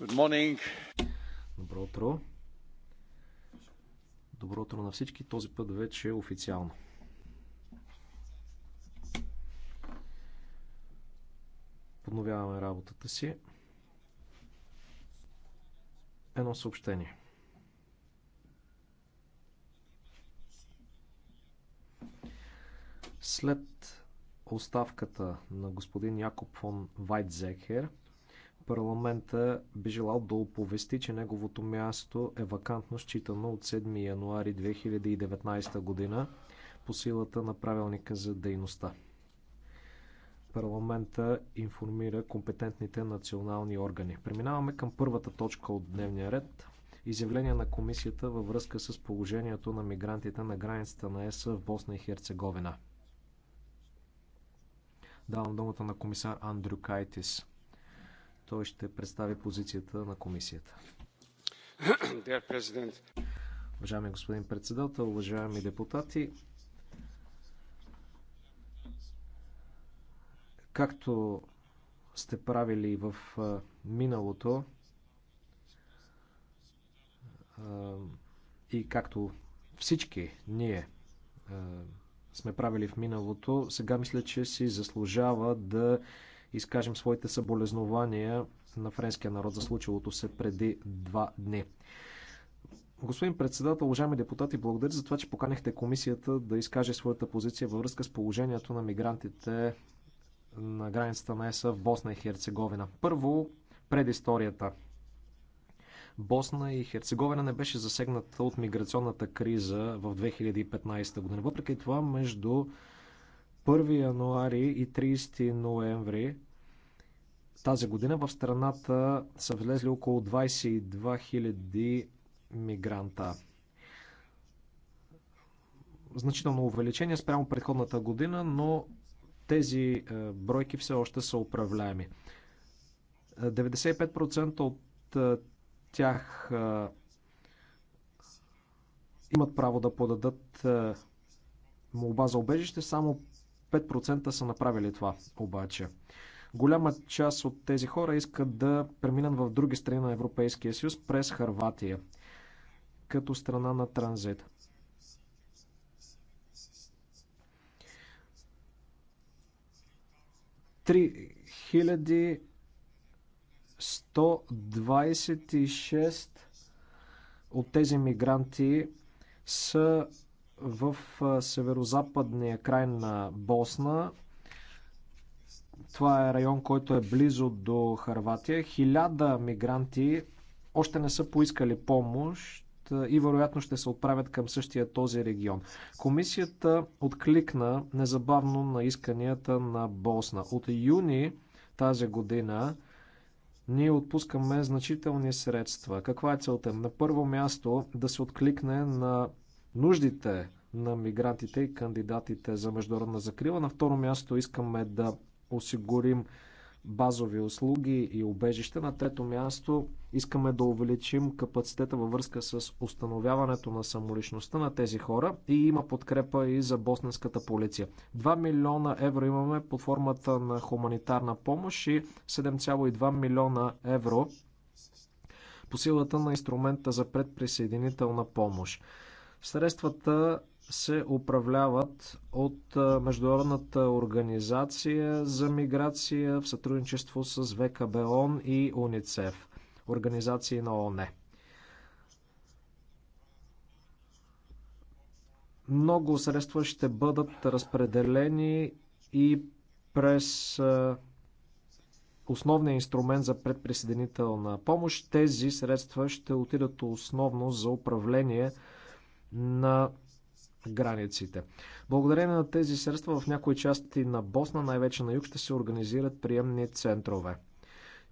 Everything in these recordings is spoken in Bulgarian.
Добро утро. Добро утро на всички. Този път вече е официално. Подновяваме работата си. Едно съобщение. След оставката на господин Якоб фон Вайтзекер – Парламента би желал да оповести, че неговото място е вакантно, считано от 7 януари 2019 година по силата на правилника за дейността. Парламента информира компетентните национални органи. Преминаваме към първата точка от дневния ред. Изявление на комисията във връзка с положението на мигрантите на границата на ЕС в Босна и Херцеговина. Давам думата на комисар Андрю Кайтис. Той ще представи позицията на комисията. Уважаеми господин председател, уважаеми депутати, както сте правили в миналото и както всички ние сме правили в миналото, сега мисля, че си заслужава да изкажем своите съболезнования на френския народ за случилото се преди два дни. Господин председател, уважаеми депутати, благодаря за това, че поканихте комисията да изкаже своята позиция във връзка с положението на мигрантите на границата на ЕСА в Босна и Херцеговина. Първо, предисторията. Босна и Херцеговина не беше засегната от миграционната криза в 2015 година. Въпреки това, между 1 януари и 30 ноември тази година в страната са влезли около 22 000 мигранта. Значително увеличение спрямо предходната година, но тези е, бройки все още са управляеми. 95% от е, тях е, имат право да подадат молба за убежище, само 5% са направили това обаче. Голяма част от тези хора искат да преминат в други страни на Европейския съюз през Харватия, като страна на транзит. Три 1126 от тези мигранти са в северо-западния край на Босна. Това е район, който е близо до Харватия. Хиляда мигранти още не са поискали помощ и вероятно ще се отправят към същия този регион. Комисията откликна незабавно на исканията на Босна. От юни тази година ние отпускаме значителни средства. Каква е целта? На първо място да се откликне на нуждите на мигрантите и кандидатите за международна закрила. На второ място искаме да осигурим базови услуги и убежище. На трето място искаме да увеличим капацитета във връзка с установяването на самоличността на тези хора и има подкрепа и за босненската полиция. 2 милиона евро имаме под формата на хуманитарна помощ и 7,2 милиона евро по силата на инструмента за предприсъединителна помощ. Средствата се управляват от Международната организация за миграция в сътрудничество с ВКБ ООН и УНИЦЕФ, организации на ООН. Много средства ще бъдат разпределени и през основния инструмент за предприсъединителна помощ. Тези средства ще отидат основно за управление на границите. Благодарение на тези средства в някои части на Босна, най-вече на юг, ще се организират приемни центрове.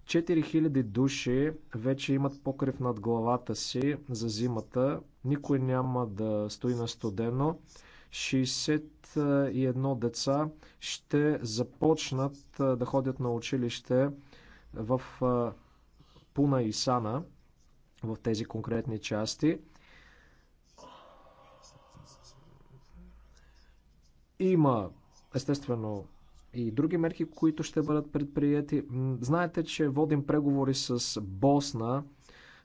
4000 души вече имат покрив над главата си за зимата. Никой няма да стои на студено. 61 деца ще започнат да ходят на училище в Пуна и Сана в тези конкретни части. Има, естествено, и други мерки, които ще бъдат предприяти. Знаете, че водим преговори с Босна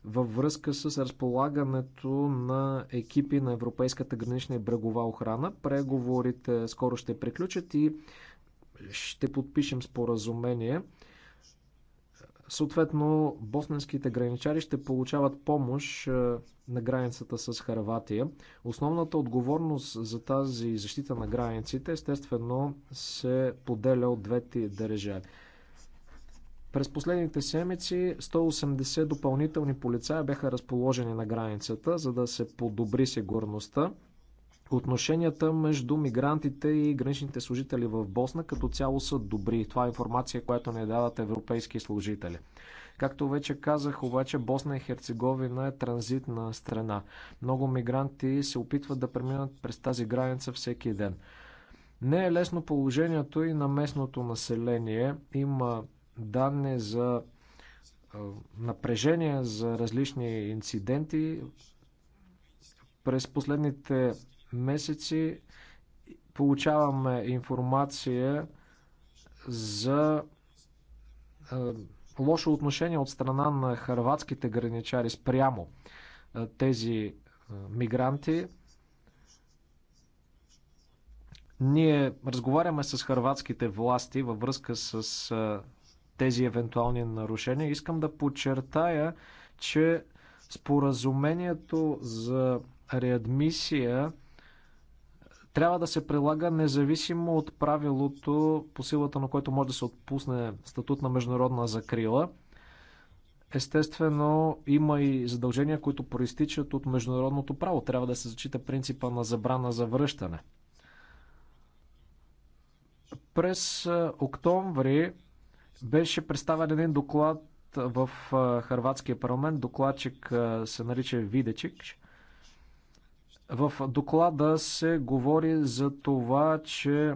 във връзка с разполагането на екипи на Европейската гранична и брегова охрана. Преговорите скоро ще приключат и ще подпишем споразумение. Съответно, босненските граничари ще получават помощ е, на границата с Харватия. Основната отговорност за тази защита на границите, естествено, се поделя от двете държави. През последните седмици 180 допълнителни полицая бяха разположени на границата, за да се подобри сигурността. Отношенията между мигрантите и граничните служители в Босна като цяло са добри. Това е информация, която ни дават европейски служители. Както вече казах, обаче Босна и Херцеговина е транзитна страна. Много мигранти се опитват да преминат през тази граница всеки ден. Не е лесно положението и на местното население. Има данни за напрежение за различни инциденти. През последните месеци получаваме информация за е, лошо отношение от страна на хърватските граничари спрямо е, тези е, мигранти. Ние разговаряме с хърватските власти във връзка с е, тези евентуални нарушения. Искам да подчертая, че споразумението за реадмисия трябва да се прилага независимо от правилото, по силата на което може да се отпусне статут на международна закрила. Естествено, има и задължения, които проистичат от международното право. Трябва да се зачита принципа на забрана за връщане. През октомври беше представен един доклад в Харватския парламент. Докладчик се нарича Видечич. В доклада се говори за това, че е,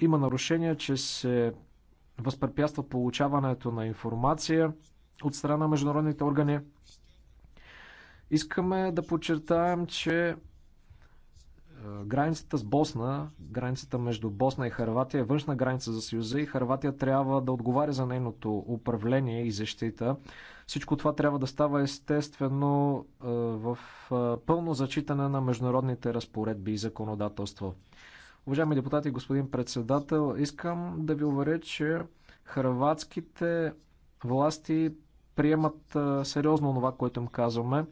има нарушения, че се възпрепятства получаването на информация от страна на международните органи. Искаме да подчертаем, че е, границата с Босна, границата между Босна и Харватия е външна граница за Съюза и Харватия трябва да отговаря за нейното управление и защита. Всичко това трябва да става естествено е, в е, пълно зачитане на международните разпоредби и законодателство. Уважаеми депутати, господин председател, искам да ви уверя, че харватските власти приемат сериозно това, което им казваме.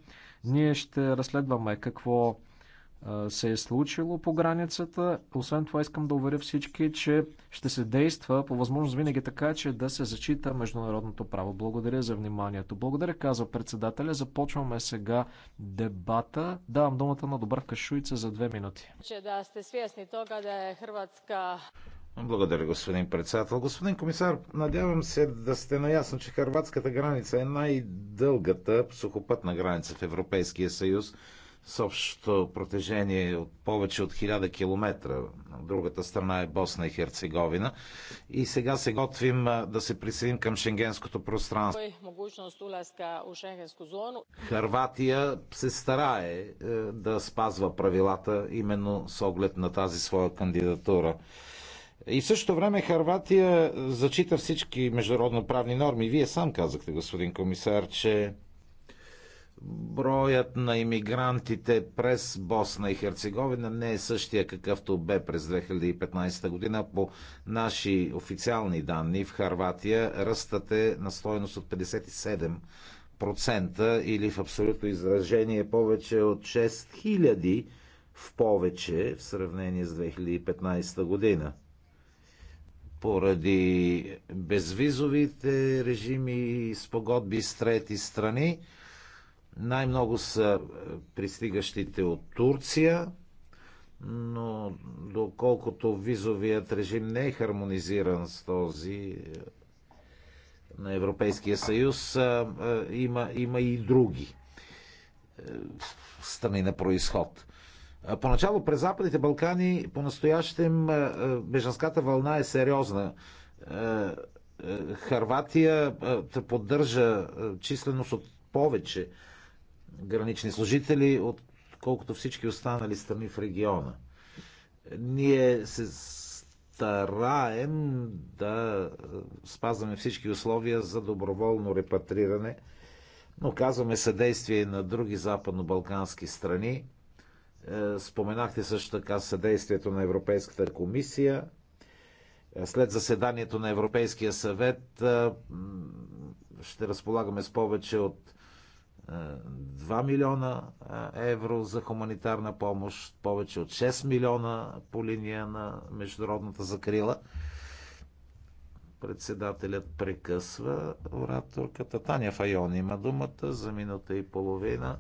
Ние ще разследваме какво се е случило по границата. Освен това искам да уверя всички, че ще се действа по възможност винаги така, че да се зачита международното право. Благодаря за вниманието. Благодаря, казва председателя. Започваме сега дебата. Давам думата на Добравка Шуица за две минути. Да сте свестни тога да е Хрватска... Благодаря, господин председател. Господин комисар, надявам се да сте наясно, че хърватската граница е най-дългата сухопътна граница в Европейския съюз с общо протежение от повече от 1000 км. Другата страна е Босна и Херцеговина. И сега се готвим да се присъединим към шенгенското пространство. Харватия се старае е, да спазва правилата именно с оглед на тази своя кандидатура. И в същото време Харватия е, зачита всички международно правни норми. Вие сам казахте, господин комисар, че броят на иммигрантите през Босна и Херцеговина не е същия какъвто бе през 2015 година. По наши официални данни в Харватия ръстът е на стоеност от 57% или в абсолютно изражение повече от 6000 в повече в сравнение с 2015 година. Поради безвизовите режими и спогодби с трети страни, най-много са е, пристигащите от Турция, но доколкото визовият режим не е хармонизиран с този е, на Европейския съюз, е, има, има и други страни на происход. Поначало през Западните Балкани, по-настоящем бежанската вълна е сериозна. Харватия поддържа численост от повече гранични служители, отколкото всички останали страни в региона. Ние се стараем да спазваме всички условия за доброволно репатриране, но казваме съдействие на други западно-балкански страни. Е, споменахте също така съдействието на Европейската комисия. Е, след заседанието на Европейския съвет е, ще разполагаме с повече от 2 е, милиона е, евро за хуманитарна помощ, повече от 6 милиона по линия на международната закрила. Председателят прекъсва ораторката. Таня Файон има думата за минута и половина.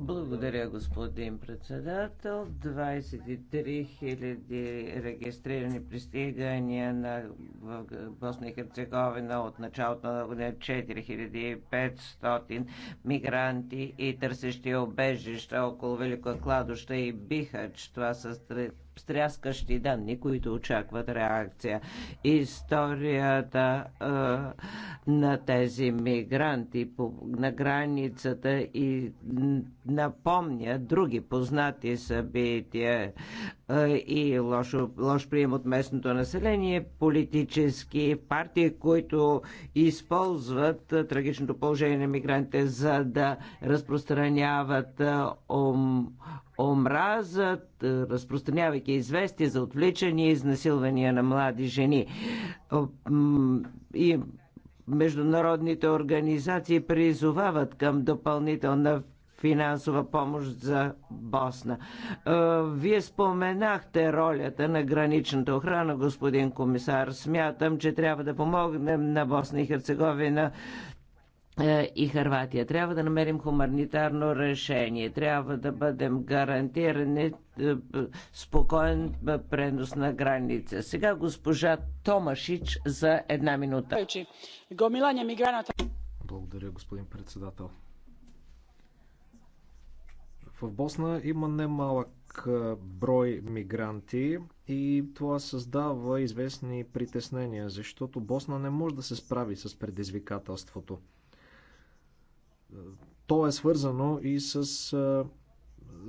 Благодаря, господин председател. 23 000 регистрирани пристигания на Босна и Херцеговина от началото на година 4500 мигранти и търсещи обежища около Велико Кладоща и Бихач. Това са стряскащи данни, които очакват реакция. Историята е, на тези мигранти по, на границата и напомня други познати събития е, и лош, лош прием от местното население, политически партии, които използват трагичното положение на мигрантите, за да разпространяват ом, Омразът, е, разпространявайки известия за отвличани и изнасилвания на млади жени. И международните организации призовават към допълнителна финансова помощ за Босна. Е, вие споменахте ролята на граничната охрана, господин комисар. Смятам, че трябва да помогнем на Босна и Херцеговина е, и Харватия. Трябва да намерим хуманитарно решение. Трябва да бъдем гарантирани е, спокоен е, пренос на граница. Сега госпожа Томашич за една минута. Благодаря, господин председател. В Босна има немалък брой мигранти и това създава известни притеснения, защото Босна не може да се справи с предизвикателството. То е свързано и с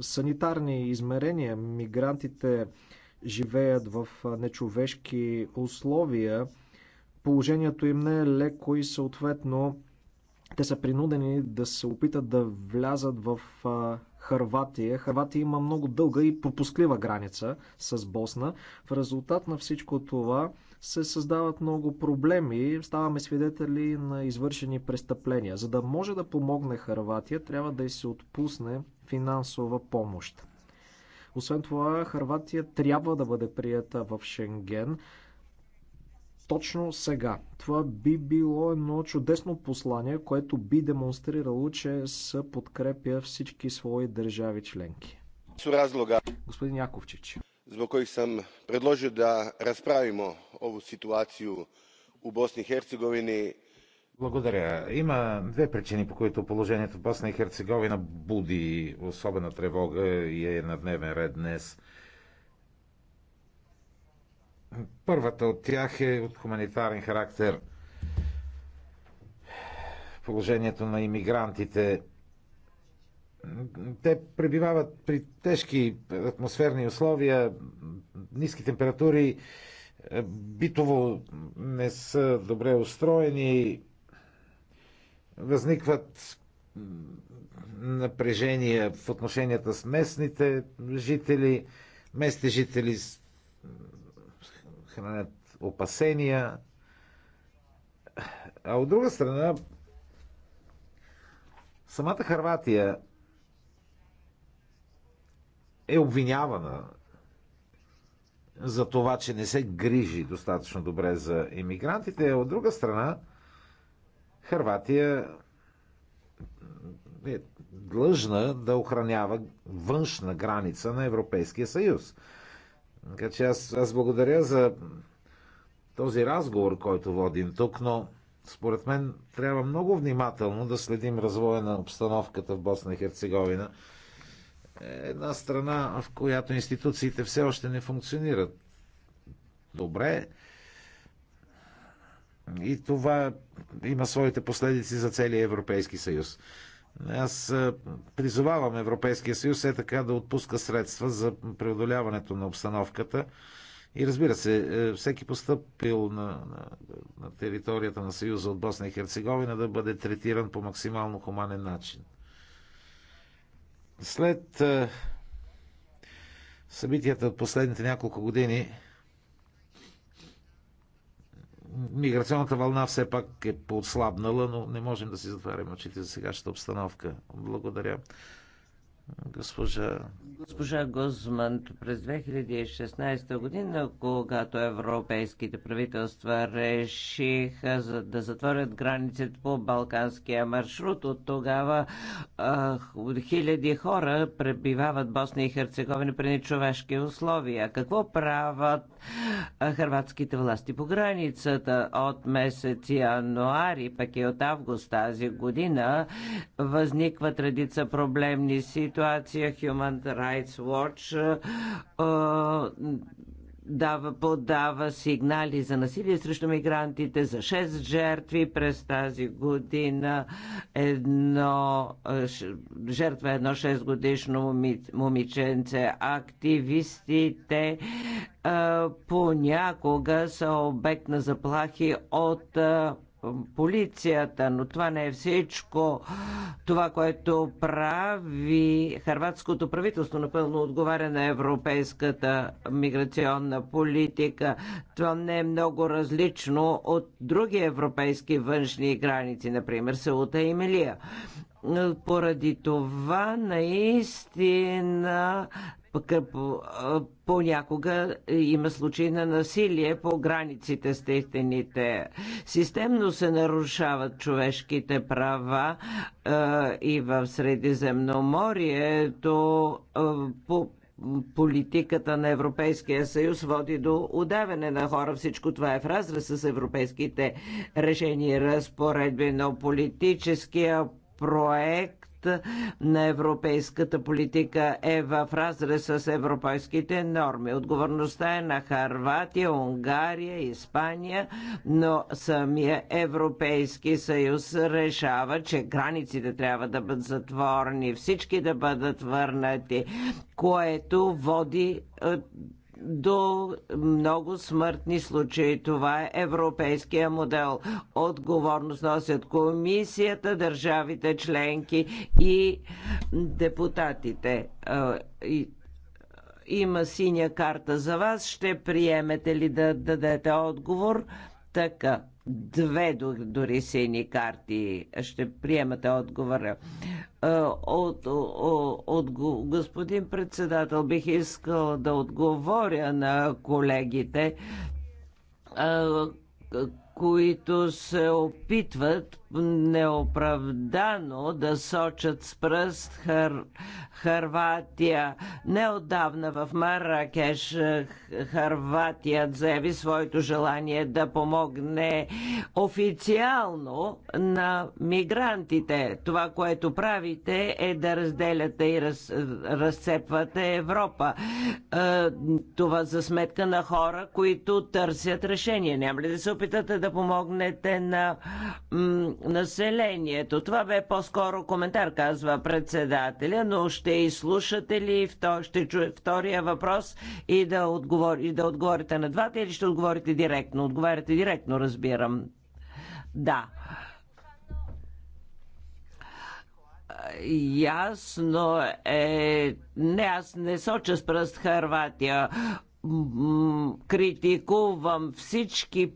санитарни измерения. Мигрантите живеят в нечовешки условия. Положението им не е леко и съответно те са принудени да се опитат да влязат в Харватия. Харватия има много дълга и пропусклива граница с Босна. В резултат на всичко това се създават много проблеми. Ставаме свидетели на извършени престъпления. За да може да помогне Харватия, трябва да й се отпусне финансова помощ. Освен това, Харватия трябва да бъде прията в Шенген точно сега. Това би било едно чудесно послание, което би демонстрирало, че се подкрепя всички свои държави членки. Господин Яковчич zbog kojih sam predloio da raspravimo ovu situaciju u Босни и Херцеговини. Благодаря. Има две причини, по които положението в Босна и Херцеговина буди особена тревога и е на дневен ред днес. Първата от тях е от хуманитарен характер. Положението на иммигрантите – те пребивават при тежки атмосферни условия, ниски температури, битово не са добре устроени, възникват напрежения в отношенията с местните жители. Местните жители хранят опасения. А от друга страна, самата Харватия е обвинявана за това, че не се грижи достатъчно добре за иммигрантите. От друга страна, Харватия е длъжна да охранява външна граница на Европейския съюз. Така че аз, аз благодаря за този разговор, който водим тук, но според мен трябва много внимателно да следим развоя на обстановката в Босна и Херцеговина една страна, в която институциите все още не функционират добре. И това има своите последици за целия Европейски съюз. Аз е, призовавам Европейския съюз е така да отпуска средства за преодоляването на обстановката. И разбира се, е, всеки постъпил на, на, на територията на Съюза от Босна и Херцеговина да бъде третиран по максимално хуманен начин. След събитията от последните няколко години, миграционната вълна все пак е подслабнала, но не можем да си затваряме очите за сегашната обстановка. Благодаря госпожа. Госпожа Гузман, през 2016 година, когато европейските правителства решиха за да затворят границите по Балканския маршрут, от тогава хиляди хора пребивават Босния и Херцеговина при нечовешки условия. Какво правят хрватските власти по границата от месец януари, пък и от август тази година, възникват традица проблемни ситуации ситуация Human Rights Watch дава, подава сигнали за насилие срещу мигрантите, за 6 жертви през тази година. Едно, жертва е едно 6 годишно момиченце. Активистите понякога са обект на заплахи от полицията, но това не е всичко. Това, което прави харватското правителство, напълно отговаря на европейската миграционна политика. Това не е много различно от други европейски външни граници, например Сеута и Мелия. Поради това наистина Понякога е, има случаи на насилие по границите с техните. Системно се нарушават човешките права а, и в Средиземноморието по политиката на Европейския съюз води до удавяне на хора. Всичко това е в разрез с европейските решения и разпоредби, но политическия проект на европейската политика е в разрез с европейските норми. Отговорността е на Харватия, Унгария, Испания, но самия Европейски съюз решава, че границите трябва да бъдат затворени, всички да бъдат върнати, което води е, до много смъртни случаи. Това е европейския модел. Отговорност носят комисията, държавите членки и депутатите. Има синя карта за вас. Ще приемете ли да дадете отговор? Така две дори сини карти. Ще приемате отговора. Е, от, от, от господин председател бих искал да отговоря на колегите, е, които се опитват неоправдано да сочат с пръст Хър... Харватия. Неодавна в Маракеш е, Харватия заяви своето желание да помогне официално на мигрантите. Това, което правите е да разделяте и раз... разцепвате Европа. Е, това за сметка на хора, които търсят решение. Няма ли да се опитате да помогнете на населението. Това бе по-скоро коментар, казва председателя, но ще изслушате ли, ще чуе втория въпрос и да, отговор... и да отговорите на двата или ще отговорите директно? Отговаряте директно, разбирам. Да. Ясно е. Не, аз не соча с пръст Харватия. Критикувам всички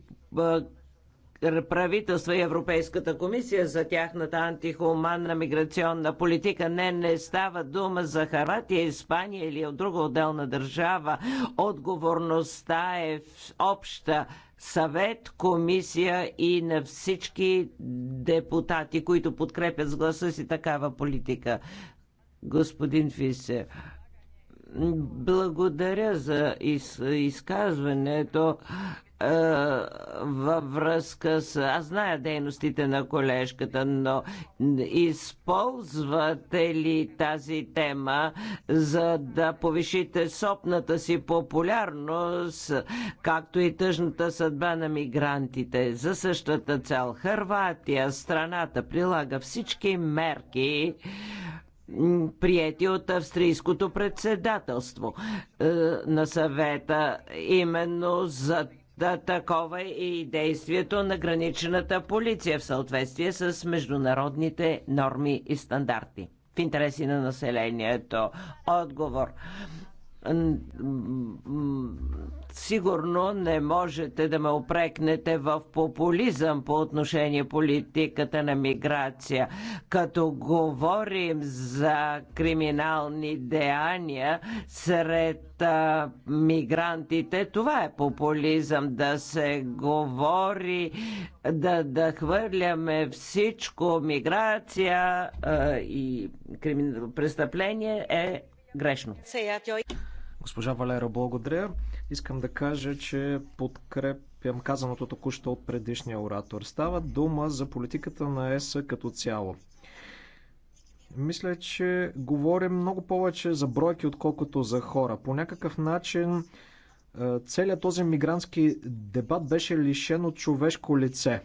правителства и Европейската комисия за тяхната антихуманна миграционна политика. Не, не става дума за Харватия, Испания или от друга отделна държава. Отговорността е в обща. Съвет, комисия и на всички депутати, които подкрепят с гласа си такава политика. Господин Фисе, Благодаря за из, изказването във връзка с... Аз зная дейностите на колежката, но използвате ли тази тема за да повишите сопната си популярност, както и тъжната съдба на мигрантите за същата цел? Хърватия, страната прилага всички мерки, приети от австрийското председателство е, на съвета. Именно за да, такова е и действието на граничната полиция в съответствие с международните норми и стандарти в интереси на населението. Отговор сигурно не можете да ме опрекнете в популизъм по отношение политиката на миграция. Като говорим за криминални деяния сред а, мигрантите, това е популизъм да се говори, да, да хвърляме всичко. Миграция а, и крим... престъпление е грешно. Госпожа Валера, благодаря. Искам да кажа, че подкрепям казаното току-що от предишния оратор. Става дума за политиката на ЕС като цяло. Мисля, че говорим много повече за бройки, отколкото за хора. По някакъв начин е, целият този мигрантски дебат беше лишен от човешко лице.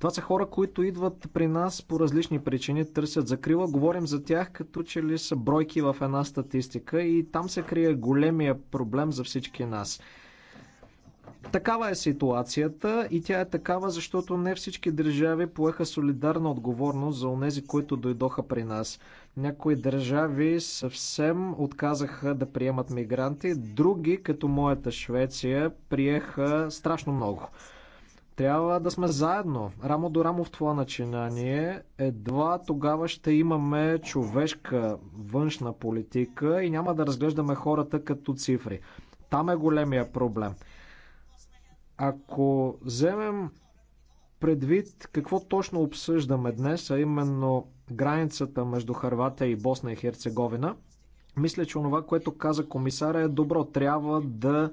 Това са хора, които идват при нас по различни причини, търсят закрила. Говорим за тях като че ли са бройки в една статистика и там се крие големия проблем за всички нас. Такава е ситуацията и тя е такава, защото не всички държави поеха солидарна отговорност за онези, които дойдоха при нас. Някои държави съвсем отказаха да приемат мигранти, други, като моята Швеция, приеха страшно много. Трябва да сме заедно, рамо до рамо в това начинание. Едва тогава ще имаме човешка външна политика и няма да разглеждаме хората като цифри. Там е големия проблем. Ако вземем предвид какво точно обсъждаме днес, а именно границата между Харватия и Босна и Херцеговина, мисля, че онова, което каза комисара е добро. Трябва да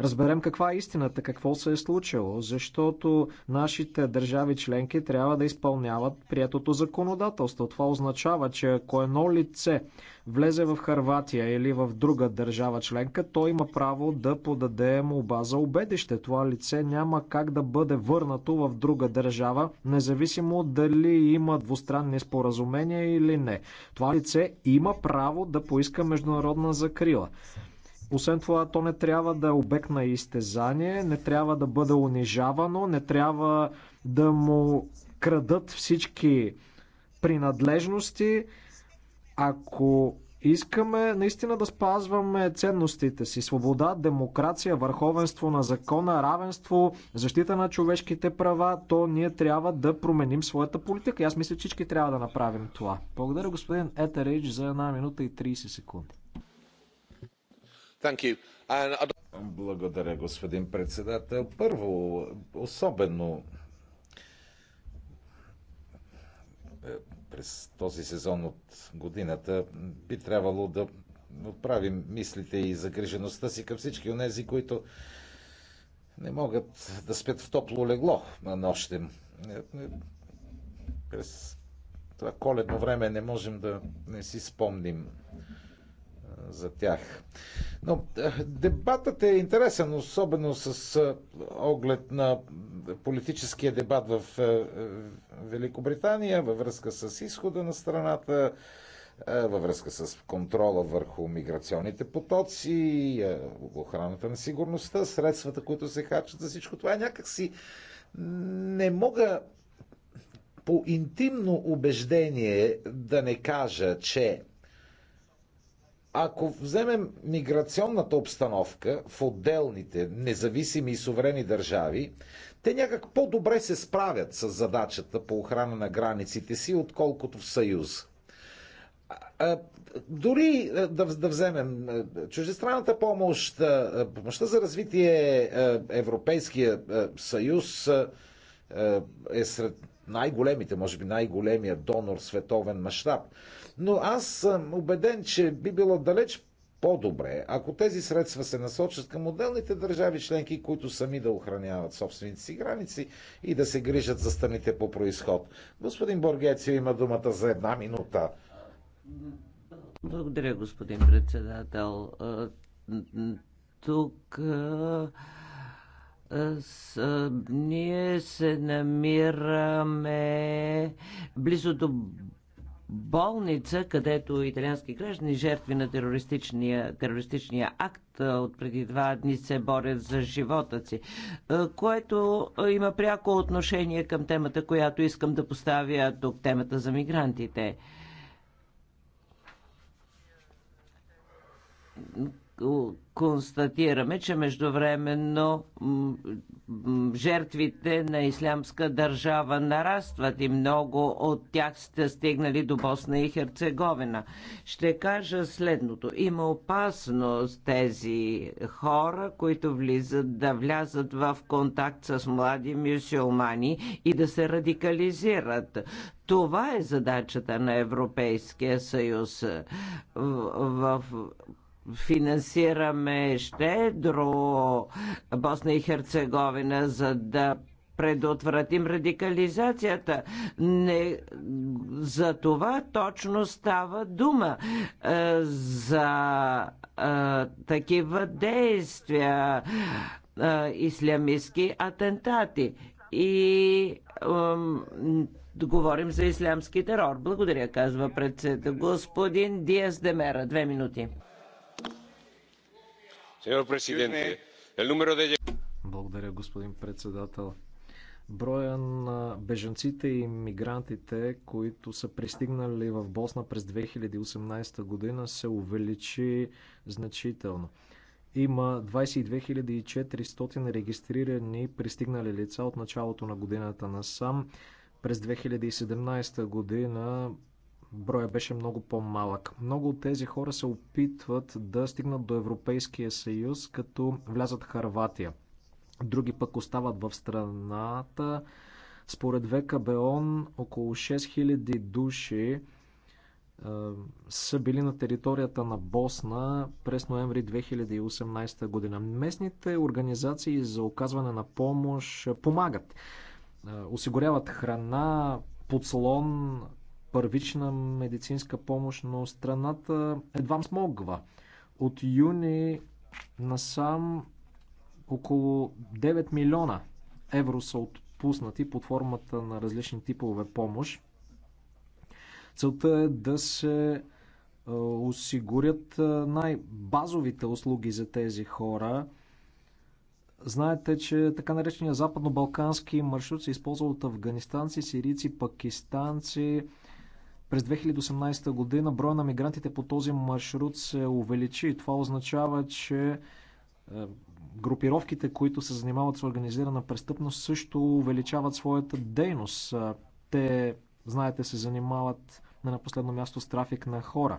разберем каква е истината, какво се е случило, защото нашите държави членки трябва да изпълняват приятото законодателство. Това означава, че ако едно лице влезе в Харватия или в друга държава членка, то има право да подаде му за убедище. Това лице няма как да бъде върнато в друга държава, независимо дали има двустранни споразумения или не. Това лице има право да поиска международна закрила. Освен това, то не трябва да е обект на изтезание, не трябва да бъде унижавано, не трябва да му крадат всички принадлежности. Ако искаме наистина да спазваме ценностите си, свобода, демокрация, върховенство на закона, равенство, защита на човешките права, то ние трябва да променим своята политика. И аз мисля, че всички трябва да направим това. Благодаря господин Етерич за една минута и 30 секунди. Благодаря, господин председател. Първо, особено е, през този сезон от годината би трябвало да отправим мислите и загрижеността си към всички тези, които не могат да спят в топло легло на нощем. Е, през това коледно време не можем да не си спомним за тях. Но е, дебатът е интересен, особено с е, оглед на политическия дебат в е, Великобритания, във връзка с изхода на страната, във връзка с контрола върху миграционните потоци, охраната на сигурността, средствата, които се харчат за всичко това. Някакси не мога по интимно убеждение да не кажа, че ако вземем миграционната обстановка в отделните независими и суверени държави, те някак по-добре се справят с задачата по охрана на границите си, отколкото в Съюз. Дори да, да вземем чуждестранната помощ, помощта за развитие Европейския съюз е сред най-големите, може би най-големия донор в световен мащаб. Но аз съм убеден, че би било далеч по-добре, ако тези средства се насочат към отделните държави членки, които сами да охраняват собствените си граници и да се грижат за страните по происход. Господин Боргецио има думата за една минута. Благодаря, господин председател. Тук ние се намираме близо до болница, където италиански граждани, жертви на терористичния, терористичния акт от преди два дни се борят за живота си, което има пряко отношение към темата, която искам да поставя тук, темата за мигрантите констатираме, че междувременно жертвите на ислямска държава нарастват и много от тях сте стигнали до Босна и Херцеговина. Ще кажа следното. Има опасност тези хора, които влизат да влязат в контакт с млади мюсюлмани и да се радикализират. Това е задачата на Европейския съюз. В, в, финансираме щедро Босна и Херцеговина, за да предотвратим радикализацията. Не, за това точно става дума. Е, за е, такива действия, е, ислямистски атентати. И говорим за ислямски терор. Благодаря, казва председател. Господин Диас Демера, две минути. Благодаря, господин председател. Броя на бежанците и мигрантите, които са пристигнали в Босна през 2018 година, се увеличи значително. Има 22 400 регистрирани пристигнали лица от началото на годината насам. През 2017 година броя беше много по-малък. Много от тези хора се опитват да стигнат до Европейския съюз, като влязат в Харватия. Други пък остават в страната. Според ВКБОН около 6000 души е, са били на територията на Босна през ноември 2018 година. Местните организации за оказване на помощ помагат. Е, осигуряват храна, подслон, първична медицинска помощ, но страната едва смогва. От юни насам около 9 милиона евро са отпуснати под формата на различни типове помощ. Целта е да се осигурят най-базовите услуги за тези хора. Знаете, че така наречения западно-балкански маршрут се използва от афганистанци, сирийци, пакистанци, през 2018 година броя на мигрантите по този маршрут се увеличи и това означава, че е, групировките, които се занимават с организирана престъпност, също увеличават своята дейност. Е, те, знаете, се занимават не на последно място с трафик на хора.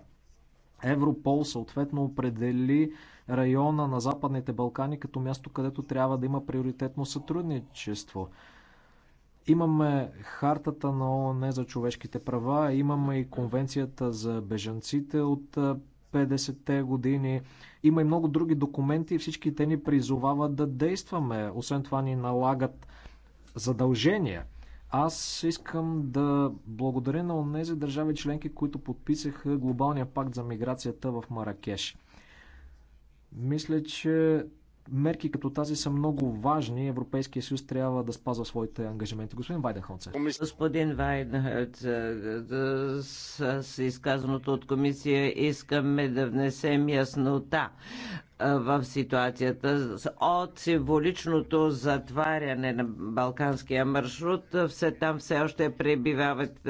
Европол съответно определи района на Западните Балкани като място, където трябва да има приоритетно сътрудничество. Имаме хартата на ООН за човешките права, имаме и конвенцията за бежанците от 50-те години. Има и много други документи и всички те ни призовават да действаме. Освен това ни налагат задължения. Аз искам да благодаря на онези държави членки, които подписаха глобалния пакт за миграцията в Маракеш. Мисля, че мерки като тази са много важни. Европейския съюз трябва да спазва своите ангажименти. Господин Вайденхолцер. Господин Вайденхолцер, е, е, с изказаното от комисия искаме да внесем яснота в ситуацията. От символичното затваряне на Балканския маршрут, все там все още пребивават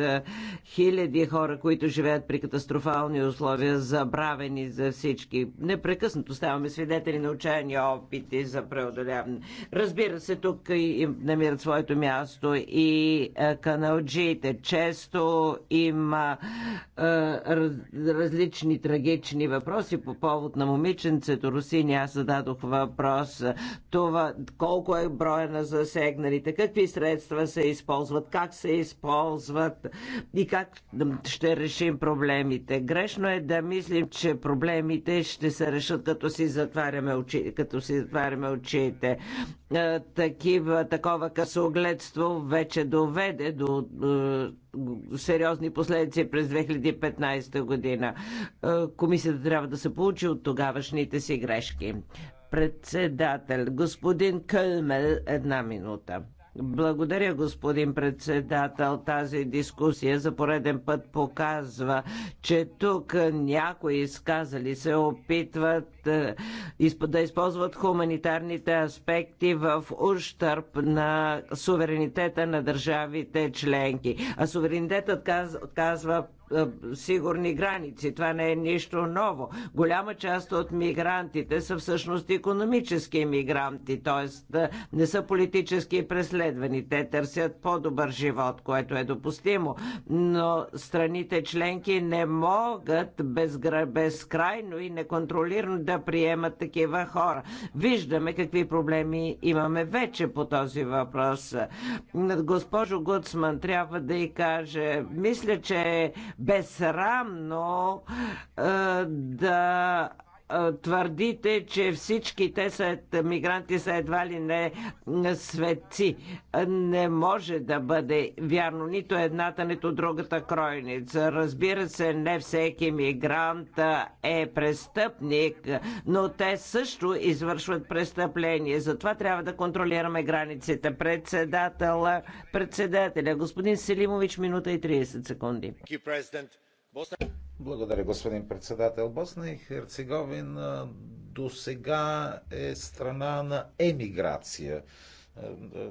хиляди хора, които живеят при катастрофални условия, забравени за всички. Непрекъснато ставаме свидетели на отчаяни опити за преодоляване. Разбира се, тук и намират своето място и каналджиите. Често има различни трагични въпроси по повод на момиченцето, Русини, аз зададох въпрос това, колко е броя на засегналите, какви средства се използват, как се използват и как ще решим проблемите. Грешно е да мислим, че проблемите ще се решат като си затваряме, очи, като си затваряме очите. Такива, такова късогледство вече доведе до сериозни последици през 2015 година. Е, комисията трябва да се получи от тогавашните си грешки. Председател, господин Кълмел, една минута. Благодаря, господин председател. Тази дискусия за пореден път показва, че тук някои изказали се опитват е, да използват хуманитарните аспекти в ущърп на суверенитета на държавите членки. А суверенитетът казва е, сигурни граници. Това не е нищо ново. Голяма част от мигрантите са всъщност економически мигранти, т.е. Е, не са политически преследвани. Те търсят по-добър живот, което е допустимо. Но страните членки не могат безкрайно и неконтролирано да да приемат такива хора. Виждаме какви проблеми имаме вече по този въпрос. Госпожо Гуцман, трябва да и каже, мисля, че е безсрамно е, да твърдите, че всички те са мигранти са едва ли не светци. Не може да бъде вярно нито едната, нито другата кройница. Разбира се, не всеки мигрант е престъпник, но те също извършват престъпление. Затова трябва да контролираме границите. Председателя, председателя господин Селимович, минута и 30 секунди. Благодаря, господин председател. Босна и Херцеговина до сега е страна на емиграция е, е,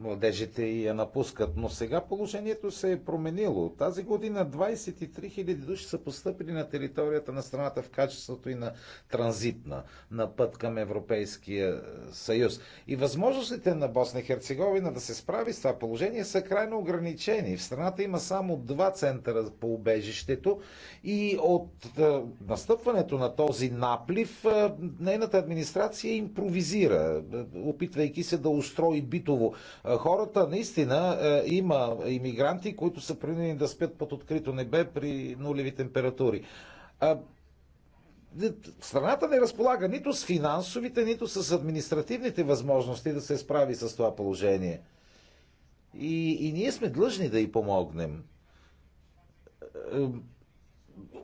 младежите и я напускат. Но сега положението се е променило. Тази година 23 000 души са постъпили на територията на страната в качеството и на транзитна, на път към Европейския е, съюз. И възможностите на Босна и Херцеговина да се справи с това положение са крайно ограничени. В страната има само два центъра по убежището и от е, настъпването на този наплив е, нейната администрация импровизира, опитвайки се да устрои битово е, хората наистина е, има иммигранти, които са принудени да спят под открито небе при нулеви температури. Е, страната не разполага нито с финансовите, нито с административните възможности да се справи с това положение. И, и ние сме длъжни да й помогнем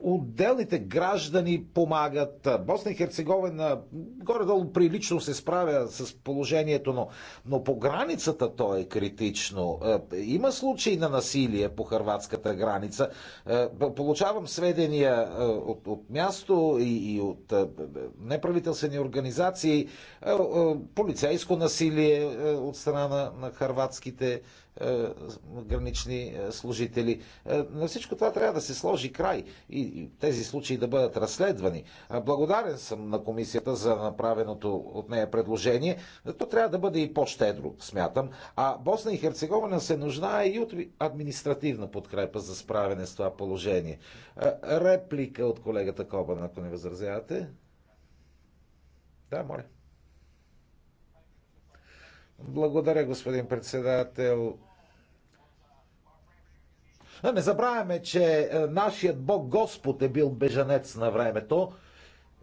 отделните граждани помагат. Босна и Херцеговина горе-долу прилично се справя с положението, но, но по границата то е критично. Е, има случаи на насилие по хърватската граница. Е, получавам сведения е, от, от място и, и от неправителствени организации. Полицейско насилие от страна на, на хърватските е, гранични е, служители. Е, на всичко това трябва да се сложи край и тези случаи да бъдат разследвани. Благодарен съм на комисията за направеното от нея предложение. То трябва да бъде и по-щедро, смятам. А Босна и Херцеговина се нуждае и от административна подкрепа за справяне с това положение. Реплика от колегата Кобан, ако не възразявате. Да, моля. Благодаря, господин председател. Не забравяме, че е, нашият Бог Господ е бил бежанец на времето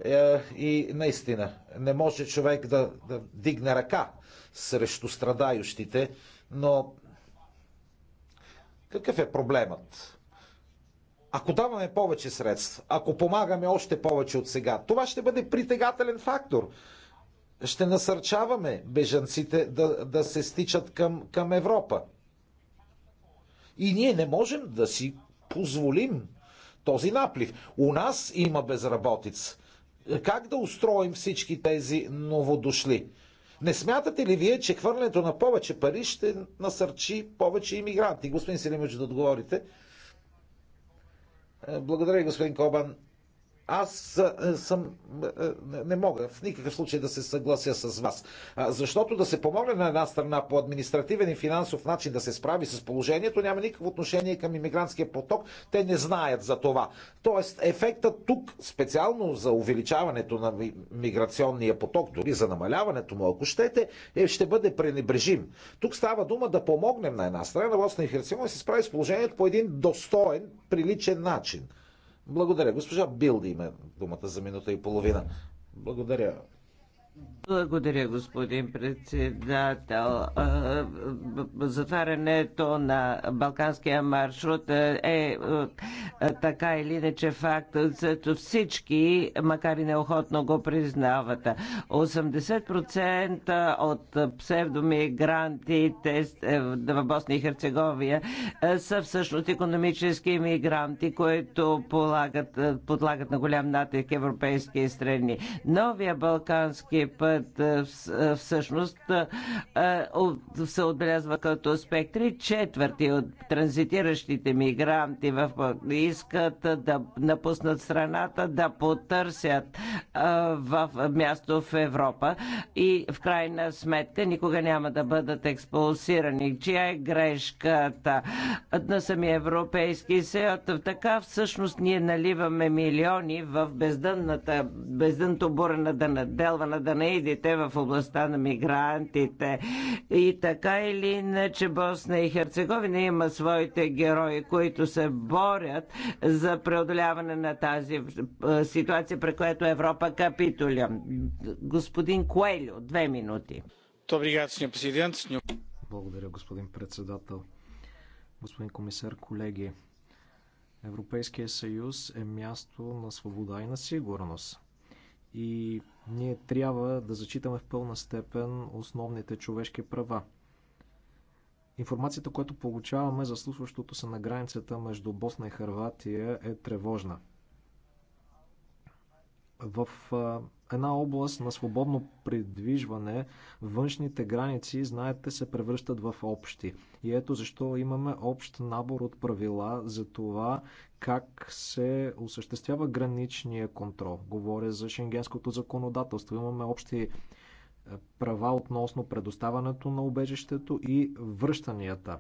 е, и наистина не може човек да, да дигне ръка срещу страдающите, но какъв е проблемът? Ако даваме повече средства, ако помагаме още повече от сега, това ще бъде притегателен фактор ще насърчаваме бежанците да, да се стичат към, към Европа. И ние не можем да си позволим този наплив. У нас има безработица. Как да устроим всички тези новодошли? Не смятате ли вие, че хвърлянето на повече пари ще насърчи повече иммигранти? Господин Селимович, да отговорите. Благодаря, господин Кобан аз съм, не мога в никакъв случай да се съглася с вас. Защото да се помогне на една страна по административен и финансов начин да се справи с положението, няма никакво отношение към иммигрантския поток. Те не знаят за това. Тоест, ефектът тук, специално за увеличаването на миграционния поток, дори за намаляването му, ако щете, е, ще бъде пренебрежим. Тук става дума да помогнем на една страна, на Босна и да се справи с положението по един достоен, приличен начин. Благодаря. Госпожа Билди има думата за минута и половина. Благодаря, благодаря, господин председател. Затварянето на Балканския маршрут е, е, е така или иначе факт, защото всички, макар и неохотно го признават. 80% от псевдомигрантите е, в Босния и Херцеговия са всъщност економически мигранти, които подлагат на голям натиск европейски страни. Новия Балкански първия път всъщност се отбелязва като спектри. Четвърти от транзитиращите мигранти в... искат да напуснат страната, да потърсят в място в Европа и в крайна сметка никога няма да бъдат експулсирани. Чия е грешката на самия Европейски съюз? Така всъщност ние наливаме милиони в бездънната, бездънто буре на дъна, делва на дъна да не идите в областта на мигрантите. И така или иначе Босна и Херцеговина има своите герои, които се борят за преодоляване на тази е, ситуация, при която Европа капитуля. Господин Коелю, две минути. Благодаря, господин председател. Господин комисар, колеги, Европейския съюз е място на свобода и на сигурност. И ние трябва да зачитаме в пълна степен основните човешки права. Информацията, която получаваме за случващото се на границата между Босна и Харватия е тревожна. В една област на свободно придвижване, външните граници, знаете, се превръщат в общи. И ето защо имаме общ набор от правила за това как се осъществява граничния контрол. Говоря за шенгенското законодателство. Имаме общи е, права относно предоставането на убежището и връщанията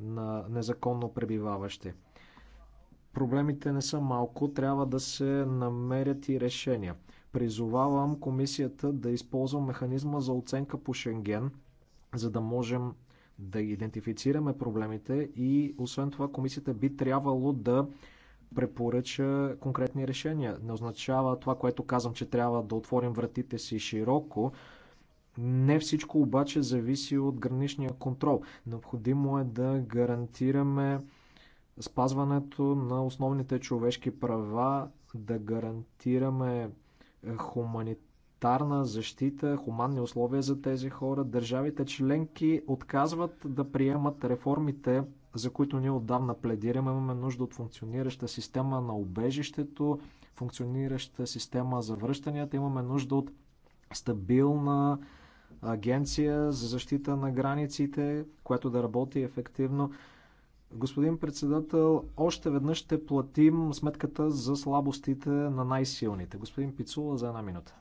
на незаконно пребиваващи. Проблемите не са малко, трябва да се намерят и решения. Призовавам комисията да използва механизма за оценка по Шенген, за да можем да идентифицираме проблемите и освен това комисията би трябвало да препоръча конкретни решения. Не означава това, което казвам, че трябва да отворим вратите си широко. Не всичко обаче зависи от граничния контрол. Необходимо е да гарантираме спазването на основните човешки права, да гарантираме хуманитарна защита, хуманни условия за тези хора. Държавите членки отказват да приемат реформите за които ние отдавна пледираме. Имаме нужда от функционираща система на убежището, функционираща система за връщанията. Имаме нужда от стабилна агенция за защита на границите, която да работи ефективно. Господин председател, още веднъж ще платим сметката за слабостите на най-силните. Господин Пицула за една минута.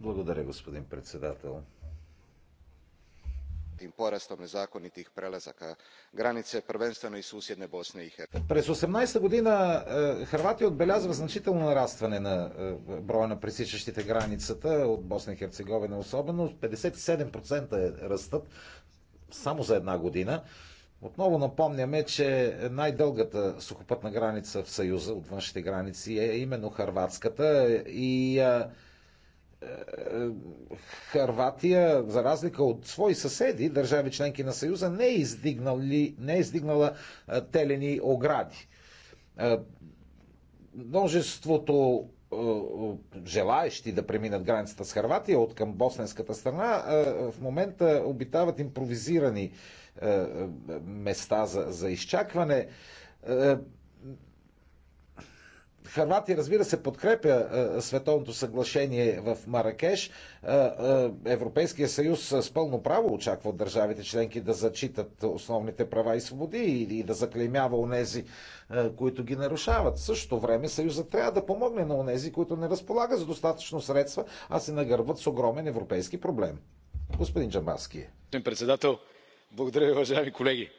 Благодаря, господин председател tim porastom nezakonitih prelazaka granice, prvenstveno iz susjedne Bosne i Hercegovine. През 18-та година е, Хърватия отбелязва значително нарастване на е, броя на пресичащите границата от Босна и Херцеговина особено. 57% е ръстът само за една година. Отново напомняме, че най-дългата сухопътна граница в Съюза от външните граници е именно харватската и а, е, Харватия, за разлика от свои съседи, държави членки на Съюза, не е, издигнали, не е издигнала телени огради. Множеството желаещи да преминат границата с Харватия от към босненската страна, в момента обитават импровизирани места за, за изчакване. Харватия, разбира се, подкрепя световното съглашение в Маракеш. Европейския съюз с пълно право очаква от държавите членки да зачитат основните права и свободи и да заклеймява онези, които ги нарушават. В същото време съюза трябва да помогне на онези, които не разполагат с достатъчно средства, а се нагърват с огромен европейски проблем. Господин Джамбаски. Господин председател, благодаря ви, уважаеми колеги.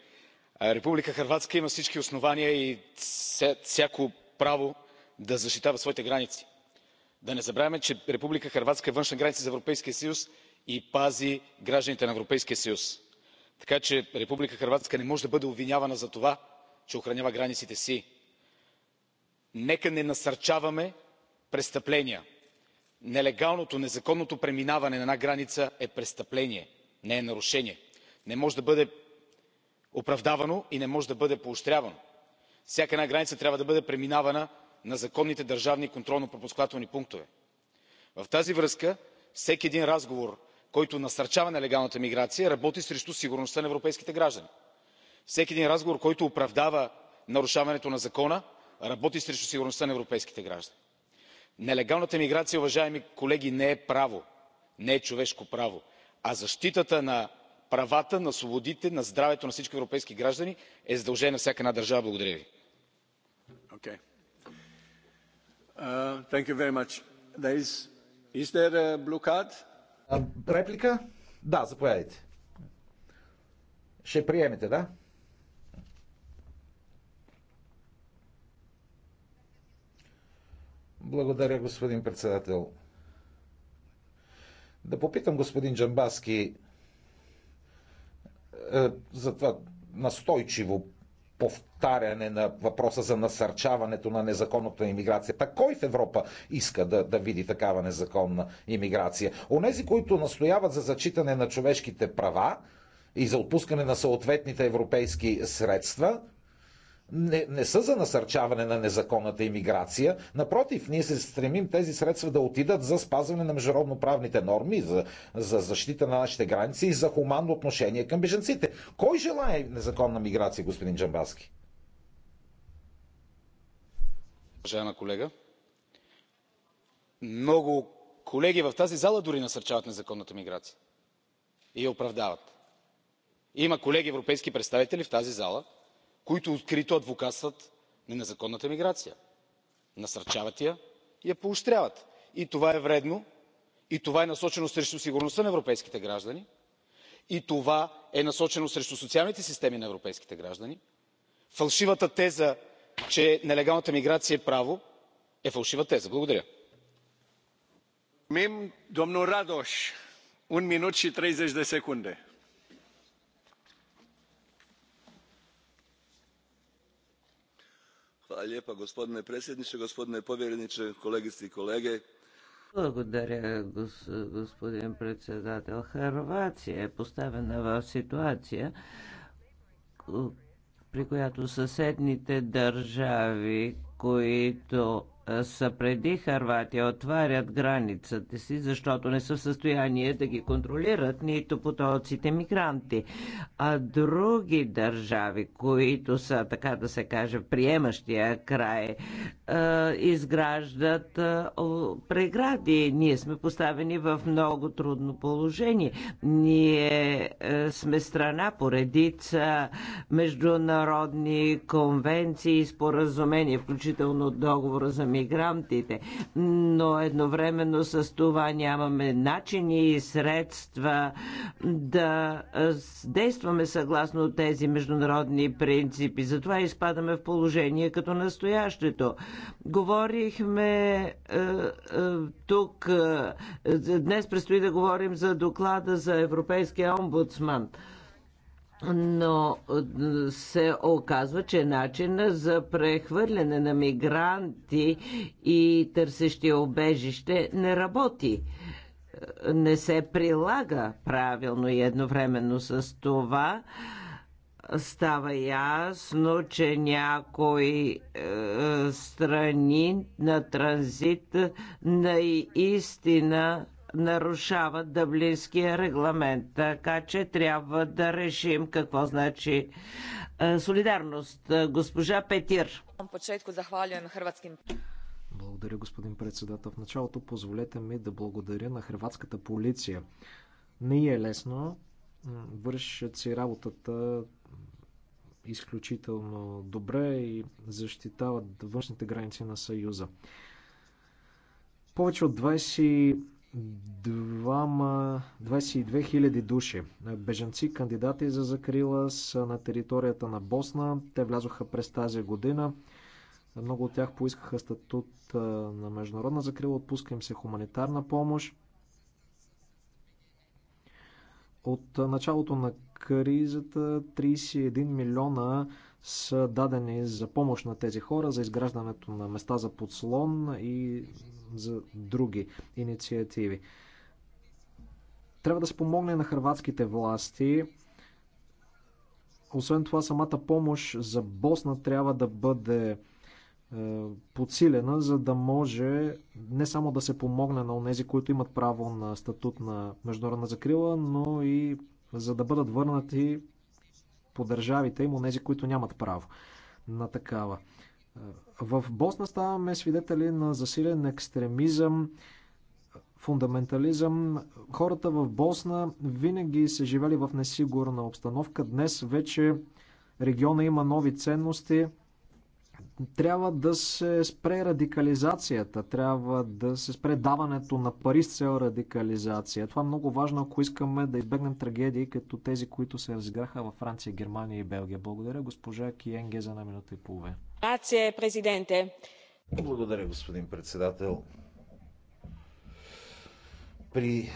Република Харватска има всички основания и всяко право да защитава своите граници. Да не забравяме, че Република Хърватска е външна граница за Европейския съюз и пази гражданите на Европейския съюз. Така че Република Хърватска не може да бъде обвинявана за това, че охранява границите си. Нека не насърчаваме престъпления. Нелегалното, незаконното преминаване на една граница е престъпление, не е нарушение. Не може да бъде оправдавано и не може да бъде поощрявано. Всяка една граница трябва да бъде преминавана на законните държавни контролно пропускателни пунктове. в тази връзка всеки един разговор който насърчава нелегалната миграция работи срещу сигурността на европейските граждани. всеки един разговор който оправдава нарушаването на закона работи срещу сигурността на европейските граждани. нелегалната миграция уважаеми колеги не е право не е човешко право а защитата на правата на свободите на здравето на всички европейски граждани е задължение на всяка една държава. благодаря ви. Uh, thank you very much. There is, is there a А, реплика? Да, заповядайте. Ще приемете, да? Благодаря, господин председател. Да попитам господин Джамбаски е, за това настойчиво повтаряне на въпроса за насърчаването на незаконната иммиграция. Та кой в Европа иска да, да види такава незаконна иммиграция? Онези, които настояват за зачитане на човешките права и за отпускане на съответните европейски средства, не, не са за насърчаване на незаконната иммиграция. Напротив, ние се стремим тези средства да отидат за спазване на международноправните норми, за, за защита на нашите граници и за хуманно отношение към беженците. Кой желая незаконна миграция, господин Джамбаски? Уважаема колега, много колеги в тази зала дори насърчават незаконната миграция и я оправдават. Има колеги европейски представители в тази зала, които открито адвокатстват на незаконната миграция насърчават я и я поощряват. и това е вредно и това е насочено срещу сигурността на европейските граждани и това е насочено срещу социалните системи на европейските граждани. фалшивата теза че нелегалната миграция е право е фалшива теза. благодаря. domnul radoș un minut și gospodine predsjednie gospodine povjerenie kolegice i kolege благодаря, господин председател. Харватия е поставена в ситуация, при която съседните държави, които са преди Харватия, отварят границата си, защото не са в състояние да ги контролират нито потоците мигранти. А други държави, които са, така да се каже, приемащия край, е, изграждат е, прегради. Ние сме поставени в много трудно положение. Ние е, сме страна по редица международни конвенции и споразумения, включително договора за мигранти мигрантите. Но едновременно с това нямаме начини и средства да действаме съгласно тези международни принципи. Затова изпадаме в положение като настоящето. Говорихме тук. днес предстои да говорим за доклада за Европейския омбудсман но се оказва, че начина за прехвърляне на мигранти и търсещи обежище не работи. Не се прилага правилно и едновременно с това става ясно, че някои е, страни на транзит наистина нарушава Дъблинския регламент. Така че трябва да решим какво значи е, солидарност. Госпожа Петир. Благодаря, господин председател. В началото позволете ми да благодаря на хрватската полиция. Не е лесно. Вършат си работата изключително добре и защитават външните граници на Съюза. Повече от 20 Двама, 22 000 души. Бежанци, кандидати за закрила са на територията на Босна. Те влязоха през тази година. Много от тях поискаха статут на международна закрила. Отпуска им се хуманитарна помощ. От началото на кризата 31 милиона са дадени за помощ на тези хора, за изграждането на места за подслон и за други инициативи. Трябва да се помогне на хрватските власти. Освен това, самата помощ за Босна трябва да бъде е, подсилена, за да може не само да се помогне на онези, които имат право на статут на международна закрила, но и за да бъдат върнати по държавите, има тези, които нямат право на такава. В Босна ставаме свидетели на засилен екстремизъм, фундаментализъм. Хората в Босна винаги са живели в несигурна обстановка. Днес вече региона има нови ценности трябва да се спре радикализацията, трябва да се спре даването на пари с цел радикализация. Това е много важно, ако искаме да избегнем трагедии, като тези, които се разиграха във Франция, Германия и Белгия. Благодаря госпожа Киенге за една минута и половина. Грация, президенте. Благодаря, господин председател. При е,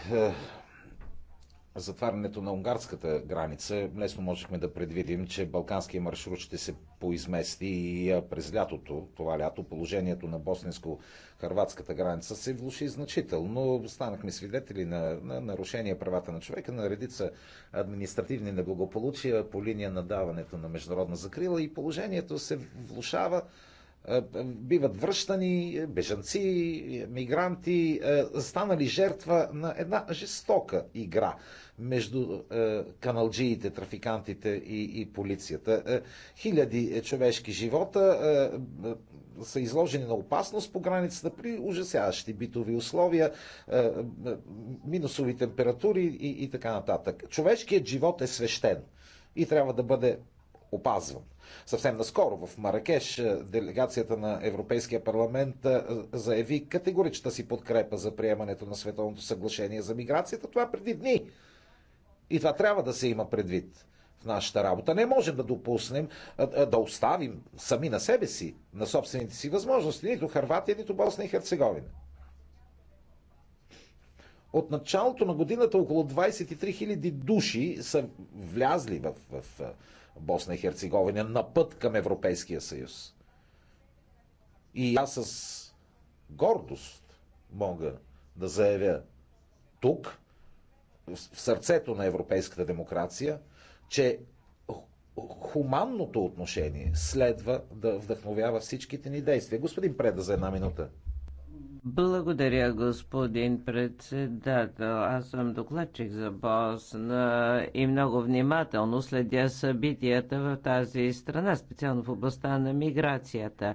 затварянето на унгарската граница, лесно можехме да предвидим, че балканския маршрут ще се поизмести и през лятото, това лято, положението на босненско-харватската граница се влуши значително. Станахме свидетели на, на нарушения правата на човека, на редица административни неблагополучия по линия на даването на международна закрила и положението се влушава е, е, биват връщани е, бежанци, мигранти, станали жертва на една жестока игра между каналджиите, трафикантите и, и полицията. Хиляди човешки живота са изложени на опасност по границата при ужасяващи битови условия, минусови температури и, и така нататък. Човешкият живот е свещен и трябва да бъде опазван. Съвсем наскоро в Маракеш е, делегацията на Европейския парламент е, заяви категоричната си подкрепа за приемането на Световното съглашение за миграцията. Това е преди дни. И това трябва да се има предвид в нашата работа. Не можем да допуснем да оставим сами на себе си, на собствените си възможности, нито Харватия, нито Босна и Херцеговина. От началото на годината около 23 000 души са влязли в, в, в Босна и Херцеговина на път към Европейския съюз. И аз с гордост мога да заявя тук, в сърцето на европейската демокрация, че хуманното отношение следва да вдъхновява всичките ни действия. Господин Преда за една минута. Благодаря, господин председател. Аз съм докладчик за Босна и много внимателно следя събитията в тази страна, специално в областта на миграцията. Е,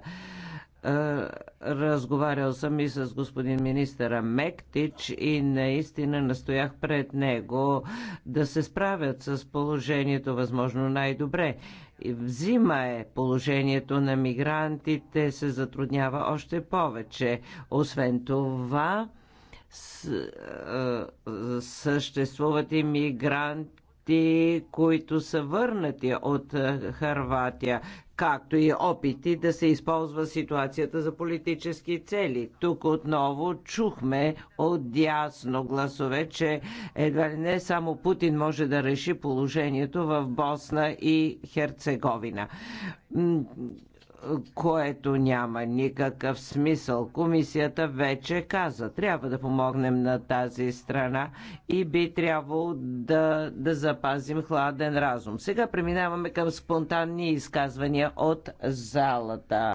разговарял съм и с господин министъра Мектич и наистина настоях пред него да се справят с положението възможно най-добре взима е. Положението на мигрантите се затруднява още повече. Освен това, е, съществуват и мигранти, които са върнати от е, Харватия както и опити да се използва ситуацията за политически цели. Тук отново чухме от дясно гласове, че едва ли не само Путин може да реши положението в Босна и Херцеговина което няма никакъв смисъл. Комисията вече каза, трябва да помогнем на тази страна и би трябвало да, да запазим хладен разум. Сега преминаваме към спонтанни изказвания от залата.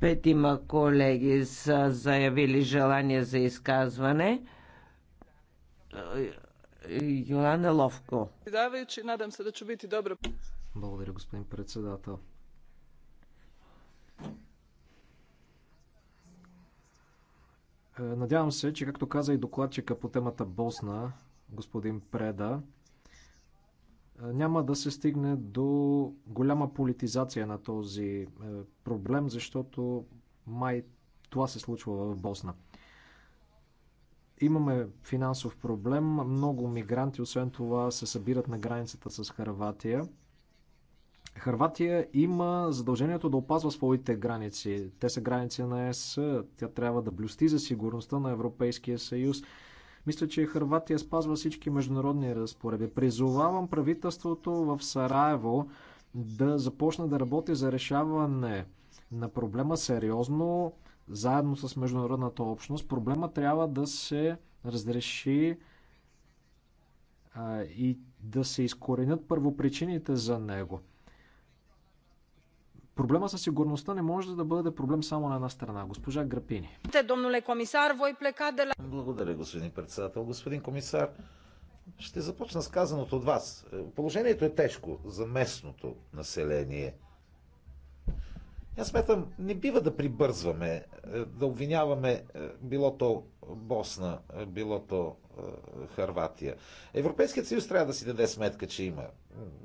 Петима колеги са заявили желание за изказване. Йоанна Ловко. Давай, надам се да чу бити Благодаря, господин председател. Е, надявам се, че както каза и докладчика по темата Босна, господин Преда, е, няма да се стигне до голяма политизация на този е, проблем, защото май това се случва в Босна. Имаме финансов проблем. Много мигранти, освен това, се събират на границата с Харватия. Харватия има задължението да опазва своите граници. Те са граници на ЕС. Тя трябва да блюсти за сигурността на Европейския съюз. Мисля, че Харватия спазва всички международни разпореди. Призовавам правителството в Сараево да започне да работи за решаване на проблема сериозно, заедно с международната общност. Проблема трябва да се разреши а, и да се изкоренят първопричините за него – Проблема със сигурността не може да бъде проблем само на една страна. Госпожа Грапини. Благодаря, господин председател. Господин комисар, ще започна с казаното от вас. Положението е тежко за местното население. Аз сметам, не бива да прибързваме, е, да обвиняваме е, било то Босна, е, било то Харватия. Европейският съюз трябва да си даде сметка, че има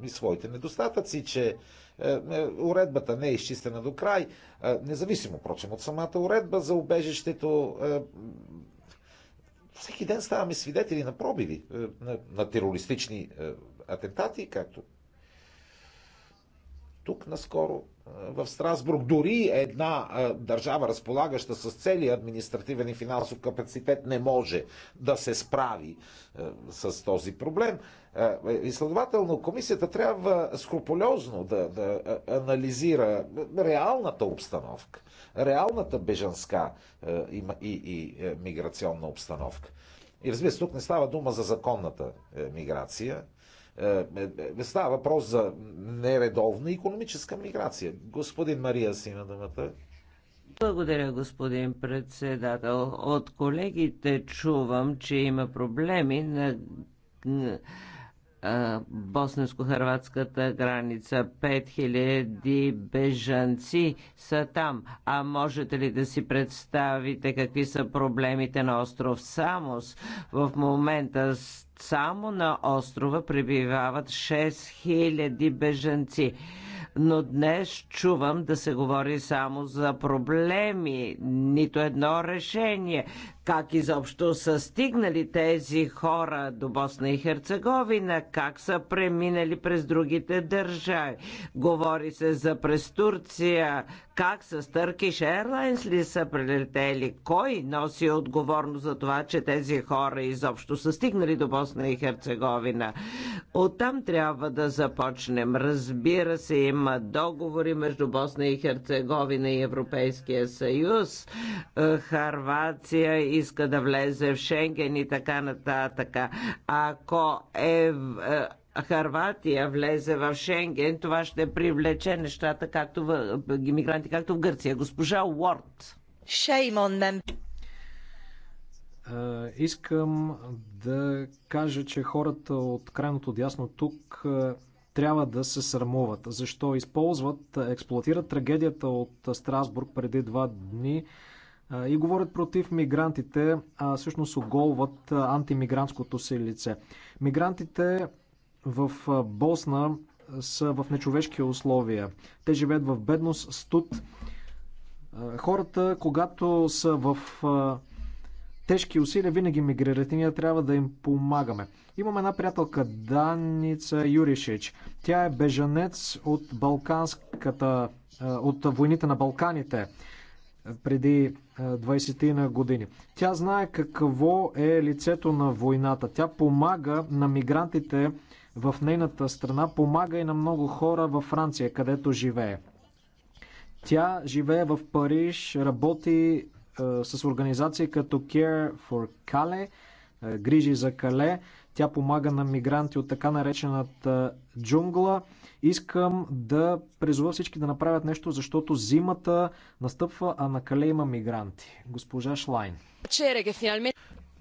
и своите недостатъци, че е, е, уредбата не е изчистена до край, е, независимо, прочим, от самата уредба за убежището. Всеки ден ставаме свидетели на пробиви на, на терористични атентати, както тук наскоро в Страсбург. Дори една държава, разполагаща с целия административен и финансов капацитет, не може да се справи с този проблем. И следователно, комисията трябва скрупулезно да, да анализира реалната обстановка, реалната бежанска и, и, и миграционна обстановка. И разбира се, тук не става дума за законната миграция, е, е, е, става въпрос за нередовна економическа миграция. Господин Мария Сина има думата. Благодаря, господин председател. От колегите чувам, че има проблеми на босненско-хрватската граница. 5000 бежанци са там. А можете ли да си представите какви са проблемите на остров Самос? В момента само на острова пребивават 6000 бежанци но днес чувам да се говори само за проблеми, нито едно решение как изобщо са стигнали тези хора до Босна и Херцеговина, как са преминали през другите държави. Говори се за през Турция, как с Turkish Airlines ли са прелетели, кой носи отговорност за това, че тези хора изобщо са стигнали до Босна и Херцеговина. Оттам трябва да започнем. Разбира се, има договори между Босна и Херцеговина и Европейския съюз, е, Харвация и иска да влезе в Шенген и така нататък. Ако е, е, Харватия влезе в Шенген, това ще привлече нещата, както в, иммигранти, както в Гърция. Госпожа Уорд. Shame on them. Е, искам да кажа, че хората от крайното дясно тук е, трябва да се срамуват. Защо използват, експлуатират трагедията от Страсбург преди два дни и говорят против мигрантите, а всъщност оголват антимигрантското си лице. Мигрантите в Босна са в нечовешки условия. Те живеят в бедност, студ. Хората, когато са в тежки усилия, винаги мигрират и ние трябва да им помагаме. Имам една приятелка, Даница Юришич. Тя е бежанец от Балканската, от войните на Балканите преди 20 на години. Тя знае какво е лицето на войната. Тя помага на мигрантите в нейната страна, помага и на много хора във Франция, където живее. Тя живее в Париж, работи е, с организации като Care for Calais, е, грижи за Кале. Тя помага на мигранти от така наречената джунгла. Искам да призова всички да направят нещо, защото зимата настъпва, а на кале има мигранти. Госпожа Шлайн.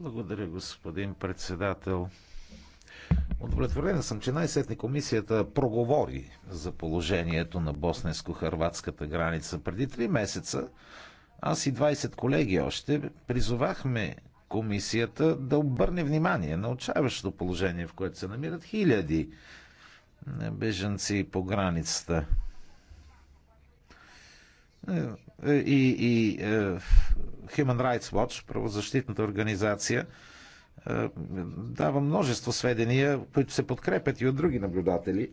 Благодаря, господин председател. Удовлетворена съм, че най-сетне комисията проговори за положението на босненско-хрватската граница. Преди три месеца аз и 20 колеги още призовахме комисията да обърне внимание на отчаяващото положение, в което се намират хиляди беженци по границата. Е, е, и, и е, Human Rights Watch, правозащитната организация, дава множество сведения, които се подкрепят и от други наблюдатели,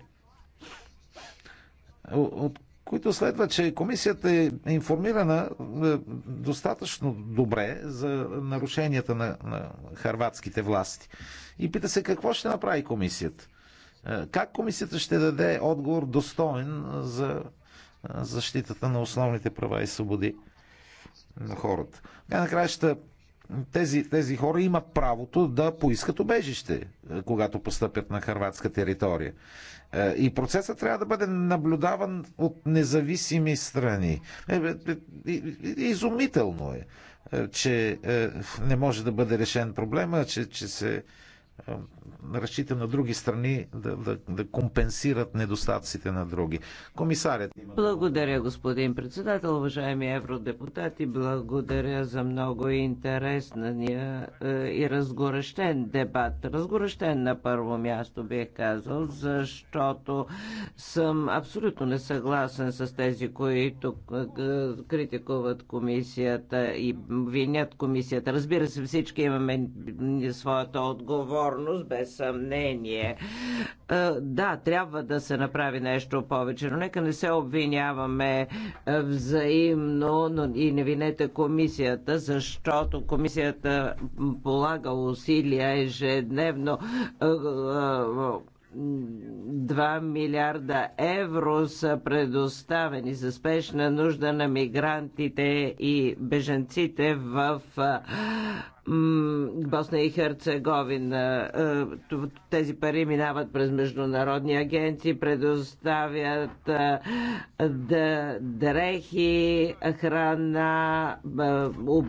от които следва, че комисията е информирана достатъчно добре за нарушенията на, на харватските власти. И пита се какво ще направи комисията. Е, как комисията ще даде отговор достоен е, за е, защитата на основните права и свободи на хората? Накрая ще тези, тези хора имат правото да поискат обежище, когато постъпят на хрватска територия. И процесът трябва да бъде наблюдаван от независими страни. Изумително е, че не може да бъде решен проблема, че, че се разчитам на други страни да, да, да компенсират недостатъците на други. Комисарят. Благодаря, господин председател, уважаеми евродепутати. Благодаря за много интересния е, и разгорещен дебат. Разгорещен на първо място бих казал, защото съм абсолютно несъгласен с тези, които е, е, критикуват комисията и винят комисията. Разбира се, всички имаме своята отговорност без съмнение. Е, да, трябва да се направи нещо повече, но нека не се обвиняваме е, взаимно но и не винете комисията, защото комисията полага усилия ежедневно 2 е, милиарда евро са предоставени за спешна нужда на мигрантите и беженците в Босна и Херцеговина. Е, тези пари минават през международни агенции, предоставят е, дрехи, храна,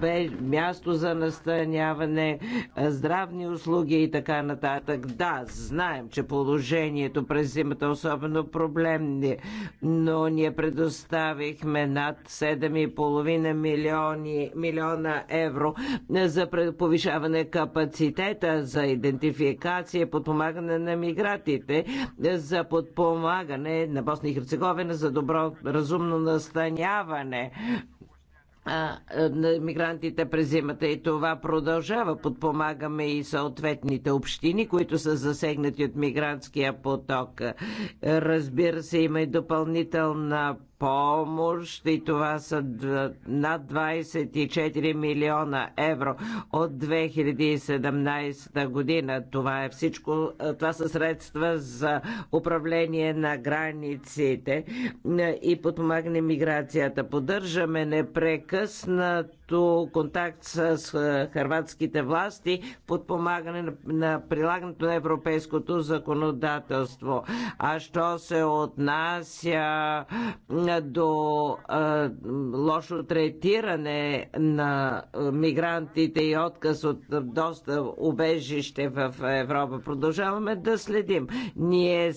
е, място за настаняване, здравни услуги и така нататък. Да, знаем, че положението през зимата е особено проблемни, но ние предоставихме над 7,5 милиона евро за предоставяне повишаване капацитета за идентификация, подпомагане на мигратите, за подпомагане на Босна и Херцеговина за добро разумно настаняване на мигрантите през зимата и това продължава. Подпомагаме и съответните общини, които са засегнати от мигрантския поток. Разбира се, има и допълнителна помощ и това са над 24 милиона евро от 2017 година. Това е всичко, това са средства за управление на границите и подпомагане миграцията. Поддържаме непрекъснато като контакт с харватските власти, подпомагане на, прилагането на европейското законодателство. А що се отнася до а, лошо третиране на мигрантите и отказ от доста убежище в Европа, продължаваме да следим. Ние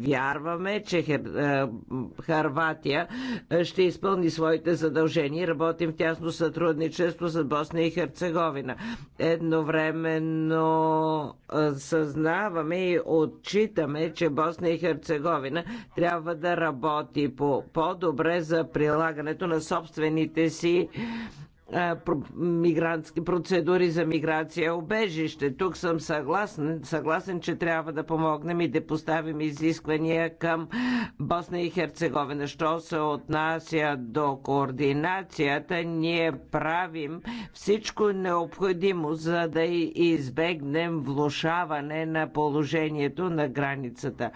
вярваме, че Хер... Харватия ще изпълни своите задължения и работим в тясно съ сътрудничество с Босния и Херцеговина. Едновременно съзнаваме и отчитаме, че Босния и Херцеговина трябва да работи по, по-добре за прилагането на собствените си мигрантски процедури за миграция обежище. Тук съм съгласен, съгласен, че трябва да помогнем и да поставим изисквания към Босна и Херцеговина. Що се отнася до координацията, ние правим всичко необходимо, за да избегнем влушаване на положението на границата.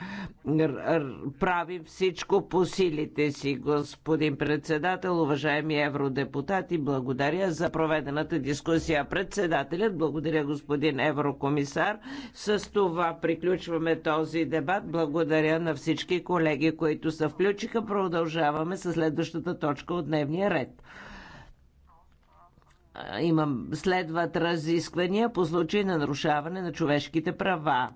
Правим всичко по силите си, господин председател, уважаеми евродепутати, благодаря благодаря за проведената дискусия. Председателят, благодаря господин еврокомисар. С това приключваме този дебат. Благодаря на всички колеги, които се включиха. Продължаваме с следващата точка от дневния ред имам, следват разисквания по случай на нарушаване на човешките права.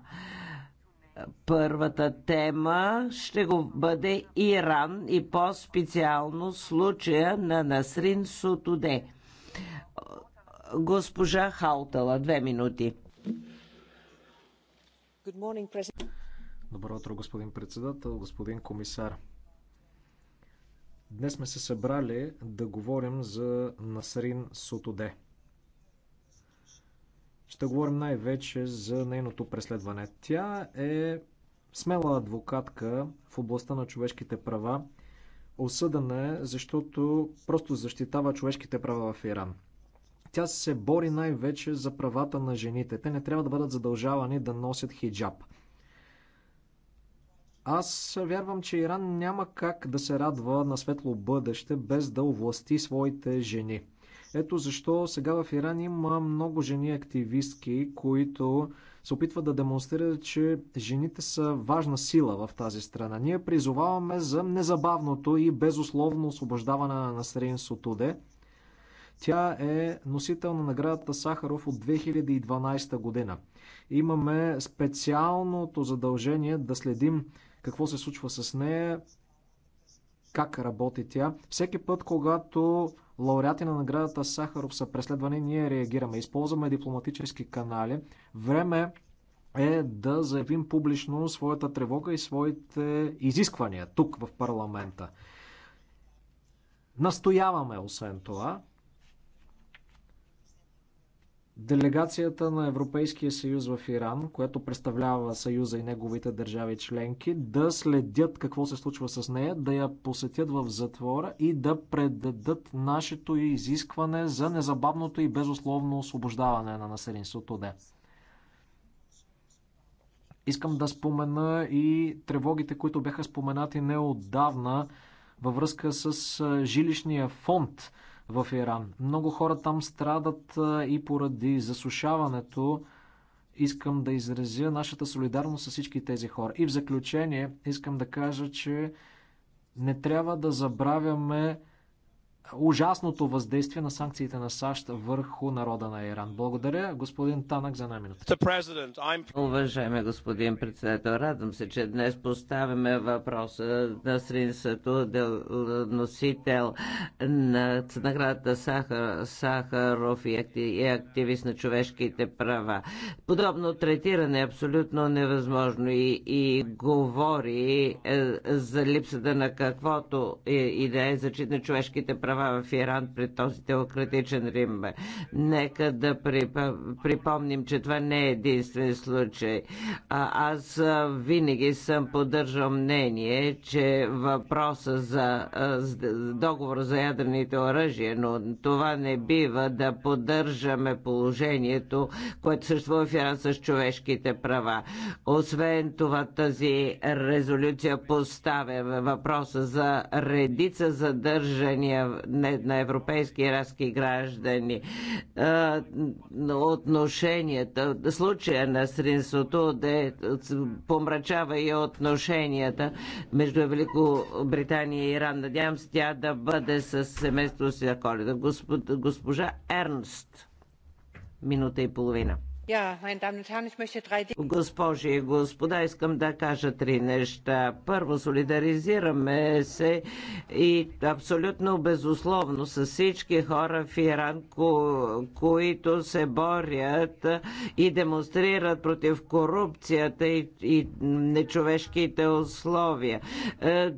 Първата тема ще го бъде Иран и по-специално случая на Насрин Сотуде. Госпожа Хаутала, две минути. Добро утро, господин председател, господин комисар. Днес сме се събрали да говорим за Насрин Сотоде. Ще говорим най-вече за нейното преследване. Тя е смела адвокатка в областта на човешките права. Осъдена е, защото просто защитава човешките права в Иран. Тя се бори най-вече за правата на жените. Те не трябва да бъдат задължавани да носят хиджаб. Аз вярвам, че Иран няма как да се радва на светло бъдеще без да овласти своите жени. Ето защо сега в Иран има много жени активистки, които се опитват да демонстрират, че жените са важна сила в тази страна. Ние призоваваме за незабавното и безусловно освобождаване на Насрин Сотуде – тя е носител на наградата Сахаров от 2012 година. Имаме специалното задължение да следим какво се случва с нея, как работи тя. Всеки път, когато лауреати на наградата Сахаров са преследвани, ние реагираме. Използваме дипломатически канали. Време е да заявим публично своята тревога и своите изисквания тук в парламента. Настояваме, освен това, делегацията на Европейския съюз в Иран, която представлява съюза и неговите държави членки, да следят какво се случва с нея, да я посетят в затвора и да предадат нашето изискване за незабавното и безусловно освобождаване на населенството де. Искам да спомена и тревогите, които бяха споменати неодавна във връзка с жилищния фонд – в Иран. Много хора там страдат и поради засушаването. Искам да изразя нашата солидарност с всички тези хора. И в заключение искам да кажа, че не трябва да забравяме ужасното въздействие на санкциите на САЩ върху народа на Иран. Благодаря, господин Танак, за една минута. Уважаеми господин председател, радвам се, че днес поставяме въпроса на Сринсато, носител на наградата Сахар, Сахаров и активист на човешките права. Подобно третиране е абсолютно невъзможно и, и говори е, за липсата на каквото и да е зачит на човешките права права в Иран пред този теократичен Рим. Нека да припомним, че това не е единствен случай. А, аз винаги съм поддържал мнение, че въпроса за договор за ядрените оръжия, но това не бива да поддържаме положението, което съществува в Иран с човешките права. Освен това, тази резолюция поставя въпроса за редица задържания на европейски раски граждани. Отношенията, случая на Сринсото, де помрачава и отношенията между Великобритания и Иран. Надявам се тя да бъде с семейството си на коледа. Госпожа Ернст, минута и половина. Госпожи и господа, искам да кажа три неща. Първо, солидаризираме се и абсолютно безусловно с всички хора в Иран, ко които се борят и демонстрират против корупцията и, и нечовешките условия. Е,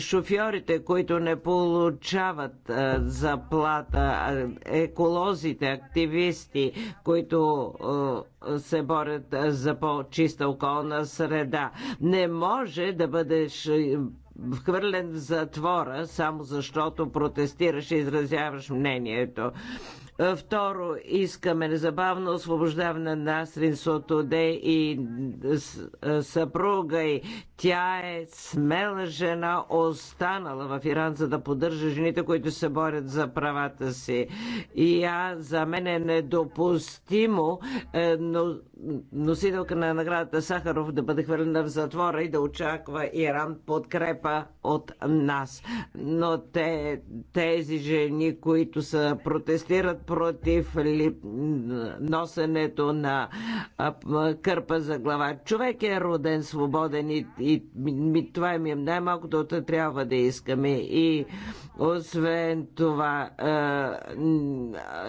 шофьорите, които не получават е, заплата, е, еколозите, активисти, които е, се борят е, за по-чиста околна среда. Не може да бъдеш е, хвърлен в затвора, само защото протестираш и изразяваш мнението. Второ, искаме незабавно освобождаване на Астрин Сотоде и съпруга и тя е смела жена, останала в Иран, за да поддържа жените, които се борят за правата си. И а, за мен е недопустимо е, но, носителка на наградата Сахаров да бъде хвърлена в затвора и да очаква Иран подкрепа от нас. Но те, тези жени, които са протестират против ли, носенето на кърпа за глава. Човек е роден свободен и, и ми, това ми е най-малкото, да трябва да искаме. И освен това, е,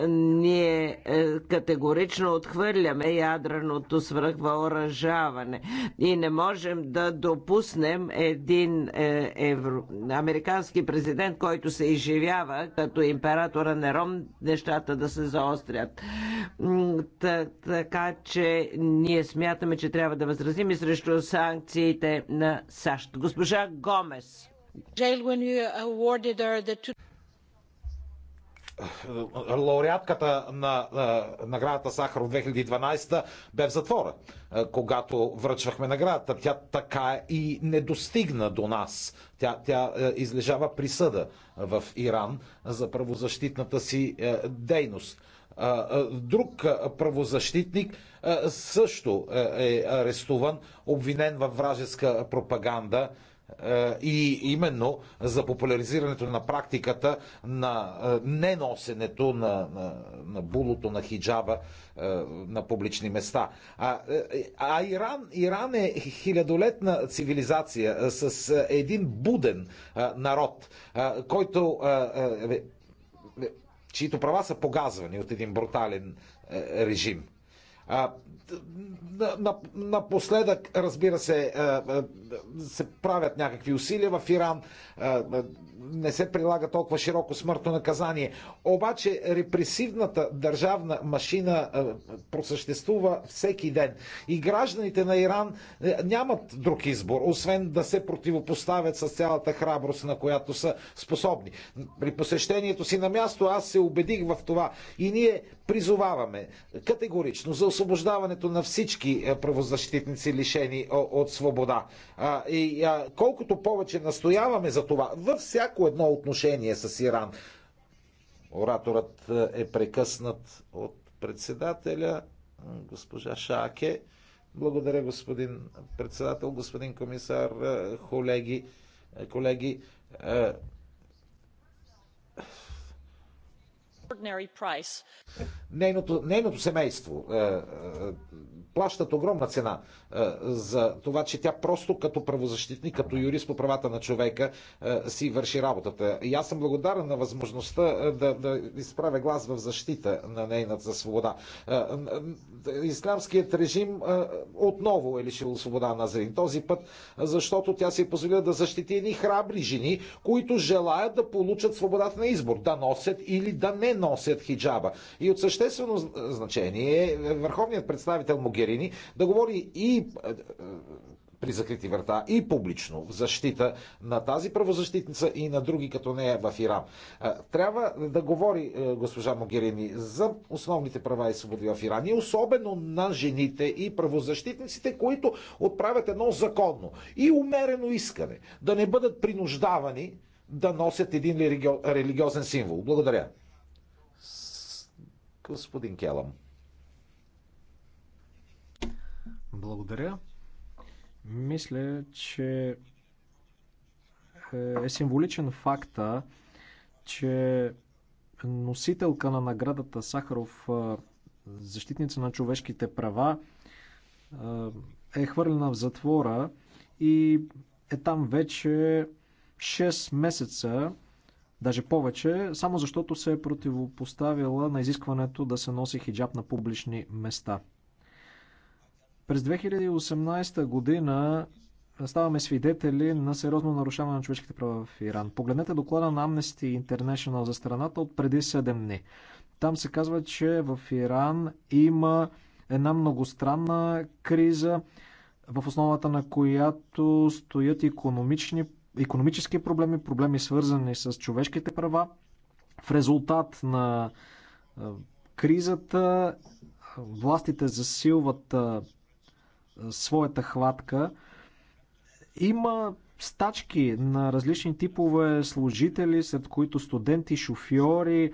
ние категорично отхвърляме ядреното свръхвъоръжаване и не можем да допуснем един е, евро, американски президент, който се изживява като императора на Ром, нещата нещата да се заострят. Така че ние смятаме, че трябва да възразим и срещу санкциите на САЩ. Госпожа Гомес. Е, лауреатката на е, наградата от 2012 бе в затвора, е, когато връчвахме наградата. Тя така и не достигна до нас. Тя, тя излежава присъда в Иран за правозащитната си дейност. Друг правозащитник също е арестуван, обвинен в вражеска пропаганда е, и именно за популяризирането на практиката на е, неносенето на, на, на булото, на хиджаба е, на публични места. А, а Иран, Иран е хилядолетна цивилизация с един буден народ, който чието права са погазвани от един брутален режим. Напоследък, разбира се, се правят някакви усилия в Иран не се прилага толкова широко смъртно наказание. Обаче репресивната държавна машина е, просъществува всеки ден. И гражданите на Иран е, нямат друг избор, освен да се противопоставят с цялата храброст, на която са способни. При посещението си на място аз се убедих в това. И ние призоваваме категорично за освобождаването на всички е, правозащитници, лишени от свобода. И колкото повече настояваме за това, във всяка всяко едно отношение с Иран. Ораторът е, е прекъснат от председателя, госпожа Шаке. Благодаря, господин председател, господин комисар, е, колеги. Е, колеги Нейното, нейното семейство е, е, плащат огромна цена е, за това, че тя просто като правозащитник, като юрист по правата на човека е, си върши работата. И аз съм благодарен на възможността е, да, да изправя глас в защита на нейната свобода. Исламският режим отново е лишил свобода на Зрин. Този път, защото тя си позволя да защити едни храбри жени, които желаят да получат свободата на избор, да носят или да не носят хиджаба. И от съществено значение е върховният представител Могерини да говори и е, е, при закрити врата и публично в защита на тази правозащитница и на други като нея в Иран. Е, трябва да говори госпожа Могерини за основните права и свободи в Иран и особено на жените и правозащитниците, които отправят едно законно и умерено искане да не бъдат принуждавани да носят един религиозен символ. Благодаря. Господин Келам. Благодаря. Мисля, че е, е символичен факта, че носителка на наградата Сахаров, е, защитница на човешките права, е, е хвърлена в затвора и е там вече 6 месеца, даже повече, само защото се е противопоставила на изискването да се носи хиджаб на публични места. През 2018 година ставаме свидетели на сериозно нарушаване на човешките права в Иран. Погледнете доклада на Amnesty International за страната от преди 7 дни. Там се казва, че в Иран има една многостранна криза, в основата на която стоят економични, економически проблеми, проблеми свързани с човешките права. В резултат на кризата властите засилват своята хватка. Има стачки на различни типове служители, след които студенти, шофьори, е,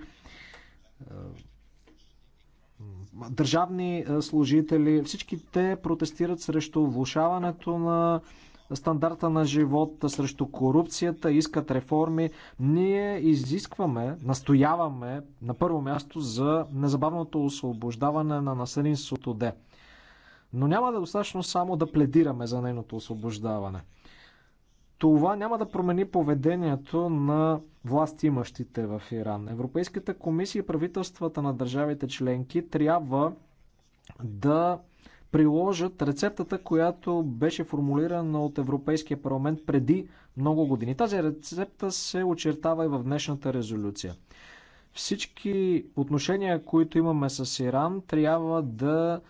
държавни е, служители, всички те протестират срещу влушаването на стандарта на живота, срещу корупцията, искат реформи. Ние изискваме, настояваме на първо място за незабавното освобождаване на населенството Оде. Но няма да е достатъчно само да пледираме за нейното освобождаване. Това няма да промени поведението на властимащите имащите в Иран. Европейската комисия и правителствата на държавите членки трябва да приложат рецептата, която беше формулирана от Европейския парламент преди много години. Тази рецепта се очертава и в днешната резолюция. Всички отношения, които имаме с Иран, трябва да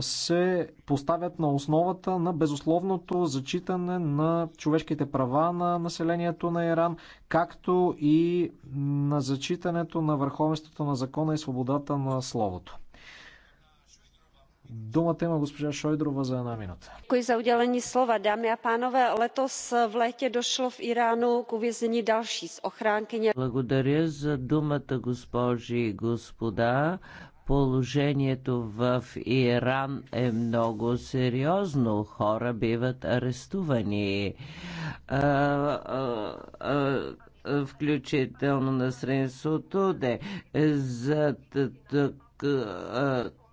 се поставят на основата на безусловното зачитане на човешките права на населението на Иран, както и на зачитането на върховенството на закона и свободата на словото. Думата има госпожа Шойдрова за една минута. Кои за отделени слова дами и панове. Летос в лете дошло в Ирану к увезени далши, с охранкиня. Благодаря за думата, госпожи и господа. Положението в Иран е много сериозно. Хора биват арестувани. А, а, а, включително на де, за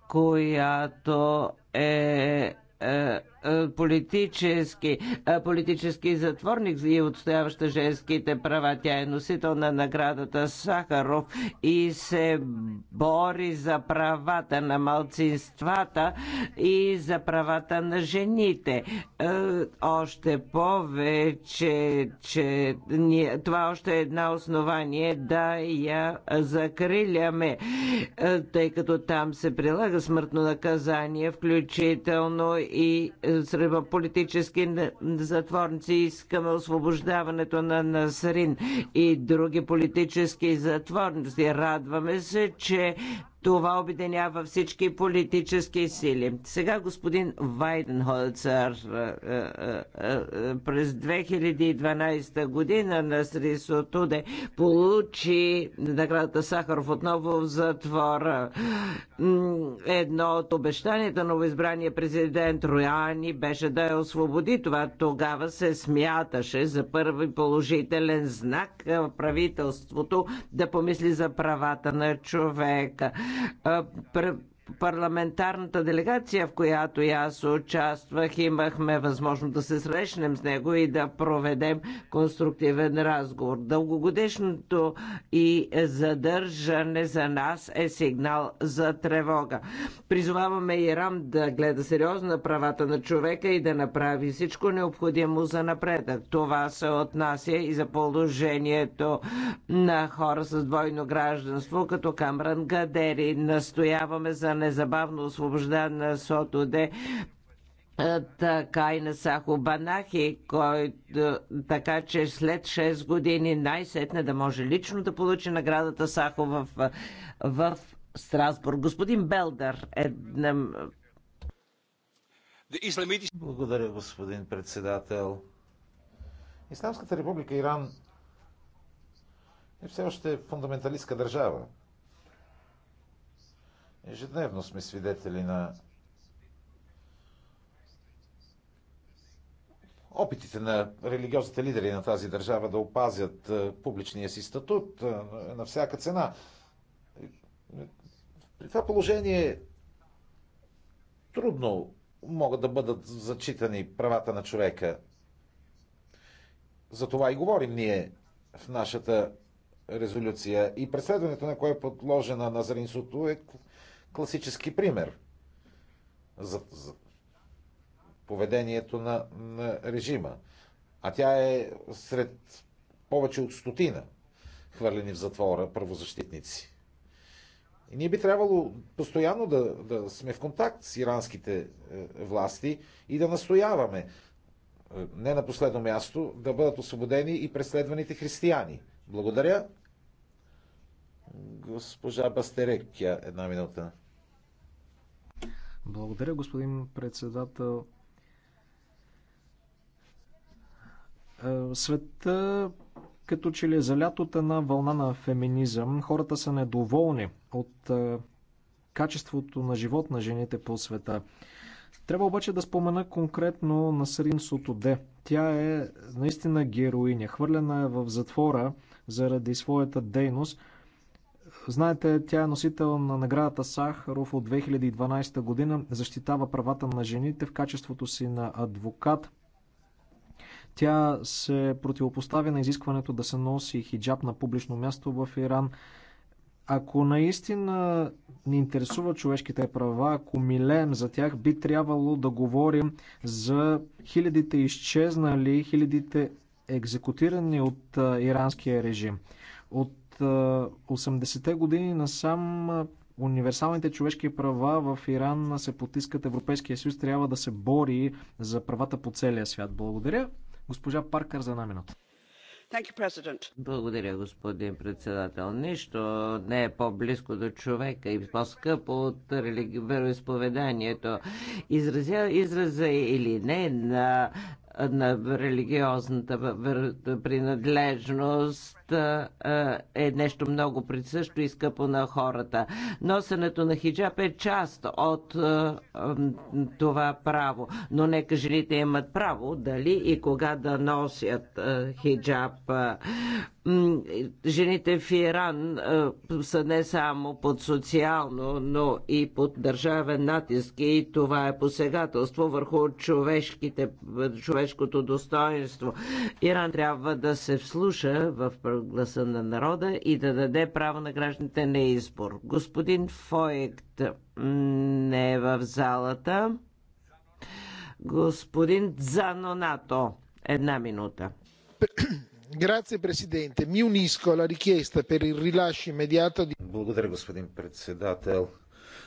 която е е, е, политически, е, политически затворник и отстояваща женските права. Тя е носител на наградата Сахаров и се бори за правата на малцинствата и за правата на жените. Още повече, че това още е една основание да я закриляме, тъй като там се прилага смъртно наказание, включително и е, политически затворници. Искаме освобождаването на Насрин и други политически затворници. Радваме се, че това обединява всички политически сили. Сега господин Вайденхолцер е, е, е, през 2012 година на Сотуде получи наградата Сахаров отново в затвора. Едно от обещанията на новоизбрания президент Рояни беше да я освободи. Това тогава се смяташе за първи положителен знак правителството да помисли за правата на човека. А, пр парламентарната делегация, в която и аз участвах, имахме възможност да се срещнем с него и да проведем конструктивен разговор. Дългогодишното и задържане за нас е сигнал за тревога. Призоваваме Иран да гледа сериозно на правата на човека и да направи всичко необходимо за напредък. Това се отнася и за положението на хора с двойно гражданство, като Камран Гадери. Настояваме за незабавно освобождана на Сотоде така и на Сахо Банахи, който, така че след 6 години най-сетне да може лично да получи наградата Сахо в, в Страсбург. Господин Белдър е... Благодаря, господин председател. Исламската република Иран е все още фундаменталистка държава. Ежедневно сме свидетели на опитите на религиозните лидери на тази държава да опазят е, публичния си статут е, на всяка цена. При това положение трудно могат да бъдат зачитани правата на човека. За това и говорим ние в нашата резолюция. И преследването, на кое е подложена на зринството, е класически пример за, за поведението на, на режима. А тя е сред повече от стотина хвърлени в затвора правозащитници. И ние би трябвало постоянно да, да сме в контакт с иранските е, власти и да настояваме, е, не на последно място, да бъдат освободени и преследваните християни. Благодаря. Госпожа Бастерек, една минута. Благодаря, господин председател. Е, света като че ли е залят от една вълна на феминизъм. Хората са недоволни от е, качеството на живот на жените по света. Трябва обаче да спомена конкретно на Сарин Сотоде. Тя е наистина героиня. Хвърлена е в затвора заради своята дейност – Знаете, тя е носител на наградата Сахаров от 2012 година, защитава правата на жените в качеството си на адвокат. Тя се противопоставя на изискването да се носи хиджаб на публично място в Иран. Ако наистина ни интересува човешките права, ако милеем за тях, би трябвало да говорим за хилядите изчезнали, хилядите екзекутирани от иранския режим. От 80-те години насам универсалните човешки права в Иран се потискат. Европейския съюз трябва да се бори за правата по целия свят. Благодаря. Госпожа Паркър за една минута. You, Благодаря, господин председател. Нищо не е по-близко до човека и по-скъпо от религи... вероисповеданието. Изразя, израза или не на на религиозната принадлежност е нещо много присъщо и скъпо на хората. Носенето на хиджаб е част от това право, но нека жените имат право дали и кога да носят хиджаб. Жените в Иран са не само под социално, но и под държавен натиск и това е посегателство върху човешките, човешкото достоинство. Иран трябва да се вслуша в гласа на народа и да даде право на гражданите на избор. Господин Фоект не е в залата. Господин Занонато, една минута. Grazie Presidente. Mi unisco alla richiesta per il rilascio immediato di... Благодаря, господин председател.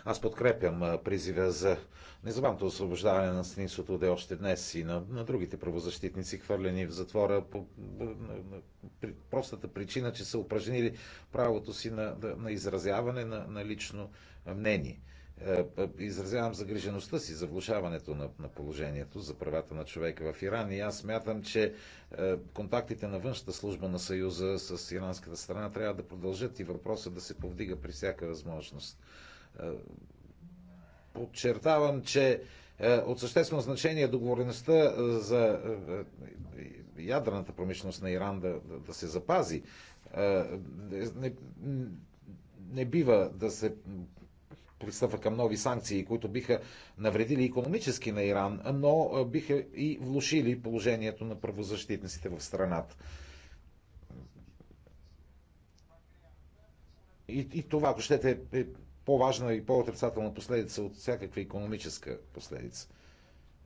Аз подкрепям призива за незабавното освобождаване на Станисото де още днес и на, на другите правозащитници, хвърлени в затвора по, по, простата причина, че са упражнили правото си на, на изразяване на, на лично мнение. Е, е, изразявам загрижеността си за влушаването на, на положението за правата на човека в Иран и аз смятам, че е, контактите на външната служба на Съюза с иранската страна трябва да продължат и въпросът да се повдига при всяка възможност. Подчертавам, че от съществено значение е договореността за ядрената промишленост на Иран да, да, се запази. Не, не бива да се пристъпва към нови санкции, които биха навредили економически на Иран, но биха и влушили положението на правозащитниците в страната. И, и това, ако щете, е по-важна и по-отрицателна последица от всякаква економическа последица.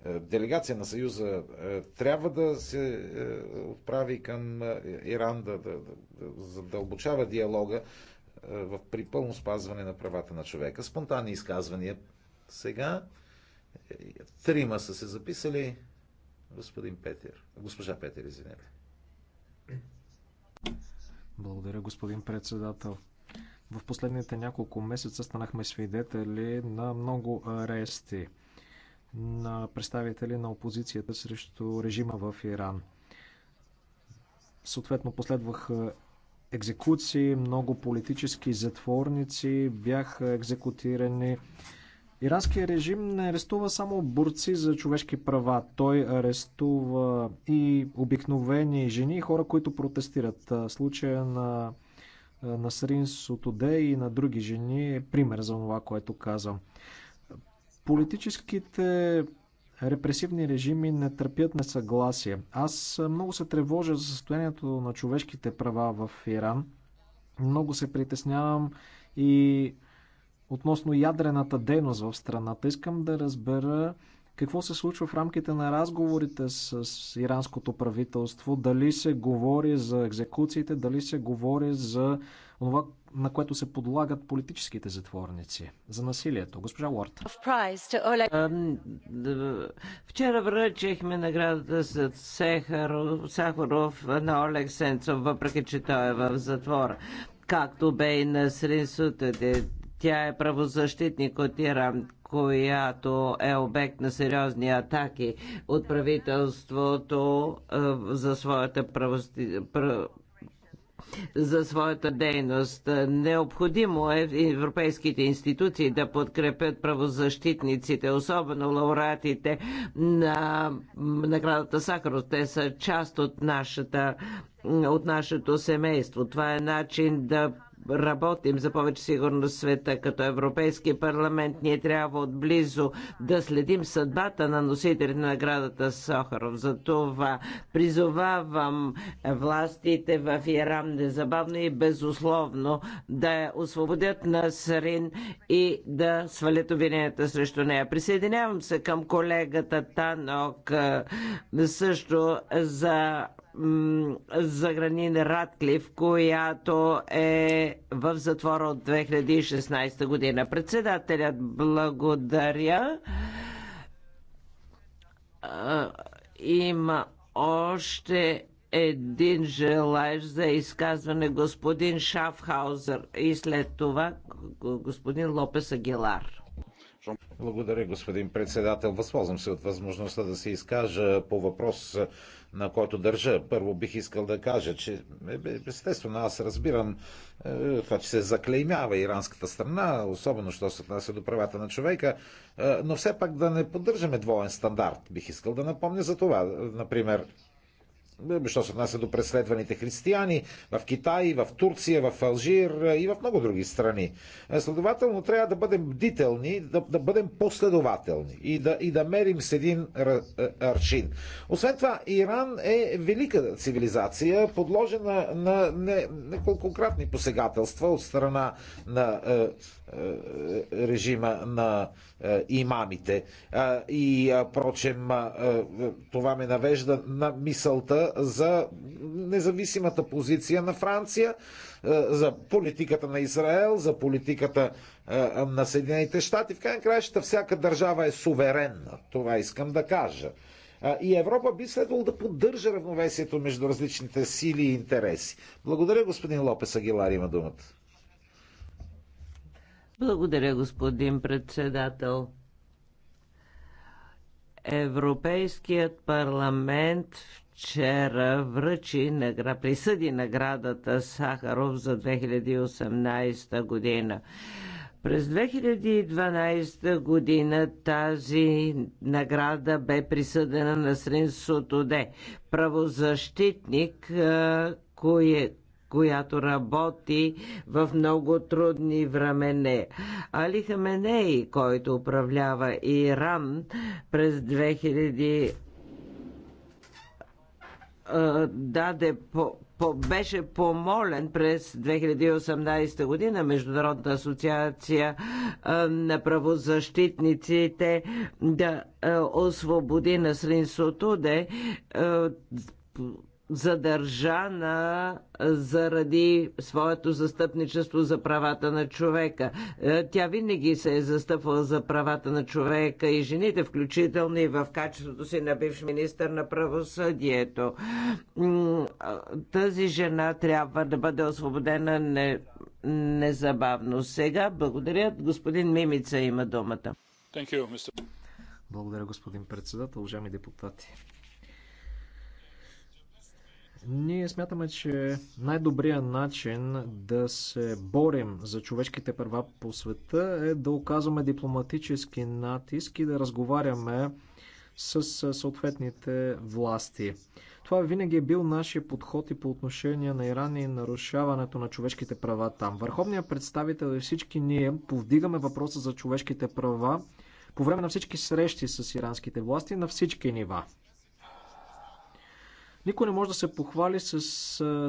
Е, делегация на Съюза е, трябва да се е, отправи към Иран, да, да, да задълбочава диалога, е, в при пълно спазване на правата на човека. Спонтанни изказвания сега. Е, трима са се записали. Господин Петър. Госпожа Петер, извинете. Благодаря, господин председател. В последните няколко месеца станахме свидетели на много арести на представители на опозицията срещу режима в Иран. Съответно последваха екзекуции, много политически затворници бяха екзекутирани. Иранският режим не арестува само борци за човешки права. Той арестува и обикновени жени и хора, които протестират. Случая на Насрин Сотоде и на други жени е пример за това, което казвам. Политическите репресивни режими не търпят несъгласие. Аз много се тревожа за състоянието на човешките права в Иран. Много се притеснявам и относно ядрената дейност в страната. Искам да разбера какво се случва в рамките на разговорите с иранското правителство, дали се говори за екзекуциите, дали се говори за онова, на което се подлагат политическите затворници за насилието. Госпожа Уорт. Вчера връчихме наградата за Сахаров на Олег Сенцов, въпреки че той е в затвора. Както бе и на Сринсута, тя е правозащитник от Иран, която е обект на сериозни атаки от правителството за своята правости за своята дейност. Необходимо е европейските институции да подкрепят правозащитниците, особено лауреатите на наградата Сахаров. Те са част от нашата от нашето семейство. Това е начин да работим за повече сигурност в света. Като Европейски парламент ние трябва отблизо да следим съдбата на носителите на наградата Сохаров. За това призовавам властите в Иран незабавно и безусловно да освободят Насрин и да свалят обвиненията срещу нея. Присъединявам се към колегата Танок също за за Гранин Радклиф, която е в затвора от 2016 година. Председателят благодаря. Има още един желаещ за изказване господин Шафхаузер и след това господин Лопес Агилар. Благодаря, господин председател. Възползвам се от възможността да се изкажа по въпрос, на който държа. Първо бих искал да кажа, че е, е, естествено аз разбирам е, това, че се заклеймява иранската страна, особено що се отнася до правата на човека, е, но все пак да не поддържаме двоен стандарт. Бих искал да напомня за това. Например, що се отнася до преследваните християни в Китай, в Турция, в Алжир е, и в много други страни. Е, следователно трябва да бъдем бдителни, да, да бъдем последователни и да, и да мерим с един е, аршин. Освен това, Иран е велика цивилизация, подложена на не, неколкократни посегателства от страна на е, е, режима на имамите. И, е, е, прочем, е, това ме навежда на мисълта за независимата позиция на Франция, за политиката на Израел, за политиката на Съединените щати. В крайна краища всяка държава е суверенна. Това искам да кажа. И Европа би следвало да поддържа равновесието между различните сили и интереси. Благодаря, господин Лопес Агилар, има думата. Благодаря, господин председател. Европейският парламент вчера връчи награ... присъди наградата Сахаров за 2018 година. През 2012 година тази награда бе присъдена на Срин Сотоде, правозащитник, кое, която работи в много трудни времене. Али Хаменей, който управлява Иран през 2000 даде по, по, беше помолен през 2018 година Международната асоциация а, на правозащитниците да а, освободи Насрин Сотуде а, задържана заради своето застъпничество за правата на човека. Е, тя винаги се е застъпвала за правата на човека и жените, включително и в качеството си на бивш министър на правосъдието. Тази жена трябва да бъде освободена не, незабавно. Сега благодаря. Господин Мимица има думата. You, Благодаря, господин председател, уважаеми депутати. Ние смятаме, че най-добрият начин да се борим за човешките права по света е да оказваме дипломатически натиск и да разговаряме с съответните власти. Това винаги е бил нашия подход и по отношение на Иран и нарушаването на човешките права там. Върховният представител и е всички ние повдигаме въпроса за човешките права по време на всички срещи с иранските власти на всички нива. Никой не може да се похвали с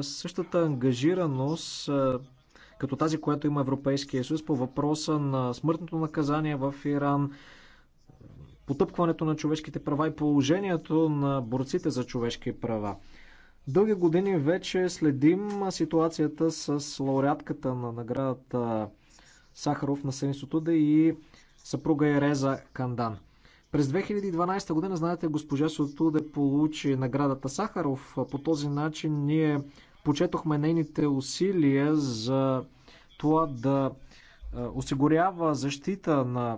същата ангажираност като тази, която има Европейския съюз по въпроса на смъртното наказание в Иран, потъпкването на човешките права и положението на борците за човешки права. Дълги години вече следим ситуацията с лауреатката на наградата Сахаров на Съинституда и съпруга Ереза Кандан. През 2012 година, знаете, госпожа Сотуде получи наградата Сахаров. По този начин ние почетохме нейните усилия за това да е, осигурява защита на е,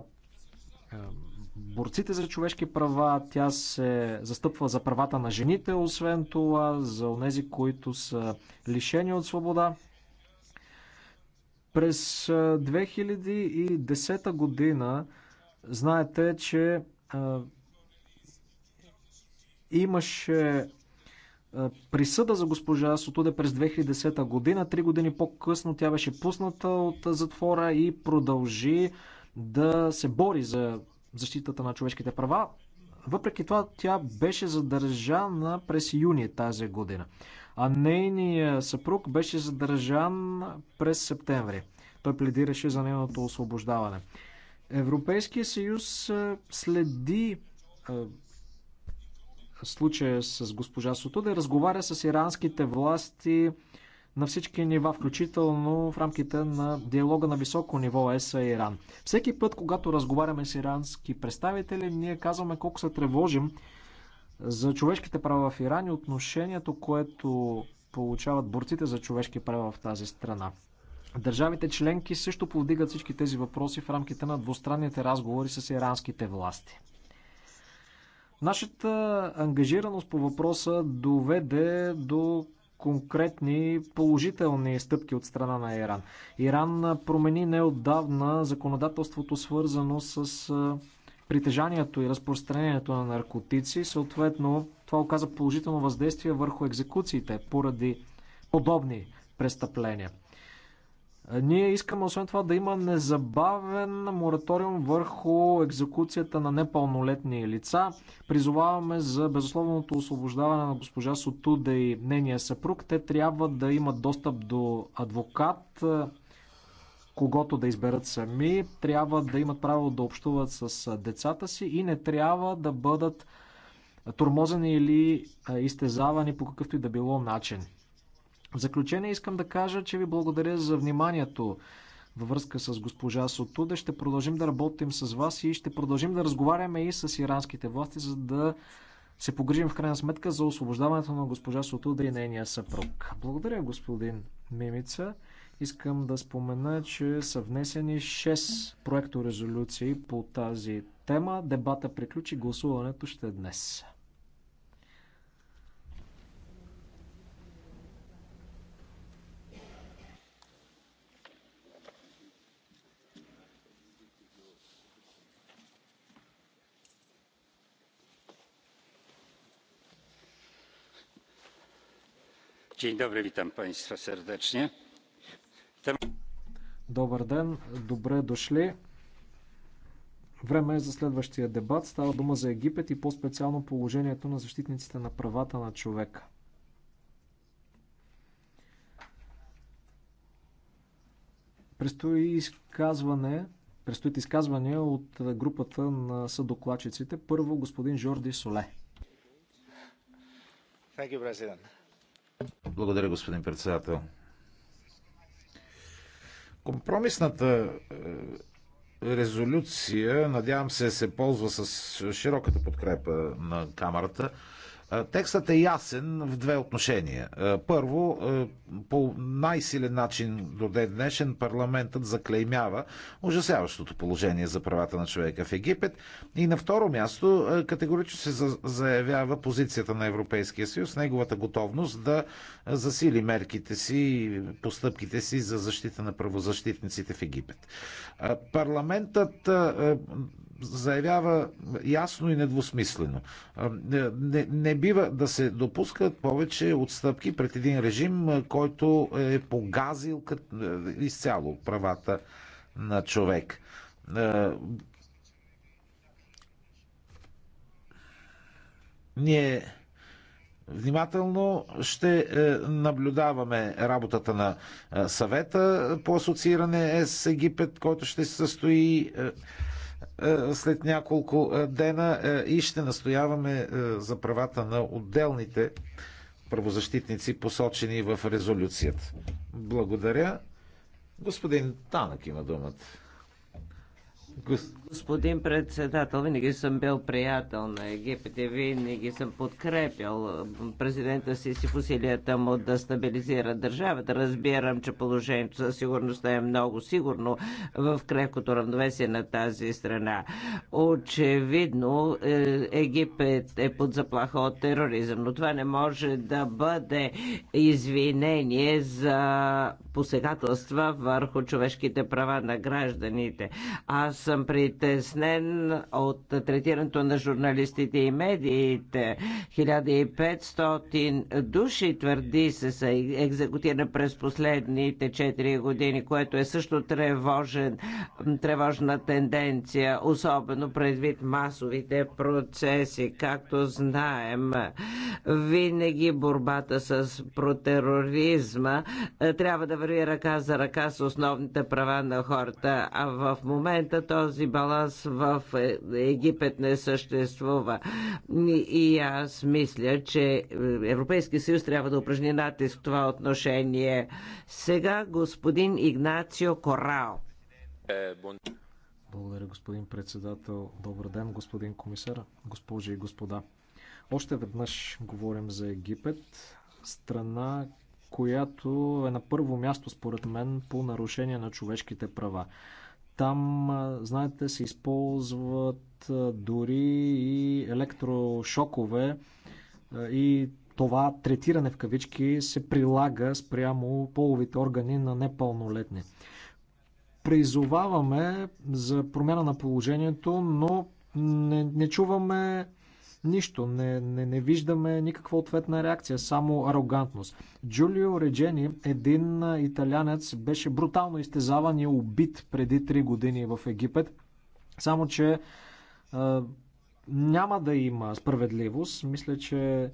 борците за човешки права. Тя се застъпва за правата на жените, освен това, за онези, които са лишени от свобода. През 2010 е, година знаете, че имаше присъда за госпожа Сотуде през 2010 година. Три години по-късно тя беше пусната от затвора и продължи да се бори за защитата на човешките права. Въпреки това, тя беше задържана през юни тази година, а нейният съпруг беше задържан през септември. Той пледираше за нейното освобождаване. Европейския съюз следи случая с госпожа да разговаря с иранските власти на всички нива, включително в рамките на диалога на високо ниво ЕСА и Иран. Всеки път, когато разговаряме с ирански представители, ние казваме колко се тревожим за човешките права в Иран и отношението, което получават борците за човешки права в тази страна. Държавите членки също повдигат всички тези въпроси в рамките на двустранните разговори с иранските власти. Нашата ангажираност по въпроса доведе до конкретни положителни стъпки от страна на Иран. Иран промени неотдавна законодателството, свързано с притежанието и разпространението на наркотици. Съответно, това оказа положително въздействие върху екзекуциите поради подобни престъпления. Е, ние искаме освен това да има незабавен мораториум върху екзекуцията на непълнолетни лица. Призоваваме за безусловното освобождаване на госпожа Сотуда и нейния съпруг. Те трябва да имат достъп до адвокат, е, когато да изберат сами. Трябва да имат право да общуват с е, децата си и не трябва да бъдат тормозени или изтезавани по какъвто и да било начин. В заключение искам да кажа, че ви благодаря за вниманието във връзка с госпожа Сотуде. Ще продължим да работим с вас и ще продължим да разговаряме и с иранските власти, за да се погрижим в крайна сметка за освобождаването на госпожа Сотуда и нейния съпруг. Благодаря, господин Мимица. Искам да спомена, че са внесени 6 проекторезолюции по тази тема. Дебата приключи, гласуването ще е днес. Dzień dobry, witam państwa serdecznie. Добър ден, добре дошли. Време е за следващия дебат. Става дума за Египет и по-специално положението на защитниците на правата на човека. Престои изказване, престоят от групата на съдокладчиците. Първо господин Жорди Соле. Thank you, President. Благодаря, господин председател. Компромисната е, резолюция, надявам се, се ползва с широката подкрепа на Камерата. Е, текстът е ясен в две отношения. Е, първо, е, по най-силен начин до ден днешен парламентът заклеймява ужасяващото положение за правата на човека в Египет. И на второ място, категорично се заявява позицията на Европейския съюз, неговата готовност да засили мерките си и постъпките си за защита на правозащитниците в Египет. Парламентът заявява ясно и недвусмислено. Не, не бива да се допускат повече отстъпки пред един режим, който е погазил е, изцяло правата на човек. Ние внимателно ще е, наблюдаваме работата на е, съвета по асоцииране с Египет, който ще се състои е, след няколко е, дена е, и ще настояваме за правата на отделните правозащитници, посочени в резолюцията. Благодаря. Господин Танък има думата. Господин председател, винаги съм бил приятел на Египет и винаги съм подкрепил президента си си усилията му да стабилизира държавата. Разбирам, че положението за сигурността е много сигурно в крепкото равновесие на тази страна. Очевидно, е, Египет е под заплаха от тероризъм, но това не може да бъде извинение за посегателства върху човешките права на гражданите. Аз съм при притеснен от третирането на журналистите и медиите. 1500 души твърди се са екзекутирани през последните 4 години, което е също тревожен, тревожна тенденция, особено предвид масовите процеси. Както знаем, винаги борбата с протероризма е, трябва да върви ръка за ръка с основните права на хората, а в момента този баланс Палас в е, Египет не съществува. И аз мисля, че Европейски съюз трябва да упражни натиск в това отношение. Сега господин Игнацио Корао. Благодаря, господин председател. Добър ден, господин комисар, госпожи и господа. Още веднъж говорим за Египет, страна, която е на първо място, според мен, по нарушение на човешките права. Там, знаете, се използват дори и електрошокове и това третиране в кавички се прилага спрямо половите органи на непълнолетни. Призоваваме за промяна на положението, но не, не чуваме Нищо, не, не, не виждаме никаква ответна реакция, само арогантност. Джулио Реджени, един италянец, беше брутално изтезаван и убит преди 3 години в Египет. Само, че е, няма да има справедливост. Мисля, че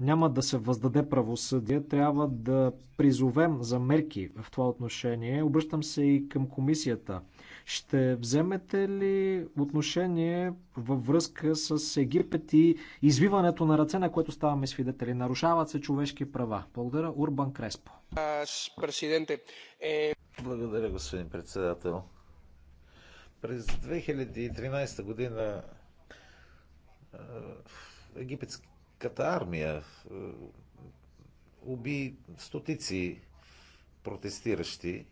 няма да се въздаде правосъдие. Трябва да призовем за мерки в това отношение. Обръщам се и към комисията – ще вземете ли отношение във връзка с Египет и извиването на ръце, на което ставаме свидетели? Нарушават се човешки права. Благодаря, Урбан Креспо. Е- Благодаря, господин председател. През 2013 година е, египетската армия е, уби стотици протестиращи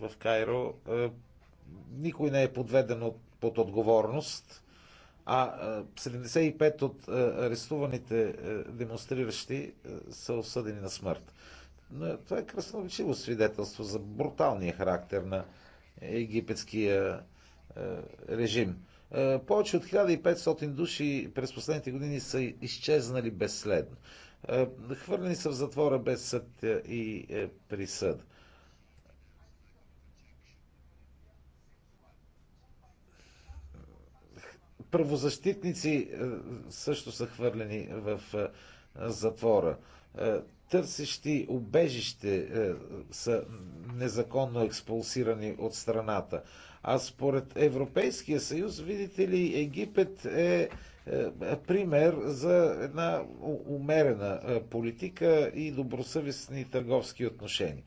в Кайро, никой не е подведен от, под отговорност, а 75 от арестуваните демонстриращи са осъдени на смърт. Но това е красноречиво свидетелство за бруталния характер на египетския режим. Повече от 1500 души през последните години са изчезнали безследно. Хвърлени са в затвора без съд и присъд. правозащитници е, също са хвърлени в е, затвора. Е, търсещи обежище са незаконно експулсирани от страната. А според Европейския съюз, видите ли, Египет е пример за една умерена политика и добросъвестни търговски отношения.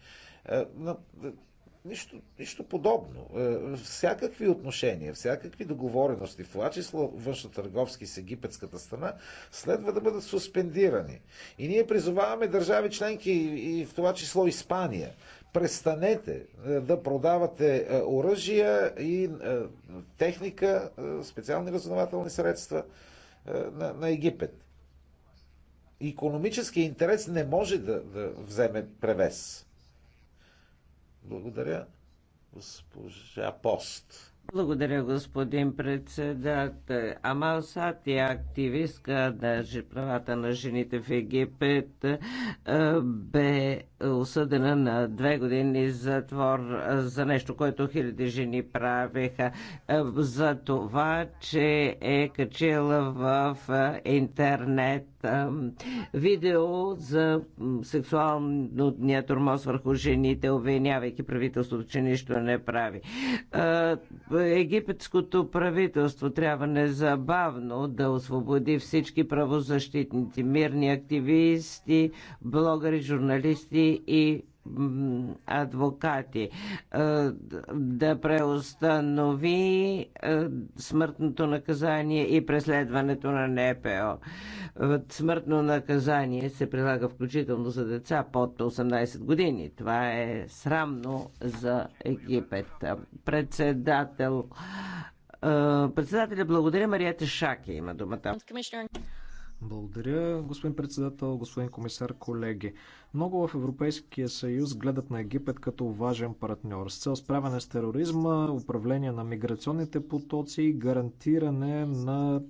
Нищо, нищо подобно. Е, всякакви отношения, всякакви договорености, в това число външно-търговски с египетската страна, следва да бъдат суспендирани. И ние призоваваме държави членки, и в това число Испания, престанете е, да продавате е, оръжия и техника, специални разузнавателни средства на, на Египет. Економическият интерес не може да, да вземе превес. Благодаря, госпожа Пост. Благодаря, господин председател. Амал Сати, е активистка на правата на жените в Египет, бе осъдена на две години затвор за нещо, което хиляди жени правеха, за това, че е качила в интернет видео за сексуалния тормоз върху жените, обвинявайки правителството, че нищо не прави. Египетското правителство трябва незабавно да освободи всички правозащитници, мирни активисти, блогъри, журналисти и адвокати е, да преустанови е, смъртното наказание и преследването на НПО. Е, смъртно наказание се прилага включително за деца под 18 години. Това е срамно за Египет. Председател Председателя благодаря. Марията Шаки има думата. Благодаря, господин председател, господин комисар, колеги. Много в Европейския съюз гледат на Египет като важен партньор с цел справяне с тероризма, управление на миграционните потоци и гарантиране на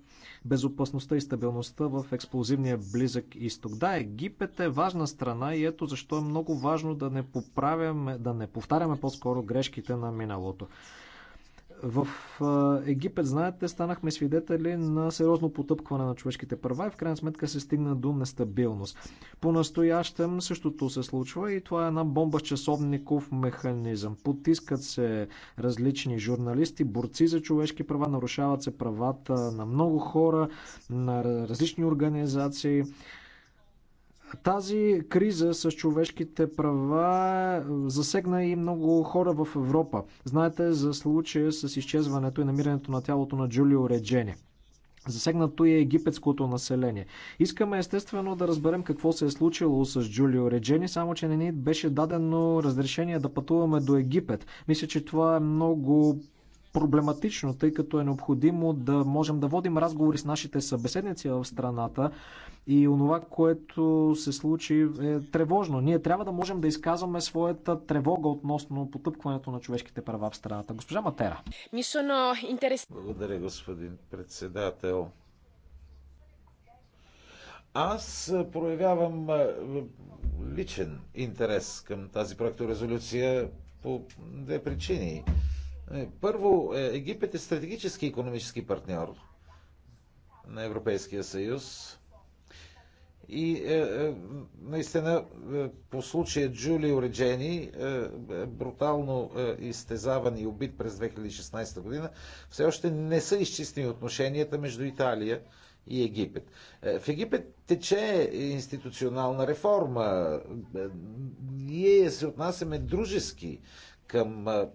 безопасността и стабилността в експлозивния близък изток. Да, Египет е важна страна и ето защо е много важно да не, поправяме, да не повтаряме по-скоро грешките на миналото. В Египет, знаете, станахме свидетели на сериозно потъпкване на човешките права и в крайна сметка се стигна до нестабилност. По-настоящем същото се случва и това е една бомба с часовников механизъм. Потискат се различни журналисти, борци за човешки права, нарушават се правата на много хора, на различни организации. Тази криза с човешките права засегна и много хора в Европа. Знаете за случая с изчезването и намирането на тялото на Джулио Реджени. Засегнато и е египетското население. Искаме естествено да разберем какво се е случило с Джулио Реджени, само че не ни беше дадено разрешение да пътуваме до Египет. Мисля, че това е много проблематично, тъй като е необходимо да можем да водим разговори с нашите събеседници в страната и онова, което се случи е тревожно. Ние трябва да можем да изказваме своята тревога относно потъпкването на човешките права в страната. Госпожа Матера. Благодаря, господин председател. Аз проявявам е, личен интерес към тази проекторезолюция по две причини. Е, първо, е, Египет е стратегически и економически партньор на Европейския съюз. И е, е, наистина е, по случая Джулио Реджени, е, е, брутално е, изтезаван и убит през 2016 година, все още не са изчистени отношенията между Италия и Египет. Е, в Египет тече институционална реформа. Е, ние се отнасяме дружески към е,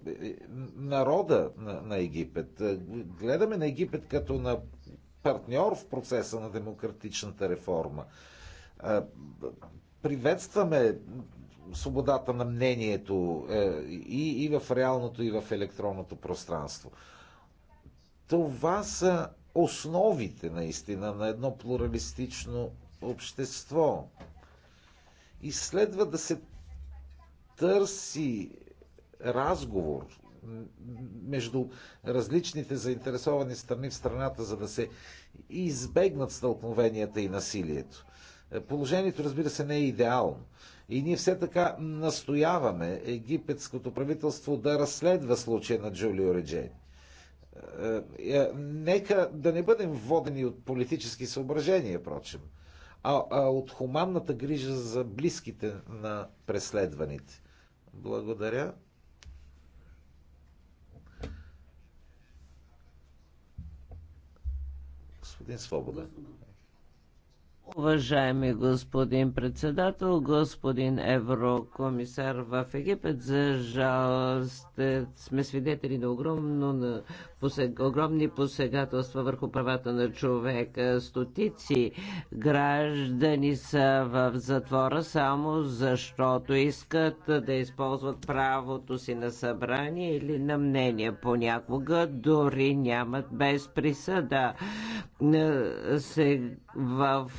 народа на Египет. Е, гледаме на Египет като на партньор в процеса на демократичната реформа. Е, приветстваме свободата на мнението и, и в реалното, и в електронното пространство. Това са основите наистина на едно плуралистично общество. И следва да се търси разговор между различните заинтересовани страни в страната, за да се избегнат стълкновенията и насилието. Положението, разбира се, не е идеално. И ние все така настояваме египетското правителство да разследва случая на Джулио Реджени. Е, е, нека да не бъдем водени от политически съображения, прочим, а, от хуманната грижа за близките на преследваните. Благодаря. Господин Свобода. Уважаеми господин председател, господин еврокомисар в Египет, за жалост сме свидетели на, огромно, на посег, огромни посегателства върху правата на човека. Стотици граждани са в затвора само защото искат да използват правото си на събрание или на мнение. Понякога дори нямат без присъда. Е, се в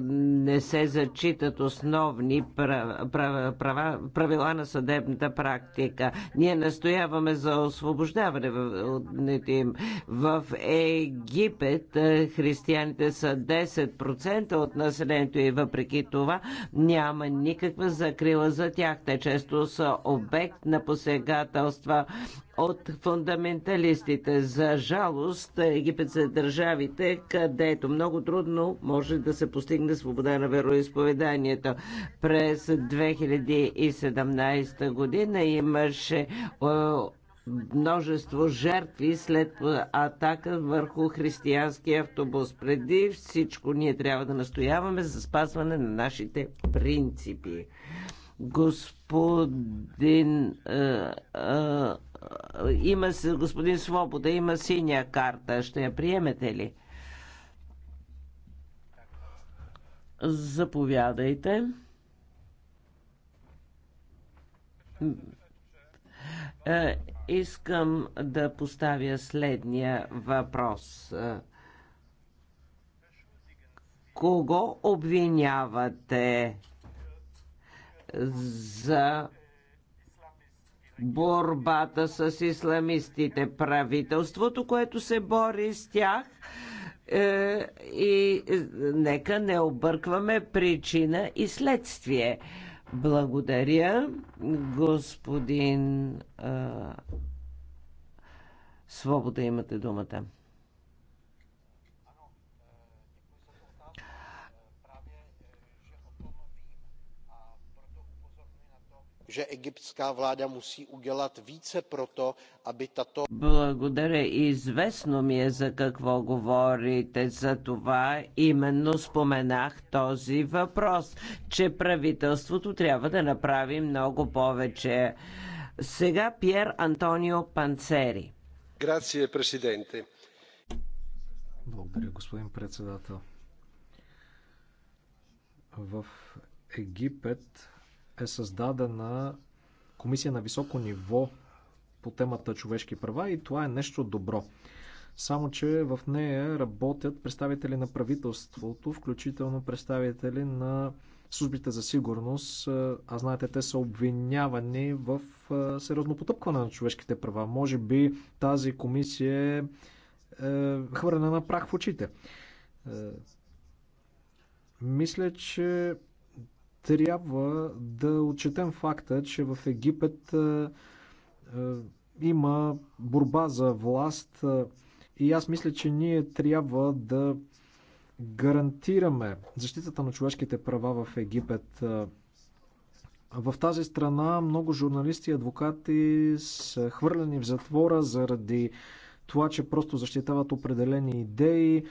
не се зачитат основни права, правила на съдебната практика. Ние настояваме за освобождаване от им. В Египет християните са 10% от населението и въпреки това няма никаква закрила за тях. Те често са обект на посегателства от фундаменталистите. За жалост, Египет са държавите, където много трудно може да се постигне свобода на вероисповеданието. През 2017 година имаше е, множество жертви след атака върху християнския автобус. Преди всичко ние трябва да настояваме за спазване на нашите принципи. Господин а, е, а, е, има, господин Свобода, има синя карта. Ще я приемете ли? Заповядайте. Е, искам да поставя следния въпрос. Кого обвинявате за борбата с исламистите. Правителството, което се бори с тях, е, и е, нека не объркваме причина и следствие. Благодаря, господин е, Свобода, имате думата. že egyptská vláda musí udělat více proto, aby tato... Благодаря. Известно ми е за какво говорите. За това именно споменах този въпрос, че правителството трябва да направи много повече. Сега Пьер Антонио Панцери. Грация, президенте. Благодаря, господин председател. В Египет е създадена комисия на високо ниво по темата човешки права и това е нещо добро. Само, че в нея работят представители на правителството, включително представители на службите за сигурност. А знаете, те са обвинявани в сериозно потъпкване на човешките права. Може би тази комисия е, е хвърлена на прах в очите. Е, мисля, че трябва да отчетем факта, че в Египет е, е, има борба за власт е, и аз мисля, че ние трябва да гарантираме защитата на човешките права в Египет. В тази страна много журналисти и адвокати са хвърлени в затвора заради това, че просто защитават определени идеи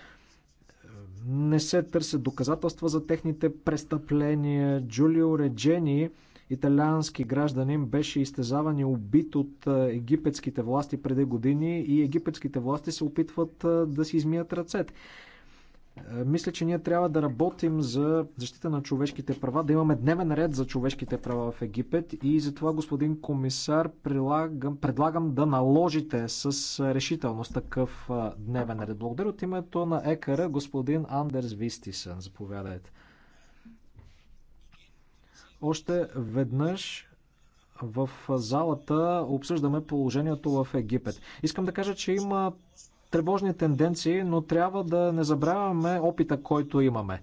не се търсят доказателства за техните престъпления. Джулио Реджени, италиански гражданин, беше изтезаван и убит от египетските власти преди години и египетските власти се опитват да си измият ръцете. Е, мисля, че ние трябва да работим за защита на човешките права, да имаме дневен ред за човешките права в Египет и затова, господин комисар, прилагам, предлагам да наложите с решителност такъв е, дневен ред. Благодаря от името на ЕКР, господин Андерс Вистисън. Заповядайте. Още веднъж в залата обсъждаме положението в Египет. Искам да кажа, че има тревожни тенденции, но трябва да не забравяме опита, който имаме.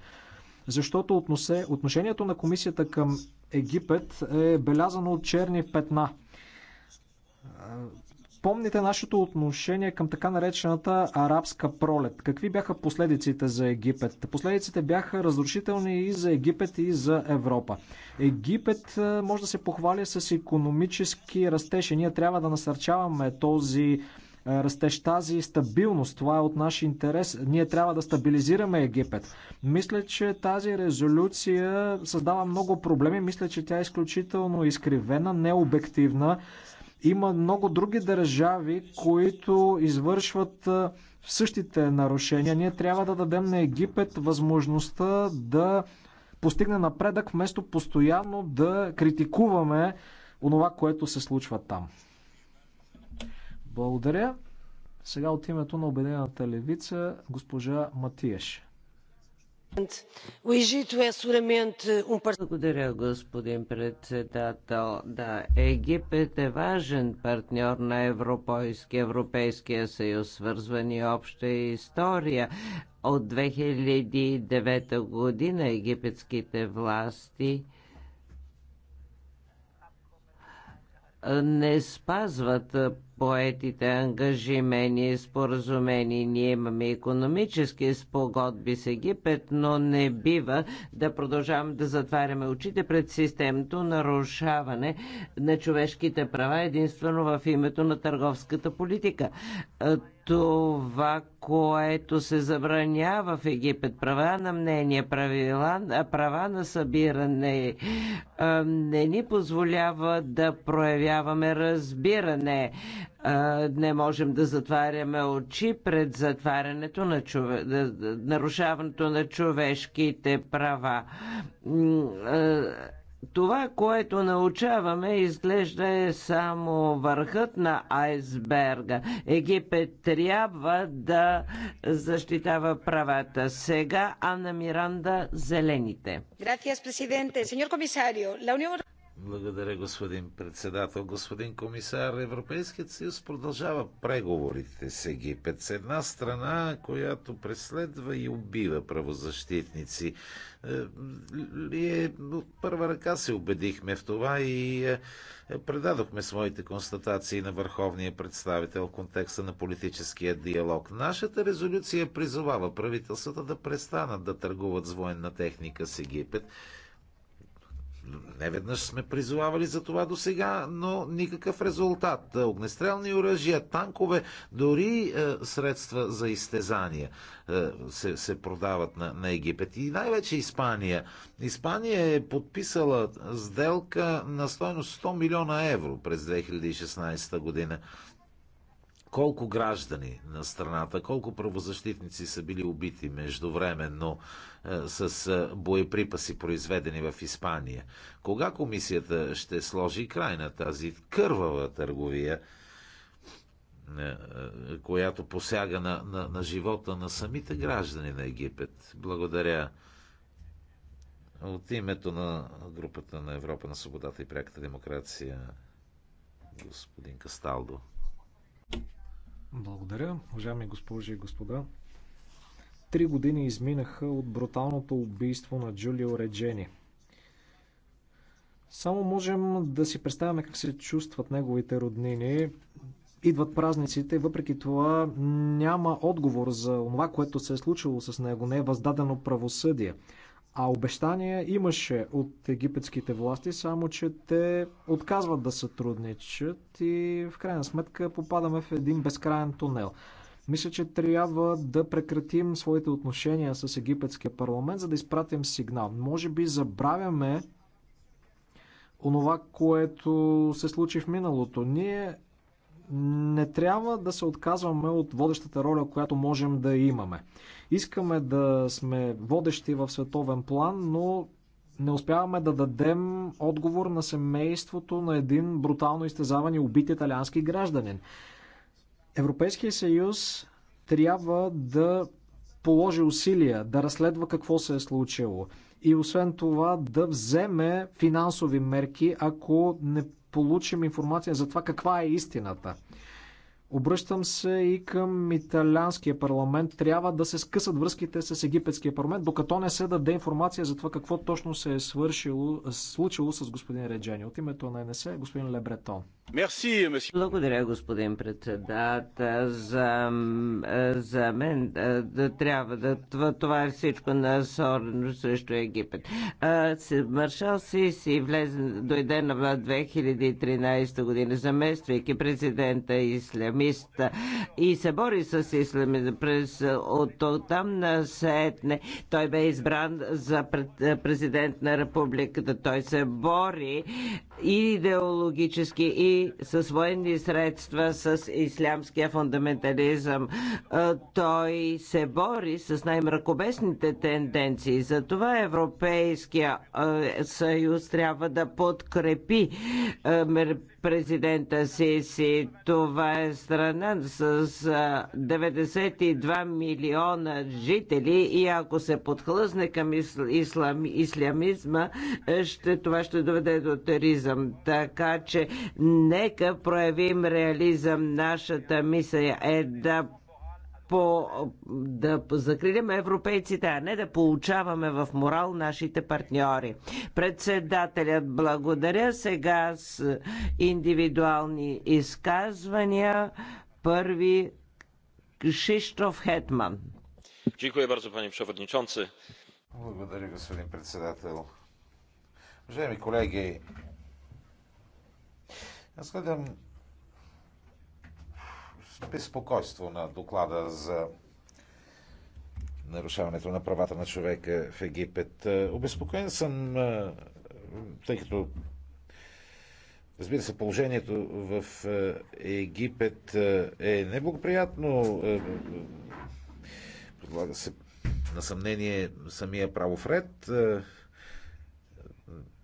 Защото отношението на комисията към Египет е белязано от черни петна. Помните нашето отношение към така наречената арабска пролет. Какви бяха последиците за Египет? Последиците бяха разрушителни и за Египет, и за Европа. Египет може да се похвали с економически растеж и ние трябва да насърчаваме този растеж, тази стабилност. Това е от наш интерес. Ние трябва да стабилизираме Египет. Мисля, че тази резолюция създава много проблеми. Мисля, че тя е изключително изкривена, необективна. Има много други държави, които извършват същите нарушения. Ние трябва да дадем на Египет възможността да постигне напредък, вместо постоянно да критикуваме онова, което се случва там. Благодаря. Сега от името на Обединената левица госпожа Матиеш. Е Благодаря, господин председател. Да, Египет е важен партньор на Европейския, Европейския съюз, свързвани обща история. От 2009 година египетските власти не спазват поетите ангажимени, споразумени. Ние имаме економически спогодби с Египет, но не бива да продължаваме да затваряме очите пред системното нарушаване на човешките права единствено в името на търговската политика това, което се забранява в Египет. Права на мнение, правила, права на събиране не ни позволява да проявяваме разбиране не можем да затваряме очи пред затварянето на чове... нарушаването на човешките права. Това, което научаваме, изглежда е само върхът на айсберга. Египет трябва да защитава правата. Сега Анна Миранда Зелените. Gracias, presidente. Señor comisario, la Unión благодаря, господин председател. Господин комисар, Европейският съюз продължава преговорите с Египет. С една страна, която преследва и убива правозащитници. Е, ние от първа ръка се убедихме в това и е, предадохме своите констатации на върховния представител в контекста на политическия диалог. Нашата резолюция призовава правителствата да престанат да търгуват с военна техника с Египет Неведнъж сме призовавали за това до сега, но никакъв резултат. Огнестрелни оръжия, танкове, дори е, средства за изтезания е, се, се продават на, на Египет. И най-вече Испания. Испания е подписала сделка на стоеност 100 милиона евро през 2016 година колко граждани на страната, колко правозащитници са били убити междувременно. Е, с е, боеприпаси, произведени в Испания. Кога комисията ще сложи край на тази кървава търговия, е, която посяга на, на, на живота на самите граждани на Египет? Благодаря. От името на групата на Европа на свободата и пряката демокрация, господин Касталдо. Благодаря, уважаеми госпожи и господа. Три години изминаха от бруталното убийство на Джулио Реджени. Само можем да си представяме как се чувстват неговите роднини. Идват празниците, въпреки това няма отговор за това, което се е случило с него. Не е въздадено правосъдие. А обещания имаше от египетските власти, само че те отказват да сътрудничат и в крайна сметка попадаме в един безкрайен тунел. Мисля, че трябва да прекратим своите отношения с египетския парламент, за да изпратим сигнал. Може би забравяме онова, което се случи в миналото. Ние не трябва да се отказваме от водещата роля, която можем да имаме. Искаме да сме водещи в световен план, но не успяваме да дадем отговор на семейството на един брутално изтезаван и убит италиански гражданин. Европейския съюз трябва да положи усилия да разследва какво се е случило и освен това да вземе финансови мерки, ако не получим информация за това каква е истината. Обръщам се и към италианския парламент. Трябва да се скъсат връзките с египетския парламент, докато не се даде информация за това какво точно се е свършило, случило с господин Реджени. От името на НС, господин Лебретон. Благодаря, господин председател. За, за мен да трябва да... Това, това е всичко Сорно срещу Египет. Маршал Сиси влезе, дойде на влад 2013 година, замествайки президента ислямист и се бори с исламиста. През от там на сетне той бе избран за президент на републиката. Той се бори и идеологически, и с военни средства с ислямския фундаментализъм. Е, той се бори с най-мракобесните тенденции. Затова Европейския е, съюз трябва да подкрепи е, президента Сиси. Това е страна с 92 милиона жители и ако се подхлъзне към ислам, ислямизма, е, ще, това ще доведе до теризъм. Така че нека проявим реализъм. Нашата мисия е да по, да закрилим европейците, а не да получаваме в морал нашите партньори. Председателят благодаря сега с индивидуални изказвания. Първи Кшиштоф Хетман. Дякую bardzo, пани przewodniczący. Благодаря, господин председател. Уважаеми колеги, аз гледам безпокойство на доклада за нарушаването на правата на човека в Египет. Е, обезпокоен съм, е, тъй като Разбира се, положението в е, Египет е неблагоприятно. Предлага се на съмнение самия правов ред,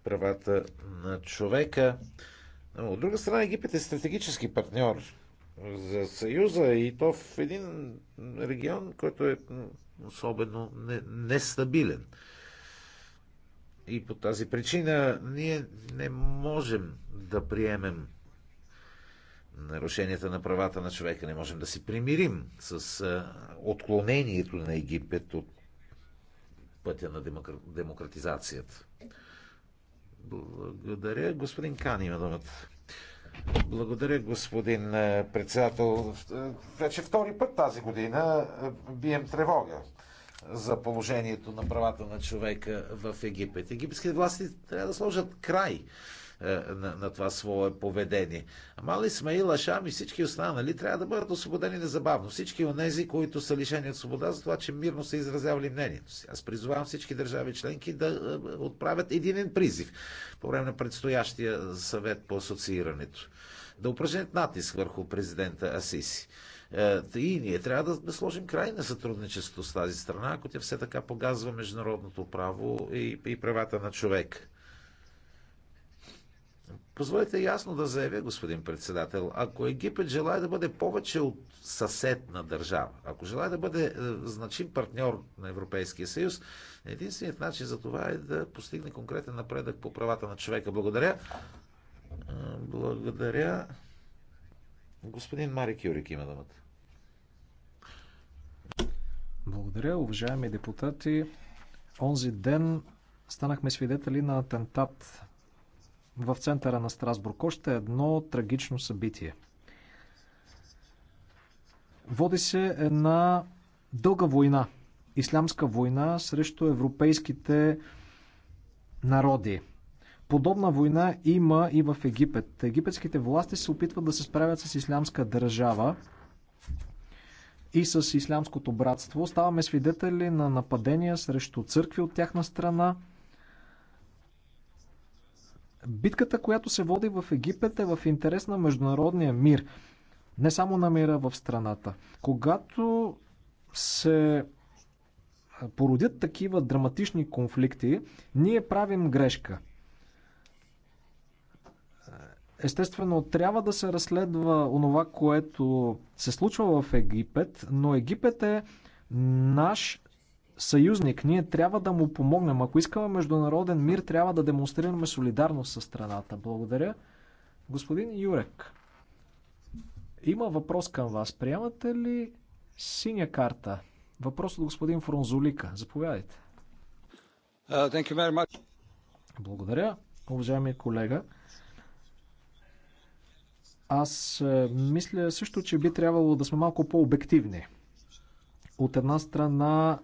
правата на човека. Но, от друга страна, Египет е стратегически партньор за Съюза и то в един регион, който е особено не, нестабилен. И по тази причина ние не можем да приемем нарушенията на правата на човека. Не можем да си примирим с отклонението на Египет от пътя на демократизацията. Благодаря. Господин Кан има думата. Благодаря, господин е, председател. Вече втори път тази година е, бием тревога за положението на правата на човека в Египет. Египетските власти трябва да сложат край е, на, на това свое поведение. Амал Смаил Ашам и всички останали трябва да бъдат освободени незабавно. Всички от тези, които са лишени от свобода, за това, че мирно са изразявали мнението си. Аз призовавам всички държави членки да е, отправят единен призив по време на предстоящия съвет по асоциирането. Да упражнят натиск върху президента Асиси. Е, и ние трябва да сложим край на сътрудничеството с тази страна, ако тя все така погазва международното право и, и правата на човек. Позволете ясно да заявя, господин председател, ако Египет желая да бъде повече от съседна държава, ако желая да бъде е, значим партньор на Европейския съюз, единственият начин за това е да постигне конкретен напредък по правата на човека. Благодаря. Е, благодаря. Господин Марик Юрик има думата. Благодаря, уважаеми депутати. Онзи ден станахме свидетели на атентат в центъра на Страсбург. Още едно трагично събитие. Води се една дълга война, ислямска война срещу европейските народи. Подобна война има и в Египет. Египетските власти се опитват да се справят с ислямска държава и с ислямското братство. Ставаме свидетели на нападения срещу църкви от тяхна страна – Битката, която се води в Египет е в интерес на международния мир, не само на мира в страната. Когато се породят такива драматични конфликти, ние правим грешка. Естествено, трябва да се разследва онова, което се случва в Египет, но Египет е наш съюзник. Ние трябва да му помогнем. Ако искаме международен мир, трябва да демонстрираме солидарност с страната. Благодаря. Господин Юрек, има въпрос към вас. Приемате ли синя карта? Въпрос от господин Фронзолика. Заповядайте. Uh, Благодаря, уважаеми колега. Аз е, мисля също, че би трябвало да сме малко по-обективни. От една страна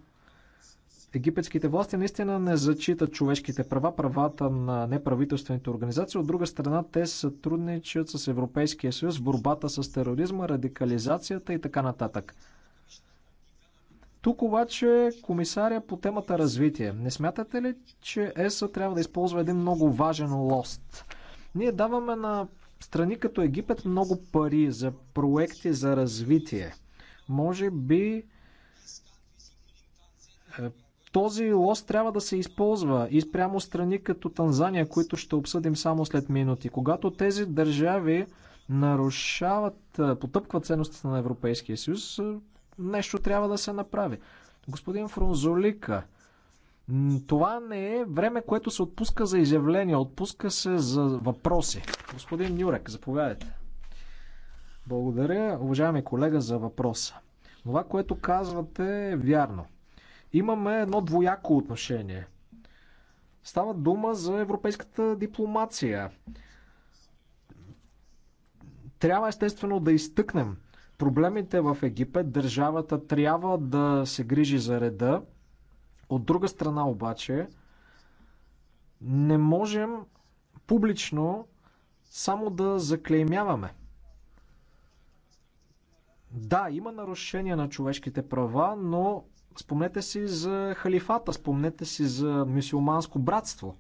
египетските власти наистина не зачитат човешките права, правата на неправителствените организации. От друга страна, те сътрудничат с Европейския съюз в борбата с тероризма, радикализацията и така нататък. Тук обаче комисаря по темата развитие. Не смятате ли, че ЕС трябва да използва един много важен лост? Ние даваме на страни като Египет много пари за проекти за развитие. Може би е, този лост трябва да се използва и спрямо страни като Танзания, които ще обсъдим само след минути. Когато тези държави нарушават, потъпкват ценностите на Европейския съюз, нещо трябва да се направи. Господин Фрунзолика, това не е време, което се отпуска за изявления, отпуска се за въпроси. Господин Нюрек, заповядайте. Благодаря, уважаеми колега, за въпроса. Това, което казвате е вярно имаме едно двояко отношение. Става дума за европейската дипломация. Трябва естествено да изтъкнем проблемите в Египет. Държавата трябва да се грижи за реда. От друга страна обаче, не можем публично само да заклеймяваме. Да, има нарушения на човешките права, но Спомнете си за халифата, спомнете си за мюсюлманско братство.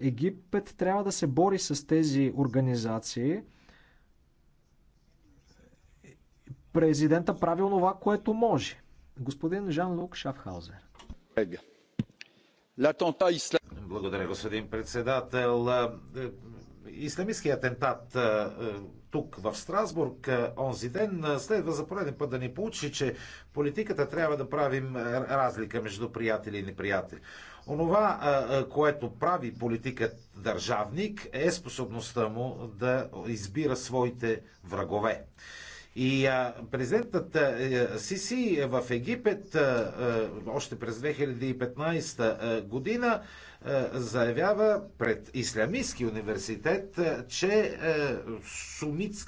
Египет трябва да се бори с тези организации. Президента прави онова, което може. Господин Жан-Лук Шафхаузер. Благодаря, господин председател. Исламистски атентат тук в Страсбург онзи ден следва за пореден път да ни получи, че политиката трябва да правим разлика между приятели и неприятели. Онова, което прави политикът държавник, е способността му да избира своите врагове. И а, президентът а, е, Сиси е в Египет а, още през 2015 година а, заявява пред Ислямистски университет, а, че а,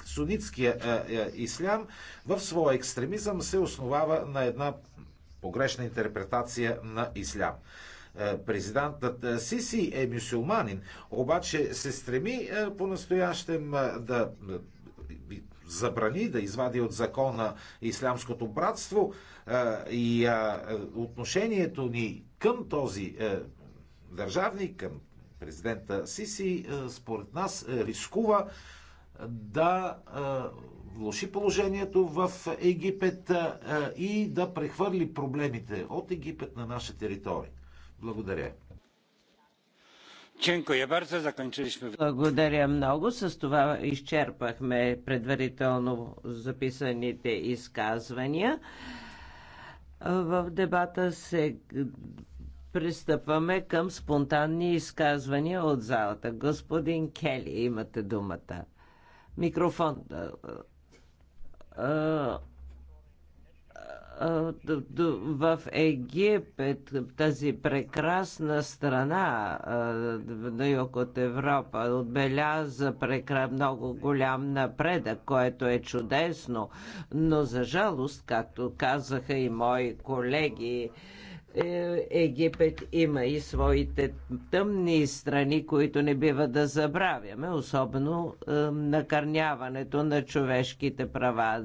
сунитския а, а, ислям в своя екстремизъм се основава на една погрешна интерпретация на ислям президентът Сиси е мюсюлманин, обаче се стреми по-настоящем да забрани, да извади от закона Ислямското братство е, и е, отношението ни към този е, държавник, към президента Сиси, според нас рискува да влуши положението в Египет и да прехвърли проблемите от Египет на наша територия. Благодаря. Благодаря много. С това изчерпахме предварително записаните изказвания. В дебата се пристъпваме към спонтанни изказвания от залата. Господин Кели, имате думата. Микрофон в Египет, тази прекрасна страна на юг от Европа, отбеляза прекра... много голям напредък, което е чудесно, но за жалост, както казаха и мои колеги, е, Египет има и своите тъмни страни, които не бива да забравяме, особено накърняването на човешките права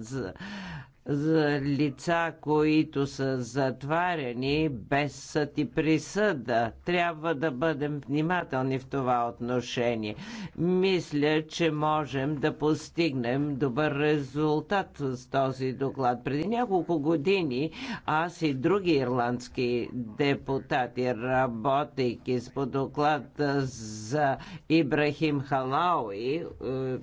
за лица, които са затваряни без съд и присъда. Трябва да бъдем внимателни в това отношение. Мисля, че можем да постигнем добър резултат с този доклад. Преди няколко години аз и други ирландски депутати, работейки с по доклад за Ибрахим Халауи, е,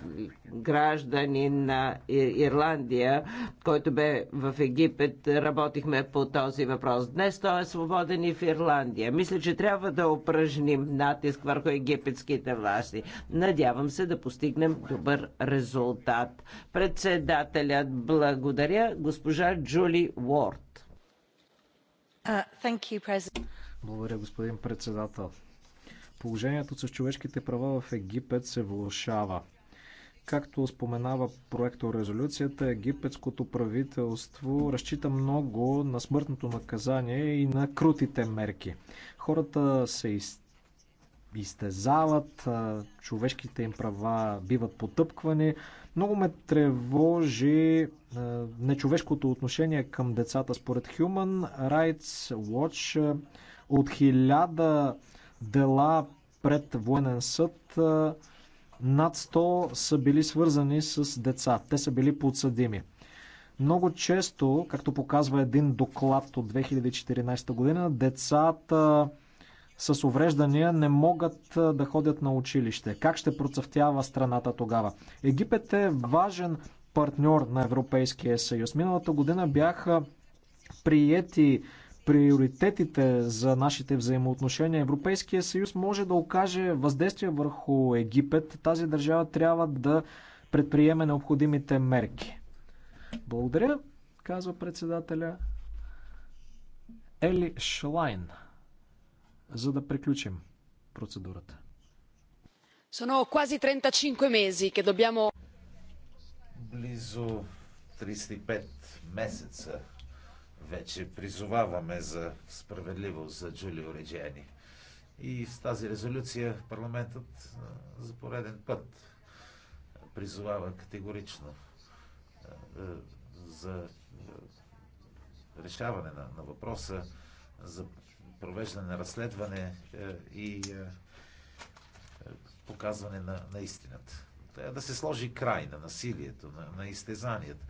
гражданин на Ирландия, който който бе в Египет, работихме по този въпрос. Днес той е свободен и в Ирландия. Мисля, че трябва да упражним натиск върху египетските власти. Надявам се да постигнем добър резултат. Председателят благодаря госпожа Джули Уорд. Uh, благодаря, господин председател. Положението с човешките права в Египет се влушава. Както споменава проекто резолюцията, египетското правителство разчита много на смъртното наказание и на крутите мерки. Хората се из... изтезават, човешките им права биват потъпквани. Много ме тревожи нечовешкото отношение към децата. Според Human Rights Watch от хиляда дела пред военен съд над 100 са били свързани с деца. Те са били подсъдими. Много често, както показва един доклад от 2014 година, децата с увреждания не могат да ходят на училище. Как ще процъфтява страната тогава? Египет е важен партньор на Европейския съюз. Миналата година бяха приети приоритетите за нашите взаимоотношения. Европейския съюз може да окаже въздействие върху Египет. Тази държава трябва да предприеме необходимите мерки. Благодаря, казва председателя Ели Шлайн, за да приключим процедурата. Sono quasi 35 mesi che dobbiamo... Близо 35 месеца вече призоваваме за справедливост за Джулио Реджени. И с тази резолюция парламентът за пореден път призовава категорично за решаване на, на въпроса за провеждане на разследване и показване на, на истината. Трябва да се сложи край на насилието, на, на изтезанията.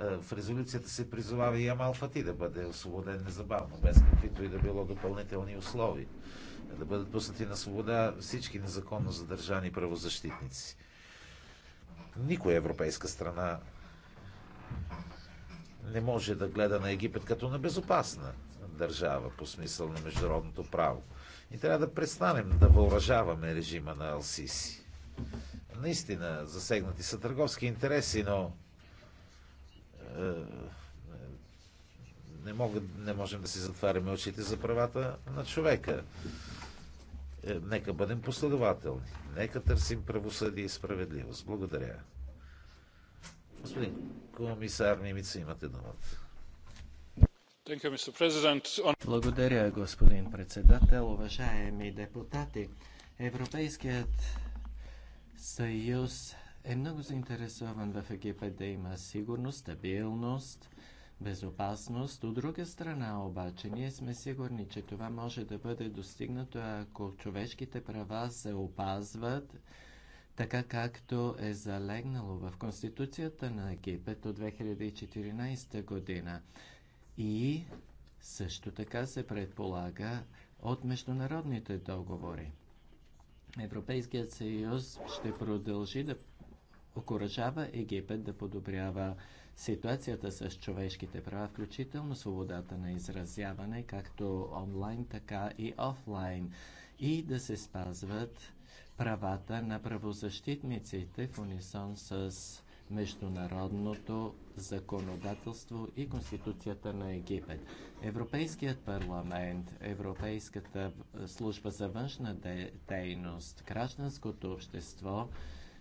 Е, в резолюцията се призовава и Амал Фати да бъде освободен незабавно, без каквито и да било допълнителни условия. Да бъдат пуснати на свобода всички незаконно задържани правозащитници. Никоя европейска страна не може да гледа на Египет като на безопасна държава по смисъл на международното право. И трябва да престанем да въоръжаваме режима на Алсиси. Наистина, засегнати са търговски интереси, но е, е, не, могат, не можем да си затваряме очите за правата на човека. Е, нека бъдем последователни. Нека търсим правосъдие и справедливост. Благодаря. Господин комисар Мимица, имате думата. Благодаря, господин председател. Уважаеми депутати, Европейският съюз е много заинтересован в Египет да има сигурност, стабилност, безопасност. От друга страна обаче, ние сме сигурни, че това може да бъде достигнато, ако човешките права се опазват така както е залегнало в Конституцията на Египет от 2014 година. И също така се предполага от международните договори. Европейският съюз ще продължи да окоръжава Египет да подобрява ситуацията с човешките права, включително свободата на изразяване, както онлайн, така и офлайн, и да се спазват правата на правозащитниците в унисон с международното законодателство и Конституцията на Египет. Европейският парламент, Европейската служба за външна дейност, гражданското общество –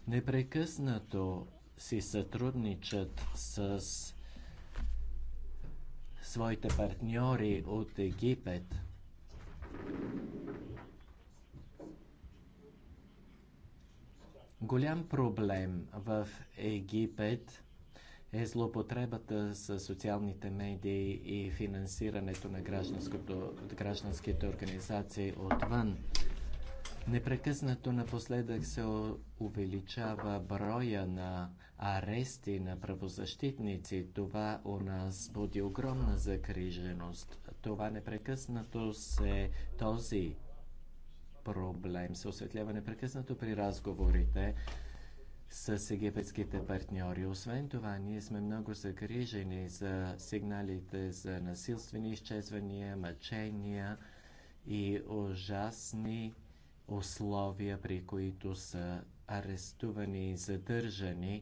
непрекъснато си сътрудничат с своите партньори от Египет. Голям проблем в Египет е злопотребата с социалните медии и финансирането на гражданските организации отвън. Непрекъснато напоследък се увеличава броя на арести на правозащитници. Това у нас буди огромна загриженост. Това непрекъснато се този проблем се осветлява непрекъснато при разговорите с египетските партньори. Освен това, ние сме много загрижени за сигналите за насилствени изчезвания, мъчения и ужасни условия, при които са арестувани и задържани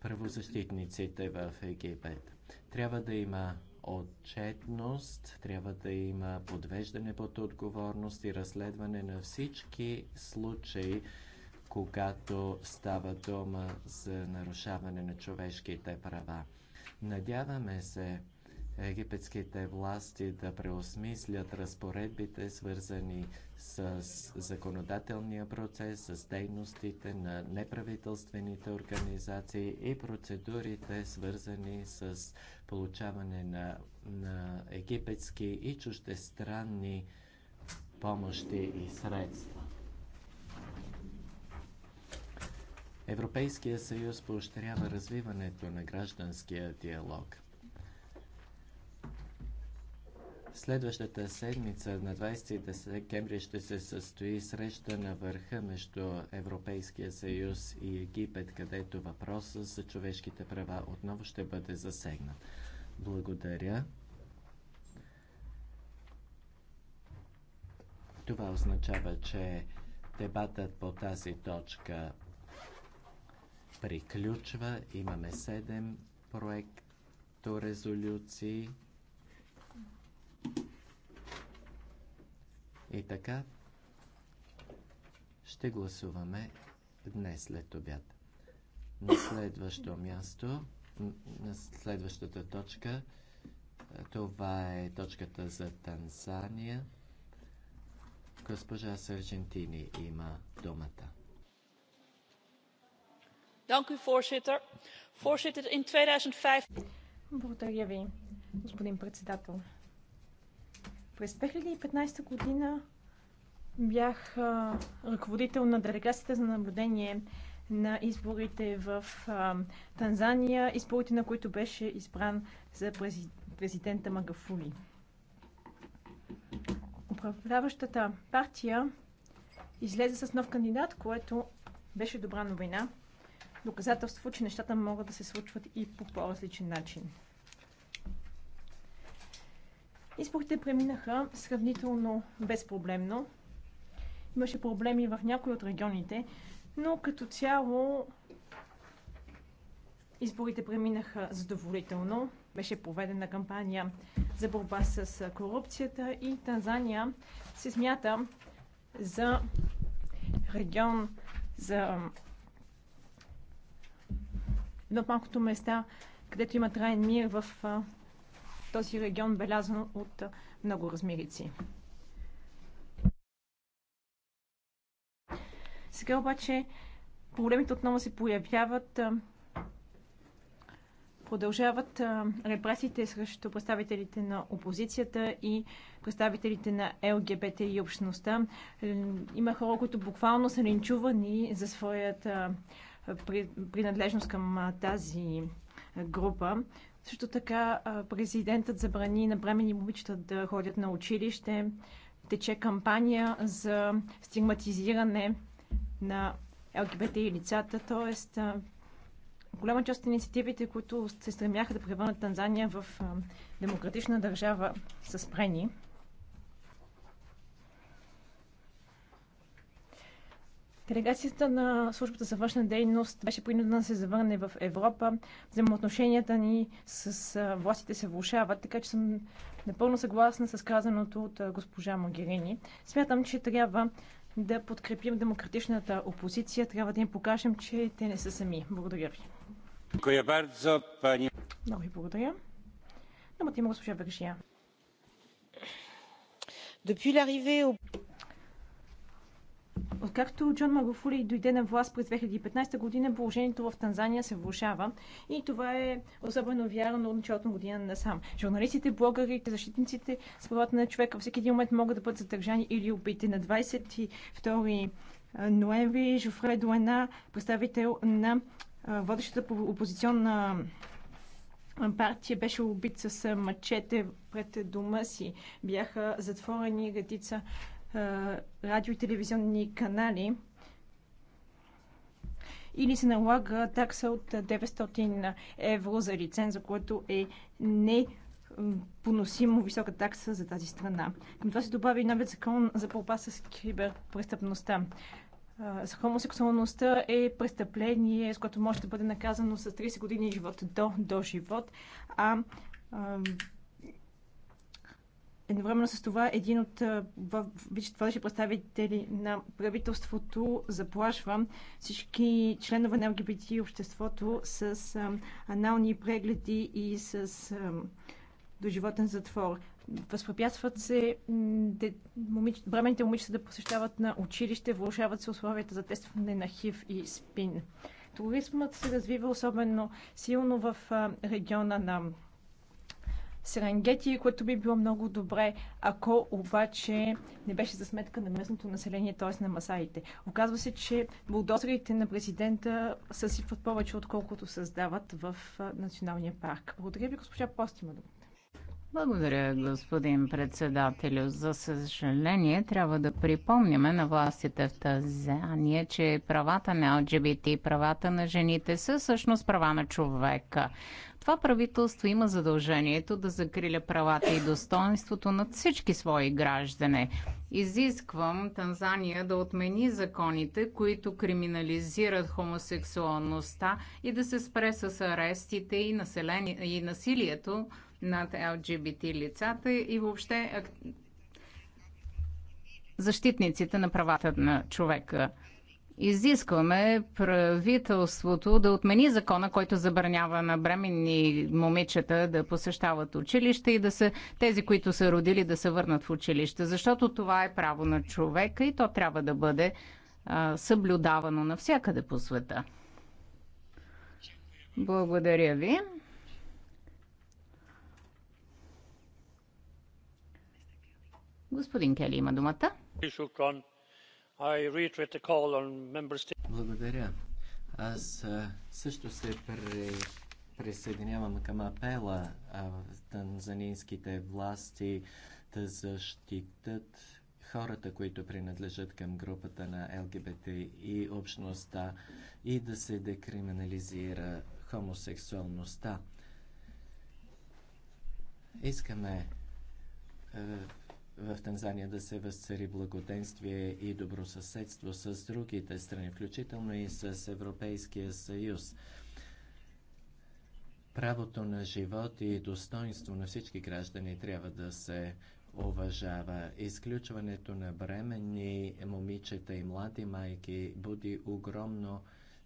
правозащитниците в Египет. Трябва да има отчетност, трябва да има подвеждане под отговорност и разследване на всички случаи, когато става дума за нарушаване на човешките права. Надяваме се, египетските власти да преосмислят разпоредбите, свързани с законодателния процес, с дейностите на неправителствените организации и процедурите, свързани с получаване на, на египетски и чуждестранни помощи и средства. Европейския съюз поощрява развиването на гражданския диалог – Следващата седмица на 20 декември ще се състои среща на върха между Европейския съюз и Египет, където въпросът за човешките права отново ще бъде засегнат. Благодаря. Това означава, че дебатът по тази точка приключва. Имаме 7 проекторезолюции. резолюции. И така ще гласуваме днес след обяд. На следващо място, на следващата точка, това е точката за Танзания. Госпожа Сържентини има думата voorzitter voorzitter in Благодаря ви, господин председател. През 2015 година бях ръководител на делегацията за наблюдение на изборите в Танзания, изборите на които беше избран за президента Магафули. Управляващата партия излезе с нов кандидат, което беше добра новина. Доказателство, че нещата могат да се случват и по по-различен начин. Изборите преминаха сравнително безпроблемно. Имаше проблеми в някои от регионите, но като цяло изборите преминаха задоволително. Беше проведена кампания за борба с корупцията и Танзания се смята за регион за едно от малкото места, където има траен мир в този регион, белязан от много размерици. Сега обаче проблемите отново се появяват. Продължават репресиите срещу представителите на опозицията и представителите на ЛГБТ и общността. Има хора, които буквално са линчувани за своята принадлежност към тази група. Също така президентът забрани на бремени момичета да ходят на училище. Тече кампания за стигматизиране на ЛГБТ и лицата, т.е. голяма част от инициативите, които се стремяха да превърнат Танзания в демократична държава, са спрени. Делегацията на службата за външна дейност беше принудена да се завърне в Европа. Взаимоотношенията ни с властите се влушават, така че съм напълно съгласна с казаното от госпожа Могерини. Смятам, че трябва да подкрепим демократичната опозиция, трябва да им покажем, че те не са сами. Благодаря ви. Много ви благодаря. Думата има госпожа Вержия. Depuis l'arrivée au Откакто Джон Магофули дойде на власт през 2015 година, положението в Танзания се влушава и това е особено вярно от началото на година насам. Журналистите, блогърите, защитниците с правата на човека всеки един момент могат да бъдат задържани или убити. На 22 ноември Жофре Дуена, представител на водещата опозиционна партия беше убит с мачете пред дома си. Бяха затворени редица радио и телевизионни канали или се налага такса от 900 евро за лиценза, което е не поносимо висока такса за тази страна. Към това се добави и новият закон за борба с киберпрестъпността. Хомосексуалността е престъпление, с което може да бъде наказано с 30 години живот до, до живот, а, а Едновременно с това един от вашите представители на правителството заплашва всички членове на ЛГБТ обществото с анални прегледи и с доживотен затвор. Възпрепятстват се бременните момичета да посещават на училище, влушават се условията за тестване на ХИВ и СПИН. Туризмът се развива особено силно в региона на Серенгети, което би било много добре, ако обаче не беше за сметка на местното население, т.е. на масаите. Оказва се, че булдозерите на президента съсипват повече, отколкото създават в националния парк. Благодаря ви, госпожа Постима. Благодаря, господин председателю. За съжаление, трябва да припомняме на властите в Танзания, че правата на ЛГБТ и правата на жените са всъщност права на човека. Това правителство има задължението да закриля правата и достоинството на всички свои граждане. Изисквам Танзания да отмени законите, които криминализират хомосексуалността и да се спре с арестите и, население, и насилието над ЛГБТ лицата и въобще защитниците на правата на човека. Изискваме правителството да отмени закона, който забранява на бременни момичета да посещават училище и да са тези, които са родили, да се върнат в училище, защото това е право на човека и то трябва да бъде а, съблюдавано навсякъде по света. Благодаря ви. Господин Кели има думата. Благодаря. Аз също се присъединявам към апела в танзанийските власти да защитат хората, които принадлежат към групата на ЛГБТ и общността и да се декриминализира хомосексуалността. Искаме в Танзания да се възцари благоденствие и добросъседство с другите страни, включително и с Европейския съюз. Правото на живот и достоинство на всички граждани трябва да се уважава. Изключването на бременни момичета и млади майки буди огромно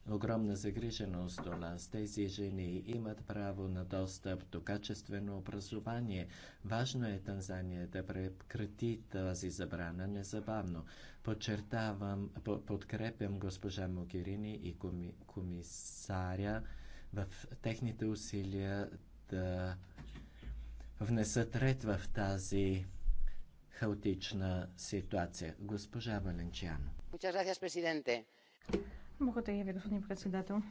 огромна загриженост у нас. Тези жени имат право на достъп до качествено образование. Важно е Танзания да прекрати тази забрана незабавно. Подчертавам, подкрепям госпожа Могерини и коми, комисаря в техните усилия да внесат ред в тази хаотична ситуация. Госпожа Валенчиано. Благодаря ви, господин председател.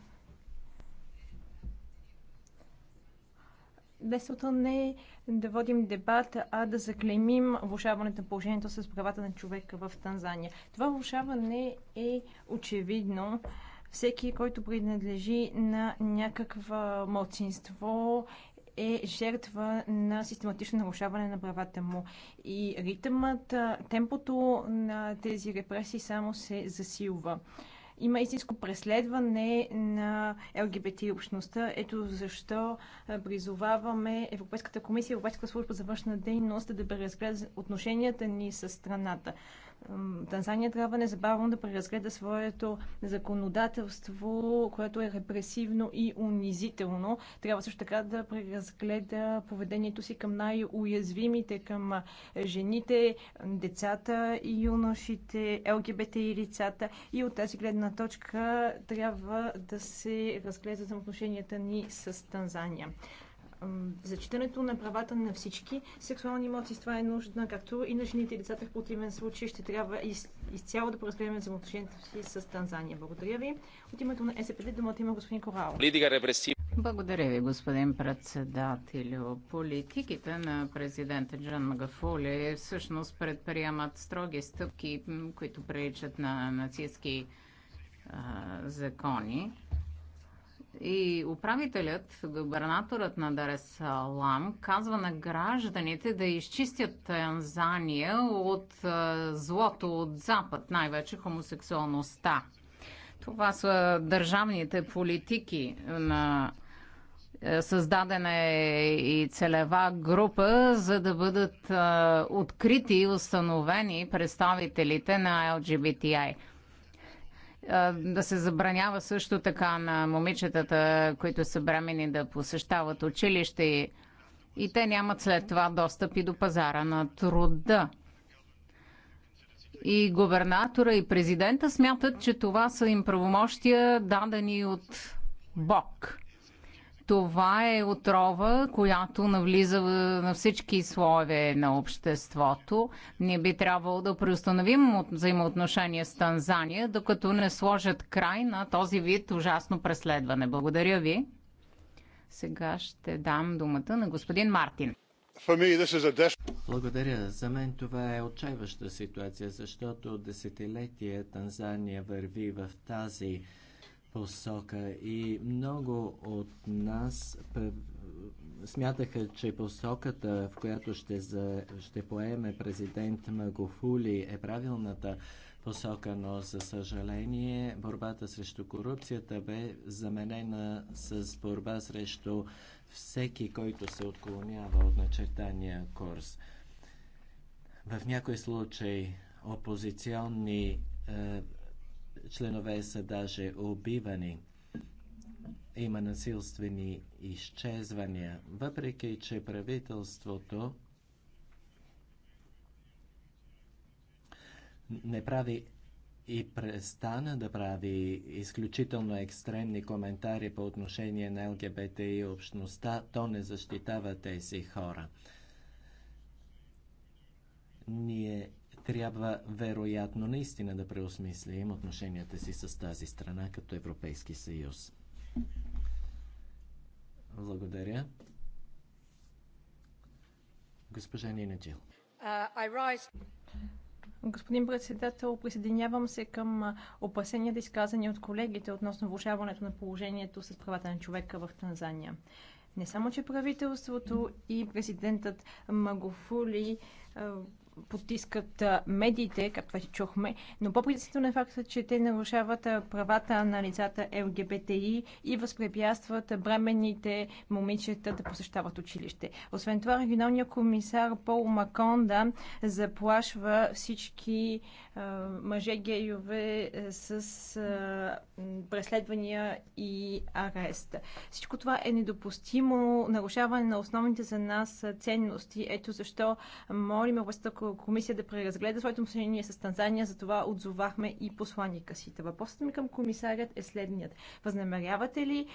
Днес не не да водим дебат, а да заклеймим влушаването на положението с правата на човека в Танзания. Това влушаване е очевидно. Всеки, който принадлежи на някаква младсинство, е жертва на систематично нарушаване на правата му. И ритъмът, темпото на тези репресии само се засилва има истинско преследване на ЛГБТ общността. Ето защо призоваваме Европейската комисия Европейската служба за външна дейност да преразгледа отношенията ни с страната. Танзания трябва незабавно да преразгледа своето законодателство, което е репресивно и унизително. Трябва също така да преразгледа поведението си към най-уязвимите, към жените, децата и юношите, ЛГБТ и лицата. И от тази гледна точка трябва да се разгледат отношенията ни с Танзания зачитането на правата на всички сексуални това е нужна, както и на жените и децата. В противен случай ще трябва из, изцяло да преразгледаме взаимоотношението си с Танзания. Благодаря ви. От името на СПД думата има господин Корал. Благодаря ви, господин председател. Политиките на президента Джан Магафоли всъщност предприемат строги стъпки, които приличат на нацистски а, закони и управителят, губернаторът на Даресалам, казва на гражданите да изчистят Танзания от е, злото от Запад, най-вече хомосексуалността. Това са държавните политики на е, Създадена е и целева група, за да бъдат а, е, открити и установени представителите на LGBTI да се забранява също така на момичетата, които са бремени да посещават училище и, и те нямат след това достъп и до пазара на труда. И губернатора и президента смятат, че това са им правомощия дадени от Бог. Това е отрова, която навлиза на всички слоеве на обществото. Ние би трябвало да преустановим взаимоотношения с Танзания, докато не сложат край на този вид ужасно преследване. Благодаря ви. Сега ще дам думата на господин Мартин. Благодаря. За мен това е отчаиваща ситуация, защото десетилетия Танзания върви в тази посока и много от нас смятаха, че посоката, в която ще, за, ще поеме президент Магофули е правилната посока, но за съжаление борбата срещу корупцията бе заменена с борба срещу всеки, който се отклонява от начертания курс. В някои случай опозиционни е, членове са даже убивани. Има насилствени изчезвания, въпреки че правителството не прави и престана да прави изключително екстремни коментари по отношение на ЛГБТ и общността, то не защитава тези хора. Ние трябва вероятно наистина да преосмислим отношенията си с тази страна като Европейски съюз. Благодаря. Госпожа Нина uh, Господин председател, присъединявам се към опасенията, да изказани от колегите относно влушаването на положението с правата на човека в Танзания. Не само, че правителството и президентът Магофули потискат медиите, както вече чухме, но по-притеснително е факта, че те нарушават правата на лицата ЛГБТИ и възпрепятстват бременните момичета да посещават училище. Освен това, регионалният комисар Пол Маконда заплашва всички а, мъже гейове с а, преследвания и арест. Всичко това е недопустимо нарушаване на основните за нас ценности. Ето защо молим областта комисия да преразгледа своето отношение с Танзания, затова отзовахме и посланника си. Въпросът ми към комисарят е следният. Възнамерявате ли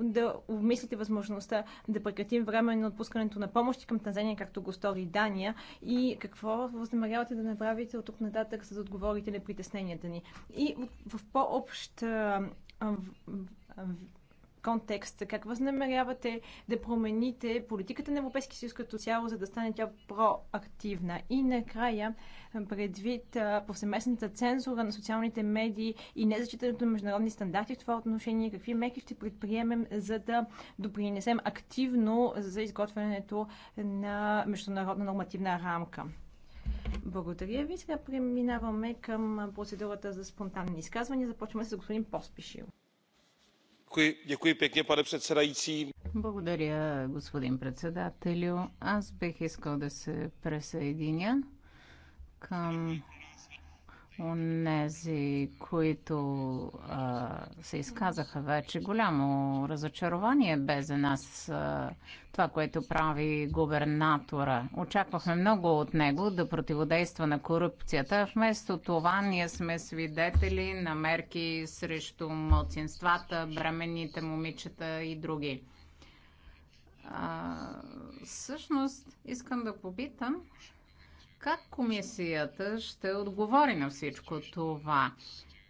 да обмислите възможността да прекратим временно отпускането на помощи към Танзания, както го стори Дания? И какво възнамерявате да направите от тук нататък, за да отговорите на притесненията ни? И в по-общ контекст, как възнамерявате да промените политиката на Европейския съюз като цяло, за да стане тя проактивна? И накрая, предвид повсеместната цензура на социалните медии и незачитането на международни стандарти в това отношение, какви мерки ще предприемем, за да допринесем активно за изготвянето на международна нормативна рамка? Благодаря ви. Сега преминаваме към процедурата за спонтанни изказвания. Започваме с господин Поспишил pane předsedající. Благодаря, господин председателю. Аз бих искал да се присъединя към Онези, които а, се изказаха вече, голямо разочарование бе за нас а, това, което прави губернатора. Очаквахме много от него да противодейства на корупцията. Вместо това ние сме свидетели на мерки срещу младсинствата, бременните момичета и други. А, всъщност, искам да попитам, как комисията ще отговори на всичко това?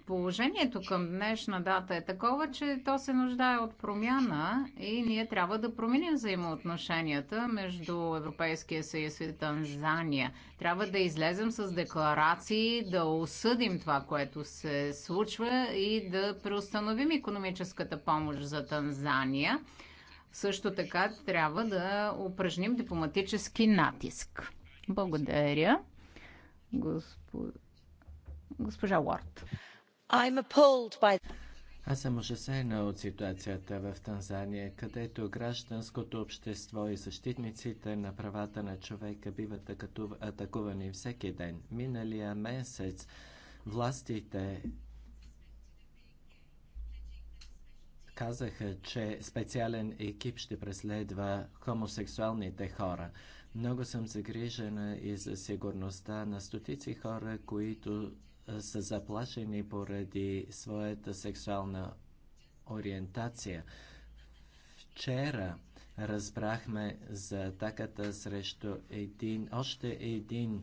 Положението към днешна дата е такова, че то се нуждае от промяна и ние трябва да променим взаимоотношенията между Европейския съюз и Танзания. Трябва да излезем с декларации, да осъдим това, което се случва и да преустановим економическата помощ за Танзания. Също така трябва да упражним дипломатически натиск. Благодаря. Госпожа Уорд. By... Аз съм ужасена от ситуацията в Танзания, където гражданското общество и защитниците на правата на човека биват атакувани всеки ден. Миналия месец властите казаха, че специален екип ще преследва хомосексуалните хора. Много съм загрижена и за сигурността на стотици хора, които са заплашени поради своята сексуална ориентация. Вчера разбрахме за атаката срещу един, още един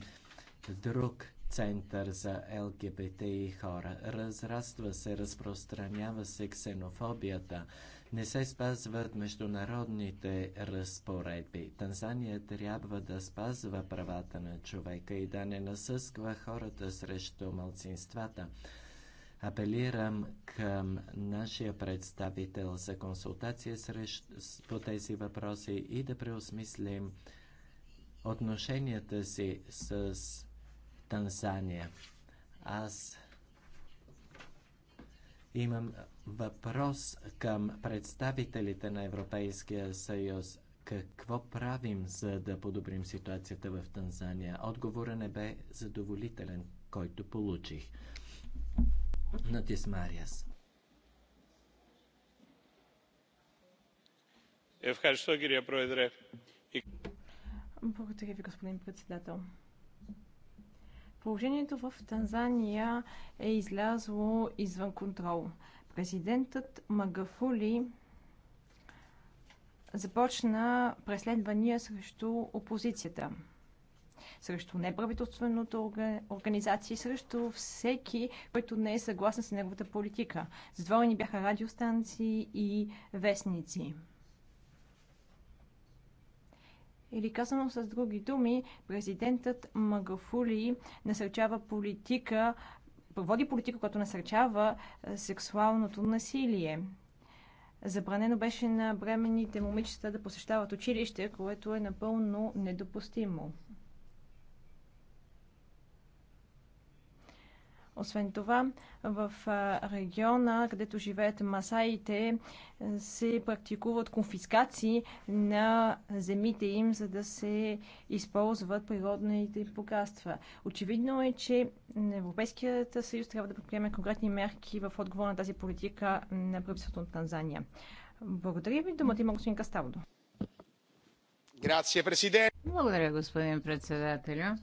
друг център за ЛГБТ и хора. Разраства се, разпространява се ксенофобията не се спазват международните разпоредби. Танзания трябва да спазва правата на човека и да не насъсква хората срещу малцинствата. Апелирам към нашия представител за консултация срещ... по тези въпроси и да преосмислим отношенията си с Танзания. Аз имам Въпрос към представителите на Европейския съюз. Какво правим, за да подобрим ситуацията в Танзания? Отговора не бе задоволителен, който получих. Натис Мариас. Благодаря ви, господин председател. Положението в Танзания е излязло извън контрол. Президентът Магафули започна преследвания срещу опозицията, срещу неправителствената организация, срещу всеки, който не е съгласен с неговата политика. Затворени бяха радиостанции и вестници. Или казано с други думи, президентът Магафули насърчава политика, води политика, която насърчава е, сексуалното насилие. Забранено беше на бременните момичета да посещават училище, което е напълно недопустимо. Освен това, в региона, където живеят масаите, се практикуват конфискации на земите им, за да се използват природните богатства. Очевидно е, че Европейският съюз трябва да предприеме конкретни мерки в отговор на тази политика на правителството на Танзания. Благодаря ви. Думата има господин Каставдо. Благодаря, господин председателю.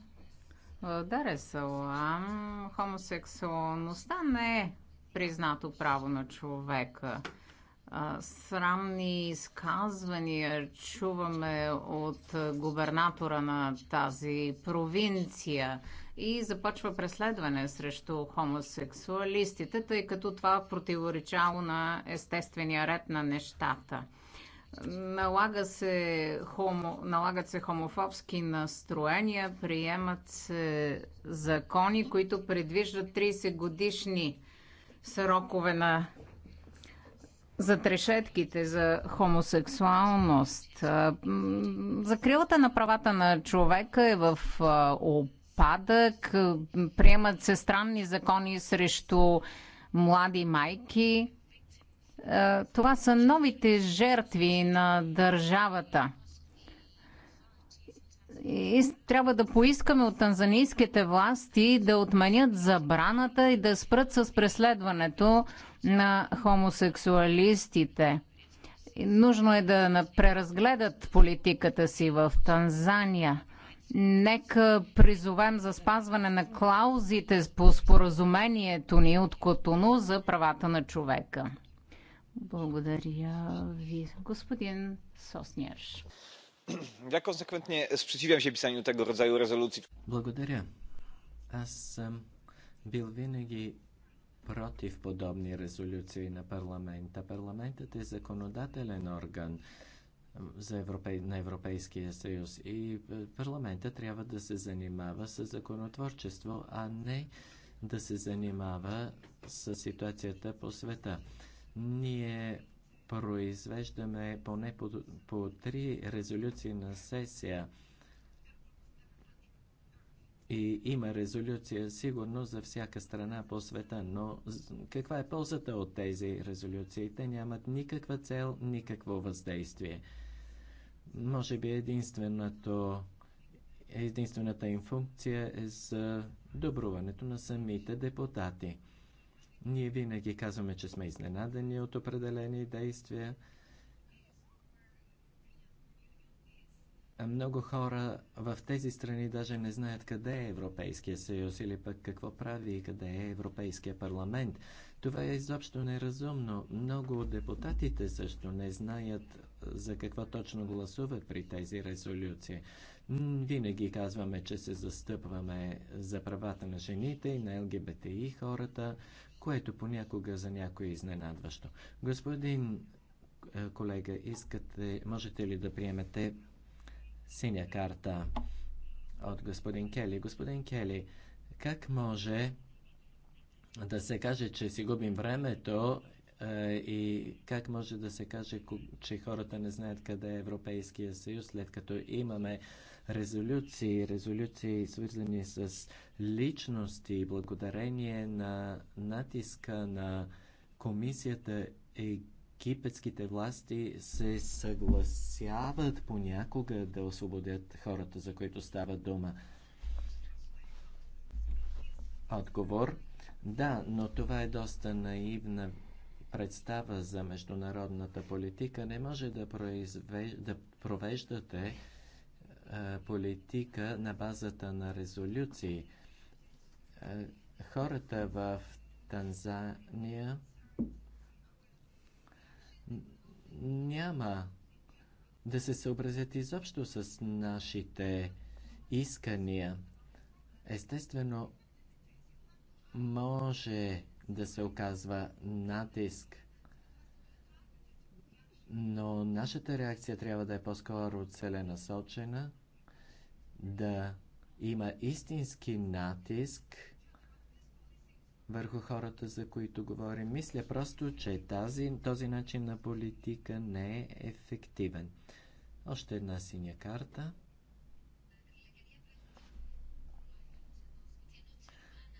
Даресалам хомосексуалността не е признато право на човека. Срамни изказвания чуваме от губернатора на тази провинция и започва преследване срещу хомосексуалистите, тъй като това противоречало на естествения ред на нещата. Налага се хомо, налагат се хомофобски настроения, приемат се закони, които предвиждат 30 годишни срокове на за трешетките за хомосексуалност. Закрилата на правата на човека е в опадък. Приемат се странни закони срещу млади майки е, това са новите жертви на държавата. И трябва да поискаме от танзанийските власти да отменят забраната и да спрат с преследването на хомосексуалистите. Нужно е да преразгледат политиката си в Танзания. Нека призовем за спазване на клаузите по споразумението ни от Котону за правата на човека. Благодаря ви, господин Соснярш. Ja консеквентно спричивам се писанию тега rodzaju резолюции. Благодаря. Аз съм бил винаги против подобни резолюции на парламента. Парламентът е законодателен орган за Европей, на Европейския съюз и е, парламента трябва да се занимава с законотворчество, а не да се занимава с ситуацията по света. Ние произвеждаме поне по, по три резолюции на сесия. И има резолюция сигурно за всяка страна по света, но каква е ползата от тези резолюции? Те нямат никаква цел, никакво въздействие. Може би единственото, единствената им функция е за добруването на самите депутати. Ние винаги казваме, че сме изненадани от определени действия. Много хора в тези страни даже не знаят къде е Европейския съюз или пък какво прави и къде е Европейския парламент. Това е изобщо неразумно. Много от депутатите също не знаят за какво точно гласуват при тези резолюции. Винаги казваме, че се застъпваме за правата на жените и на ЛГБТИ хората, което понякога за някой е изненадващо. Господин е, колега, искате, можете ли да приемете синя карта от господин Кели? Господин Кели, как може да се каже, че си губим времето е, и как може да се каже, че хората не знаят къде е Европейския съюз, след като имаме резолюции, резолюции свързани с личности, благодарение на натиска на комисията египетските власти се съгласяват понякога да освободят хората, за които става дума. Отговор. Да, но това е доста наивна представа за международната политика. Не може да, произвеж... да провеждате е, политика на базата на резолюции. Е, хората в Танзания няма да се съобразят изобщо с нашите искания. Естествено, може да се оказва натиск, но нашата реакция трябва да е по-скоро целенасочена – да има истински натиск върху хората, за които говорим. Мисля просто, че тази, този начин на политика не е ефективен. Още една синя карта.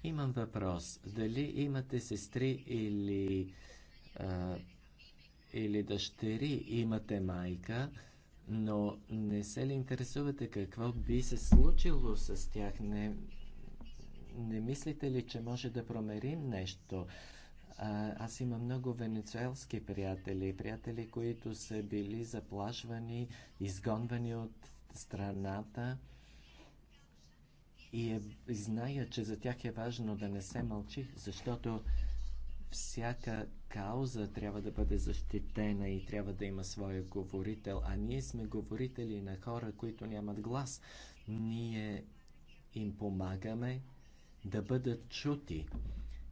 Имам въпрос. Дали имате сестри или, а, или дъщери, имате майка? но не се ли интересувате какво би се случило с тях? Не, не мислите ли, че може да промерим нещо? А, аз имам много венецуелски приятели, приятели, които са били заплашвани, изгонвани от страната и, е, и знаят, че за тях е важно да не се мълчи, защото всяка кауза трябва да бъде защитена и трябва да има своя говорител, а ние сме говорители на хора, които нямат глас. Ние им помагаме да бъдат чути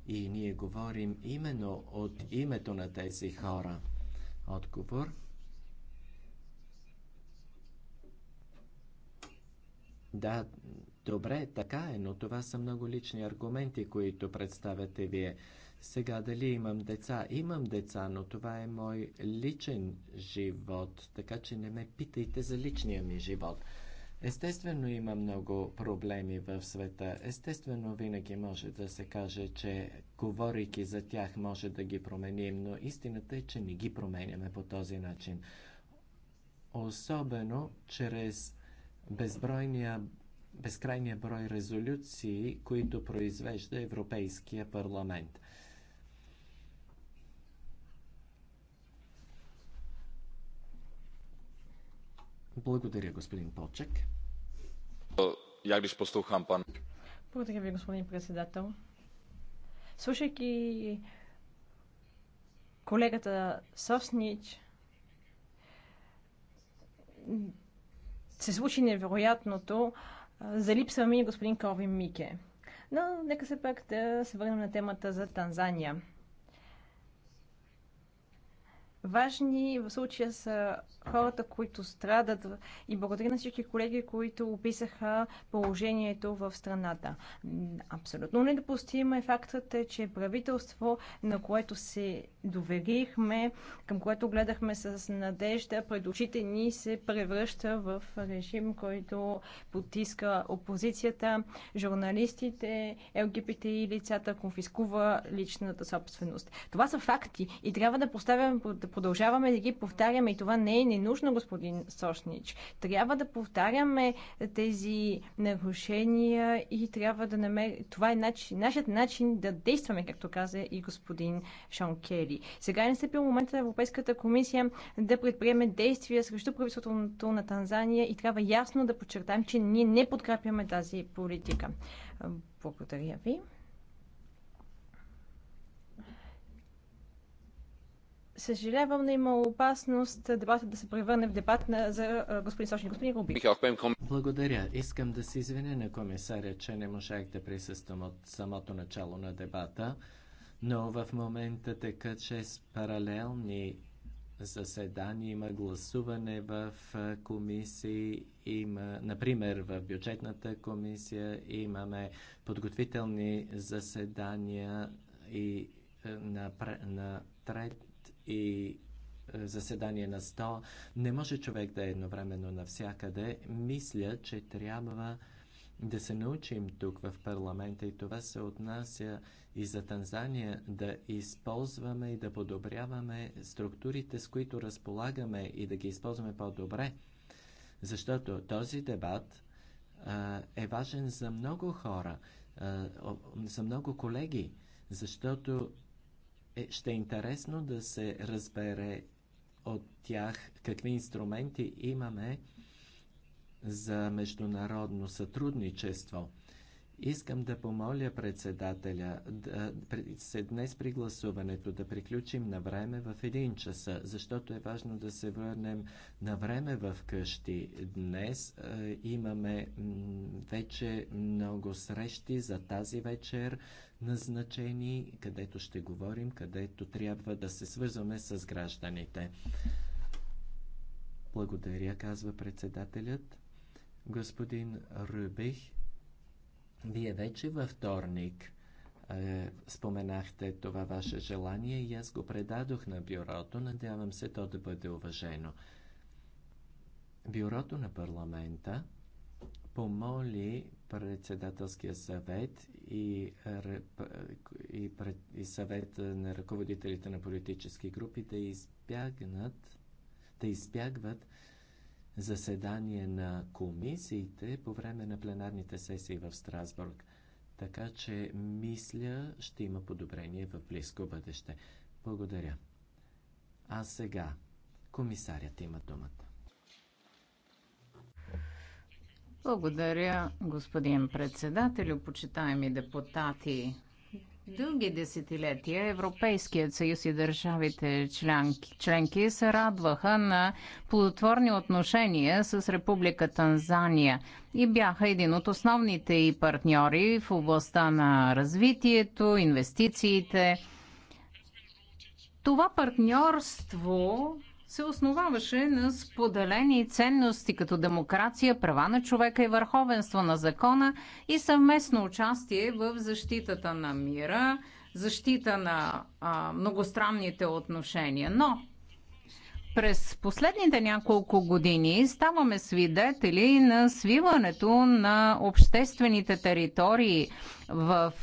и ние говорим именно от името на тези хора. Отговор. Да, добре, така е, но това са много лични аргументи, които представяте вие. Сега дали имам деца? Имам деца, но това е мой личен живот, така че не ме питайте за личния ми живот. Естествено има много проблеми в света. Естествено винаги може да се каже, че говорейки за тях може да ги променим, но истината е, че не ги променяме по този начин. Особено чрез безбройния безкрайния брой резолюции, които произвежда Европейския парламент. Благодаря, господин Полчек. Благодаря ви, господин председател. Слушайки колегата Соснич, се случи невероятното. За липсва ми господин Корвин Мике. Но нека се пак да се върнем на темата за Танзания. Важни в случая са хората, които страдат и благодаря на всички колеги, които описаха положението в страната. Абсолютно недопустимо е фактът, е, че правителство, на което се доверихме, към което гледахме с надежда, пред очите ни се превръща в режим, който потиска опозицията, журналистите, ЛГБТ и лицата, конфискува личната собственост. Това са факти и трябва да, поставяме, да продължаваме да ги повтаряме и това не е ненужно, господин Сошнич. Трябва да повтаряме тези нарушения и трябва да намерим... Това е начин, нашият начин да действаме, както каза и господин Шон Кели хиляди. Сега е настъпил момента Европейската комисия да предприеме действия срещу правителството на Танзания и трябва ясно да подчертаем, че ние не подкрепяме тази политика. Благодаря ви. Съжалявам, но има опасност дебата да се превърне в дебат на, за господин Сочни. Господин Руби. Благодаря. Искам да се извиня на комисаря, че не можах да присъствам от самото начало на дебата но в момента така че с паралелни заседания, има гласуване в комисии, има, например в бюджетната комисия имаме подготвителни заседания и на, на трет и заседание на 100. Не може човек да е едновременно навсякъде. Мисля, че трябва да се научим тук в парламента и това се отнася и за Танзания да използваме и да подобряваме структурите, с които разполагаме и да ги използваме по-добре. Защото този дебат а, е важен за много хора, а, за много колеги, защото е, ще е интересно да се разбере от тях какви инструменти имаме за международно сътрудничество – Искам да помоля председателя да, днес при гласуването да приключим на време в един час, защото е важно да се върнем на време в къщи. Днес е, имаме вече много срещи за тази вечер назначени, където ще говорим, където трябва да се свързваме с гражданите. Благодаря, казва председателят. Господин Рубих вие вече във вторник е, споменахте това ваше желание и аз го предадох на бюрото. Надявам се то да бъде уважено. Бюрото на парламента помоли председателския съвет и, и, пред, и съвет на ръководителите на политически групи да избягнат, да избягват заседание на комисиите по време на пленарните сесии в Страсбург. Така че, мисля, ще има подобрение в близко бъдеще. Благодаря. А сега, комисарят има думата. Благодаря, господин председател, почитаеми депутати. Дълги десетилетия Европейският съюз и държавите членки, членки се радваха на плодотворни отношения с Република Танзания и бяха един от основните и партньори в областта на развитието, инвестициите. Това партньорство се основаваше на споделени ценности като демокрация, права на човека и върховенство на закона и съвместно участие в защитата на мира, защита на а, многостранните отношения. Но през последните няколко години ставаме свидетели на свиването на обществените територии в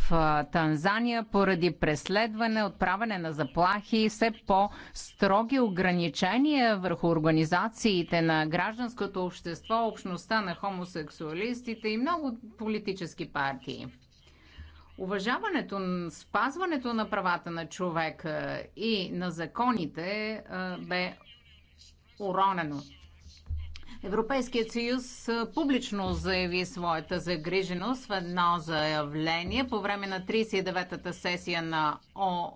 Танзания поради преследване, отправяне на заплахи и все по-строги ограничения върху организациите на гражданското общество, общността на хомосексуалистите и много политически партии. Уважаването, спазването на правата на човека и на законите бе уронено. Европейският съюз публично заяви своята загриженост в едно заявление по време на 39-та сесия на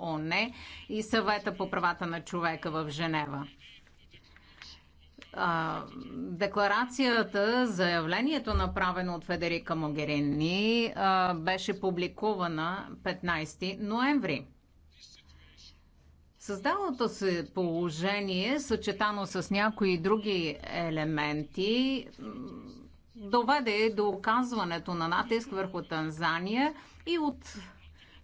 ООН и съвета по правата на човека в Женева. Декларацията, заявлението направено от Федерика Могерини беше публикувана 15 ноември. Създалото се положение, съчетано с някои други елементи, доведе до оказването на натиск върху Танзания и от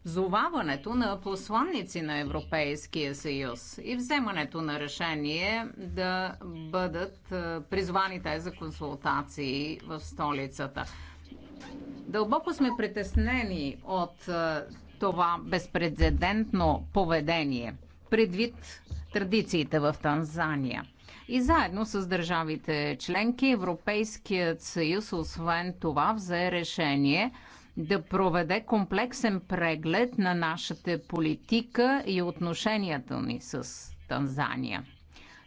зоваването на посланници на Европейския съюз и вземането на решение да бъдат призвани тези за консултации в столицата. Дълбоко сме притеснени от това безпредседентно поведение – предвид традициите в Танзания. И заедно с държавите членки Европейският съюз, освен това, взе решение да проведе комплексен преглед на нашата политика и отношенията ни с Танзания.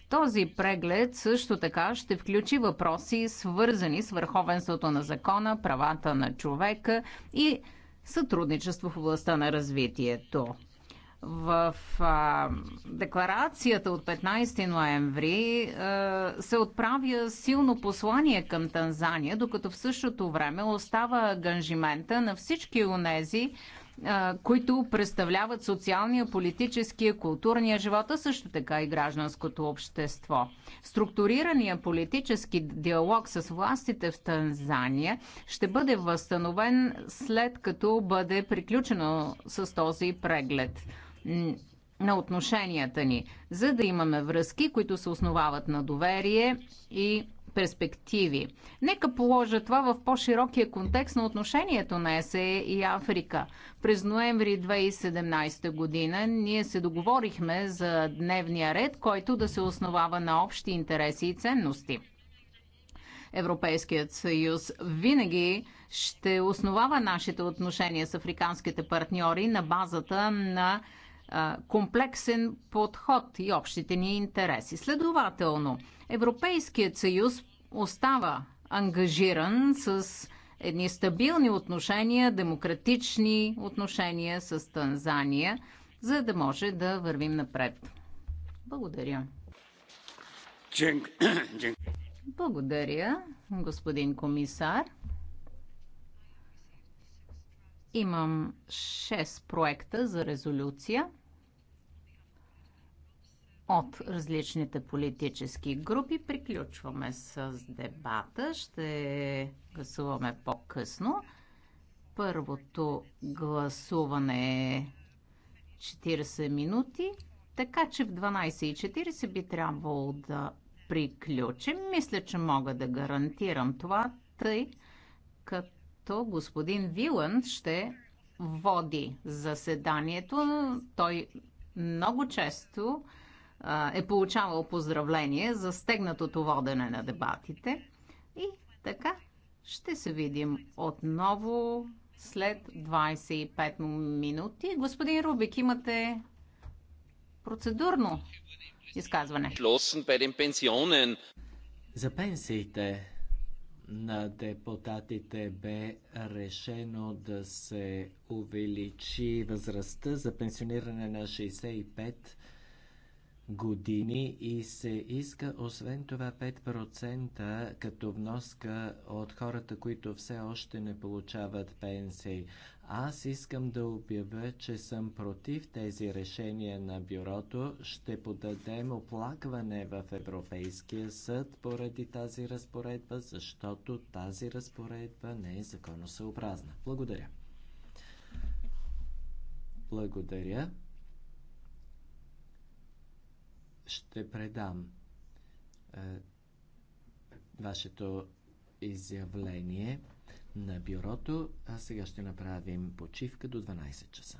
Този преглед също така ще включи въпроси, свързани с върховенството на закона, правата на човека и сътрудничество в областта на развитието. В а, декларацията от 15 ноември а, се отправя силно послание към Танзания, докато в същото време остава ганжимента на всички онези, които представляват социалния, политическия, културния живот, а също така и гражданското общество. Структурирания политически диалог с властите в Танзания ще бъде възстановен след като бъде приключено с този преглед на отношенията ни, за да имаме връзки, които се основават на доверие и перспективи. Нека положа това в по-широкия контекст на отношението на ЕСЕ е и Африка. През ноември 2017 година ние се договорихме за дневния ред, който да се основава на общи интереси и ценности. Европейският съюз винаги ще основава нашите отношения с африканските партньори на базата на комплексен подход и общите ни интереси. Следователно, Европейският съюз остава ангажиран с едни стабилни отношения, демократични отношения с Танзания, за да може да вървим напред. Благодаря. Благодаря, господин комисар. Имам 6 проекта за резолюция от различните политически групи. Приключваме с дебата. Ще гласуваме по-късно. Първото гласуване е 40 минути, така че в 12.40 би трябвало да приключим. Мисля, че мога да гарантирам това, тъй като господин Виланд ще води заседанието. Той много често е получавал поздравление за стегнатото водене на дебатите. И така ще се видим отново след 25 минути. Господин Рубик, имате процедурно изказване. За пенсиите на депутатите бе решено да се увеличи възрастта за пенсиониране на 65 години и се иска освен това 5% като вноска от хората, които все още не получават пенсии. Аз искам да обявя, че съм против тези решения на бюрото. Ще подадем оплакване в Европейския съд поради тази разпоредба, защото тази разпоредба не е законосъобразна. Благодаря. Благодаря ще предам е, вашето изявление на бюрото, а сега ще направим почивка до 12 часа.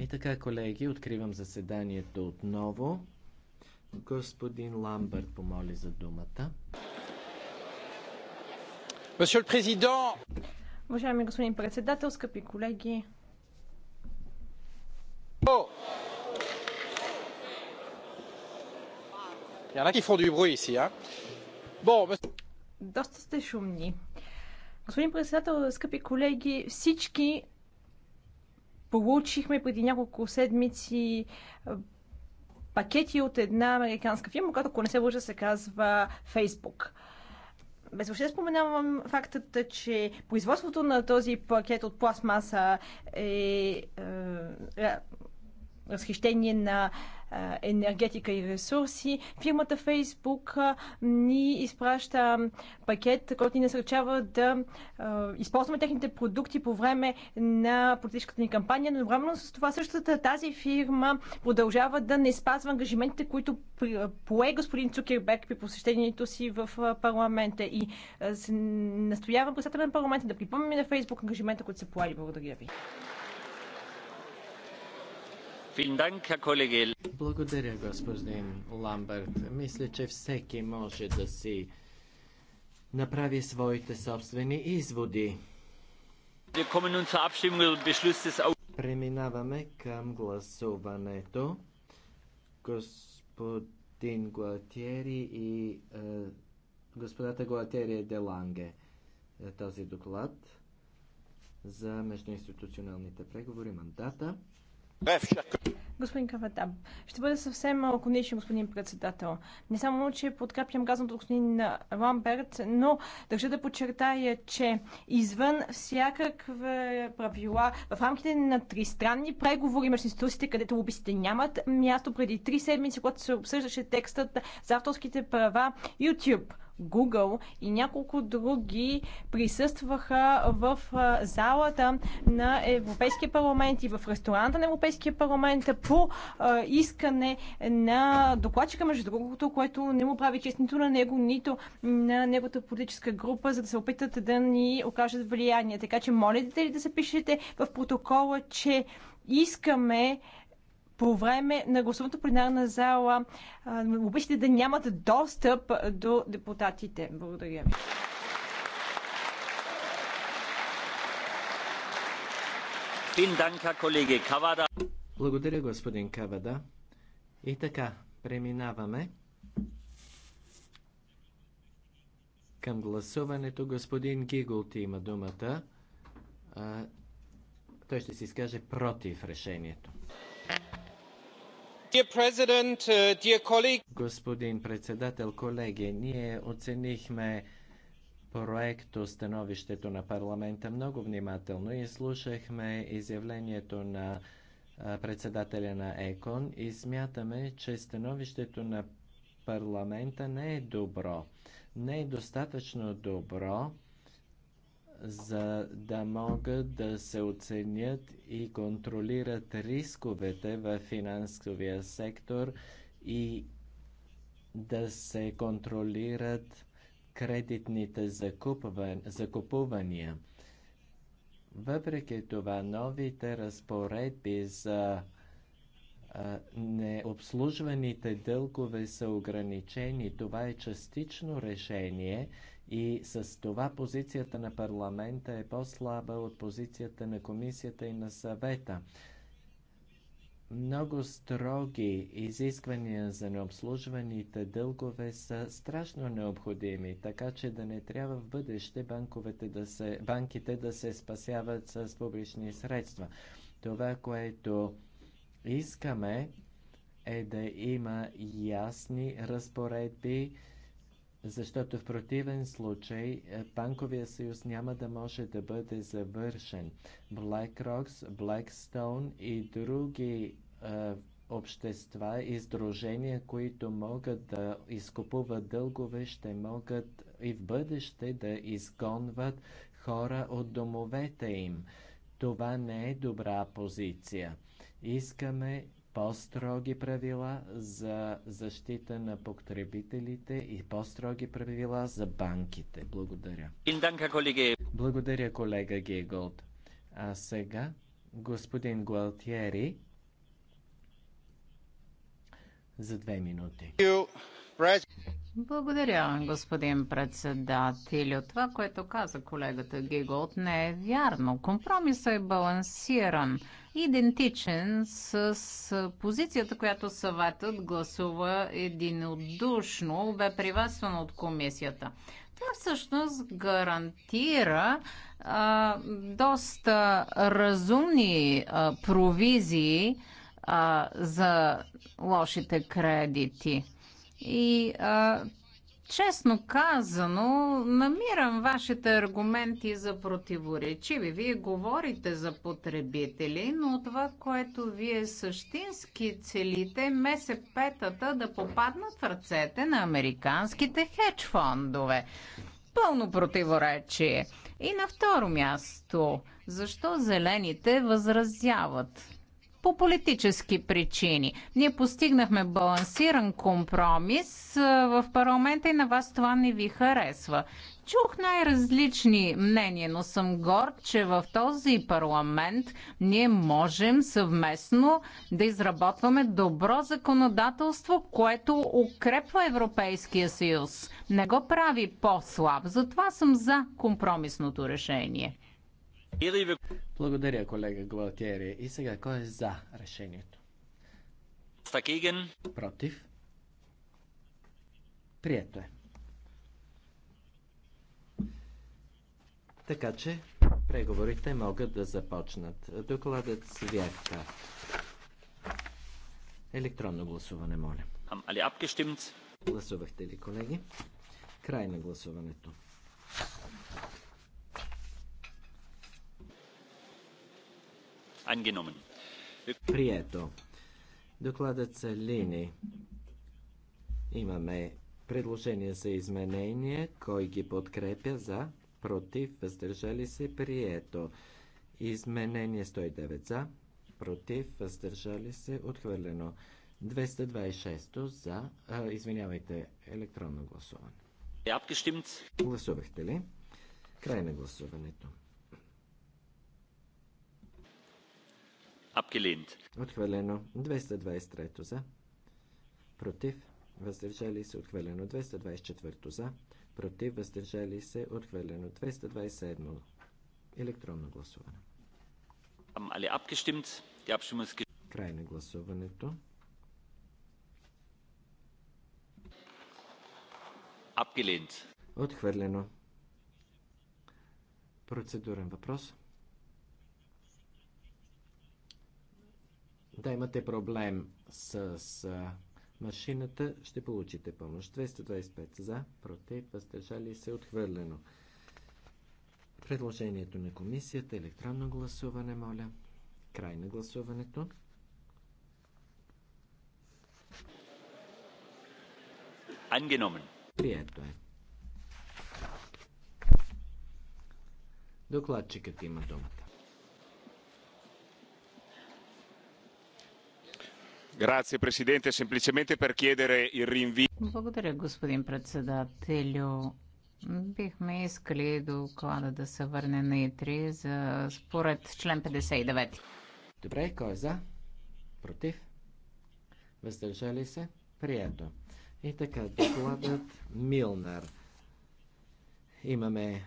И така, колеги, откривам заседанието отново. Господин Ламбърт помоли за думата. Monsieur le Уважаеми господин председател, скъпи колеги! Доста сте шумни. Господин председател, скъпи колеги, всички получихме преди няколко седмици пакети от една американска фирма, която, ако не се лъжа, се казва Facebook. Без въобще споменавам фактът, че производството на този пакет от пластмаса е, е, е разхищение на енергетика и ресурси. Фирмата Фейсбук ни изпраща пакет, който ни насърчава да използваме техните продукти по време на политическата ни кампания, но едновременно с това същата тази фирма продължава да не спазва ангажиментите, които пое господин Цукерберг при посещението си в парламента. И настоявам председателя на парламента да припомняме на Фейсбук ангажимента, които се поели. Благодаря ви. Благодаря, господин Ламберт. Мисля, че всеки може да си направи своите собствени изводи. Преминаваме към гласуването. Господин Гуатери и е, господата Гуатери Деланге. Е, този доклад за междуинституционалните преговори, мандата. Господин Каватаб, ще бъде съвсем лаконичен, господин председател. Не само, че подкрепям казаното господин Ламберт, но държа да подчертая, че извън всякакви правила, в рамките на тристранни преговори между институциите, където лобистите нямат място, преди три седмици, когато се обсъждаше текстът за авторските права, YouTube. Google и няколко други присъстваха в залата на Европейския парламент и в ресторанта на Европейския парламент по искане на докладчика, между другото, което не му прави чест нито на него, нито на неговата политическа група, за да се опитат да ни окажат влияние. Така че молите ли да запишете в протокола, че искаме по време на гласуването при на зала обичате да нямат достъп до депутатите. Благодаря ви. Благодаря, господин Кавада. И така, преминаваме към гласуването. Господин Гигулти има думата. той ще се изкаже против решението. Uh, Господин председател, колеги, ние оценихме проекто становището на парламента много внимателно и слушахме изявлението на председателя на ЕКОН и смятаме, че становището на парламента не е добро. Не е достатъчно добро за да могат да се оценят и контролират рисковете в финансовия сектор и да се контролират кредитните закупувания. Въпреки това, новите разпоредби за необслужваните дългове са ограничени. Това е частично решение – и с това позицията на парламента е по-слаба от позицията на комисията и на съвета. Много строги изисквания за необслужваните дългове са страшно необходими, така че да не трябва в бъдеще банковете да се, банките да се спасяват с публични средства. Това, което искаме е да има ясни разпоредби, защото в противен случай е, банковия съюз няма да може да бъде завършен. BlackRock, Blackstone и други е, общества и сдружения, които могат да изкупуват дългове, ще могат и в бъдеще да изгонват хора от домовете им. Това не е добра позиция. Искаме по-строги правила за защита на потребителите и по-строги правила за банките. Благодаря. Благодаря, колега Гиголд. А сега господин Гуалтиери за две минути. Благодаря, господин председател. Това, което каза колегата Гигот, не е вярно. Компромисът е балансиран, идентичен с позицията, която съветът гласува единодушно, бе приветствана от комисията. Това всъщност гарантира а, доста разумни а, провизии а, за лошите кредити. И а, честно казано, намирам вашите аргументи за противоречиви. Вие говорите за потребители, но това, което вие същински целите, МСП-тата да попаднат в ръцете на американските хедж фондове. Пълно противоречие. И на второ място, защо зелените възразяват? по политически причини. Ние постигнахме балансиран компромис в парламента и на вас това не ви харесва. Чух най-различни мнения, но съм горд, че в този парламент ние можем съвместно да изработваме добро законодателство, което укрепва Европейския съюз. Не го прави по-слаб. Затова съм за компромисното решение. Благодаря, колега Гуалтери. И сега, кой е за решението? Против? Прието е. Така че преговорите могат да започнат. Докладът Святка. Електронно гласуване, моля. Али Гласувахте ли, колеги? Край на гласуването. Angenommen. Прието. Докладът са лини. Имаме предложение за изменение. Кой ги подкрепя за? Против. Въздържали се. Прието. Изменение 109 за. Против. Въздържали се. Отхвърлено. 226 за. А, извинявайте. Електронно гласуване. Е, Гласувахте ли? Край на гласуването. Abgelehnt. Отхвърлено. 223 за. Против. Въздържали се. Отхвърлено. 224 за. Против. Въздържали се. Отхвърлено. 227. Електронно гласуване. Alle abgestimmt. Die Abstimmung ist Край на гласуването. Abgelehnt. Отхвърлено. Процедурен въпрос. да имате проблем с, с машината, ще получите помощ. 225 за, против, въздържали се, отхвърлено. Предложението на комисията, електронно гласуване, моля. Край на гласуването. Ангеномен. Прието е. Докладчикът има думата. Благодаря, господин председателю. Бихме искали доклада да се върне на ИТРИ за според член 59. Добре, кой е за? Против? Въздържали се? Прието. И така, докладът Милнар. Имаме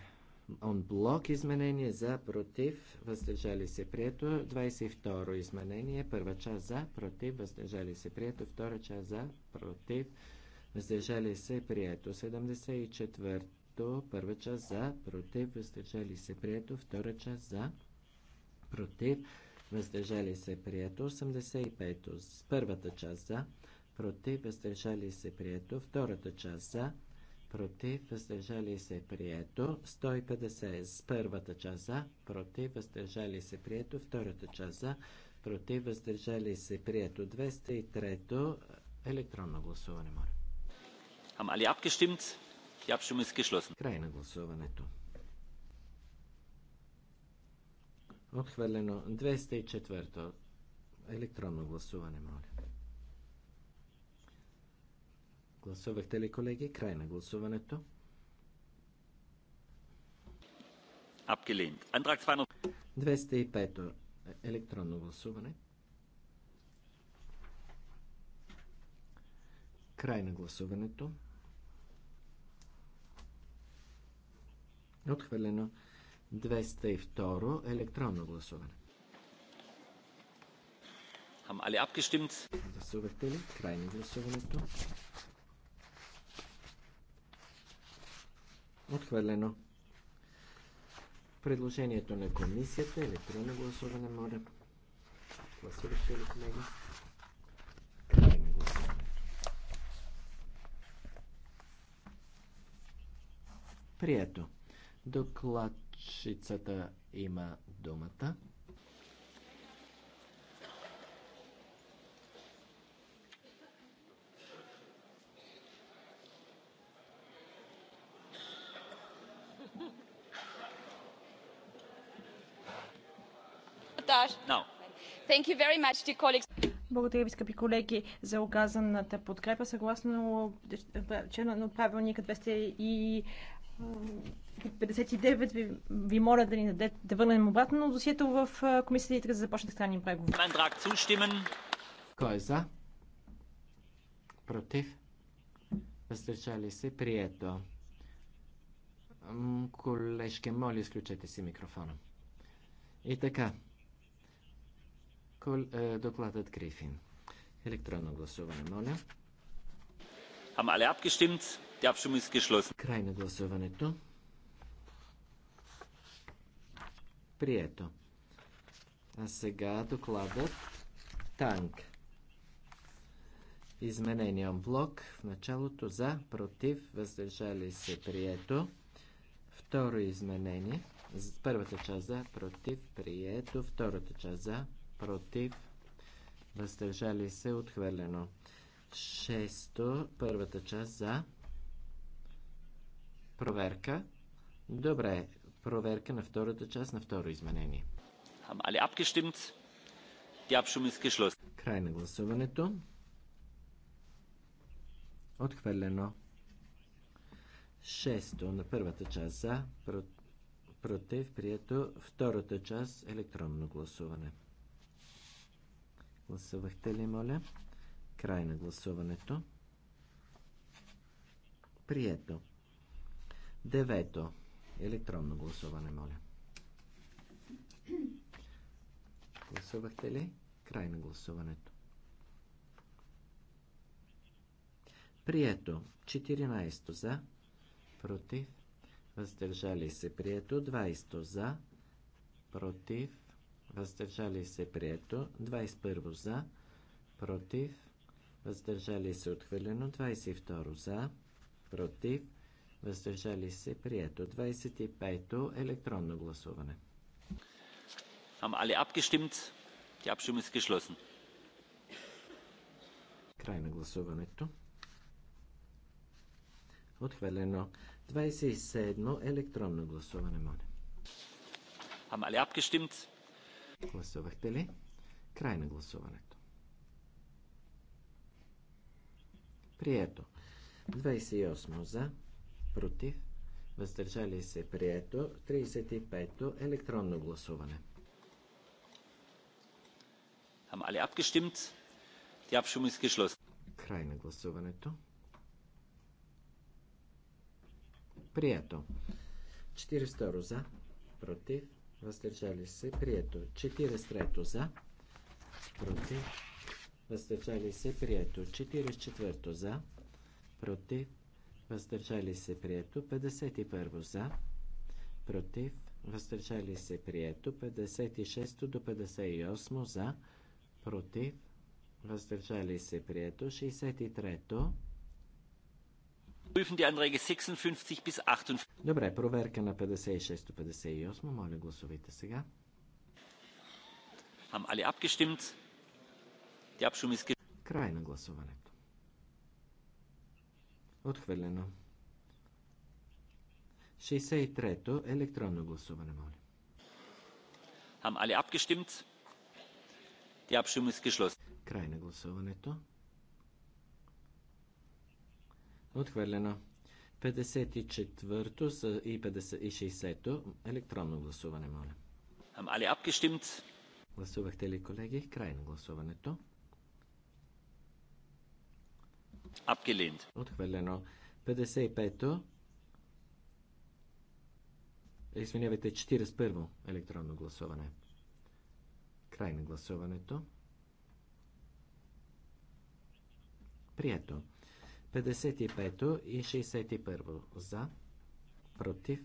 Он блок изменение за, против, въздържали се прието. 22 изменение, първа част за, против, въздържали се прието. Втора част за, против, въздържали се прието. 74-то, първа част за, против, въздържали се прието. Втора част за, против, въздържали се прието. 85-то, първата част за, против, въздържали се прието. Втората част за, против, въздържали се, прието. 150 с първата част за, против, въздържали се, прието. Втората част за, против, въздържали се, прието. 203 електронно гласуване, моля. Haben alle abgestimmt? Die Abstimmung ist geschlossen. Край на гласуването. Отхвърлено 204 електронно гласуване, моля. Гласувахте ли, колеги? Край на гласуването. Abgelehnt. Антрак 205. Електронно гласуване. Край на гласуването. Отхвърлено 202. Електронно гласуване. Хам али abgestimmt? Гласувахте ли? Край на гласуването. Отхвърлено. Предложението на комисията. Е електронно гласуване, моля. Гласувахте ли, колеги? Прието. Докладчицата има думата. Благодаря ви, скъпи колеги, за оказаната подкрепа. Съгласно члена на правилника 259 ви, ви моля да ни дадете да върнем обратно досието в комисията и да започнете страни преговори. Кой е за? Против? Въздържали се? Прието. Колежке, моля, изключете си микрофона. И така, Кол, е, докладът Грифин. Електронно гласуване, моля. Haben alle abgestimmt? Die Abstimmung ist geschlossen. Край на гласуването. Прието. А сега докладът Танк. Изменение блок в началото за, против, въздържали се, прието. Второ изменение. Първата част за, против, прието. Втората част за, против, въздържали се, отхвърлено. Шесто, първата част за проверка. Добре, проверка на втората част на второ изменение. Haben alle abgestimmt? Die Abstimmung ist geschlossen. Край на гласуването. Отхвърлено. Шесто на първата част за, против, прието, втората част електронно гласуване. Гласувахте ли, моля? Край на гласуването. Прието. Девето. Електронно гласуване, моля. Гласувахте ли? Край на гласуването. Прието. 14 за. Против. Въздържали се. Прието. 20 за. Против въздържали се прието, 21 за, против, въздържали се отхвърлено, 22 за, против, въздържали се прието, 25 електронно гласуване. Haben alle abgestimmt? Die Abstimmung ist geschlossen. Край на гласуването. Отхвърлено. 27 електронно гласуване, моля. Haben alle abgestimmt? Гласувахте ли? Край на гласуването. Прието. 28 за, против, въздържали се прието. 35 електронно гласуване. Хам али abgestimmt? Ти Abstimmung ist Край на гласуването. Прието. 42 за, против, въздържали се, прието. 43 за, против, въздържали се, прието. 44 за, против, въздържали се, прието. 51 за, против, въздържали се, прието. 56 до 58 за, против, въздържали се, прието. 63 Добре, проверка на 56-58. Моля, гласувайте сега. Край на гласуването. Отхвърлено. 63-то електронно гласуване, моля. Haben alle abgestimmt? Die Abstimmung ist geschlossen. Край на гласуването. Отхвърлено. 54-то и 60-то. Електронно гласуване, моля. Am alle abgestimmt? Гласувахте ли, колеги? Край на гласуването. Abgelehnt. Отхвърлено. 55-то. Извинявайте, 41-во електронно гласуване. Край на гласуването. Прието. 55 и 61 за, против,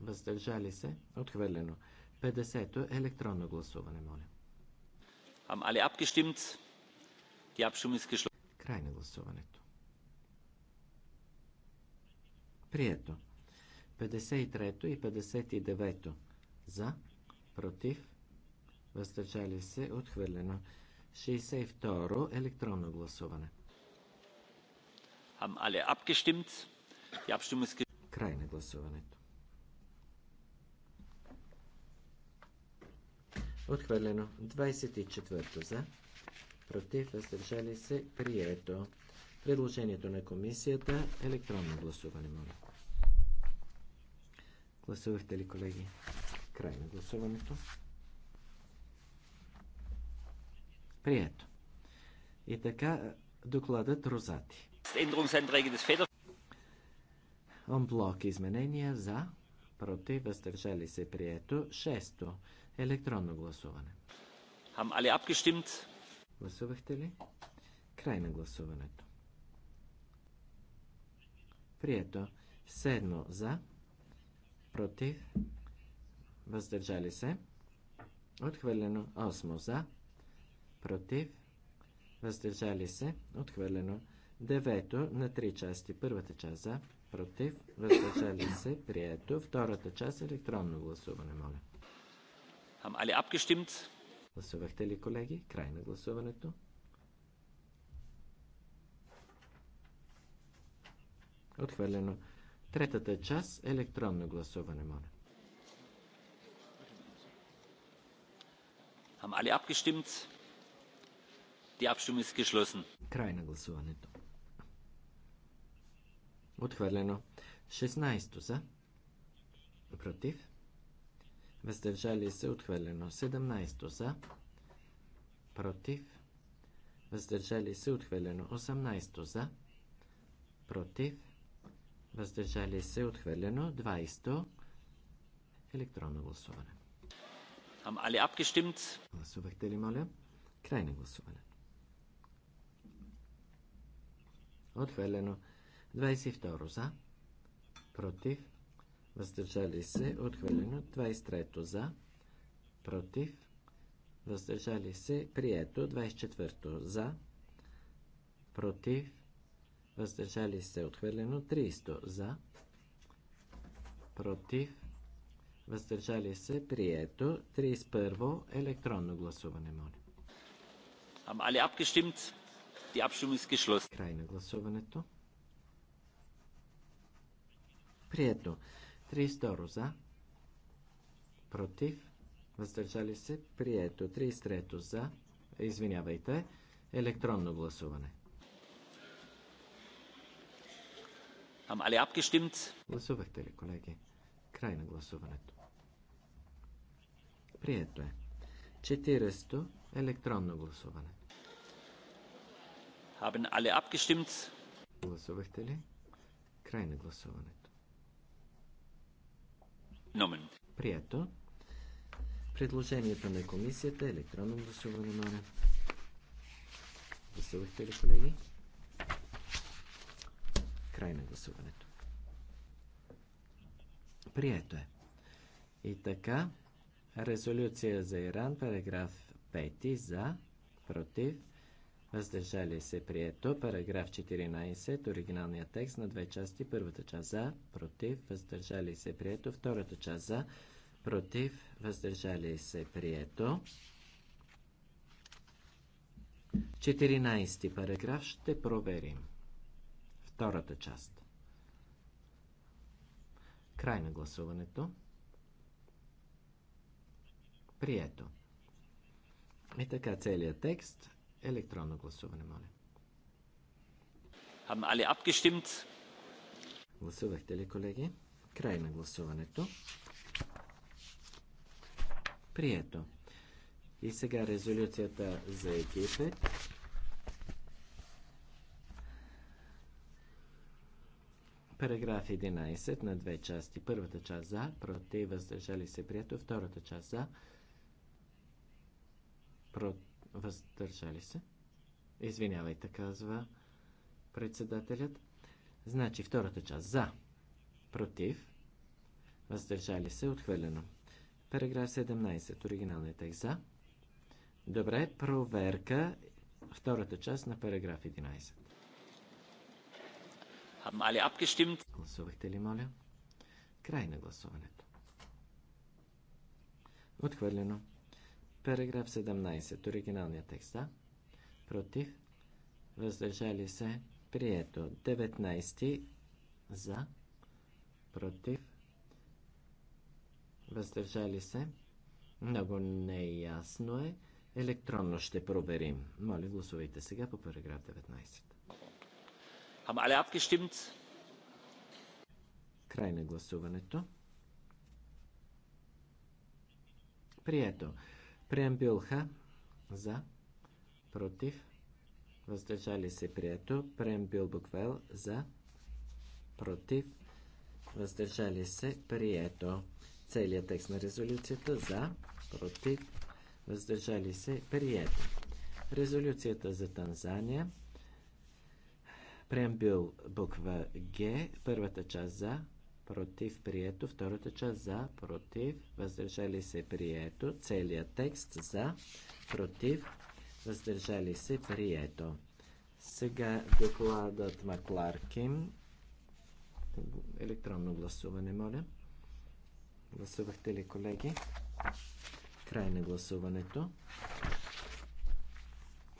въздържали се, отхвърлено. 50 е електронно гласуване, моля. Am alle abgestimmt? Die Abstimmung ist geschlossen. Край на гласуването. Прието. 53 то и 59 за, против, въздържали се, отхвърлено. 62 електронно гласуване. Haben alle abgestimmt? Край на гласуването. Отхвърлено. 24 за. Против. Въздържали се. Прието. Предложението на комисията. Електронно гласуване, моля. Гласувахте ли, колеги? Край на гласуването. Прието. И така докладът Розати. Онблок изменения за, против, въздържали се прието. Шесто. Електронно гласуване. Хам али abgestimmt? Гласувахте ли? Край на гласуването. Прието. Седмо за, против, въздържали се. Отхвърлено. Осмо за, против, въздържали се. Отхвърлено. Девето на три части. Първата част за, против, въздържали се, прието. Втората част електронно гласуване, моля. Хам alle abgestimmt? Гласувахте ли, колеги? Край на гласуването. Отхвърлено. Третата част електронно гласуване, моля. Haben alle abgestimmt? Die Abstimmung ist geschlossen. Край на гласуването. Отхвърлено. 16 за. Против. Въздържали се. Отхвърлено. 17 за. Против. Въздържали се. Отхвърлено. 18 за. Против. Въздържали се. Отхвърлено. 20. Електронно гласуване. Haben alle abgestimmt? Гласувахте ли, моля? Край на гласуване. Отхвърлено. 22 за, против, въздържали се, отхвърлено. 23 за, против, въздържали се, прието. 24 за, против, въздържали се, отхвърлено. 30 за, против, въздържали се, прието. 31 електронно гласуване, моля. Haben alle abgestimmt? Die Abstimmung ist geschlossen. Край на гласуването. Прието. 32 за. Против. Въздържали се. Прието. 33 за. Извинявайте. Електронно гласуване. Гласувахте ли, колеги? Край на гласуването. Прието е. 40 електронно гласуване. Haben alle abgestimmt? Гласувахте ли? Край на гласуването. Номен. Прието. Предложението на комисията е електронно гласуване, моля. Гласувахте ли, колеги? Край на гласуването. Прието е. И така, резолюция за Иран, параграф 5 за, против, въздържали се прието. Параграф 14, оригиналният текст на две части. Първата част за, против, въздържали се прието. Втората част за, против, въздържали се прието. 14 параграф ще проверим. Втората част. Край на гласуването. Прието. И така целият текст Електронно гласуване, моля. Haben alle abgestimmt? Гласувахте ли, колеги? Край на гласуването. Прието. И сега резолюцията за екипе. Параграф 11 на две части. Първата част за, против, въздържали се, прието. Втората част за, против Въздържали се? Извинявайте, казва председателят. Значи втората част. За. Против. Въздържали се. Отхвърлено. Параграф 17. Оригиналният текст. За. Добре. Проверка. Втората част на параграф 11. Haben alle abgestimmt? Гласувахте ли, моля? Край на гласуването. Отхвърлено. Параграф 17. Оригиналния текст. Да? Против. Въздържали се. Прието. 19. За. Против. Въздържали се. Много неясно е. Електронно ще проверим. Моля, гласувайте сега по параграф 19. Haben alle abgestimmt? Край на гласуването. Прието. Преамбюл Х за, против, въздържали се прието. Преамбюл буквел за, против, въздържали се прието. Целият текст на резолюцията за, против, въздържали се прието. Резолюцията за Танзания. Преамбюл буква Г, първата част за, против, прието. Втората част за, против, въздържали се, прието. Целият текст за, против, въздържали се, прието. Сега докладът Макларкин. Електронно гласуване, моля. Гласувахте ли, колеги? Край на гласуването.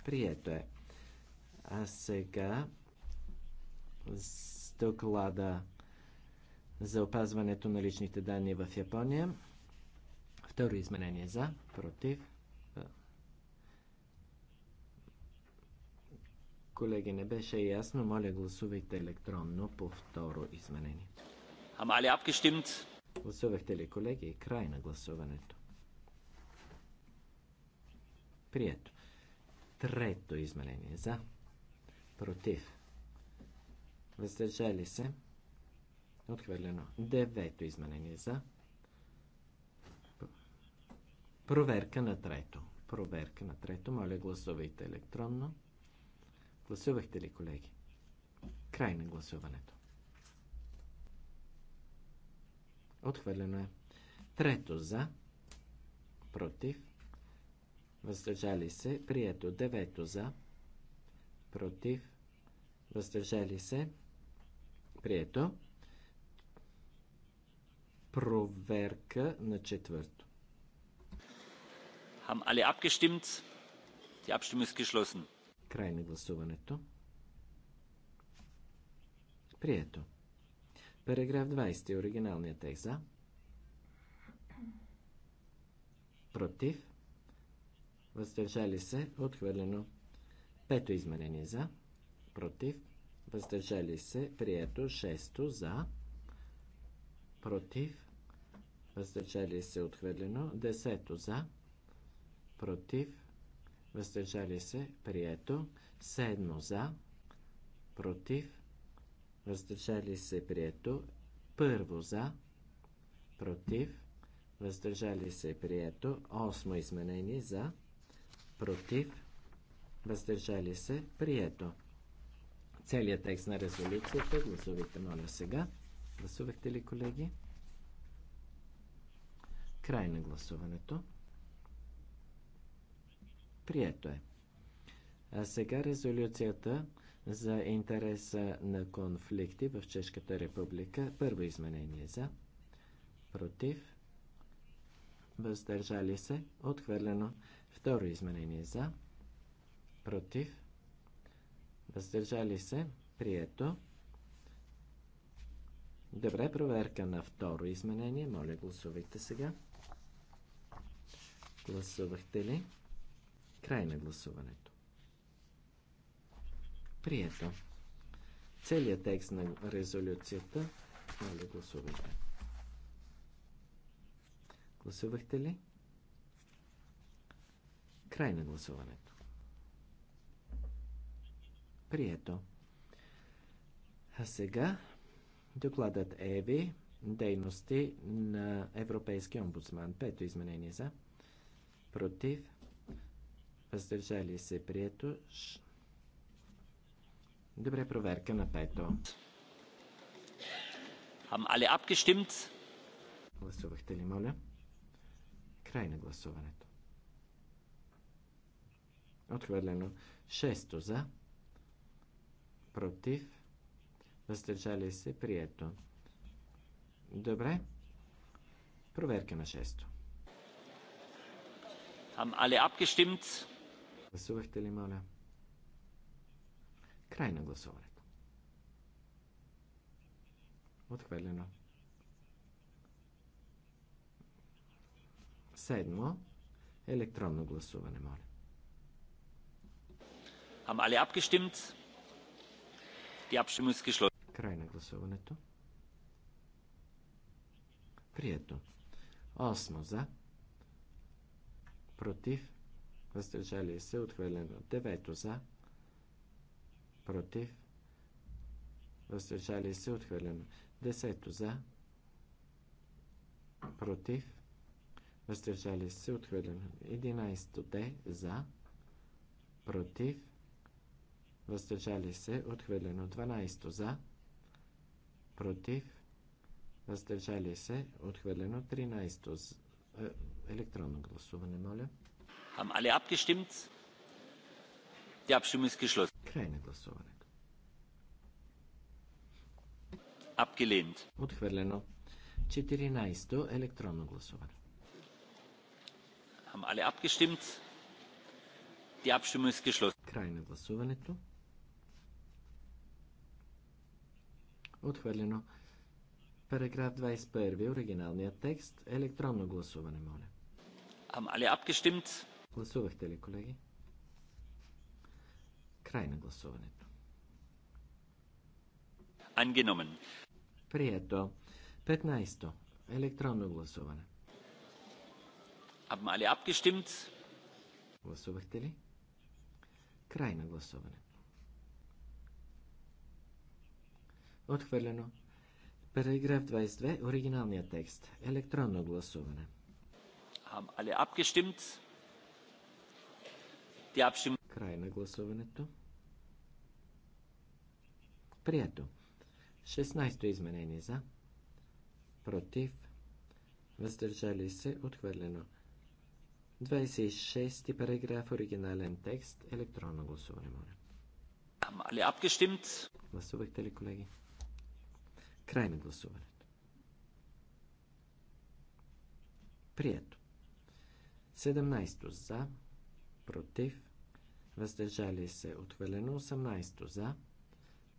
Прието е. А сега с доклада за опазването на личните данни в Япония. Второ изменение за, против. Колеги, не беше ясно. Моля, гласувайте електронно по второ изменение. Амали абгестимт. Гласувахте ли, колеги? Край на гласуването. Прието. Трето изменение за, против. Въздържали се. Отхвърлено. Девето изменение за. Проверка на трето. Проверка на трето. Моля, гласувайте електронно. Гласувахте ли, колеги? Край на гласуването. Отхвърлено е. Трето за. Против. Въздържали се. Прието. Девето за. Против. Въздържали се. Прието проверка на четвърто. Haben alle abgestimmt? Die Abstimmung ist geschlossen. Край на гласуването. Прието. Параграф 20. Оригиналният текст за. Против. Въздържали се. Отхвърлено. Пето изменение за. Против. Въздържали се. Прието. Шесто за. Против въздържали се отхвърлено, десето за, против, въздържали се прието, седмо за, против, въздържали се прието, първо за, против, въздържали се прието, осмо изменение за, против, въздържали се прието. Целият текст на резолюцията, гласувайте моля сега. Гласувахте ли, колеги? Край на гласуването. Прието е. А сега резолюцията за интереса на конфликти в Чешката република. Първо изменение за. Против. Въздържали се. Отхвърлено. Второ изменение за. Против. Въздържали се. Прието. Добре, проверка на второ изменение. Моля, гласувайте сега. Гласувахте ли? Край на гласуването. Прието. Целият текст на резолюцията. Моля, гласувайте. Гласувахте ли? Край на гласуването. Прието. А сега докладът ЕВИ дейности на Европейския омбудсман. Пето изменение за против, въздържали се, прието. Добре, проверка на пето. Хам але абгестимт. Гласувахте ли, моля? Край на гласуването. Отхвърлено. Шесто за. Против. Въздържали се. Прието. Добре. Проверка на шесто. Haben alle abgestimmt? Гласувахте ли, моля? Край на гласуването. Отхвърлено. Седмо. Електронно гласуване, моля. Haben alle abgestimmt? Die Abstimmung ist geschlossen. Край на гласуването. Прието. Осмо за против, въздържали се, отхвърлено. Девето за, против, въздържали се, отхвърлено. Десето за, против, въздържали се, отхвърлено. 11 де, за, против, въздържали се, отхвърлено. 12 за, против, въздържали се, отхвърлено. за, Електронно гласуване, моля. Am alle abgestimmt? Die Abstimmung ist geschlossen. Край на гласуването. Abgelehnt. Отхвърлено. 14. то Електронно гласуване. Haben alle abgestimmt? Die Abstimmung ist geschlossen. Край на гласуването. Отхвърлено. Параграф 21. Оригиналният текст. Електронно гласуване, моля. Гласувахте ли, колеги? Край на гласуването. Angenommen. Прието. 15. Електронно гласуване. Haben alle abgestimmt? Гласувахте ли? Край на гласуване. Отхвърлено. Параграф 22. Оригиналният текст. Електронно гласуване. Haben alle abgestimmt? Die Abstimmung. Край на гласуването. Прието. 16-то изменение за. Против. Въздържали се. Отхвърлено. 26 параграф, оригинален текст, електронно гласуване, моля. Али abgestimmt? Гласувахте ли, колеги? Край на гласуването. Прието. 17 за, против, въздържали се, отхвърлено. 18 за,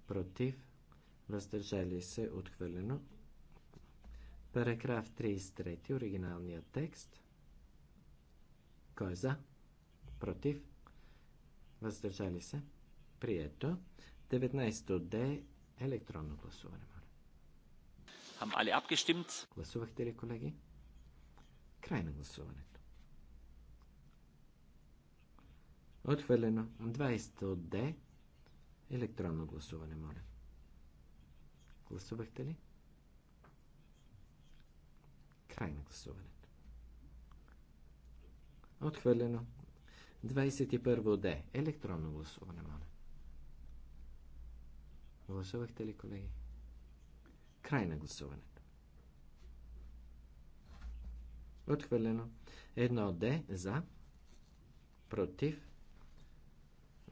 против, въздържали се, отхвърлено. Параграф 33, оригиналния текст. Кой е за? Против? Въздържали се? Прието. 19 Д. Електронно гласуване. Гласувахте ли, колеги? Край на гласуването. Отхвърлено. 20 от Д. Електронно гласуване, моля. Гласувахте ли? Край на гласуването. Отхвърлено. 21 Д. Електронно гласуване, моля. Гласувахте ли, колеги? Край на гласуването. Отхвърлено. Едно Д. За. Против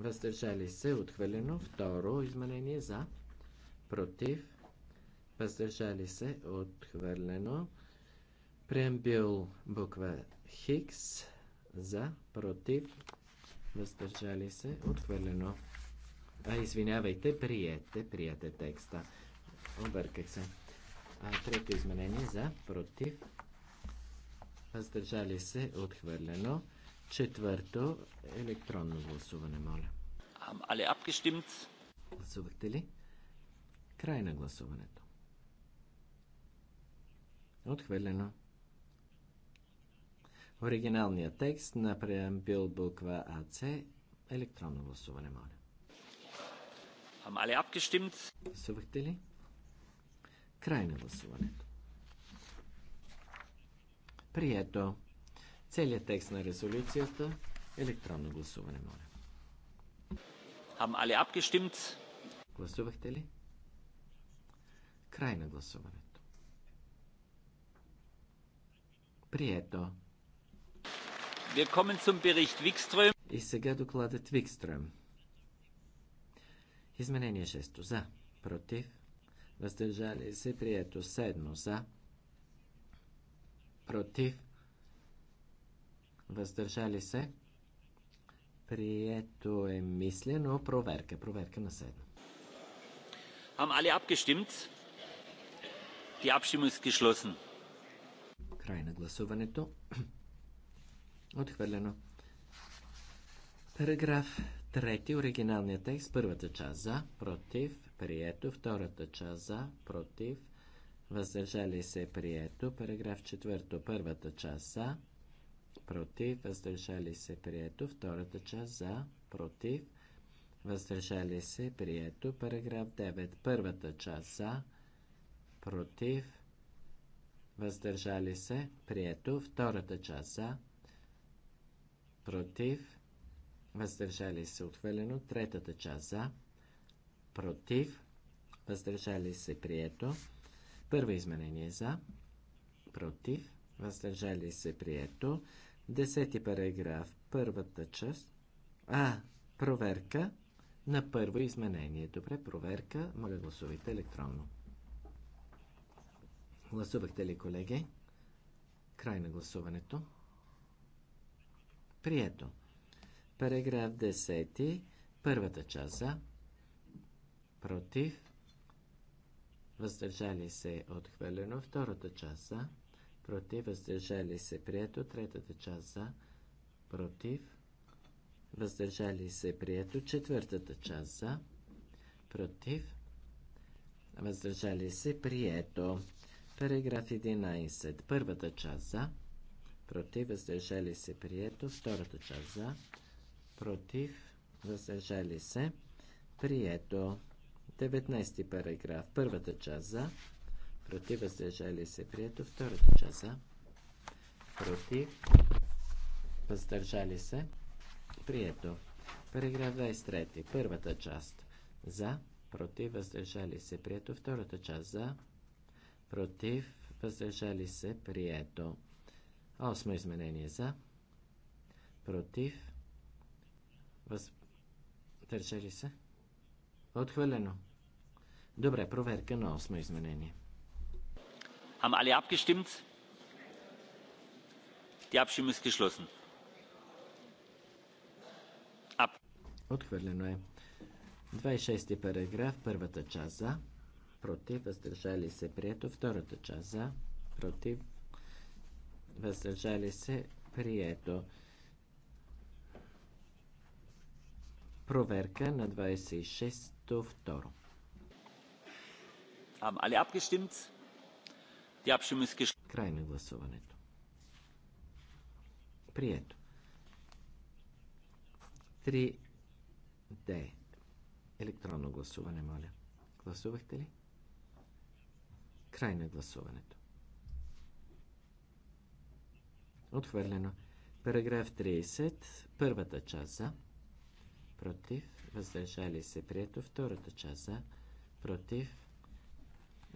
въздържали се, отхвърлено. Второ изменение за, против, въздържали се, отхвърлено. Преамбил буква Хикс за, против, въздържали се, отхвърлено. А, извинявайте, приете, приете текста. Обърках се. А, трето изменение за, против, въздържали се, отхвърлено. Четвърто, електронно гласуване, моля. Але абгестимт. Гласувахте ли? Край на гласуването. Отхвърлено. Оригиналният текст на преамбил буква АЦ електронно гласуване, моля. Ам alle abgestimmt? Гласувахте ли? Край на гласуването. Прието. Целият текст на резолюцията електронно гласуване, моля. Haben alle abgestimmt? Гласувахте ли? Край на гласуването. Прието. Wir kommen zum Bericht Wikström. И сега докладът Викстрем. Изменение 6 за, против, въздържали се, прието 7 за, против, въздържали се. Прието е мислено. Проверка. Проверка на седмо. Хам али абгестимт? Ди Abstimmung е гешлосен. Край на гласуването. Отхвърлено. Параграф 3. Оригиналният текст. Първата част за, против, прието. Втората част за, против, въздържали се, прието. Параграф 4. Първата част за, против, въздържали се, прието. Втората част за, против, въздържали се, прието. Параграф 9. Първата част за, против, въздържали се, прието. Втората част за, против, въздържали се, отхвърлено. Третата част за, против, въздържали се, прието. Първо изменение за, против, въздържали се, прието. Десети параграф, първата част. А, проверка на първо изменение. Добре, проверка. Моля, гласувайте електронно. Гласувахте ли, колеги? Край на гласуването. Прието. Параграф 10. Първата част за. Против. Въздържали се отхвърлено. Втората част за против, въздържали се, прието. Третата част за, против, въздържали се, прието. Четвъртата част за, против, въздържали се, прието. Параграф 11. Първата част за, против, въздържали се, прието. Втората част за, против, въздържали се, прието. 19 параграф. Първата част за, против, въздържали се, прието. Втората част за, против, въздържали се, прието. Параграф 23. Първата част за, против, въздържали се, прието. Втората част за, против, въздържали се, прието. Осмо изменение за, против, въздържали се, отхвърлено. Добре, проверка на осмо изменение haben alle abgestimmt? die abstimmung ist geschlossen. Отхвърлено е. 26 ти параграф, първата част за, против, въздържали се, прието, втората част за, против, въздържали се, прието. Проверка на 26-то второ. Haben alle abgestimmt? Край на гласуването. Прието. 3D. Електронно гласуване, моля. Гласувахте ли? Край на гласуването. Отхвърлено. Параграф 30. Първата част за. Против. Въздържали се. Прието. Втората част за. Против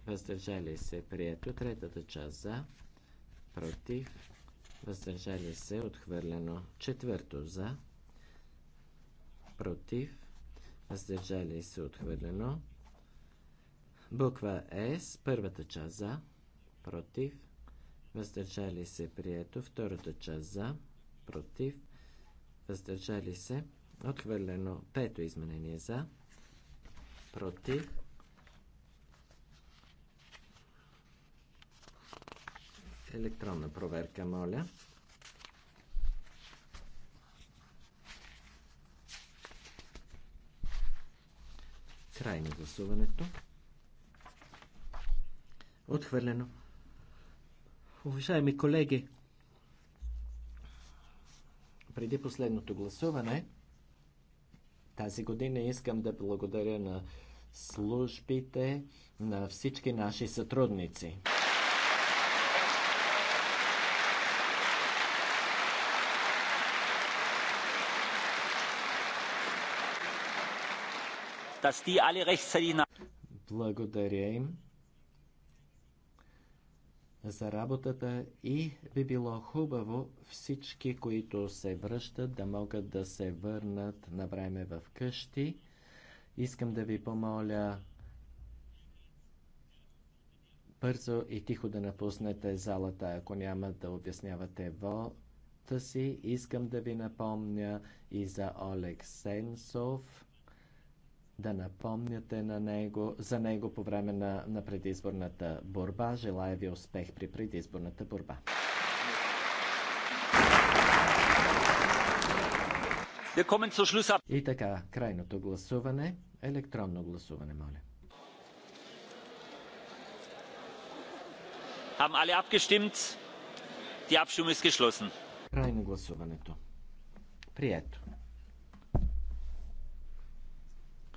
въздържали се, прието. Третата част за, против, въздържали се, отхвърлено. Четвърто за, против, въздържали се, отхвърлено. Буква С, първата част за, против, въздържали се, прието. Втората част за, против, въздържали се, отхвърлено. Пето изменение за, против, Електронна проверка, моля. Край на гласуването. Отхвърлено. Уважаеми колеги, преди последното гласуване, тази година искам да благодаря на службите, на всички наши сътрудници. Благодаря им за работата и би било хубаво всички, които се връщат, да могат да се върнат на време в къщи. Искам да ви помоля бързо и тихо да напуснете залата, ако няма да обяснявате вота си. Искам да ви напомня и за Олег Сенсов да напомняте на него, за него по време на, на предизборната борба. Желая ви успех при предизборната борба. И така, крайното гласуване, електронно гласуване, моля. Haben alle abgestimmt? Die Abstimmung ist geschlossen. Крайно гласуването. Прието.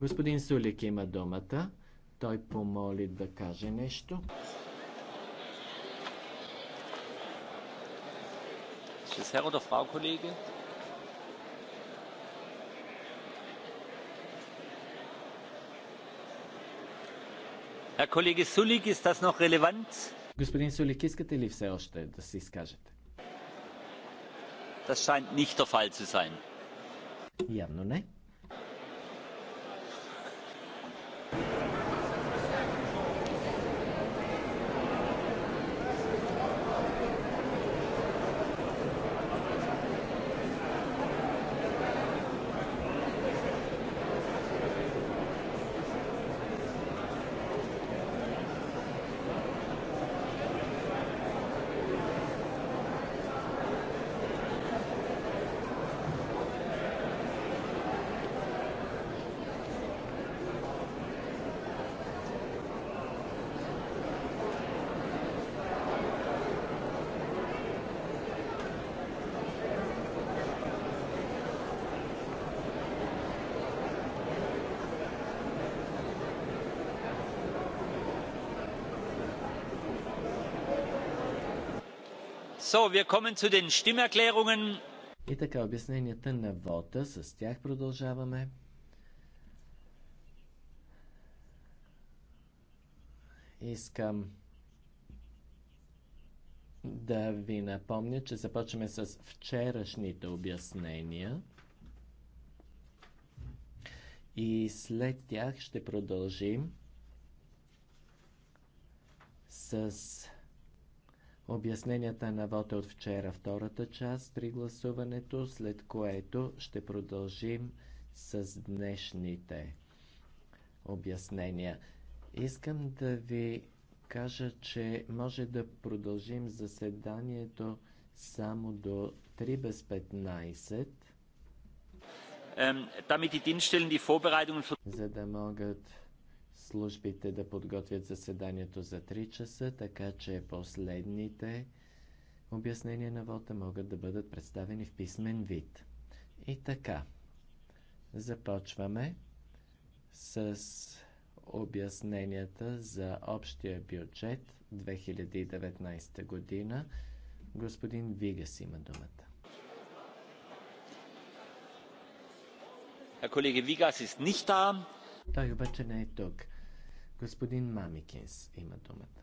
Господин Сулик има думата. Той помоли да каже нещо. Ist es Herr oder Frau Kollege? Herr Kollege Sulik, ist das noch relevant? Господин Сулик, искате ли все още да се изкажете? Das scheint nicht der Fall zu sein. Явно не. И така, обясненията на вота. с тях продължаваме. Искам да ви напомня, че започваме с вчерашните обяснения. И след тях ще продължим с обясненията на вота от вчера, втората част при гласуването, след което ще продължим с днешните обяснения. Искам да ви кажа, че може да продължим заседанието само до 3 без 15. За да могат службите да подготвят заседанието за 3 часа, така че последните обяснения на вота могат да бъдат представени в писмен вид. И така, започваме с обясненията за общия бюджет 2019 година. Господин Вигас има думата. Колеги Kollege Vigas Той обаче не е тук. Господин Мамикинс има думата.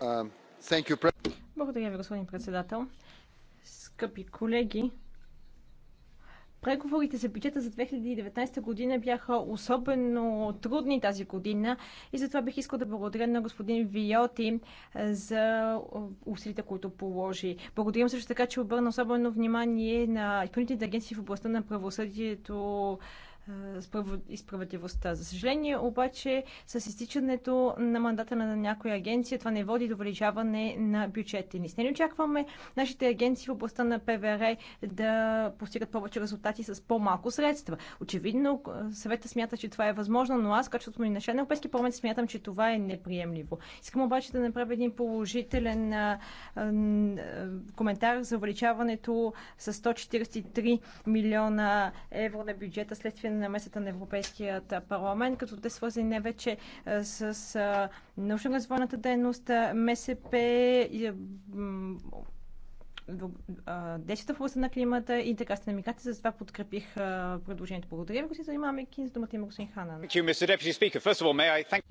Um, благодаря ви, господин председател. Скъпи колеги, Преговорите за бюджета за 2019 година бяха особено трудни тази година и затова бих искал да благодаря на господин Виоти за усилите, които положи. Благодарим също така, че обърна особено внимание на изпълнителните агенции в областта на правосъдието и справедливостта. За съжаление, обаче, с изтичането на мандата на някоя агенция, това не води до увеличаване на бюджета ни. С не очакваме нашите агенции в областта на ПВР да постигат повече резултати с по-малко средства. Очевидно, съвета смята, че това е възможно, но аз, качеството ми на член на Европейски парламент, смятам, че това е неприемливо. Искам обаче да направя един положителен а, а, коментар за увеличаването с 143 милиона евро на бюджета следствие на местата на Европейският парламент, като те свързани не вече е, с е, научно-развойната дейност, е, МСП, действията в областта на климата и така сте намикате, за това подкрепих предложението. Благодаря ви, господин и за думата има господин Ханан.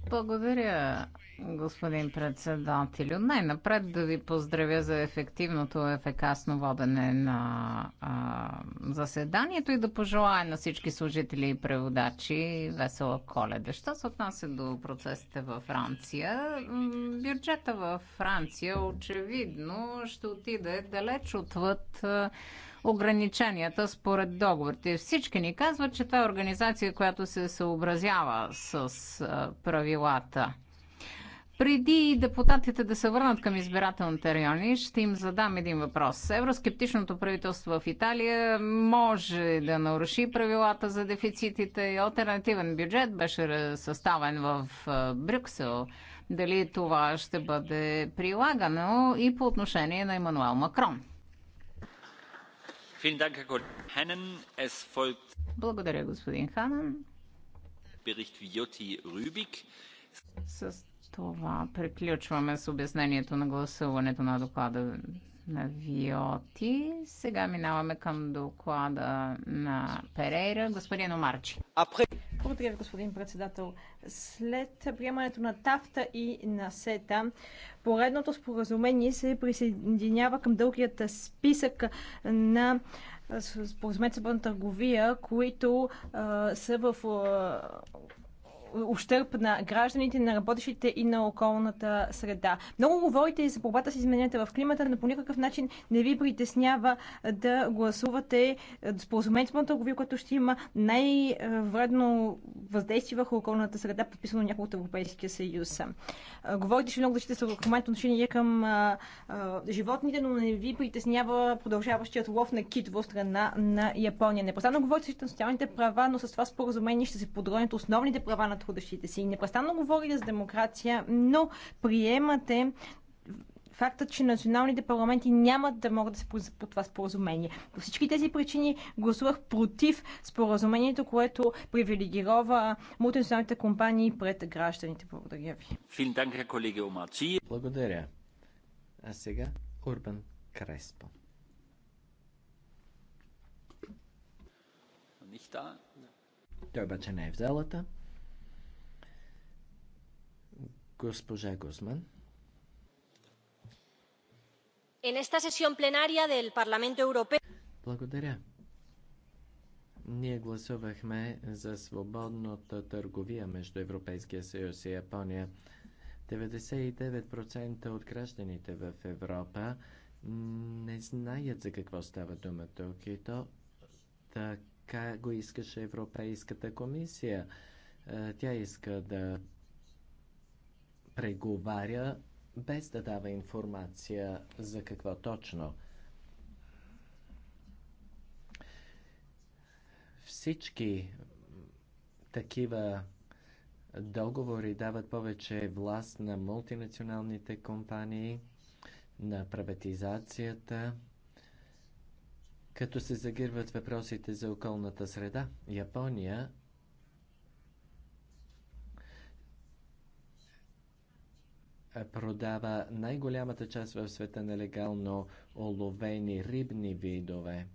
Благодаря, господин председател, Най-напред да ви поздравя за ефективното, ефекасно водене на а, заседанието и да пожелая на всички служители и преводачи весела коледа. Що се отнася до процесите във Франция? Бюджета във Франция очевидно ще отиде да далеч отвъд е, ограниченията според договорите. Всички ни казват, че това е организация, която се съобразява с е, правилата. Преди депутатите да се върнат към избирателните райони, ще им задам един въпрос. Евроскептичното правителство в Италия може да наруши правилата за дефицитите и альтернативен бюджет беше съставен в е, Брюксел дали това ще бъде прилагано и по отношение на Емануел Макрон. Благодаря, господин Ханан. С това приключваме с обяснението на гласуването на доклада на Виоти. Сега минаваме към доклада на Перейра. Господин Омарчи. Благодаря, господин председател. След приемането на ТАФТА и на СЕТА, поредното споразумение се присъединява към дългият списък на споразумението за търговия, които а, са в а, ущърп на гражданите, на работещите и на околната среда. Много говорите и за борбата с измененията в климата, но по никакъв начин не ви притеснява да гласувате споразумението на търговия, което ще има най-вредно въздействие върху околната среда, подписано няколко от Европейския съюз. Говорите, че много защита са хуманното отношение към а, а, животните, но не ви притеснява продължаващият лов на кит в страна на Япония. Непостанно говорите за социалните права, но с това споразумение ще се подронят основните права на трудещите си. Непрестанно говорите за демокрация, но приемате фактът, че националните парламенти нямат да могат да се произведат по това споразумение. По всички тези причини гласувах против споразумението, което привилегирова мултинационалните компании пред гражданите. Благодаря ви. Благодаря. А сега Урбан Креспо. Той обаче не е в залата. Госпожа Гузман. En esta sesión plenaria del Parlamento Europeo. Благодаря. Ние гласувахме за свободната търговия между Европейския съюз и Япония. 99% от гражданите в Европа не знаят за какво става дума тук и то така го искаше Европейската комисия. Е, тя иска да преговаря без да дава информация за какво точно. Всички такива договори дават повече власт на мултинационалните компании, на приватизацията, като се загирват въпросите за околната среда. Япония Е, продава най-голямата част в света нелегално оловени рибни видове.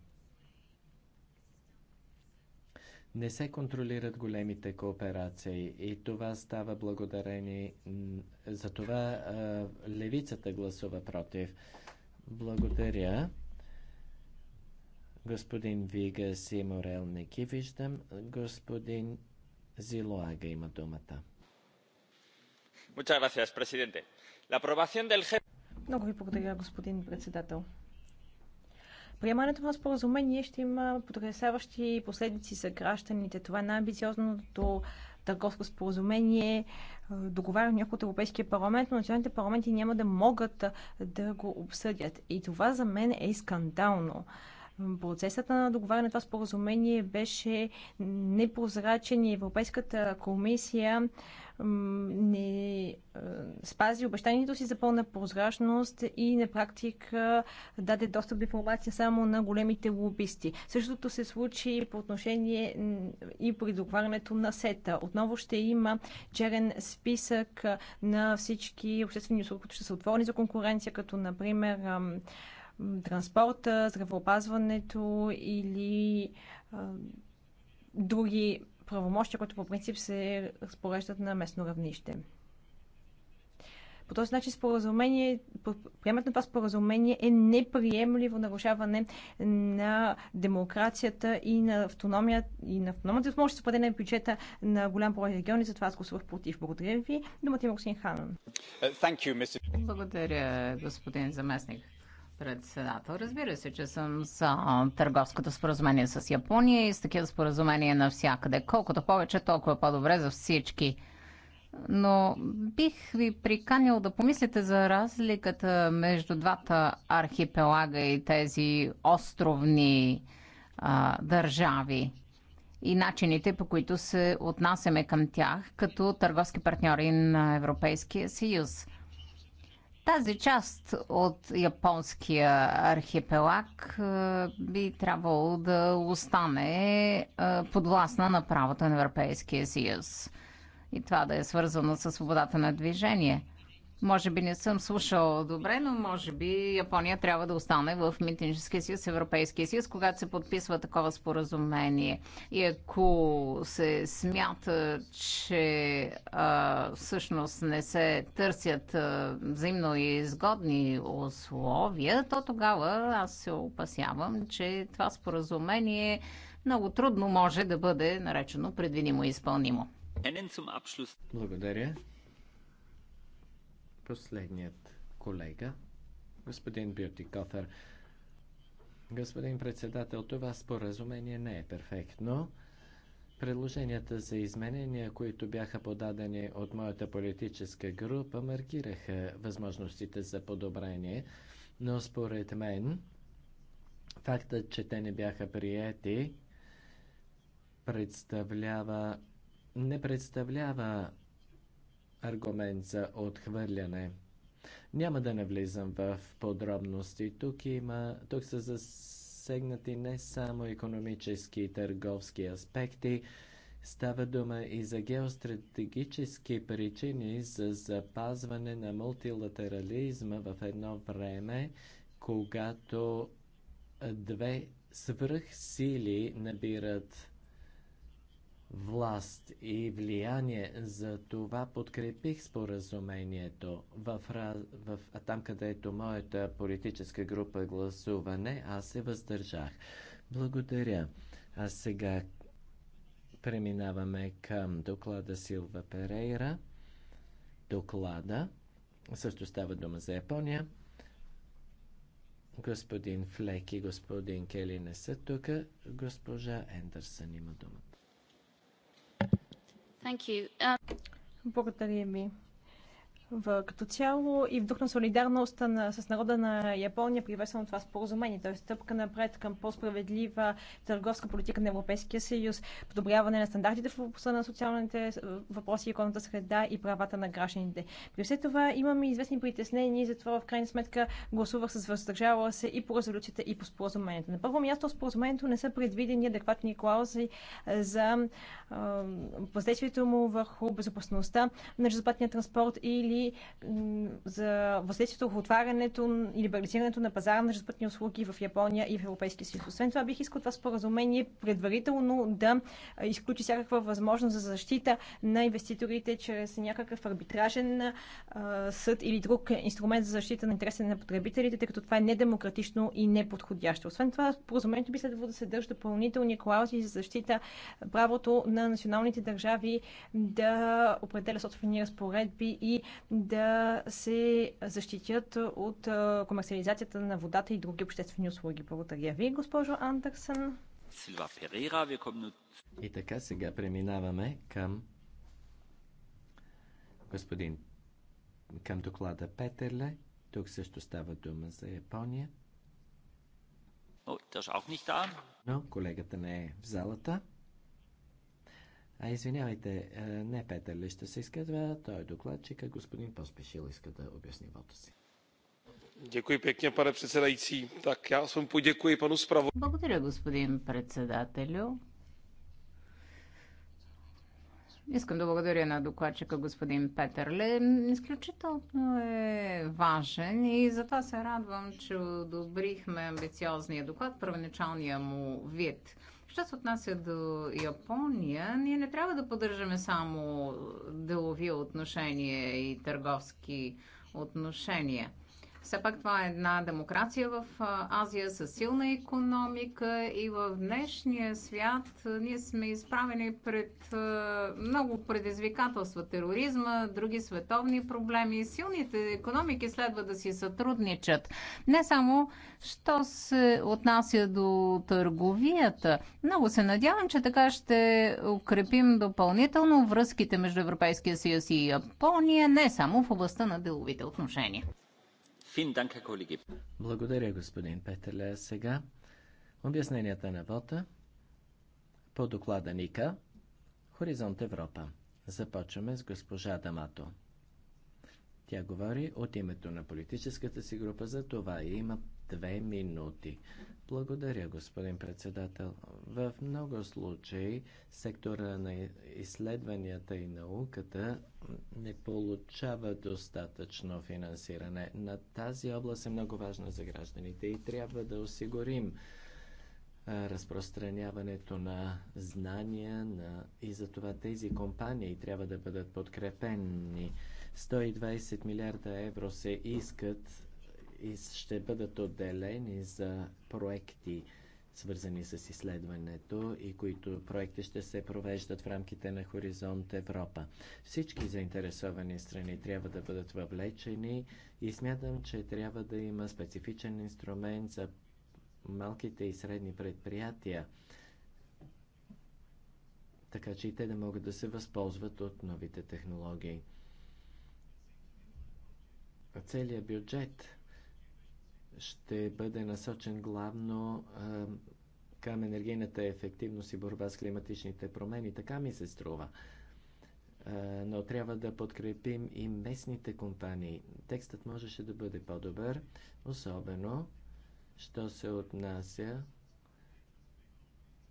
Не се контролират големите кооперации и това става благодарение. За това е, левицата гласува против. Благодаря. Господин Вига Симорел не ги виждам. Господин Зилоага има думата. Много ви благодаря, господин председател. Приемането на споразумение ще има потрясаващи последици за гражданите. Това е най-амбициозното търговско споразумение, е, някой от Европейския парламент, но националните парламенти няма да могат да го обсъдят. И това за мен е скандално. Процесът на договаряне на това споразумение беше непрозрачен и Европейската комисия не спази обещанието си за пълна прозрачност и на практика даде достъп до информация само на големите лобисти. Същото се случи по отношение и при договарянето на сета. Отново ще има черен списък на всички обществени услуги, които ще са отворени за конкуренция, като например транспорта, здравеопазването или а, други правомощия, които по принцип се разпореждат на местно равнище. По този начин споразумение, приемането на това споразумение е неприемливо нарушаване на демокрацията и на автономията и на автономната възможност за на бюджета на голям брой региони. Затова аз гласувах против. Благодаря ви. Думата има господин Ханан. Благодаря, господин заместник председател. Разбира се, че съм с търговското споразумение с Япония и с такива споразумения навсякъде. Колкото повече, толкова по-добре за всички. Но бих ви приканил да помислите за разликата между двата архипелага и тези островни а, държави и начините по които се отнасяме към тях като търговски партньори на Европейския съюз тази част от японския архипелаг е, би трябвало да остане е, подвластна на правото на Европейския съюз. И това да е свързано с свободата на движение – може би не съм слушал добре, но може би Япония трябва да остане в Митинжския съюз, Европейския съюз, когато се подписва такова споразумение. И ако се смята, че а, всъщност не се търсят а, взаимно изгодни условия, то тогава аз се опасявам, че това споразумение много трудно може да бъде наречено предвидимо и изпълнимо. Благодаря. Последният колега, господин Бюти Кофер. Господин председател, това споразумение не е перфектно. Предложенията за изменения, които бяха подадени от моята политическа група, маркираха възможностите за подобрение, но според мен фактът, че те не бяха приети, представлява, не представлява аргумент за отхвърляне. Няма да навлизам в подробности. Тук, има, тук са засегнати не само економически и търговски аспекти, Става дума и за геостратегически причини за запазване на мултилатерализма в едно време, когато две свръхсили набират власт и влияние. За това подкрепих споразумението. В, в, а там, където моята политическа група гласуване, аз се въздържах. Благодаря. А сега преминаваме към доклада Силва Перейра. Доклада. Също става дума за Япония. Господин Флек и господин Кели не са тук. Госпожа Ендърсън, има думата. Thank you. Um... ви в, като цяло и в дух на солидарност на, с народа на Япония привесвам това споразумение, т.е. стъпка напред към по-справедлива търговска политика на Европейския съюз, подобряване на стандартите в областта на социалните въпроси, економната среда и правата на гражданите. При все това имаме известни притеснения и затова в крайна сметка гласувах с въздържала се и по резолюцията и по споразумението. На първо място в споразумението не са предвидени адекватни клаузи за въздействието му върху безопасността на транспорт или или за въздействието в отварянето и либерализирането на пазара на жестопътни услуги в Япония и в Европейския съюз. Освен това, бих искал това споразумение предварително да изключи всякаква възможност за защита на инвеститорите чрез някакъв арбитражен съд или друг инструмент за защита на интереса на потребителите, тъй като това е недемократично и неподходящо. Освен това, споразумението би следвало да съдържа допълнителни клаузи за защита правото на националните държави да определя собствени разпоредби и да се защитят от комерциализацията на водата и други обществени услуги. Благодаря ви, госпожо Андерсън. И така сега преминаваме към господин към доклада Петерле. Тук също става дума за Япония. Но колегата не е в залата. А, извинявайте, е, не Петър ли ще се изказва, той е докладчика, господин Поспешил иска да обясни вота си. Děkuji pěkně, pane předsedající. Tak já jsem poděkuji panu zpravo... Благодаря, господин председателю. Искам да благодаря на докладчика господин Петърле. Изключително е важен и затова се радвам, че одобрихме амбициозния доклад, първоначалния му вид. Що се отнася до Япония, ние не трябва да поддържаме само делови отношения и търговски отношения. Все пак това е една демокрация в Азия с силна економика и в днешния свят ние сме изправени пред много предизвикателства. Тероризма, други световни проблеми. Силните економики следва да си сътрудничат. Не само, що се отнася до търговията. Много се надявам, че така ще укрепим допълнително връзките между Европейския съюз и Япония, не само в областта на деловите отношения. Благодаря, господин Петеле. Сега обясненията на вота по доклада Ника Хоризонт Европа. Започваме с госпожа Дамато. Тя говори от името на политическата си група, за това и има две минути. Благодаря, господин председател. В много случаи сектора на изследванията и науката не получава достатъчно финансиране. На тази област е много важна за гражданите и трябва да осигурим разпространяването на знания на... и за това тези компании трябва да бъдат подкрепени. 120 милиарда евро се искат и ще бъдат отделени за проекти, свързани с изследването и които проекти ще се провеждат в рамките на Хоризонт Европа. Всички заинтересовани страни трябва да бъдат въвлечени и смятам, че трябва да има специфичен инструмент за малките и средни предприятия, така че и те да могат да се възползват от новите технологии. Целият бюджет ще бъде насочен главно а, към енергийната ефективност и борба с климатичните промени. Така ми се струва. А, но трябва да подкрепим и местните компании. Текстът можеше да бъде по-добър, особено, що се отнася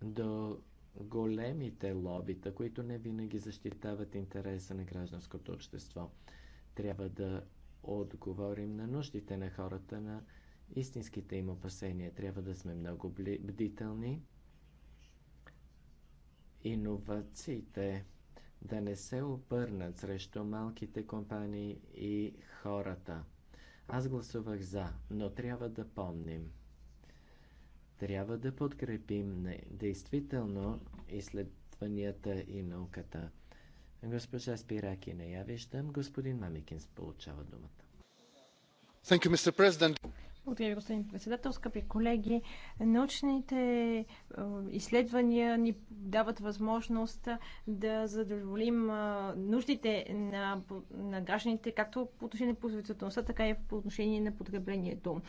до големите лобита, които не винаги защитават интереса на гражданското общество. Трябва да отговорим на нуждите на хората на истинските им опасения. Трябва да сме много бдителни. Иновациите да не се обърнат срещу малките компании и хората. Аз гласувах за, но трябва да помним. Трябва да подкрепим не. действително изследванията и науката. Госпожа Спираки не я виждам. Господин Мамикинс получава думата. Thank you, Mr. President. Благодаря ви, господин председател. Скъпи колеги, научните е, изследвания ни дават възможност да задоволим е, нуждите на, на гражданите, както по отношение на производителността, така и по отношение на потреблението.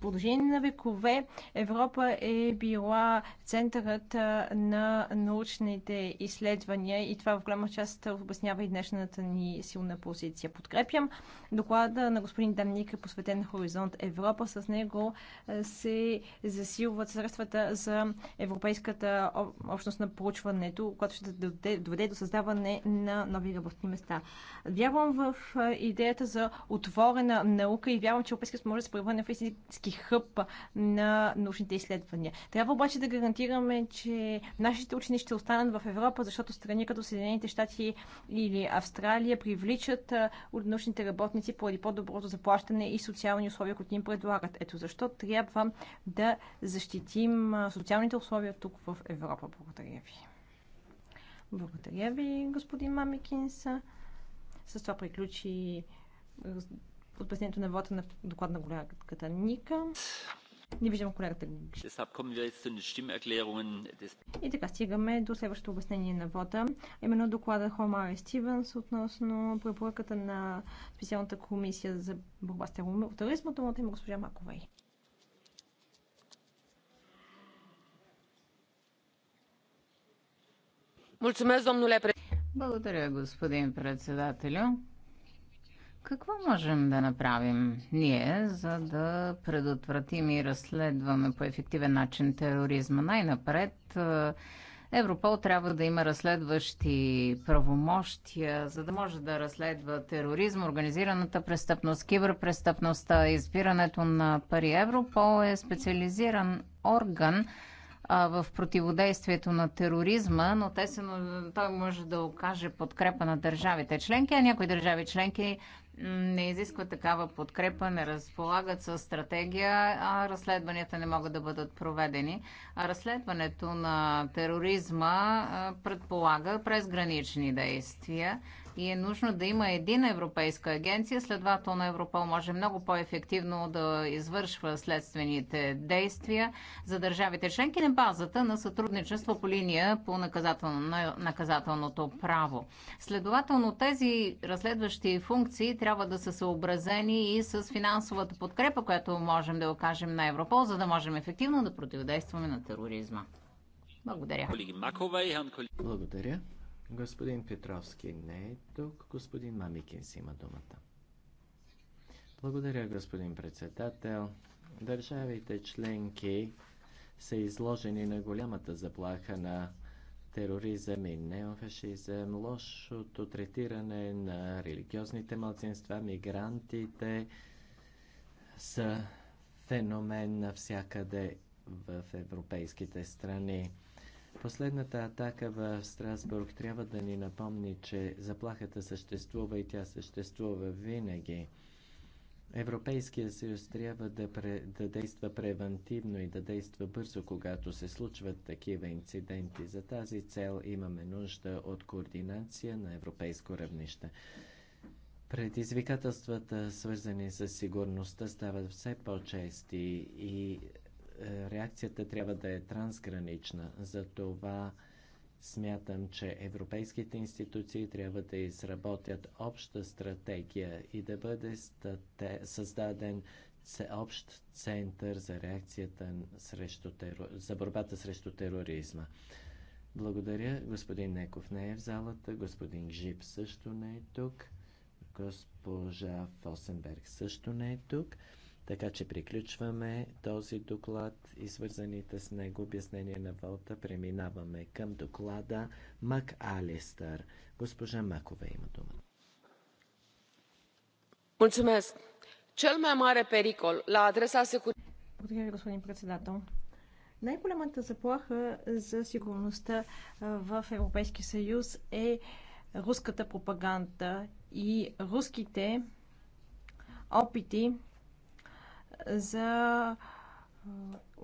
По отношение на векове, Европа е била центърът е, на научните изследвания и това в голяма част обяснява и днешната ни силна позиция. Подкрепям доклада на господин Дамник, посветен на Хоризонт Европа с него се засилват средствата за Европейската общност на проучването, което ще доведе до създаване на нови работни места. Вярвам в идеята за отворена наука и вярвам, че Европейския съюз може да се превърне в истински хъб на научните изследвания. Трябва обаче да гарантираме, че нашите учени ще останат в Европа, защото страни като Съединените щати или Австралия привличат научните работници поради по-доброто заплащане и социални условия, които им предлагат прилагат. Ето защо трябва да защитим социалните условия тук в Европа. Благодаря ви. Благодаря ви, господин Мамикинс. С това приключи обяснението на вода на доклад на голямата Ника. Не виждам колегата И така стигаме до следващото обяснение на вода, именно доклада Хомар и Стивенс относно препоръката на специалната комисия за борба с тероризма. Думата има госпожа Маковей. Благодаря, господин председателю. Какво можем да направим ние, за да предотвратим и разследваме по ефективен начин тероризма? Най-напред е, Европол трябва да има разследващи правомощия, за да може да разследва тероризм, организираната престъпност, киберпрестъпността, избирането на пари. Европол е специализиран орган, в противодействието на тероризма, но тесено той може да окаже подкрепа на държавите членки, а някои държави членки не изискват такава подкрепа, не разполагат с стратегия, а разследванията не могат да бъдат проведени. А разследването на тероризма предполага презгранични действия и е нужно да има една европейска агенция, следователно Европол може много по-ефективно да извършва следствените действия за държавите членки на базата на сътрудничество по линия по наказателно, наказателното право. Следователно тези разследващи функции трябва да са съобразени и с финансовата подкрепа, която можем да окажем на Европол, за да можем ефективно да противодействаме на тероризма. Благодаря. Благодаря. Господин Петровски не е тук. Господин Мамикинс има думата. Благодаря, господин председател. Държавите членки са изложени на голямата заплаха на тероризъм и неофашизъм, лошото третиране на религиозните младсинства, мигрантите са феномен навсякъде в европейските страни. Последната атака в Страсбург трябва да ни напомни, че заплахата съществува и тя съществува винаги. Европейския съюз трябва да, пре, да действа превентивно и да действа бързо, когато се случват такива инциденти. За тази цел имаме нужда от координация на европейско равнище. Предизвикателствата, свързани с сигурността, стават все по-чести и е, реакцията трябва да е трансгранична. Затова смятам, че европейските институции трябва да изработят обща стратегия и да бъде създаден общ център за реакцията срещу терор... за борбата срещу тероризма. Благодаря. Господин Неков не е в залата, господин Жип също не е тук, госпожа Фосенберг също не е тук. Така че приключваме този доклад и свързаните с него обяснения на вълта. Преминаваме към доклада Мак Алистър. Госпожа Макова има дума. Cel mai mare pericol la adresa securității. Благодаря, господин председател. Най-голямата заплаха за сигурността в Европейския съюз е руската пропаганда и руските опити за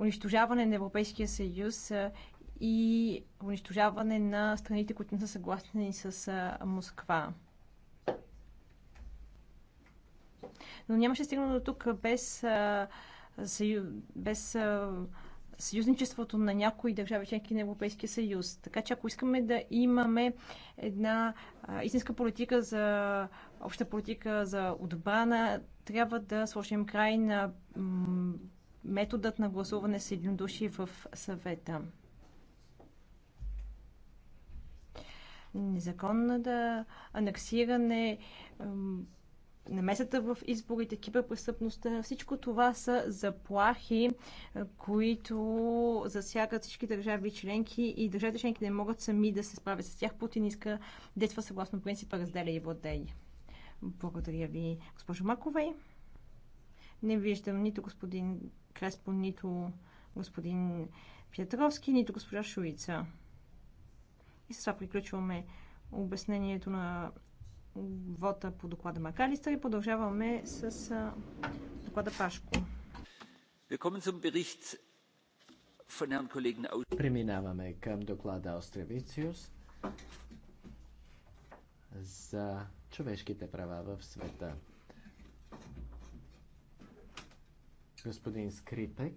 унищожаване на Европейския съюз и унищожаване на страните, които не са съгласни с Москва. Но нямаше стигна до тук без, без съюзничеството на някои държави, членки на Европейския съюз. Така че ако искаме да имаме една истинска политика за обща политика за отбрана, трябва да сложим край на методът на гласуване с единодушие в съвета. Незаконно да анексиране, намесата в изборите, киберпрестъпността, всичко това са заплахи, е, които засягат всички държави членки и държавите членки не могат сами да се справят с тях. Путин иска действа съгласно принципа разделя и владей. Благодаря ви, госпожо Макове. Не виждам нито господин Креспо, нито господин Петровски, нито госпожа Шуица. И с това приключваме обяснението на вота по доклада Макалистър и продължаваме с доклада Пашко. Преминаваме към доклада Остревициус за човешките права в света. Господин Скрипек.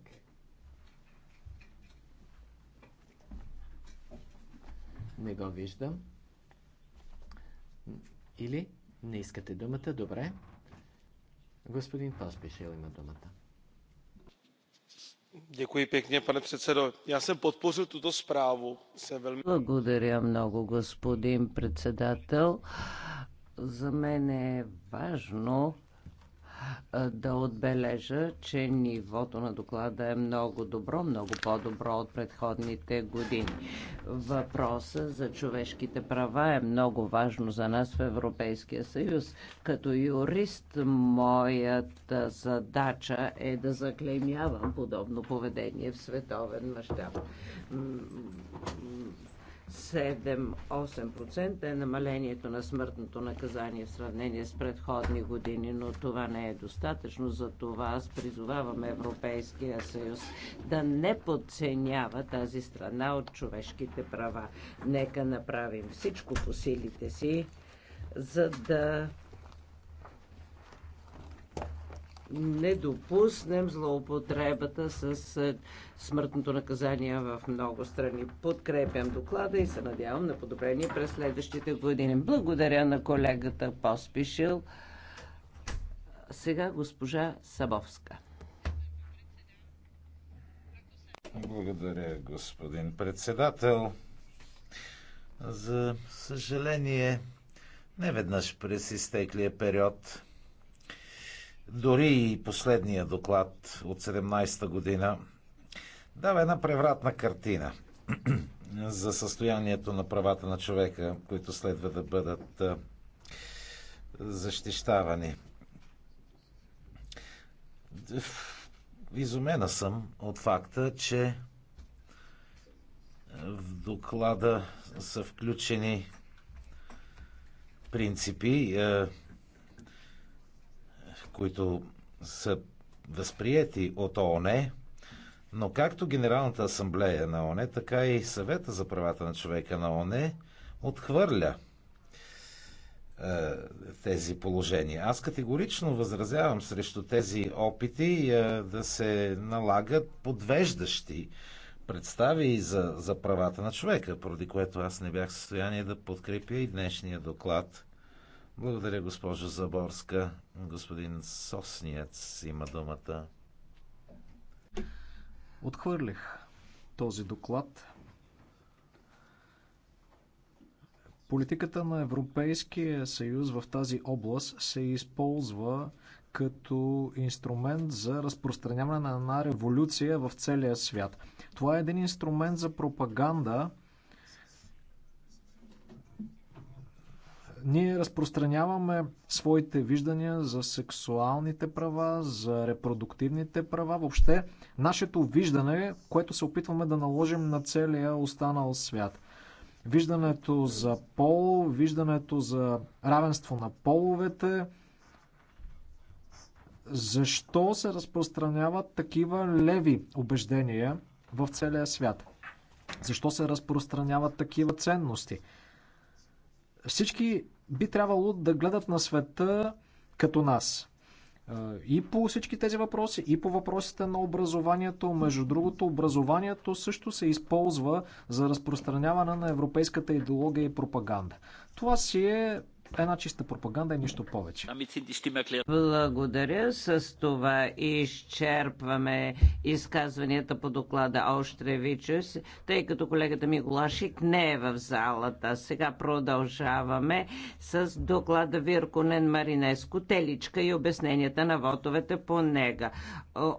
Не го виждам. Или не искате думата? Добре. Господин Поспешил има думата. Děkuji pěkně, pane předsedo. Já jsem podpořil tuto zprávu. Jsem velmi... Благодаря много, господин председател за мен е важно да отбележа, че нивото на доклада е много добро, много по-добро от предходните години. Въпроса за човешките права е много важно за нас в Европейския съюз. Като юрист, моята задача е да заклеймявам подобно поведение в световен мащаб 7-8% е намалението на смъртното наказание в сравнение с предходни години, но това не е достатъчно. За това аз призовавам Европейския съюз да не подценява тази страна от човешките права. Нека направим всичко по силите си, за да не допуснем злоупотребата с е, смъртното наказание в много страни. Подкрепям доклада и се надявам на подобрение през следващите години. Благодаря на колегата Поспишил. Сега госпожа Сабовска. Благодаря, господин председател. За съжаление, не веднъж през изтеклия период дори и последния доклад от 17-та година дава една превратна картина за състоянието на правата на човека, които следва да бъдат защищавани. Изумена съм от факта, че в доклада са включени принципи, които са възприяти от ООН, но както Генералната асамблея на ОНЕ, така и съвета за правата на човека на ОНЕ отхвърля е, тези положения. Аз категорично възразявам срещу тези опити е, да се налагат подвеждащи представи за, за правата на човека, поради което аз не бях в състояние да подкрепя и днешния доклад благодаря, госпожо Заборска. Господин Соснияц има думата. Отхвърлих този доклад. Политиката на Европейския съюз в тази област се използва като инструмент за разпространяване на една революция в целия свят. Това е един инструмент за пропаганда, Ние разпространяваме своите виждания за сексуалните права, за репродуктивните права, въобще нашето виждане, което се опитваме да наложим на целия останал свят. Виждането за пол, виждането за равенство на половете, защо се разпространяват такива леви убеждения в целия свят? Защо се разпространяват такива ценности? Всички би трябвало да гледат на света като нас. И по всички тези въпроси, и по въпросите на образованието. Между другото, образованието също се използва за разпространяване на европейската идеология и пропаганда. Това си е Една значи чиста пропаганда и нищо повече. Ами, Благодаря. С това изчерпваме изказванията по доклада Остревичес, тъй като колегата Миколашик не е в залата. Сега продължаваме с доклада Вирконен Маринеско, теличка и обясненията на вотовете по нега.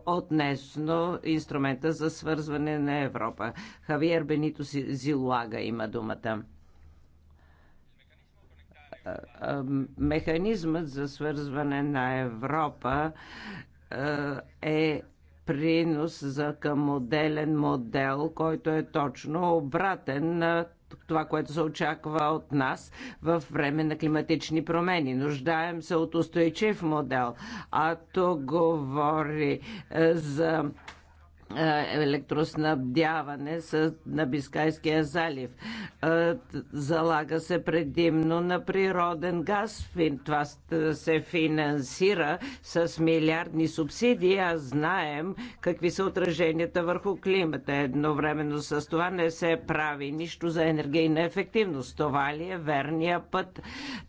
Отнесно инструмента за свързване на Европа. Хавиер Бенито Зилуага има думата механизмът за свързване на Европа е принос за към моделен модел, който е точно обратен на това, което се очаква от нас в време на климатични промени. Нуждаем се от устойчив модел. А то говори за е, електроснабдяване на Бискайския залив. Е, залага се предимно на природен газ. Това е, се финансира с милиардни субсидии, а знаем какви са отраженията върху климата. Едновременно с това не се прави нищо за енергийна ефективност. Това ли е верния път?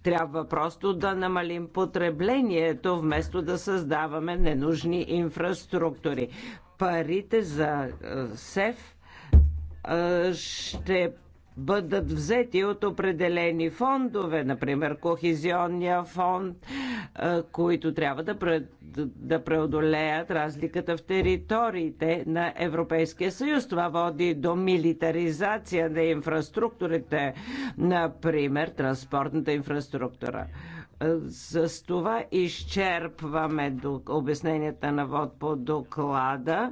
Трябва просто да намалим потреблението, вместо да създаваме ненужни инфраструктури парите за СЕФ ще бъдат взети от определени фондове, например Кохизионния фонд, които трябва да, да преодолеят разликата в териториите на Европейския съюз. Това води до милитаризация на инфраструктурите, например транспортната инфраструктура. С това изчерпваме обясненията на вод по доклада.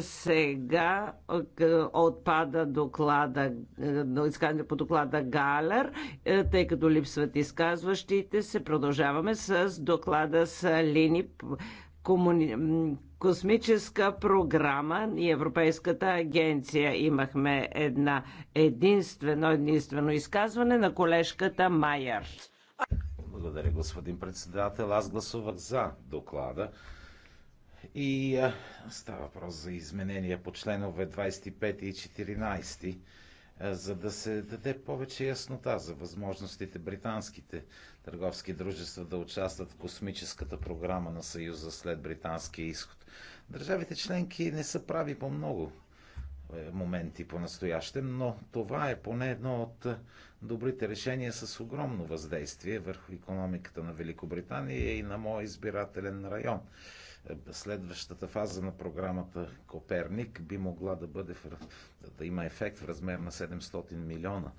Сега е, отпада доклада, е, изказване по доклада Галер, е, тъй като липсват изказващите се. Продължаваме с доклада Лини комуни... космическа програма и Европейската агенция. Имахме една единствено, единствено изказване на колежката Майер. Благодаря, господин председател. Аз гласувах за доклада. И а, става въпрос за изменения по членове 25 и 14, а, за да се даде повече яснота за възможностите британските търговски дружества да участват в космическата програма на Съюза след британския изход. Държавите членки не са прави по много е, моменти по-настоящем, но това е поне едно от е, добрите решения с огромно въздействие върху економиката на Великобритания и на моя избирателен район. Е, следващата фаза на програмата Коперник би могла да, бъде, да има ефект в размер на 700 милиона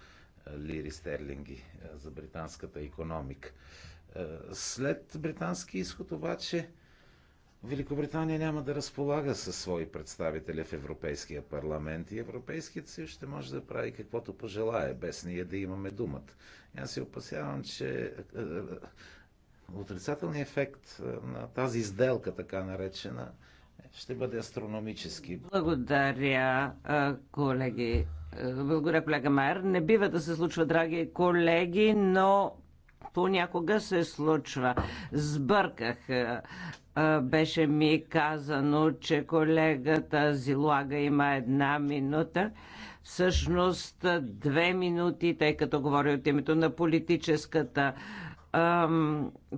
лири стерлинги за британската економика. След британски изход обаче Великобритания няма да разполага със свои представители в Европейския парламент и Европейският съюз ще може да прави каквото пожелае, без ние да имаме думата. Аз се опасявам, че е, е, отрицателният ефект е, на тази изделка, така наречена, ще бъде астрономически. Благодаря, колеги. Благодаря, колега Майер. Не бива да се случва, драги колеги, но понякога се случва. Сбърках. Е, е, беше ми казано, че колегата Зилага има една минута всъщност две минути, тъй като говори от името на политическата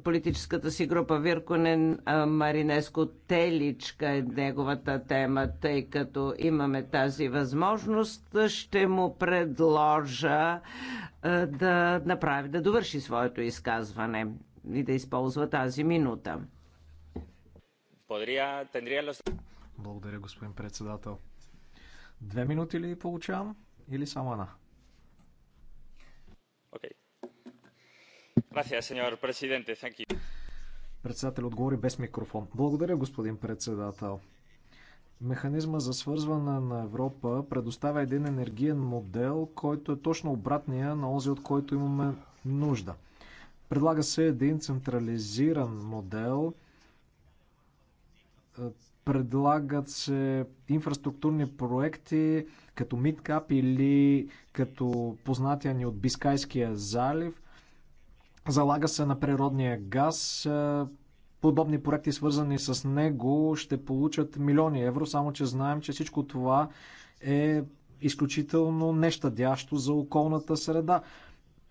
политическата си група Вирконен Маринеско Теличка е неговата тема, тъй като имаме тази възможност, ще му предложа да направи, да довърши своето изказване и да използва тази минута. Благодаря, господин председател. Две минути ли получавам или само една? Председател отговори без микрофон. Благодаря, господин председател. Механизма за свързване на Европа предоставя един енергиен модел, който е точно обратния на този, от който имаме нужда. Предлага се един централизиран модел. Предлагат се инфраструктурни проекти като Midcap или като познатия ни от Бискайския залив – залага се на природния газ. Е, подобни проекти, свързани с него, ще получат милиони евро, само че знаем, че всичко това е изключително нещадящо за околната среда.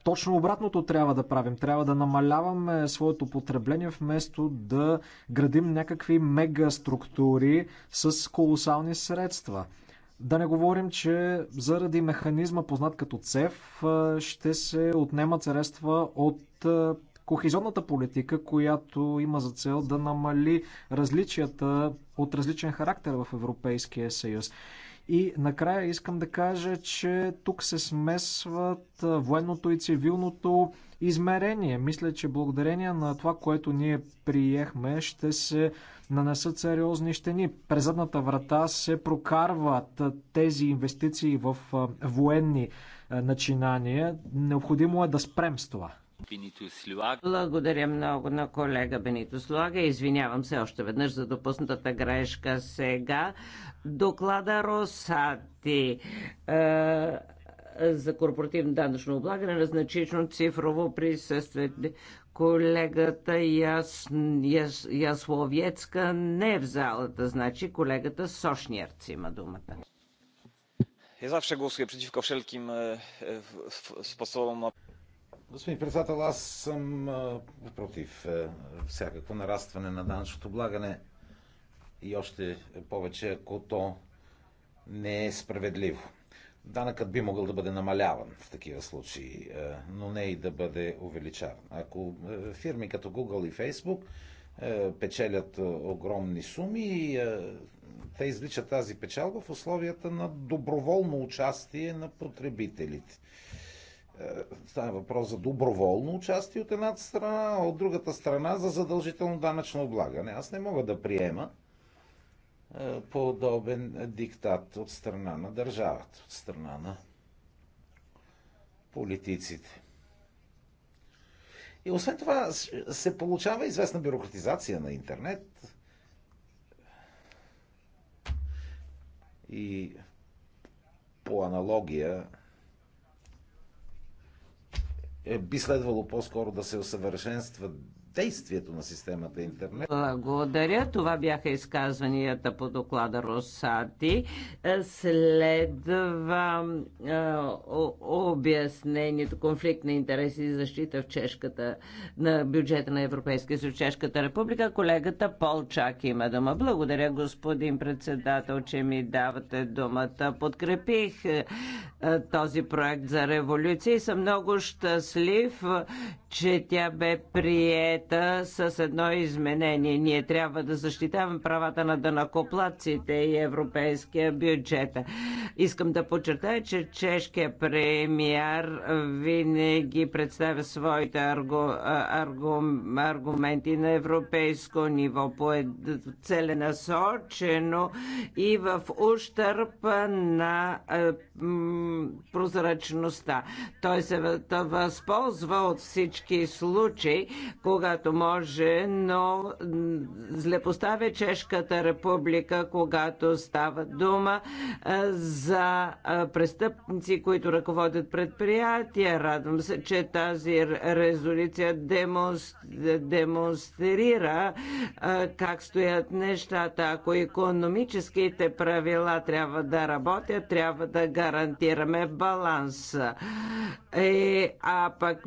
Точно обратното трябва да правим. Трябва да намаляваме своето потребление, вместо да градим някакви мегаструктури с колосални средства. Да не говорим, че заради механизма, познат като ЦЕФ, е, ще се отнемат средства от кохезионната политика, която има за цел да намали различията от различен характер в Европейския съюз. И накрая искам да кажа, че тук се смесват военното и цивилното измерение. Мисля, че благодарение на това, което ние приехме, ще се нанесат сериозни щени. През задната врата се прокарват тези инвестиции в военни начинания. Необходимо е да спрем с това. Благодаря много на колега Бенито Слуага. Извинявам се още веднъж за допуснатата грешка сега. Доклада Росати е, за корпоративно данъчно облагане на значично цифрово присъствие. Колегата Яс, Яс, Ясловецка не е в залата, значи колегата Сошнярц има думата. Я завше гласувам против всяким е, е, способом на. Господин председател, аз съм против всякакво нарастване на данъчното облагане и още повече, ако то не е справедливо. Данъкът би могъл да бъде намаляван в такива случаи, но не и да бъде увеличаван. Ако фирми като Google и Facebook печелят огромни суми, те изличат тази печалба в условията на доброволно участие на потребителите. Е, става въпрос за доброволно участие от едната страна, а от другата страна за задължително данъчно облагане. Аз не мога да приема е, подобен диктат от страна на държавата, от страна на политиците. И освен това се получава известна бюрократизация на интернет и по аналогия е, би следвало по-скоро да се усъвършенстват действието на системата интернет. Благодаря. Това бяха изказванията по доклада Росати. Е, следва е, обяснението конфликт на интереси и защита в чешката на бюджета на Европейския съюз Чешката република. Колегата Полчак има дума. Благодаря, господин председател, че ми давате думата. Подкрепих е, този проект за революция и съм много щастлив, че тя бе приета бюджета с едно изменение. Ние трябва да защитаваме правата на дънакоплаците и европейския бюджет. Искам да подчертая, че чешкият премиер винаги представя своите аргу, аргу, аргументи на европейско ниво по е целенасочено и в ущърп на прозрачността. Той се възползва от всички случаи, когато когато може, но злепоставя Чешката република, когато става дума за престъпници, които ръководят предприятия. Радвам се, че тази резолюция демонстрира как стоят нещата. Ако економическите правила трябва да работят, трябва да гарантираме баланс. Е, а пък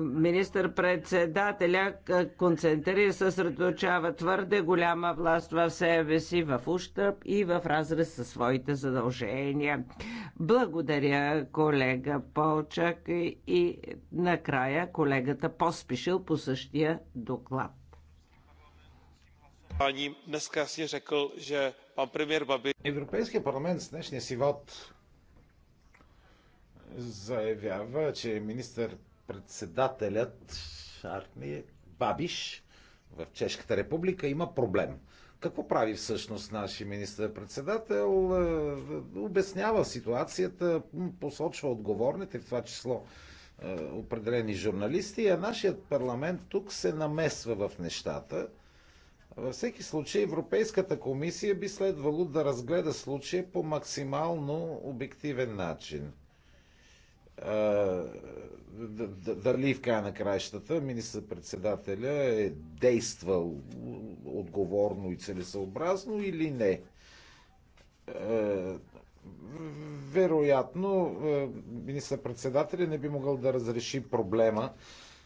министър-председателя определя, концентрира, съсредоточава твърде голяма власт в себе си, в ущърп и в разрез със своите задължения. Благодаря, колега Полчак и накрая колегата Поспишил по същия доклад. Европейския парламент с днешния си вод заявява, че министър председателят Армия Бабиш в Чешката република има проблем. Какво прави всъщност нашия министър-председател? Е, е, обяснява ситуацията, посочва отговорните, в това число е, определени журналисти, а нашият парламент тук се намесва в нещата. Във всеки случай Европейската комисия би следвало да разгледа случая по максимално обективен начин дали в края на краищата министър-председателя е действал отговорно и целесъобразно или не. Вероятно, министър-председателя не би могъл да разреши проблема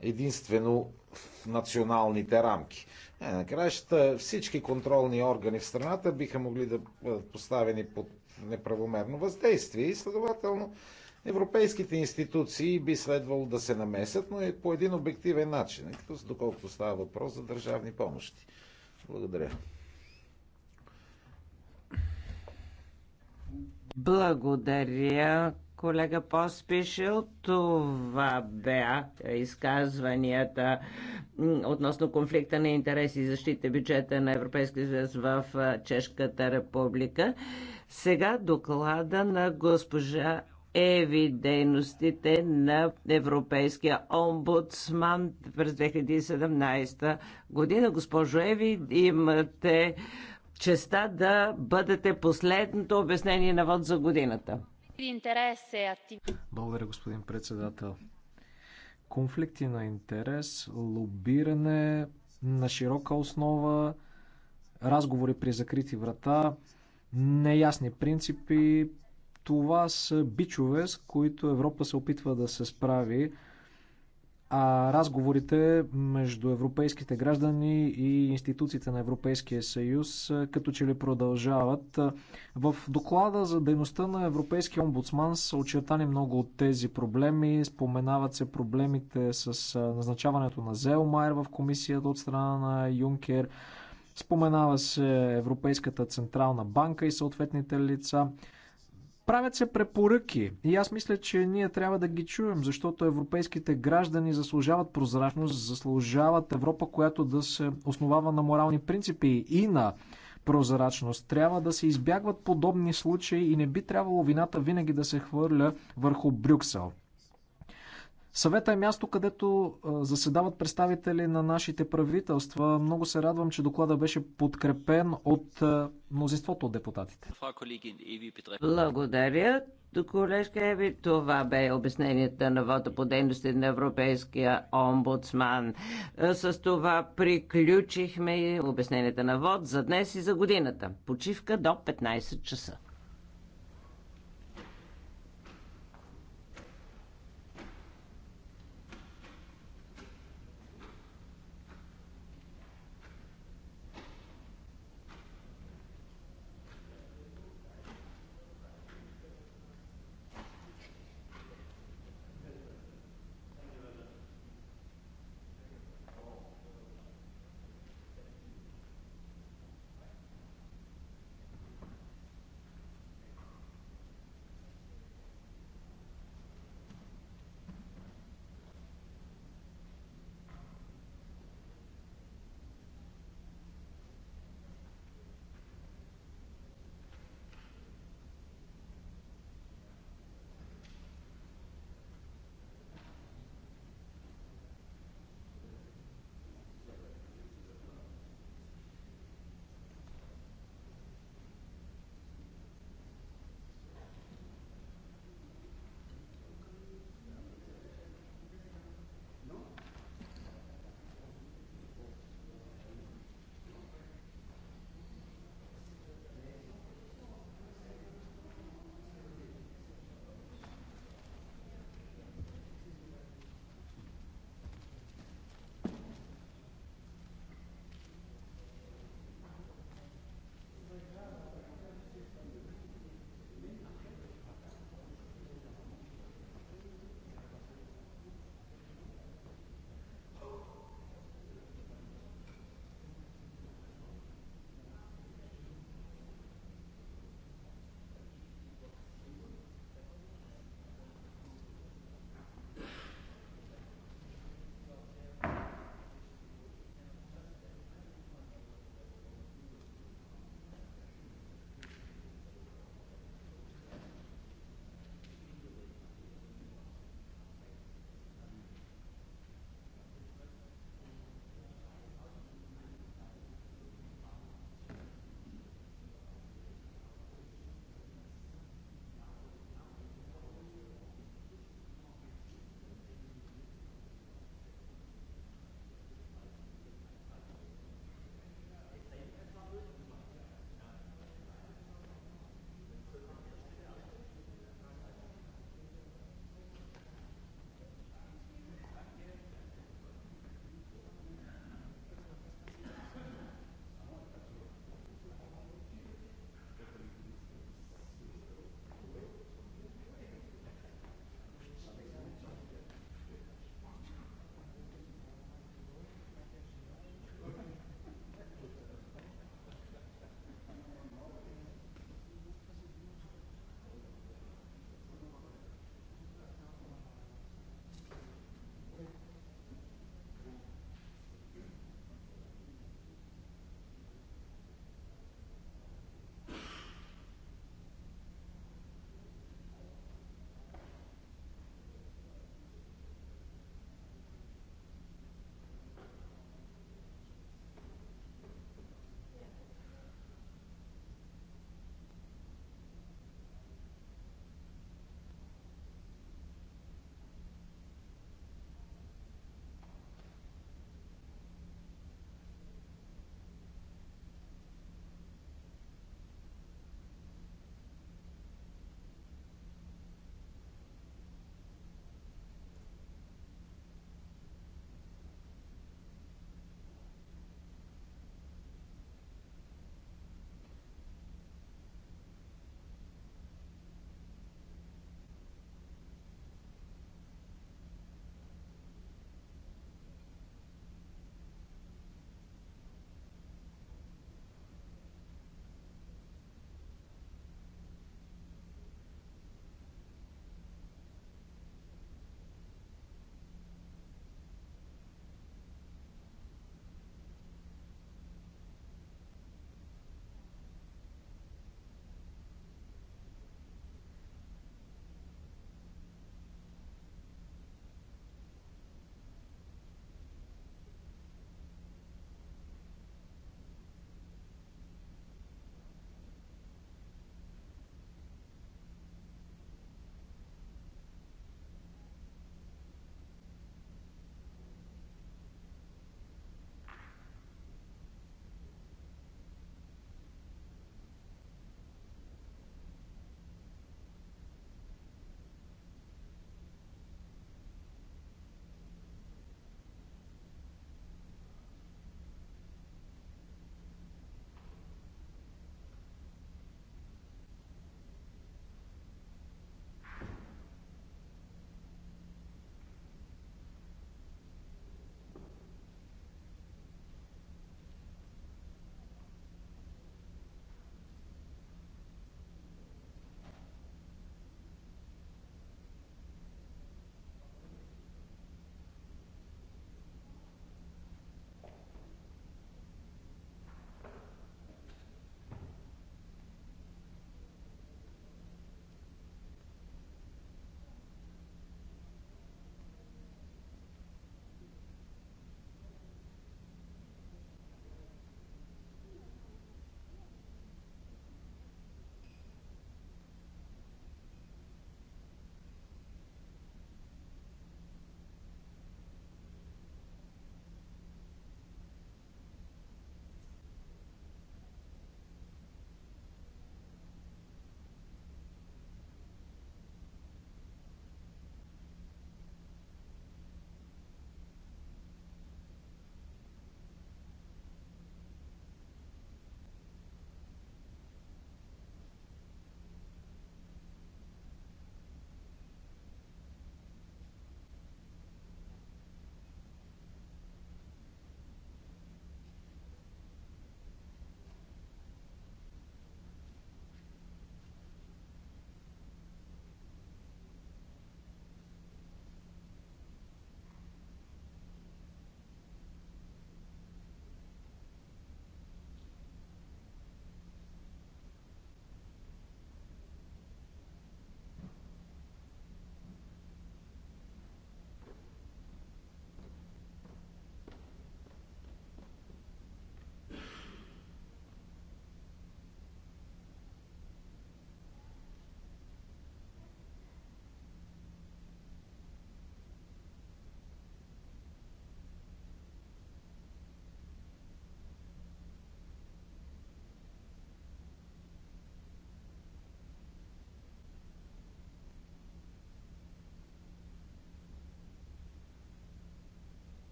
единствено в националните рамки. Е, накрая всички контролни органи в страната биха могли да бъдат поставени под неправомерно въздействие и следователно Европейските институции би следвало да се намесят, но и по един обективен начин, като доколкото става въпрос за държавни помощи. Благодаря. Благодаря, колега Поспешил. Това бяха изказванията относно конфликта на интереси и защита бюджета на Европейския съюз в Чешката република. Сега доклада на госпожа ЕВИ дейностите на Европейския омбудсман през 2017 година. Госпожо Еви, имате честа да бъдете последното обяснение на вод за годината. Е Благодаря, господин председател. Конфликти на интерес, лобиране на широка основа, разговори при закрити врата, неясни принципи, това са бичове, с които Европа се опитва да се справи, а разговорите между европейските граждани и институциите на Европейския съюз като че ли продължават. В доклада за дейността на Европейския омбудсман са очертани много от тези проблеми. Споменават се проблемите с назначаването на Зелмайер в комисията от страна на Юнкер. Споменава се Европейската централна банка и съответните лица. Правят се препоръки и аз мисля, че ние трябва да ги чуем, защото европейските граждани заслужават прозрачност, заслужават Европа, която да се основава на морални принципи и на прозрачност. Трябва да се избягват подобни случаи и не би трябвало вината винаги да се хвърля върху Брюксел. Съвета е място, където заседават представители на нашите правителства. Много се радвам, че доклада беше подкрепен от мнозинството от депутатите. Благодаря. До колежка Еви, това бе обясненията на вода по дейности на Европейския омбудсман. С това приключихме обясненията на вод за днес и за годината. Почивка до 15 часа.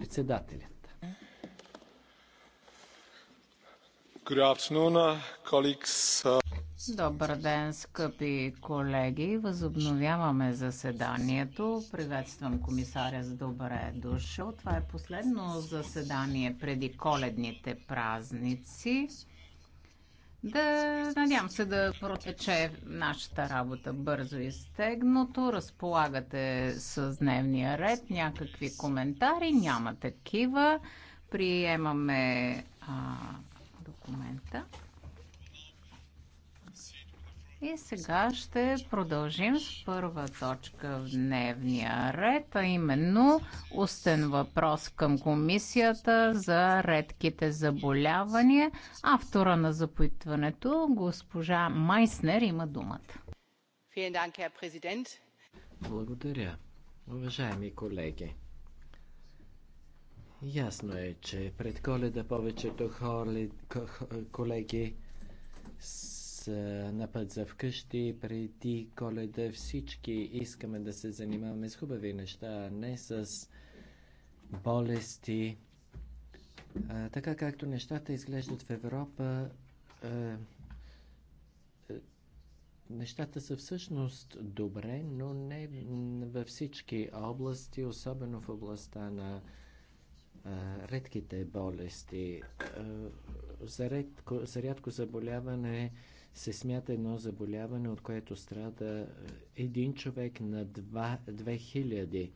Председателят. Uh, uh, Добър ден, скъпи колеги. Възобновяваме заседанието. Приветствам комисаря с добре дошъл. Това е последно заседание преди коледните празници. Да, надявам се да протече нашата работа бързо и стегнато. Разполагате с дневния ред някакви коментари. Няма такива. Приемаме а, документа. И сега ще продължим с първа точка в дневния ред, а именно устен въпрос към комисията за редките заболявания. Автора на запитването, госпожа Майснер, има думата. Благодаря, уважаеми колеги. Ясно е, че пред коледа повечето хора, колеги, е, на път за вкъщи преди коледа. Всички искаме да се занимаваме с хубави неща, а не с болести. А, е, така както нещата изглеждат в Европа, а, е, нещата са всъщност добре, но не във всички области, особено в областта на а, редките болести. А, за, редко, за рядко заболяване се смята едно заболяване, от което страда е, един човек на 2000.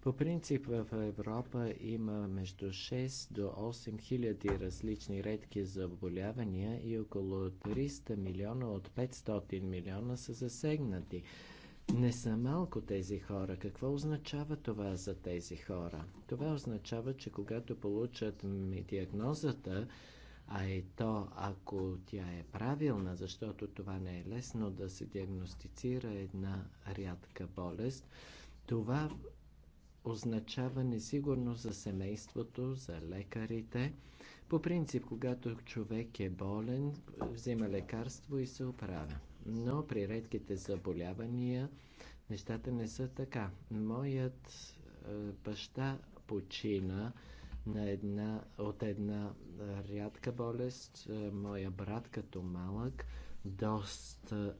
По принцип в Европа има между 6 до 8 хиляди различни редки заболявания и около 300 милиона от 500 милиона са засегнати. Не са малко тези хора. Какво означава това за тези хора? Това означава, че когато получат диагнозата, а и то, ако тя е правилна, защото това не е лесно да се диагностицира една рядка болест, това означава несигурност за семейството, за лекарите. По принцип, когато човек е болен, взема лекарство и се оправя. Но при редките заболявания нещата не са така. Моят е, баща почина на една, от една рядка болест. Е, моя брат като малък, доста,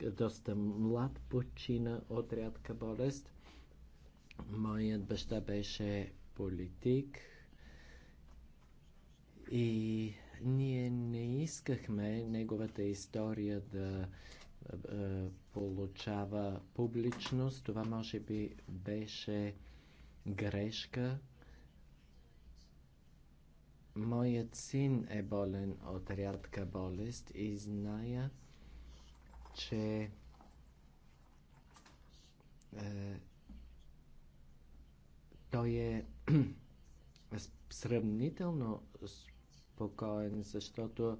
е, доста млад почина от рядка болест. Моят баща беше политик и ние не искахме неговата история да е, получава публичност. Това може би беше грешка. Моят син е болен от рядка болест и зная, че е, той е сравнително спокоен, защото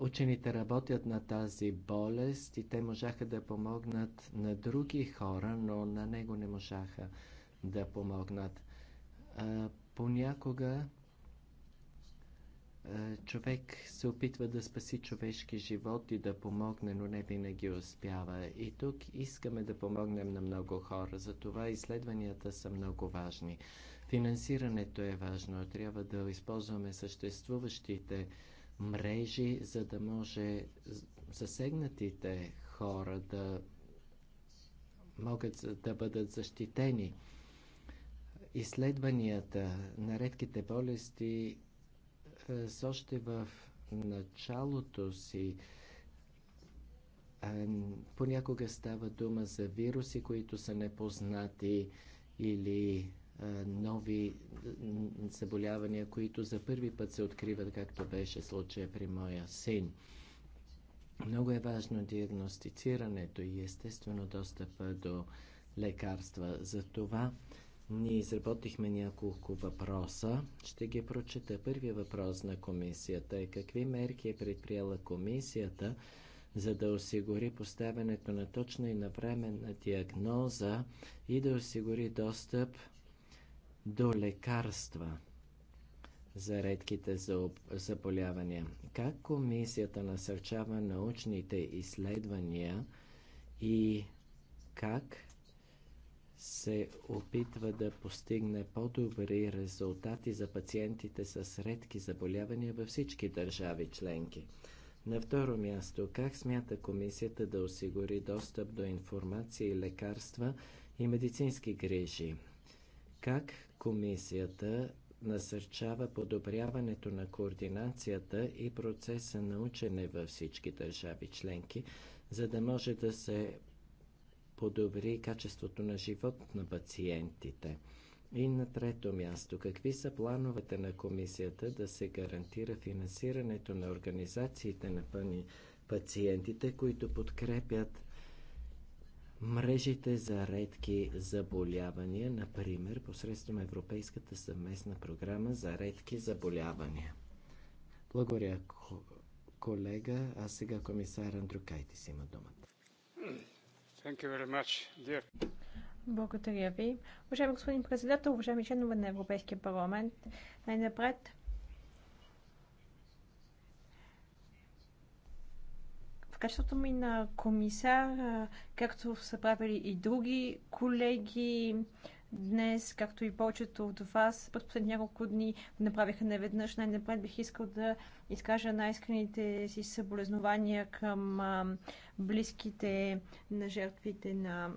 учените работят на тази болест и те можаха да помогнат на други хора, но на него не можаха да помогнат. Понякога е, човек се опитва да спаси човешки живот и да помогне, но не винаги успява. И тук искаме да помогнем на много хора. Затова изследванията са много важни. Финансирането е важно. Трябва да използваме съществуващите мрежи, за да може засегнатите хора да могат да бъдат защитени изследванията на редките болести е, с още в началото си е, понякога става дума за вируси, които са непознати или е, нови заболявания, които за първи път се откриват, както беше случая при моя син. Много е важно диагностицирането и естествено достъпа до лекарства. За това ние изработихме няколко въпроса. Ще ги прочета. Първият въпрос на комисията е какви мерки е предприела комисията, за да осигури поставянето на точна и навременна диагноза и да осигури достъп до лекарства за редките заболявания. Как комисията насърчава научните изследвания и как се опитва да постигне по-добри резултати за пациентите с редки заболявания във всички държави членки. На второ място, как смята комисията да осигури достъп до информация, и лекарства и медицински грижи? Как комисията насърчава подобряването на координацията и процеса на учене във всички държави членки, за да може да се подобри качеството на живот на пациентите? И на трето място, какви са плановете на комисията да се гарантира финансирането на организациите на пациентите, които подкрепят мрежите за редки заболявания, например посредством Европейската съвместна програма за редки заболявания? Благодаря, колега. А сега комисар Андрюкайтис има думата. Благодаря ви. Уважаеми господин председател, уважаеми членове на Европейския парламент, най-напред в качеството ми на комисар, както са правили и други колеги, днес, както и повечето от вас, през последните няколко дни направиха неведнъж. Най-напред бих искал да изкажа най-искрените си съболезнования към близките на жертвите на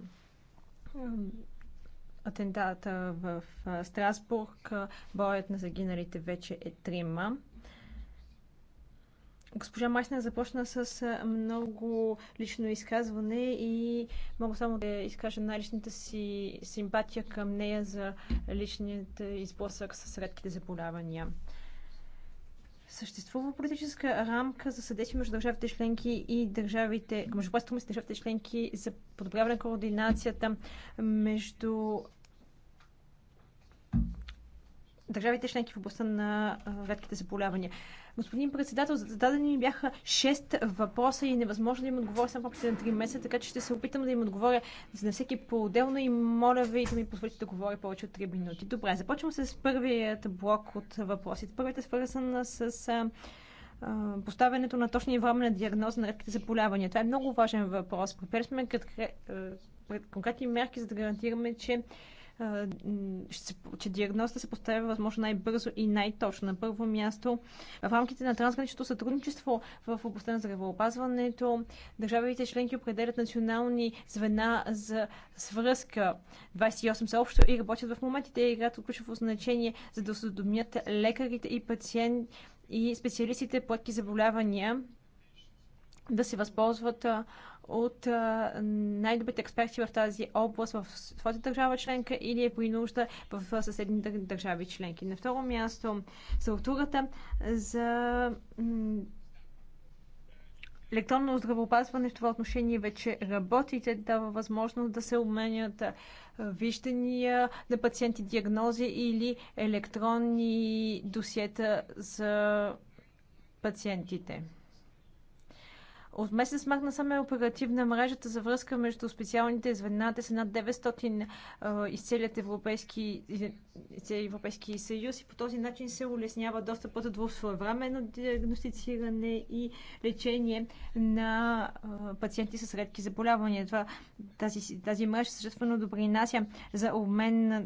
атентата в Страсбург. боят на загиналите вече е трима. Госпожа Майсна започна с много лично изказване и мога само да изкажа най-личната си симпатия към нея за личният изблъсък с редките заболявания. Съществува политическа рамка за съдействие между държавите членки и държавите, между властта му държавите членки за подобряване на координацията между държавите членки в областта на редките заболявания. Господин председател, зададени ми бяха 6 въпроса и невъзможно да им отговоря само в на 3 месеца, така че ще се опитам да им отговоря за всеки по-отделно и моля ви да ми позволите да говоря повече от 3 минути. Добре, започвам с първият блок от въпросите. Първият е свързан с поставянето на точния време на диагноза на редките заболявания. Това е много важен въпрос. Припели сме конкретни мерки, за да гарантираме, че че диагнозата се поставя възможно най-бързо и най-точно. На първо място, в рамките на трансграничното сътрудничество в областта на здравеопазването, държавите членки определят национални звена за свръзка. 28 са общо и работят в момента. Те играят от ключово значение, за да осведомят лекарите и пациент и специалистите по заболявания да се възползват от най-добрите експерти в тази област в своята държава членка или е при нужда в съседните държави членки. На второ място структурата за електронно здравеопазване в това отношение вече работите, дава възможност да се обменят виждания на пациенти, диагнози или електронни досиета за пациентите. От месец март насам е оперативна мрежата за връзка между специалните звена. Те са над 900 из целият Европейски, целият Европейски съюз и по този начин се улеснява достъпът до своевременно диагностициране и лечение на пациенти с редки заболявания. Това, тази, тази мрежа съществено допринася за обмен на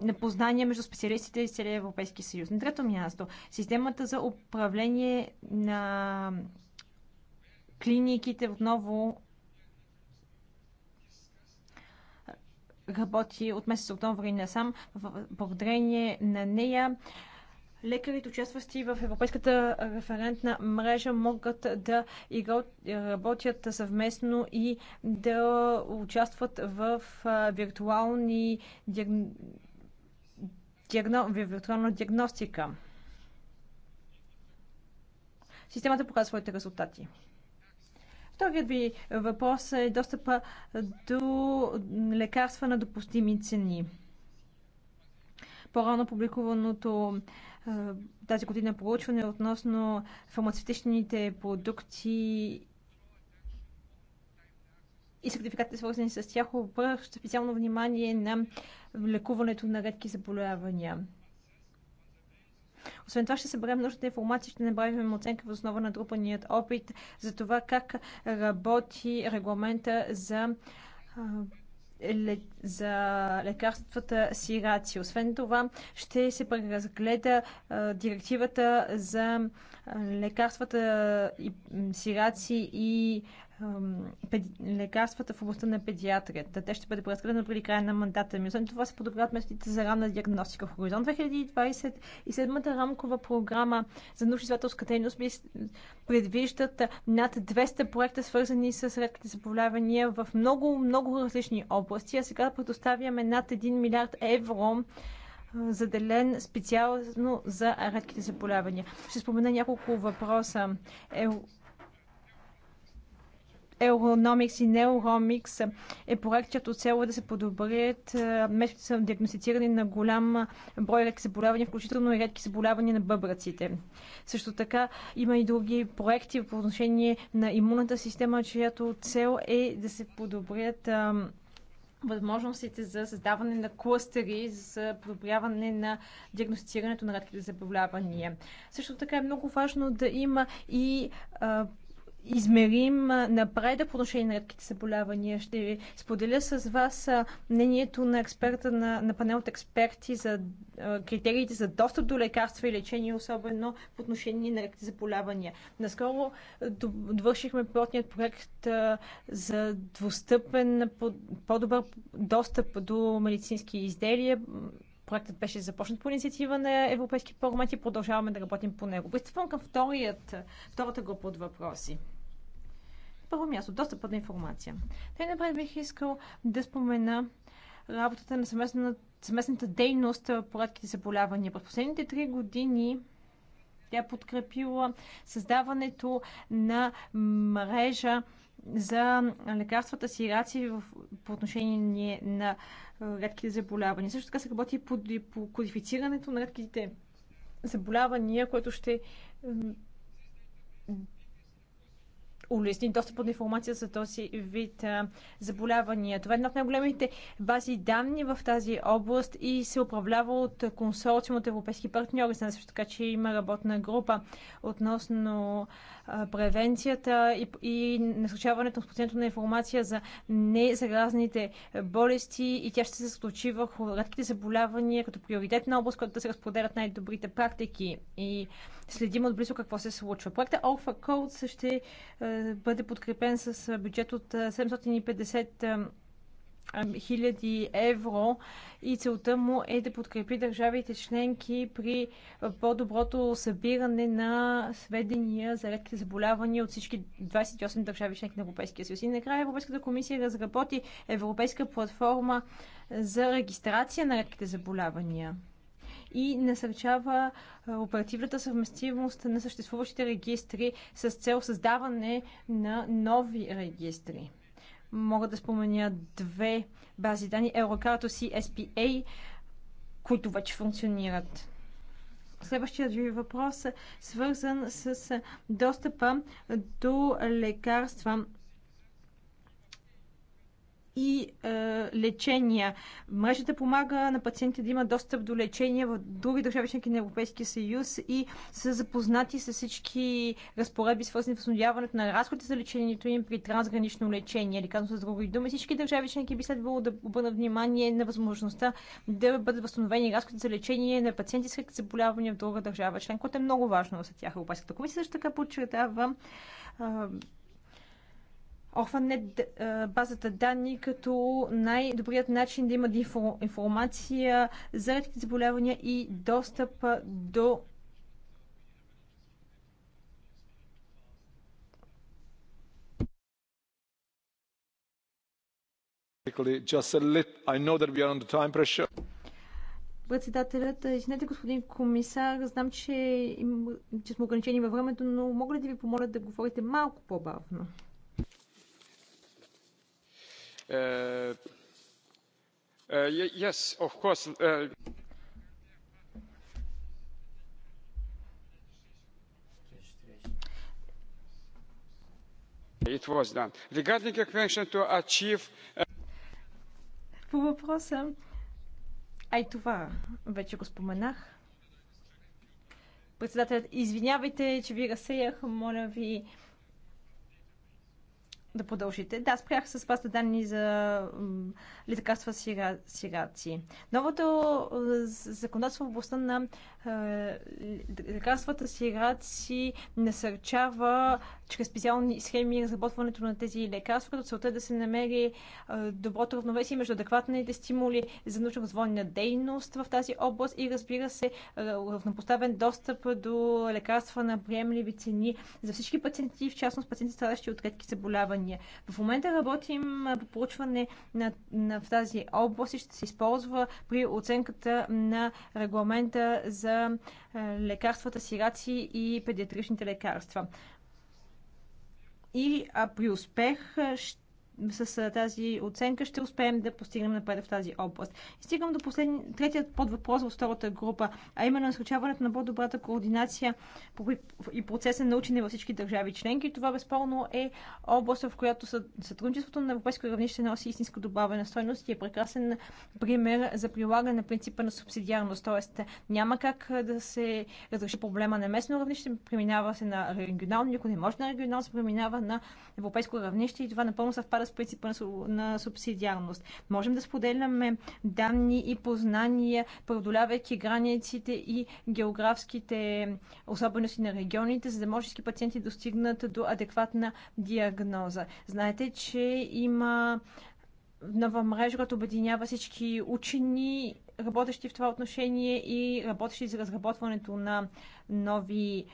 на познания между специалистите из целия Европейски съюз. На трето място, системата за управление на клиниките отново работи от месец октомври насам, благодарение на нея. Лекарите, участващи в Европейската референтна мрежа, могат да работят съвместно и да участват в виртуални диагно... Диагно... виртуална диагностика. Системата показва своите резултати. Вторият ви въпрос е достъпа до лекарства на допустими цени. По-рано публикуваното тази година проучване относно фармацевтичните продукти и сертификатите, свързани с тях, обръща специално внимание на лекуването на редки заболявания. Освен това ще съберем нужната информация, ще направим оценка в основа на трупаният опит за това как работи регламента за за лекарствата сираци. Освен това, ще се преразгледа директивата за лекарствата и сираци и лекарствата в областта на педиатрията. Те ще бъде преразгледани преди края на мандата ми. Освен това се подобряват методите за ранна диагностика в Хоризонт 2020 и седмата рамкова програма за научно-изследователска дейност предвиждат над 200 проекта, свързани с редките заболявания в много, много различни области. А сега предоставяме над 1 милиард евро заделен специално за редките заболявания. Ще спомена няколко въпроса. Euronomics и Неуромикс е проект, чиято цел е да се подобрят методите за диагностициране на голям брой редки заболявания, включително и редки заболявания на бъбраците. Също така има и други проекти по отношение на имунната система, чиято цел е да се подобрят възможностите за създаване на клъстери за подобряване на диагностицирането на редките заболявания. Също така е много важно да има и измерим напреда по отношение на редките заболявания. Ще споделя с вас мнението на експерта на, на панел от експерти за критериите за достъп до лекарства и лечение, особено по отношение на редките заболявания. Наскоро довършихме пилотният проект за двустъпен, по-добър достъп до медицински изделия Проектът беше започнат по инициатива на Европейски парламент и продължаваме да работим по него. Пристъпвам към вторият, втората група от въпроси. Първо място, достъпът на информация. Тъй напред бих искал да спомена работата на съместната, съместната дейност по редките заболявания. През последните три години тя е подкрепила създаването на мрежа за лекарствата си раци в, по отношение на редките заболявания. Също така се работи по, по кодифицирането на редките заболявания, което ще улесни достъп от информация за този вид заболявания. Това е една от най-големите бази данни в тази област и се управлява от консорциум от европейски партньори. Знаете също така, че има работна група относно превенцията и, и насочаването на разпространението на информация за незаразните болести и тя ще се случи върху редките заболявания като приоритетна област, която да се разпределят най-добрите практики. И следим отблизо какво се случва. Проектът Alpha Code ще е, бъде подкрепен с е, бюджет от 750 е, хиляди евро и целта му е да подкрепи държавите членки при по-доброто събиране на сведения за редките заболявания от всички 28 държави членки на Европейския съюз. И накрая Европейската комисия разработи европейска платформа за регистрация на редките заболявания и насърчава оперативната съвместимост на съществуващите регистри с цел създаване на нови регистри. Мога да споменя две бази данни, Eurocartos и SPA, които вече функционират. Следващият ви въпрос е свързан с достъпа до лекарства и е, лечения. Мрежата помага на пациентите да имат достъп до лечение в други държави, членки на Европейския съюз и са запознати с всички разпоредби, свързани с възстановяването на разходите за лечението им при трансгранично лечение. Или казано с други думи, всички държави членки би следвало да обърнат внимание на възможността да бъдат възстановени разходите за лечение на пациенти с заболявания в друга държава член, което е много важно за тях. Европейската комисия също така подчертава Орфанет базата данни като най-добрият начин да има информация за редките заболявания и достъп до Председателят, извинете, господин комисар, знам, че, че сме ограничени във времето, но мога ли да ви помоля да говорите малко по-бавно? Regarding your question to achieve... По въпроса, ай това вече го споменах. Председателят, извинявайте, че ви разсеях, моля ви, да продължите. Да, спрях с паста данни за лекарства сира, сираци. Новото законодателство в областта на лекарствата сираци насърчава чрез специални схеми разработването на тези лекарства, като целта е да се намери доброто равновесие между адекватните стимули за научно-развойна дейност в тази област и разбира се равнопоставен достъп до лекарства на приемливи цени за всички пациенти, в частност пациенти страдащи от редки заболявания. В момента работим по проучване на, на, в тази област и ще се използва при оценката на регламента за лекарствата сираци и педиатричните лекарства и а, при успех ще с тази оценка ще успеем да постигнем напред в тази област. И стигам до последни, третият подвъпрос в втората група, а именно насочаването на по-добрата координация и процеса на учене във всички държави членки. Това безспорно е област, в която сътрудничеството на европейско равнище носи истинска добавена стойност и е прекрасен пример за прилагане на принципа на субсидиарност. Тоест няма как да се разреши проблема на местно равнище, преминава се на регионално, никой не може на регионално, се преминава на европейско равнище и това напълно съвпада с принципа на субсидиарност. Можем да споделяме данни и познания, преодолявайки границите и географските особености на регионите, за да може всички пациенти достигнат до адекватна диагноза. Знаете, че има нова мрежа, която обединява всички учени, работещи в това отношение и работещи за разработването на нови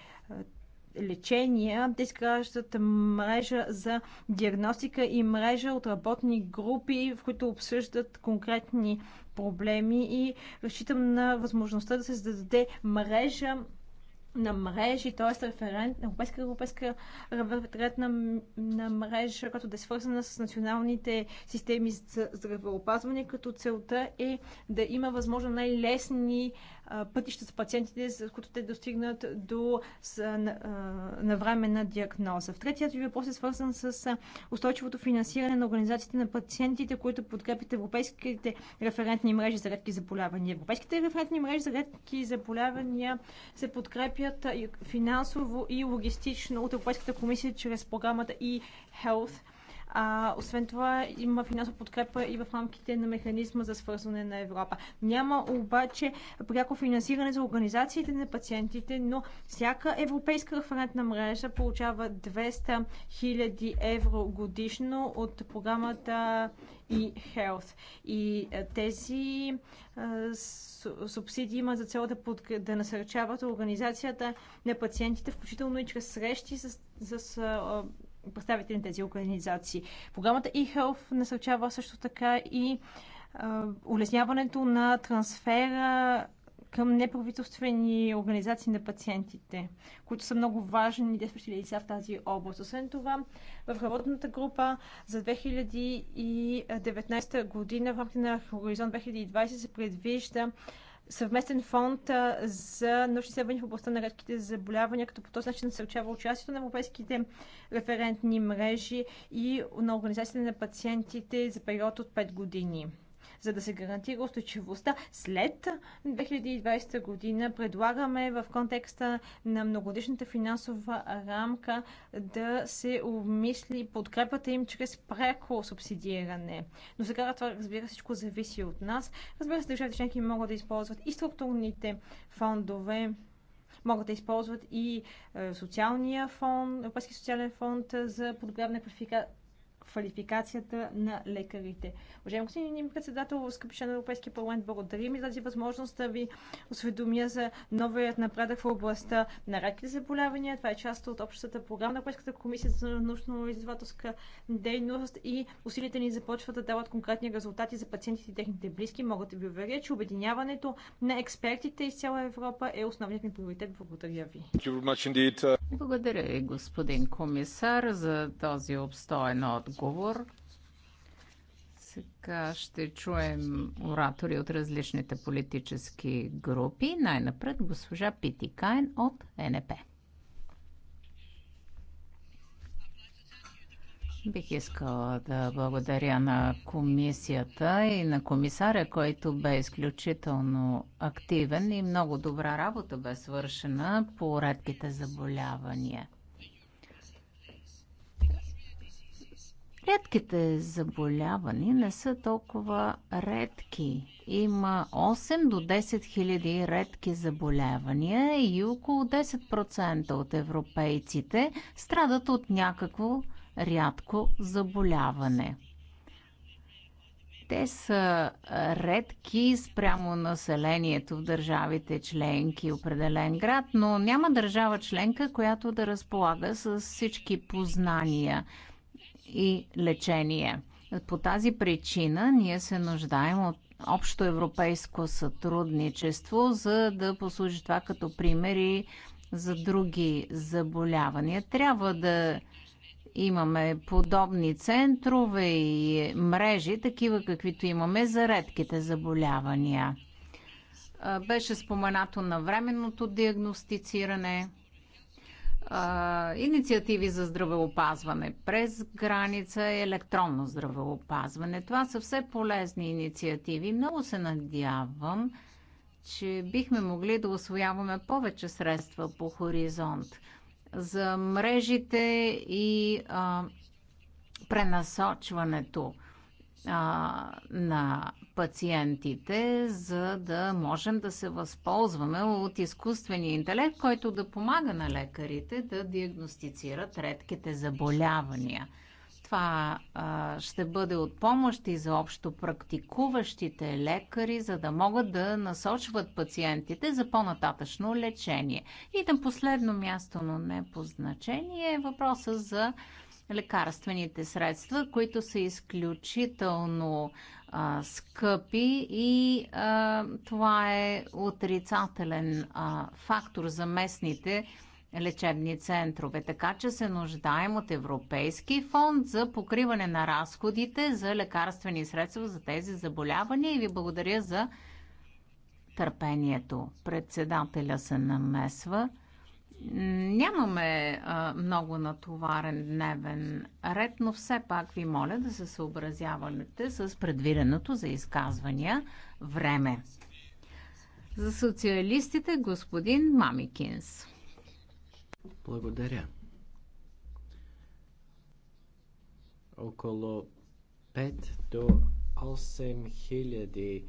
лечения. Те изграждат мрежа за диагностика и мрежа от работни групи, в които обсъждат конкретни проблеми и разчитам на възможността да се зададе мрежа на мрежи, т.е. референт, европейска, европейска референтна на мрежа, която да е свързана с националните системи за здравеопазване, като целта е да има възможно най-лесни пътища за пациентите, за които те достигнат до навременна диагноза. В третият ви въпрос е свързан с устойчивото финансиране на организациите на пациентите, които подкрепят европейските референтни мрежи за редки заболявания. Европейските референтни мрежи за редки заболявания се подкрепят финансово и логистично от Европейската комисия чрез програмата e-Health а, освен това има финансова подкрепа и в рамките на механизма за свързване на Европа. Няма обаче пряко финансиране за организациите на пациентите, но всяка европейска референтна мрежа получава 200 000 евро годишно от програмата и Health. Е, и тези а, е, субсидии има за цел да, под, да насърчават организацията на пациентите, включително и чрез срещи с, с а, е, представители на тези организации. Програмата eHealth насърчава също така и улесняването на трансфера към неправителствени организации на пациентите, които са много важни действащи лица в тази област. Освен това, в работната група за 2019 година в рамките на Хоризонт 2020 се предвижда съвместен фонд за научни изследвания в областта на редките заболявания, като по този начин насърчава участието на европейските референтни мрежи и на организациите на пациентите за период от 5 години за да се гарантира устойчивостта след 2020 година. Предлагаме в контекста на многодишната финансова рамка да се обмисли подкрепата им чрез преко субсидиране. Но сега това, разбира, всичко зависи от нас. Разбира се, държавите членки могат да използват и структурните фондове, могат да използват и е, социалния фонд, Европейски социален фонд за подобряване квалификация квалификацията на лекарите. Уважаеми господин председател, скъпи на Европейския парламент, благодаря ми за тази възможност да ви осведомя за новият напредък в областта на раките заболявания. Това е част от общата програма на Европейската комисия за научно-изследователска дейност и усилите ни започват да дават конкретни резултати за пациентите и техните близки. Могат да ви уверя, че обединяването на експертите из цяла Европа е основният ни приоритет. Благодаря ви. Uh, благодаря, господин комисар, за този обстоен отговор отговор. Сега ще чуем оратори от различните политически групи. Най-напред госпожа Пити Кайн от НП. Бих искала да благодаря на комисията и на комисаря, който бе изключително активен и много добра работа бе свършена по редките заболявания. Редките заболявания не са толкова редки. Има 8 до 10 хиляди редки заболявания и около 10% от европейците страдат от някакво рядко заболяване. Те са редки спрямо населението в държавите членки, определен град, но няма държава членка, която да разполага с всички познания – и лечение. По тази причина ние се нуждаем от общо европейско сътрудничество, за да послужи това като примери за други заболявания. Трябва да имаме подобни центрове и мрежи, такива каквито имаме за редките заболявания. Беше споменато на временното диагностициране а, инициативи за здравеопазване през граница и електронно здравеопазване. Това са все полезни инициативи. Много се надявам, че бихме могли да освояваме повече средства по хоризонт за мрежите и а, пренасочването а, на пациентите, за да можем да се възползваме от изкуствения интелект, който да помага на лекарите да диагностицират редките заболявания. Това а, ще бъде от помощ и за общо практикуващите лекари, за да могат да насочват пациентите за по-нататъчно лечение. И на последно място, но не по значение, е въпроса за лекарствените средства, които са изключително а, скъпи и а, това е отрицателен а, фактор за местните лечебни центрове. Така че се нуждаем от Европейски фонд за покриване на разходите за лекарствени средства за тези заболявания и ви благодаря за търпението. Председателя се намесва. Нямаме а, много натоварен дневен ред, но все пак ви моля да се съобразявате с предвиденото за изказвания време. За социалистите господин Мамикинс. Благодаря. Около 5 до 8 хиляди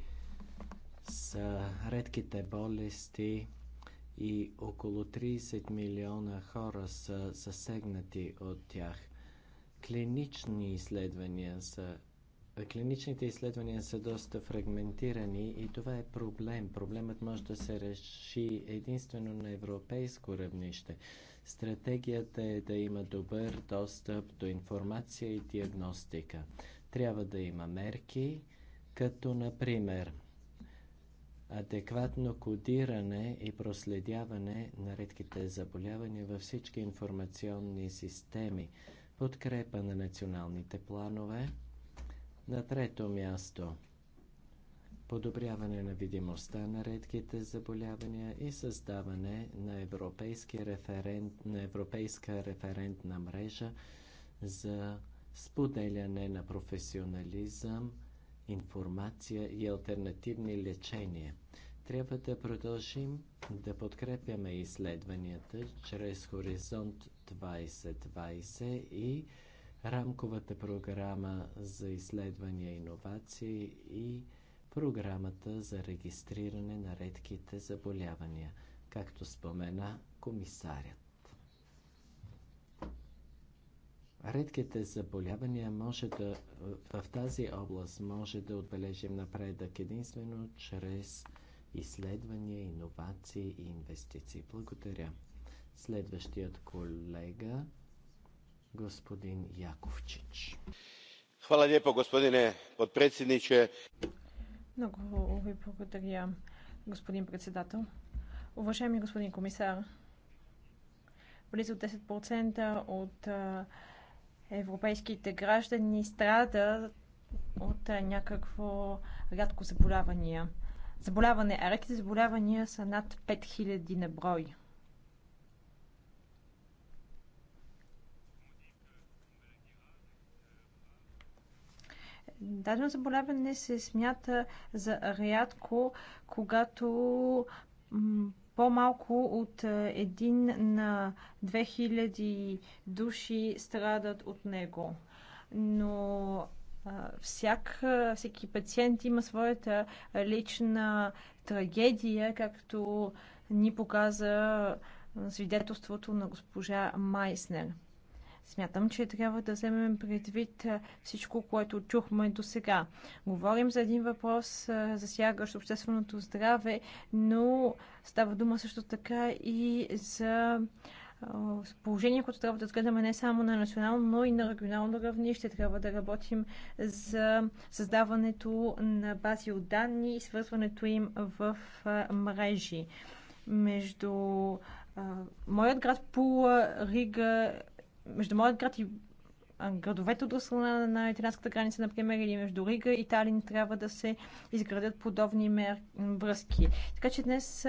са редките болести – и около 30 милиона хора са засегнати от тях. Клинични изследвания са Клиничните изследвания са доста фрагментирани и това е проблем. Проблемът може да се реши единствено на европейско равнище. Стратегията е да има добър достъп до информация и диагностика. Трябва да има мерки, като например адекватно кодиране и проследяване на редките заболявания във всички информационни системи, подкрепа на националните планове. На трето място подобряване на видимостта на редките заболявания и създаване на, европейски референт, на европейска референтна мрежа за споделяне на професионализъм, информация и альтернативни лечения. Трябва да продължим да подкрепяме изследванията чрез Хоризонт 2020 и рамковата програма за изследвания и иновации и програмата за регистриране на редките заболявания, както спомена комисарят. редките заболявания може да, в тази област може да отбележим напредък единствено чрез изследвания, иновации и инвестиции. Благодаря. Следващият колега, господин Яковчич. Хвала лепо, господине подпредседниче. Много ви благодаря, господин председател. Уважаеми господин комисар, близо 10% от европейските граждани страдат от някакво рядко заболявания. Заболяване, а редките заболявания са над 5000 на брой. Дадено заболяване се смята за рядко, когато по-малко от е, един на 2000 души страдат от него. Но всяк, всеки пациент има своята лична трагедия, както ни показа свидетелството на госпожа Майснер. Смятам, че трябва да вземем предвид всичко, което чухме до сега. Говорим за един въпрос, засягащ общественото здраве, но става дума също така и за положение, което трябва да отгледаме не само на национално, но и на регионално равнище. Трябва да работим за създаването на бази от данни и свързването им в мрежи. Между моят град Пула, Рига, между моят град и градовете от страна на италианската граница, например, или между Рига и Талин, трябва да се изградят подобни мер... връзки. Така че днес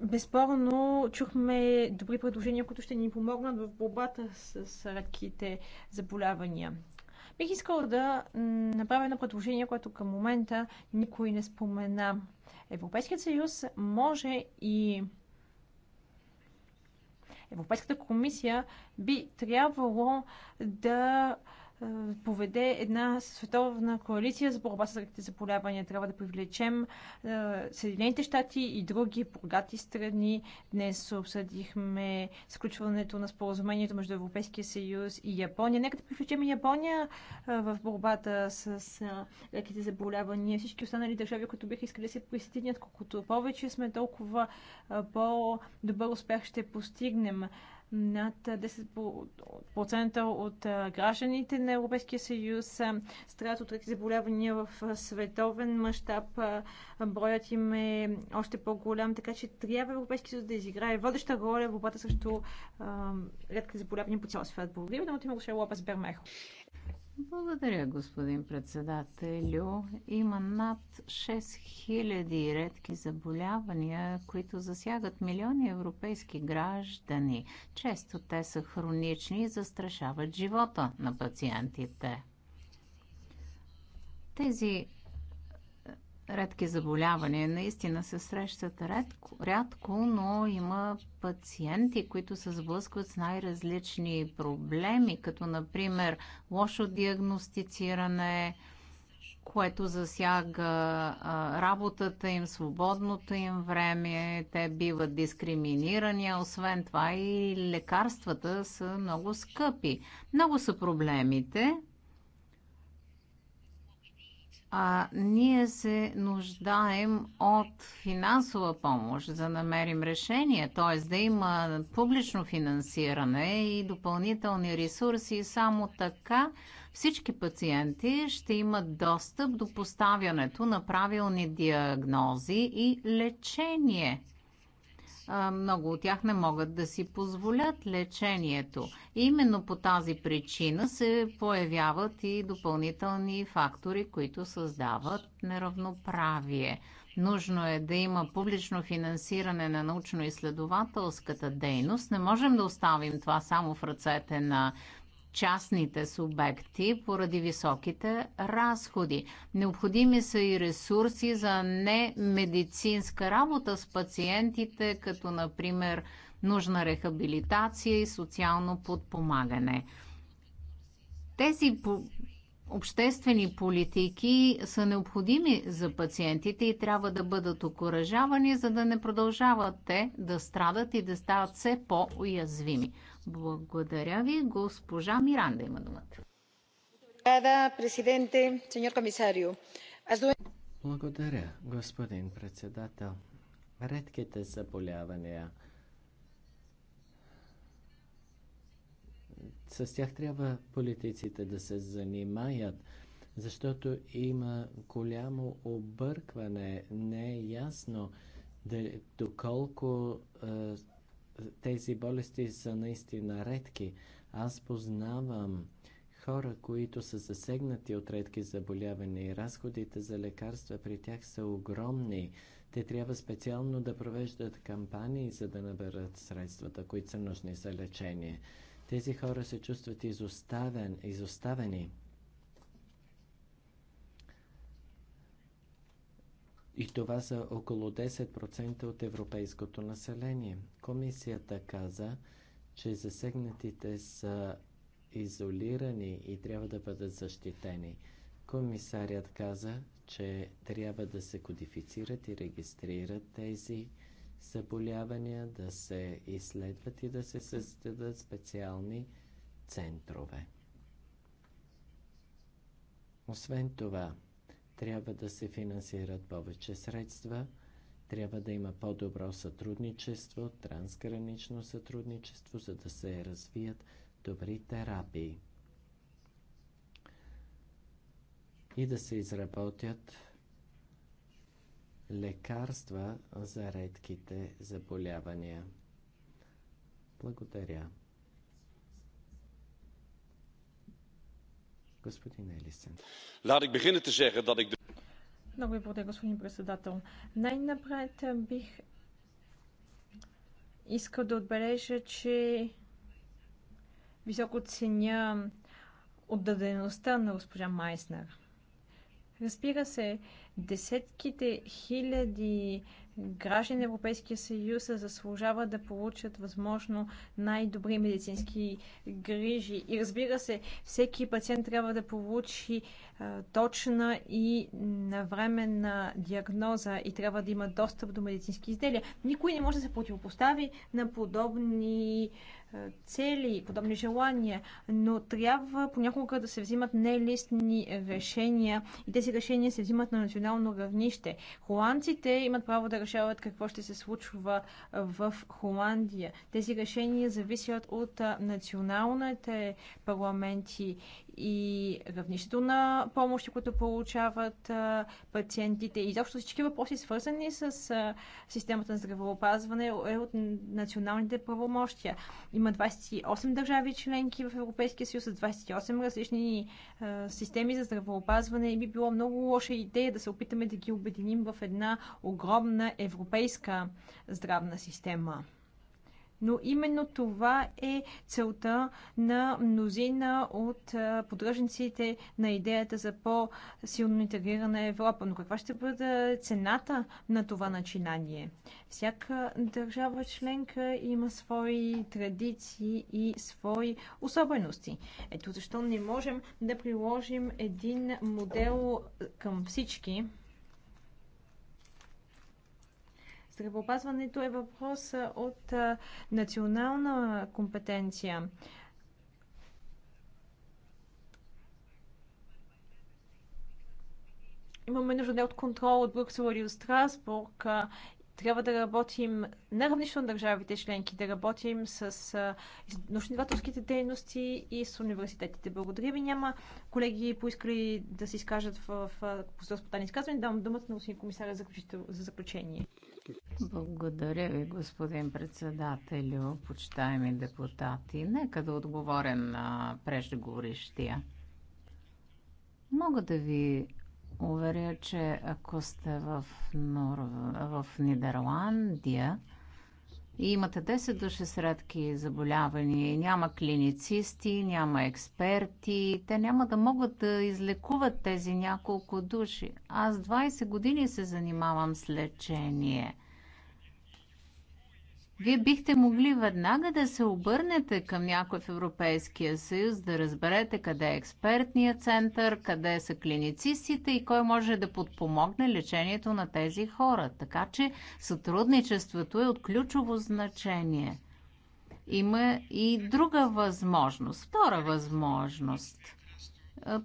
безспорно чухме добри предложения, които ще ни помогнат в борбата с, с редките заболявания. Бих искала да направя едно предложение, което към момента никой не спомена. Европейският съюз може и Европейската комисия би трябвало да поведе една световна коалиция за борба с ръките заболявания. Трябва да привлечем е, Съединените щати и други богати страни. Днес обсъдихме сключването на споразумението между Европейския съюз и Япония. Нека да привлечем и Япония е, в борбата с ръките е, заболявания. Всички останали държави, които биха искали да се присъединят, колкото повече сме, толкова по-добър успех ще постигнем. Над 10% от гражданите на Европейския съюз страдат от ръки заболявания в световен мащаб. Броят им е още по-голям, така че трябва Европейския съюз да изиграе водеща роля в борбата срещу редки заболявания по цял свят. Благодаря ви, да има Лопес Бермехо. Благодаря, господин председателю. Има над 6000 редки заболявания, които засягат милиони европейски граждани. Често те са хронични и застрашават живота на пациентите. Тези редки заболявания. Наистина се срещат редко, рядко, но има пациенти, които се сблъскват с най-различни проблеми, като например лошо диагностициране, което засяга а, работата им, свободното им време, те биват дискриминирани, а освен това и лекарствата са много скъпи. Много са проблемите а ние се нуждаем от финансова помощ, за да намерим решение, т.е. да има публично финансиране и допълнителни ресурси. Само така всички пациенти ще имат достъп до поставянето на правилни диагнози и лечение много от тях не могат да си позволят лечението. И именно по тази причина се появяват и допълнителни фактори, които създават неравноправие. Нужно е да има публично финансиране на научно-изследователската дейност. Не можем да оставим това само в ръцете на частните субекти поради високите разходи. Необходими са и ресурси за немедицинска работа с пациентите, като например нужна рехабилитация и социално подпомагане. Тези обществени политики са необходими за пациентите и трябва да бъдат окоръжавани, за да не продължават те да страдат и да стават все по-уязвими. Благодаря ви. Госпожа Миранда има думата. Благодаря, господин председател. Редките заболявания. С тях трябва политиците да се занимаят, защото има голямо объркване. Не е ясно доколко е, тези болести са наистина редки. Аз познавам хора, които са засегнати от редки заболявания и разходите за лекарства при тях са огромни. Те трябва специално да провеждат кампании, за да наберат средствата, които са нужни за лечение. Тези хора се чувстват изоставен, изоставени. И това са около 10% от европейското население. Комисията каза, че засегнатите са изолирани и трябва да бъдат защитени. Комисарят каза, че трябва да се кодифицират и регистрират тези заболявания, да се изследват и да се създадат специални центрове. Освен това, трябва да се финансират повече средства, трябва да има по-добро сътрудничество, трансгранично сътрудничество, за да се развият добри терапии и да се изработят лекарства за редките заболявания. Благодаря. Господин Елисен. Laat ik beginnen te zeggen dat ik... Много ви благодаря, господин председател. Най-напред бих искал да отбележа, че високо ценя отдадеността на госпожа Майснер. Разбира се, десетките хиляди граждани на Европейския съюз заслужават да получат възможно най-добри медицински грижи. И разбира се, всеки пациент трябва да получи е, точна и навременна диагноза и трябва да има достъп до медицински изделия. Никой не може да се противопостави на подобни е, цели, подобни желания, но трябва понякога да се взимат нелистни решения и тези решения се взимат на национално равнище. Холандците имат право да решават какво ще се случва в Холандия. Тези решения зависят от е, националните парламенти и равнището на помощи, които получават пациентите. И защо всички въпроси, свързани с системата на здравеопазване, е от националните правомощия. Има 28 държави членки в Европейския съюз с 28 различни системи за здравеопазване и би било много лоша идея да се опитаме да ги обединим в една огромна европейска здравна система. Но именно това е целта на мнозина от поддръжниците на идеята за по-силно интегрирана Европа. Но каква ще бъде цената на това начинание? Всяка държава членка има свои традиции и свои особености. Ето защо не можем да приложим един модел към всички, Здравеопазването е въпрос от национална компетенция. Имаме нужда не от контрол от Брюксел или от Страсбург трябва да работим на равнището на държавите членки, да работим с научно-изследователските дейности и с университетите. Благодаря ви. Няма колеги поискали да се изкажат в, в, в, в изказване. Давам думата на господин комисаря за, за заключение. Благодаря ви, господин председателю, почитаеми депутати. Нека да отговоря на преждеговорещия. Мога да ви уверя, че ако сте в, Нор... в Нидерландия, и имате 10 души с редки заболявания. Няма клиницисти, няма експерти. Те няма да могат да излекуват тези няколко души. Аз 20 години се занимавам с лечение – вие бихте могли веднага да се обърнете към някой в Европейския съюз, да разберете къде е експертният център, къде са клиницистите и кой може да подпомогне лечението на тези хора. Така че сътрудничеството е от ключово значение. Има и друга възможност, втора възможност –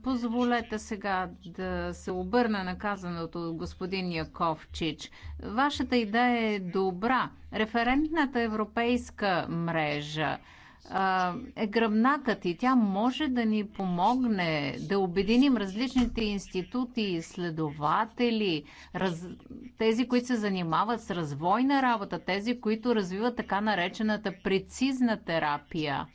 Позволете сега да се обърна на казаното от господин Яковчич. Вашата идея е добра. Референтната европейска мрежа е гръбнакът и тя може да ни помогне да обединим различните институти, изследователи, раз... тези, които се занимават с развойна работа, тези, които развиват така наречената прецизна терапия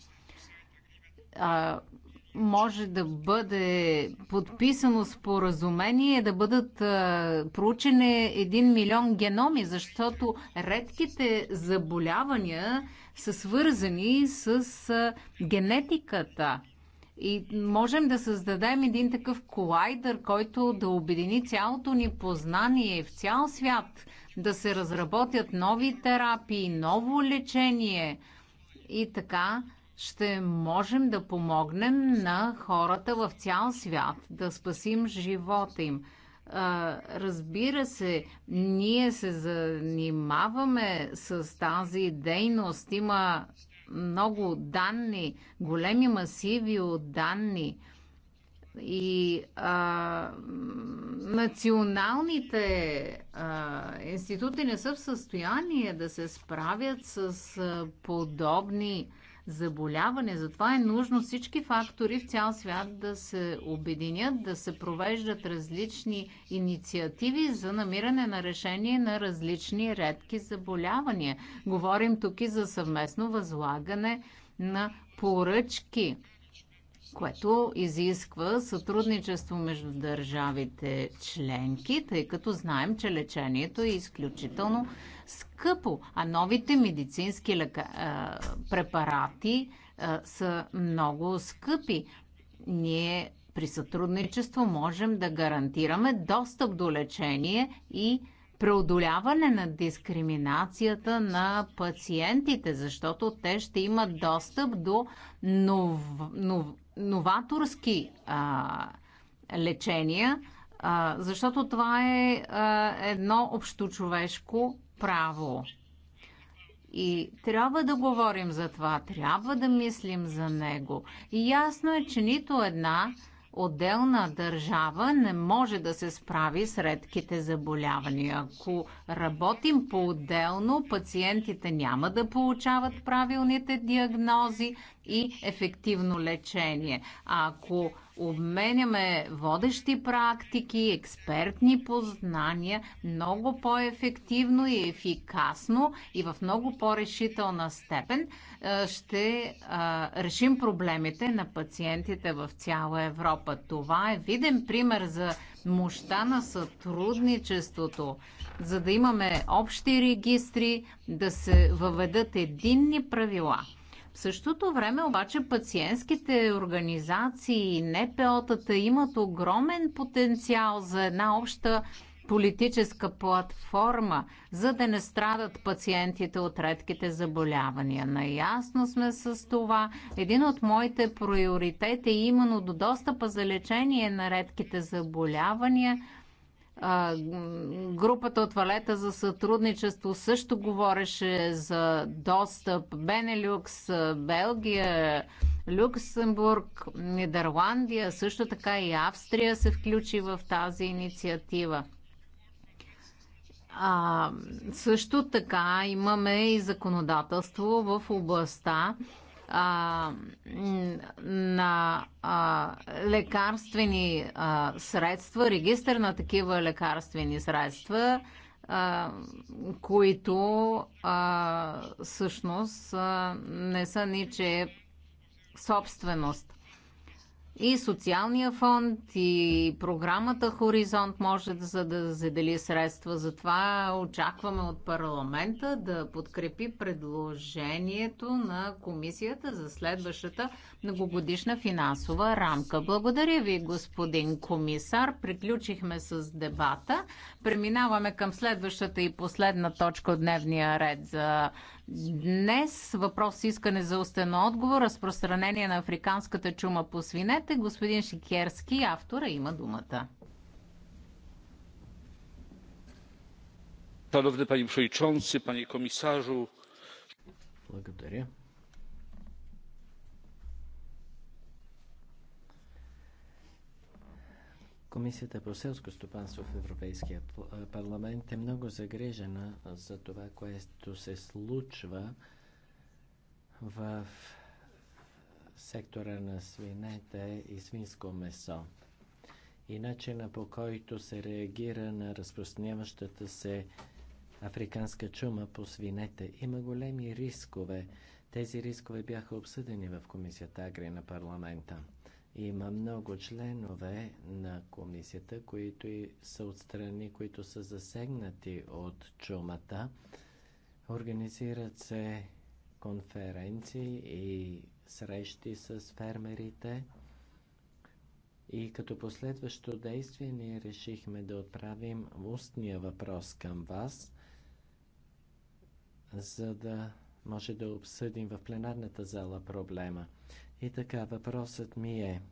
може да бъде подписано споразумение, да бъдат а, проучени един милион геноми, защото редките заболявания са свързани с а, генетиката. И можем да създадем един такъв колайдър, който да обедини цялото ни познание в цял свят, да се разработят нови терапии, ново лечение и така ще можем да помогнем на хората в цял свят да спасим живота им. Разбира се, ние се занимаваме с тази дейност. Има много данни, големи масиви от данни и а, националните а, институти не са в състояние да се справят с а, подобни заболяване. Затова е нужно всички фактори в цял свят да се обединят, да се провеждат различни инициативи за намиране на решение на различни редки заболявания. Говорим тук и за съвместно възлагане на поръчки което изисква сътрудничество между държавите членки, тъй като знаем, че лечението е изключително скъпо, а новите медицински лека, а, препарати а, са много скъпи. Ние при сътрудничество можем да гарантираме достъп до лечение и преодоляване на дискриминацията на пациентите, защото те ще имат достъп до нов, нов, новаторски а, лечения, а, защото това е а, едно общочовешко право. И трябва да говорим за това, трябва да мислим за него. И ясно е, че нито една отделна държава не може да се справи с редките заболявания. Ако работим по-отделно, пациентите няма да получават правилните диагнози и ефективно лечение. А ако обменяме водещи практики, експертни познания много по-ефективно и ефикасно и в много по-решителна степен е, ще е, решим проблемите на пациентите в цяла Европа. Това е виден пример за мощта на сътрудничеството, за да имаме общи регистри, да се въведат единни правила – в същото време обаче пациентските организации и НПО-тата имат огромен потенциал за една обща политическа платформа, за да не страдат пациентите от редките заболявания. Наясно сме с това. Един от моите приоритети е именно до достъпа за лечение на редките заболявания – а, групата от Валета за сътрудничество също говореше за достъп. Бенелюкс, Белгия, Люксембург, Нидерландия, също така и Австрия се включи в тази инициатива. А, също така имаме и законодателство в областта а, на а, лекарствени а, средства, регистър на такива лекарствени средства, а, които а, всъщност а, не са ниче е собственост. И социалния фонд, и програмата Хоризонт може да, да задели средства. Затова очакваме от парламента да подкрепи предложението на комисията за следващата многогодишна финансова рамка. Благодаря ви, господин комисар. Приключихме с дебата. Преминаваме към следващата и последна точка от дневния ред за Днес въпрос с искане за устен отговор, разпространение на африканската чума по свинете. Господин Шикерски, автора, има думата. Шановни пани Przewodniczący, пани комисажу. Благодаря. Комисията по селско стопанство в Европейския парламент е много загрижена за това, което се случва в сектора на свинете и свинско месо и начина по който се реагира на разпространяващата се африканска чума по свинете. Има големи рискове. Тези рискове бяха обсъдени в комисията Агри на парламента. Има много членове на комисията, които са от страни, които са засегнати от чумата. Организират се конференции и срещи с фермерите. И като последващо действие ние решихме да отправим устния въпрос към вас, за да може да обсъдим в пленарната зала проблема. И така, въпросът ми е.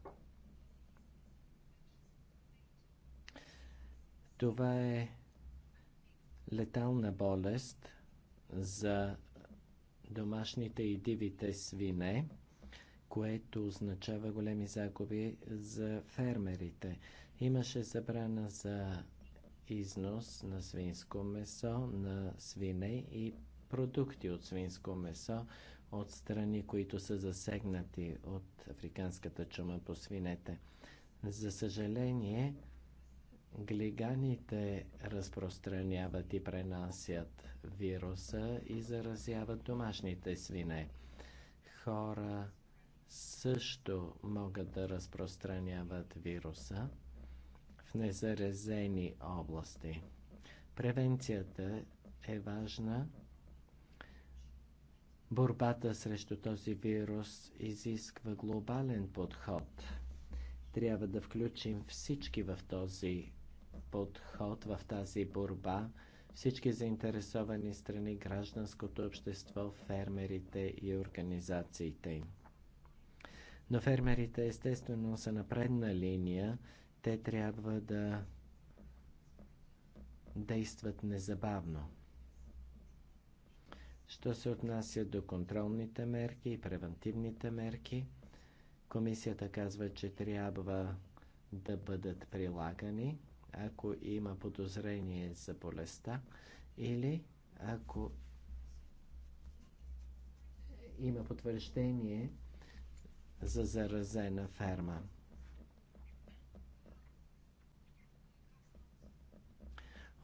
Това е летална болест за домашните и дивите свине, което означава големи загуби за фермерите. Имаше забрана за износ на свинско месо, на свине и продукти от свинско месо от страни, които са засегнати от африканската чума по свинете. За съжаление, глиганите разпространяват и пренасят вируса и заразяват домашните свине. Хора също могат да разпространяват вируса в незаразени области. Превенцията е важна Борбата срещу този вирус изисква глобален подход. Трябва да включим всички в този подход, в тази борба, всички заинтересовани страни, гражданското общество, фермерите и организациите им. Но фермерите естествено са на предна линия. Те трябва да действат незабавно. Що се отнася до контролните мерки и превентивните мерки, комисията казва, че трябва да бъдат прилагани, ако има подозрение за болестта или ако има потвърждение за заразена ферма.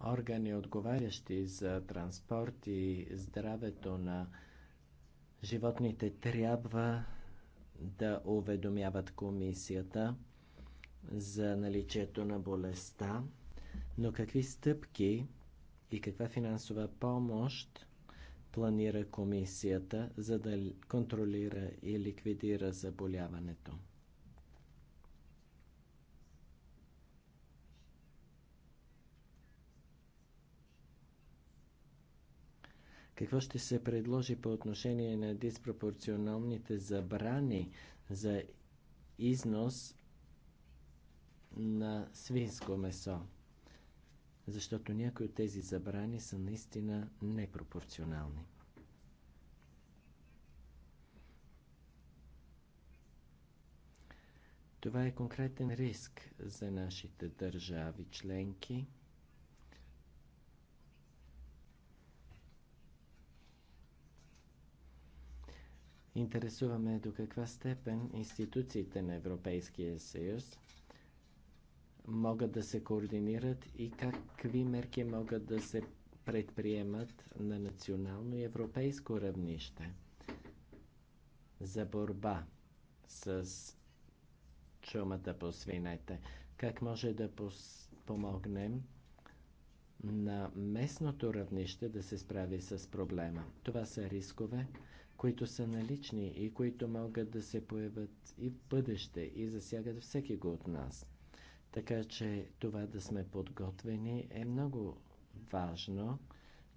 органи, отговарящи за транспорт и здравето на животните, трябва да уведомяват комисията за наличието на болестта, но какви стъпки и каква финансова помощ планира комисията, за да контролира и ликвидира заболяването? Какво ще се предложи по отношение на диспропорционалните забрани за износ на свинско месо? Защото някои от тези забрани са наистина непропорционални. Това е конкретен риск за нашите държави членки – Интересуваме до каква степен институциите на Европейския съюз могат да се координират и какви мерки могат да се предприемат на национално и европейско равнище за борба с чумата по свинете. Как може да помогнем на местното равнище да се справи с проблема? Това са рискове, които са налични и които могат да се появят и в бъдеще и засягат всеки го от нас. Така че това да сме подготвени е много важно.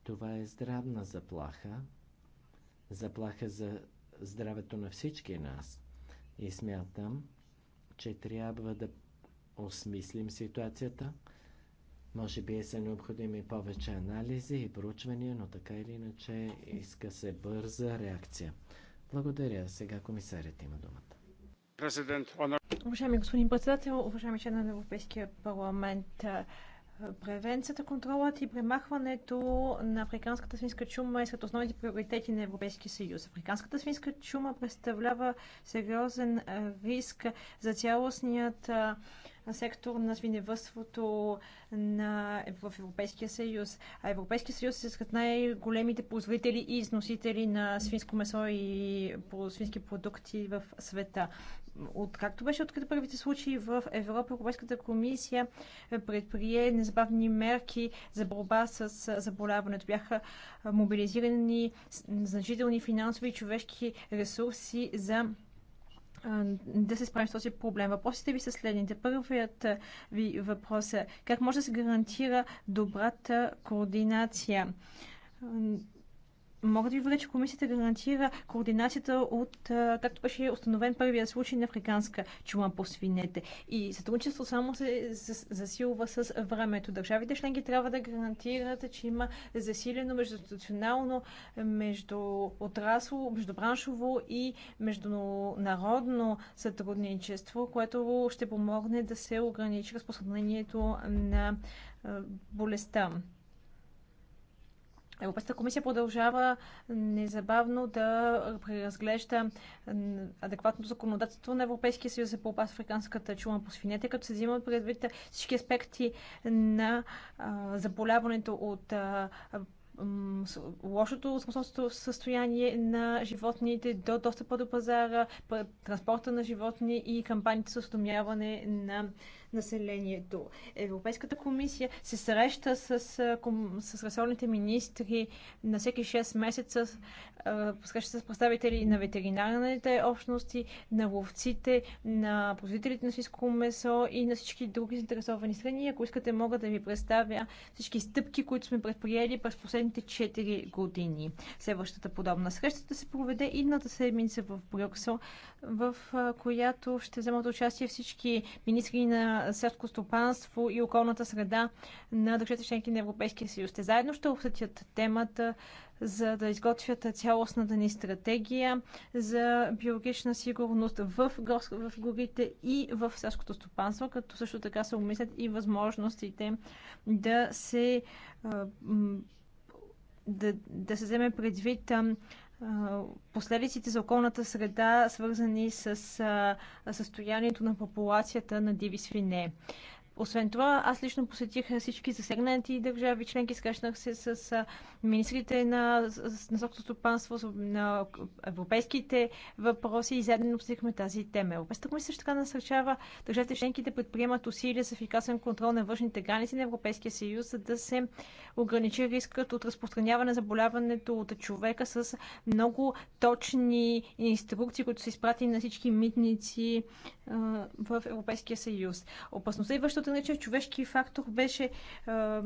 Това е здравна заплаха, заплаха за здравето на всички нас. И смятам, че трябва да осмислим ситуацията – може би са необходими повече анализи и проучвания, но така или иначе иска се бърза реакция. Благодаря. Сега комисарят има думата. Уважаеми господин председател, уважаеми член на Европейския парламент, Превенцията, контролът и премахването на африканската свинска чума е сред основните приоритети на Европейския съюз. Африканската свинска чума представлява сериозен риск за цялостният сектор на свиневътството на, в Европейския съюз. А Европейския съюз е сред най-големите производители и износители на свинско месо и свински продукти в света от както беше открита първите случаи в Европа, Европейската комисия е, предприе незабавни мерки за борба с заболяването. Бяха мобилизирани значителни финансови и човешки ресурси за да се справим с този проблем. Въпросите ви са следните. Първият ви въпрос е как може да се гарантира добрата координация? Мога да ви бъде, че комисията гарантира координацията от, както беше установен първия случай на африканска чума по свинете. И сътрудничество само се засилва с времето. Държавите членки трябва да гарантират, че има засилено междуинституционално, между отрасло, междубраншово и международно сътрудничество, което ще помогне да се ограничи разпространението на болестта. Европейската комисия продължава незабавно да преразглежда адекватното законодателство на Европейския съюз за борба с африканската чума по свинете, като се взимат предвид всички аспекти на заболяването от лошото състояние на животните до достъпа до пазара, транспорта на животни и кампаниите с осъдомяване на населението. Европейската комисия се среща с, с ресорните министри на всеки 6 месеца, среща с представители на ветеринарните общности, на ловците, на производителите на свиско месо и на всички други заинтересовани страни. Ако искате, мога да ви представя всички стъпки, които сме предприели през последните 4 години. Следващата подобна среща да се проведе идната седмица в Брюксел, в която ще вземат участие всички министри на селско стопанство и околната среда на държавите членки на Европейския съюз. Те заедно ще обсъдят темата, за да изготвят цялостната ни стратегия за биологична сигурност в, в горите и в селското стопанство, като също така се умислят и възможностите да се да, да се вземе предвид последиците за околната среда, свързани с състоянието на популацията на диви свине. Освен това, аз лично посетих всички засегнати държави членки, скачнах се с министрите на, на собствено стопанство, на европейските въпроси и заедно обсъдихме тази тема. Европейската комисия също така насърчава държавите членки да предприемат усилия за ефикасен контрол на външните граници на Европейския съюз, за да се ограничи рискът от разпространяване на заболяването от човека с много точни инструкции, които са изпратени на всички митници в Европейския съюз. Опасността и който нарича човешки фактор, беше е,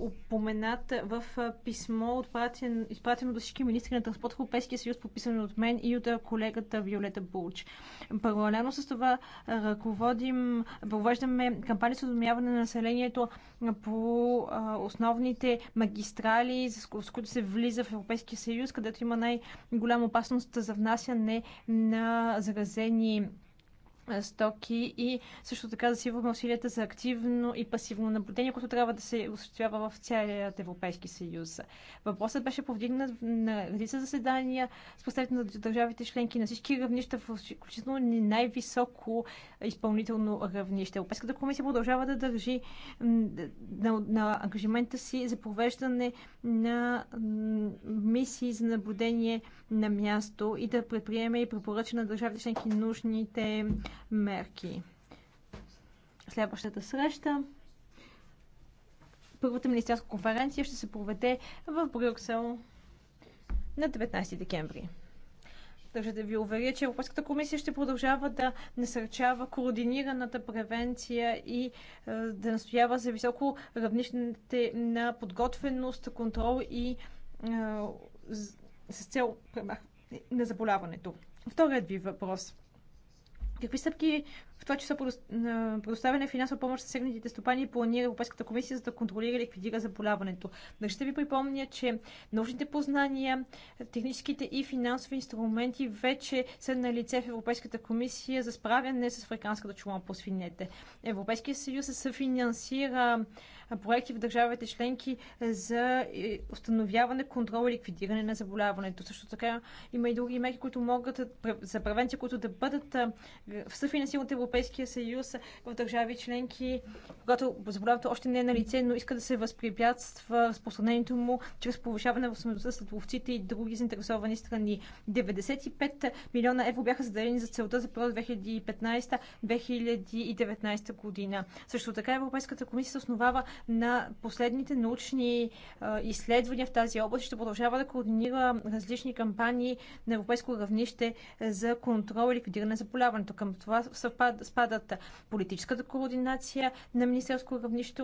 упоменат в е, писмо, изпратено до всички министри на транспорт в Европейския съюз, подписано от мен и от е, колегата Виолета Булч. Паралелно с това ръководим, провеждаме кампания с уведомяване на населението по основните магистрали, с които се влиза в Европейския съюз, където има най-голяма опасност за внасяне на заразени стоки и също така засилваме усилията за активно и пасивно наблюдение, което трябва да се осъществява в целият Европейски съюз. Въпросът беше повдигнат на редица заседания с представители на държавите членки на всички равнища, включително най-високо изпълнително равнище. Европейската комисия продължава да държи на, на ангажимента си за провеждане на мисии за наблюдение на място и да предприеме и препоръча на държавите членки нужните мерки. Следващата среща първата министерска конференция ще се проведе в Брюксел на 19 декември. Държа да ви уверя, че Европейската комисия ще продължава да насърчава координираната превенция и е, да настоява за високо равнище на подготвеност, контрол и е, с цел на заболяването. Вторият ви въпрос – Какви стъпки в това число предоставяне финансова помощ за сегнатите стопани планира Европейската комисия за да контролира и ликвидира заболяването. Но ще ви припомня, че научните познания, техническите и финансови инструменти вече са на лице в Европейската комисия за справяне с африканската чума по свинете. Европейския съюз съфинансира проекти в държавите членки за е, установяване, контрол и ликвидиране на заболяването. Също така има и други мерки, които могат за превенция, които да бъдат съфинансирани от Европейския Европейския съюз в държави членки, когато заболяването още не е на лице, но иска да се възпрепятства разпространението му чрез повишаване в смъртността с ловците и други заинтересовани страни. 95 милиона евро бяха заделени за целта за период 2015-2019 година. Също така Европейската комисия се основава на последните научни изследвания в тази област и ще продължава да координира различни кампании на европейско равнище за контрол и ликвидиране на заболяването. Към това съвпад, спадат политическата координация на министерско равнище,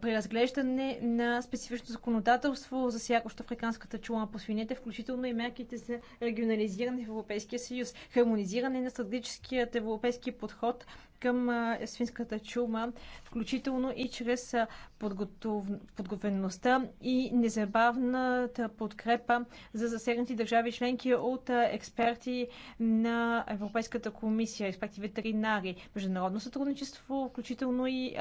преразглеждане на специфично законодателство, за засягащо африканската чума по свинете, включително и мерките за регионализиране в Европейския съюз, хармонизиране на стратегическият европейски подход към свинската чума, включително и чрез подготов... подготвеността и незабавната подкрепа за засегнати държави членки от експерти на Европейската комисия, експерти ветеринари, международно сътрудничество, включително и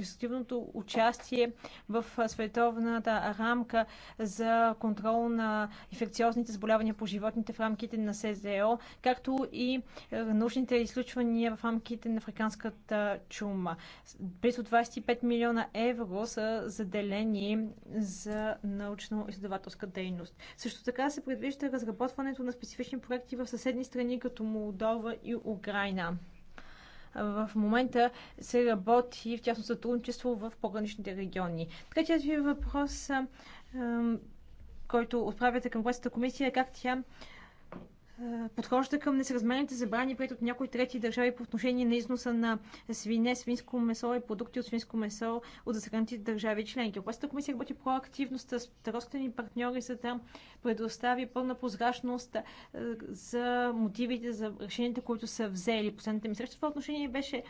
активното участие в световната рамка за контрол на инфекциозните заболявания по животните в рамките на СЗО, както и научните изключвания в рамките на африканската чума близо 25 милиона евро са заделени за научно-изследователска дейност. Също така се предвижда разработването на специфични проекти в съседни страни, като Молдова и Украина. В момента се работи в тясно сътрудничество в пограничните региони. Третият ви въпрос който отправяте към Градската комисия е как тя подхожда към несъразмерните забрани, пред от някои трети държави по отношение на износа на свине, свинско месо и продукти от свинско месо от засегнатите държави членки. Областната комисия работи проактивно с търговските партньори, за да предостави пълна прозрачност е, за мотивите, за решенията, които са взели. Последната ми среща в това отношение беше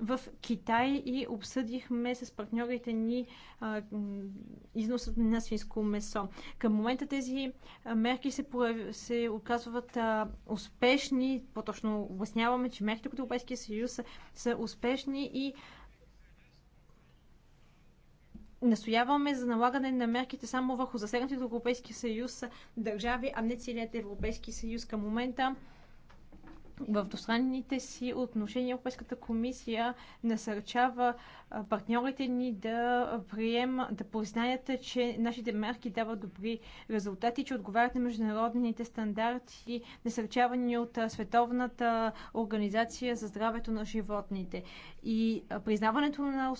в Китай и обсъдихме с партньорите ни а, износът на свинско месо. Към момента тези мерки се, се оказват а, успешни, по-точно обясняваме, че мерките от Европейския съюз са, са успешни и настояваме за налагане на мерките само върху засегнатите Европейски Европейския съюз държави, а не целият Европейски съюз. Към момента в двустранните си отношения Европейската комисия насърчава партньорите ни да прием, да признаят, че нашите мерки дават добри резултати, че отговарят на международните стандарти, насърчавани от Световната организация за здравето на животните. И признаването на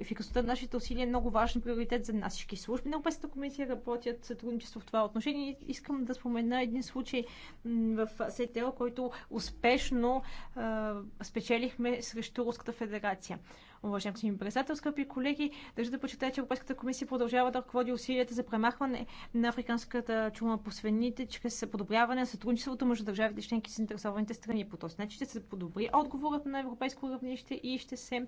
ефикасността на нашите усилия е много важен приоритет за нас. Всички служби на Европейската комисия работят сътрудничество в това отношение. Искам да спомена един случай в СТО, който успешно спечелихме срещу Руската федерация. Уважаем ми председател, скъпи колеги, държа да почитая, че Европейската комисия продължава да ръководи усилията за премахване на африканската чума по свините чрез подобряване на сътрудничеството между държавите членки и заинтересованите страни. По този начин ще се подобри отговорът на европейско равнище и ще се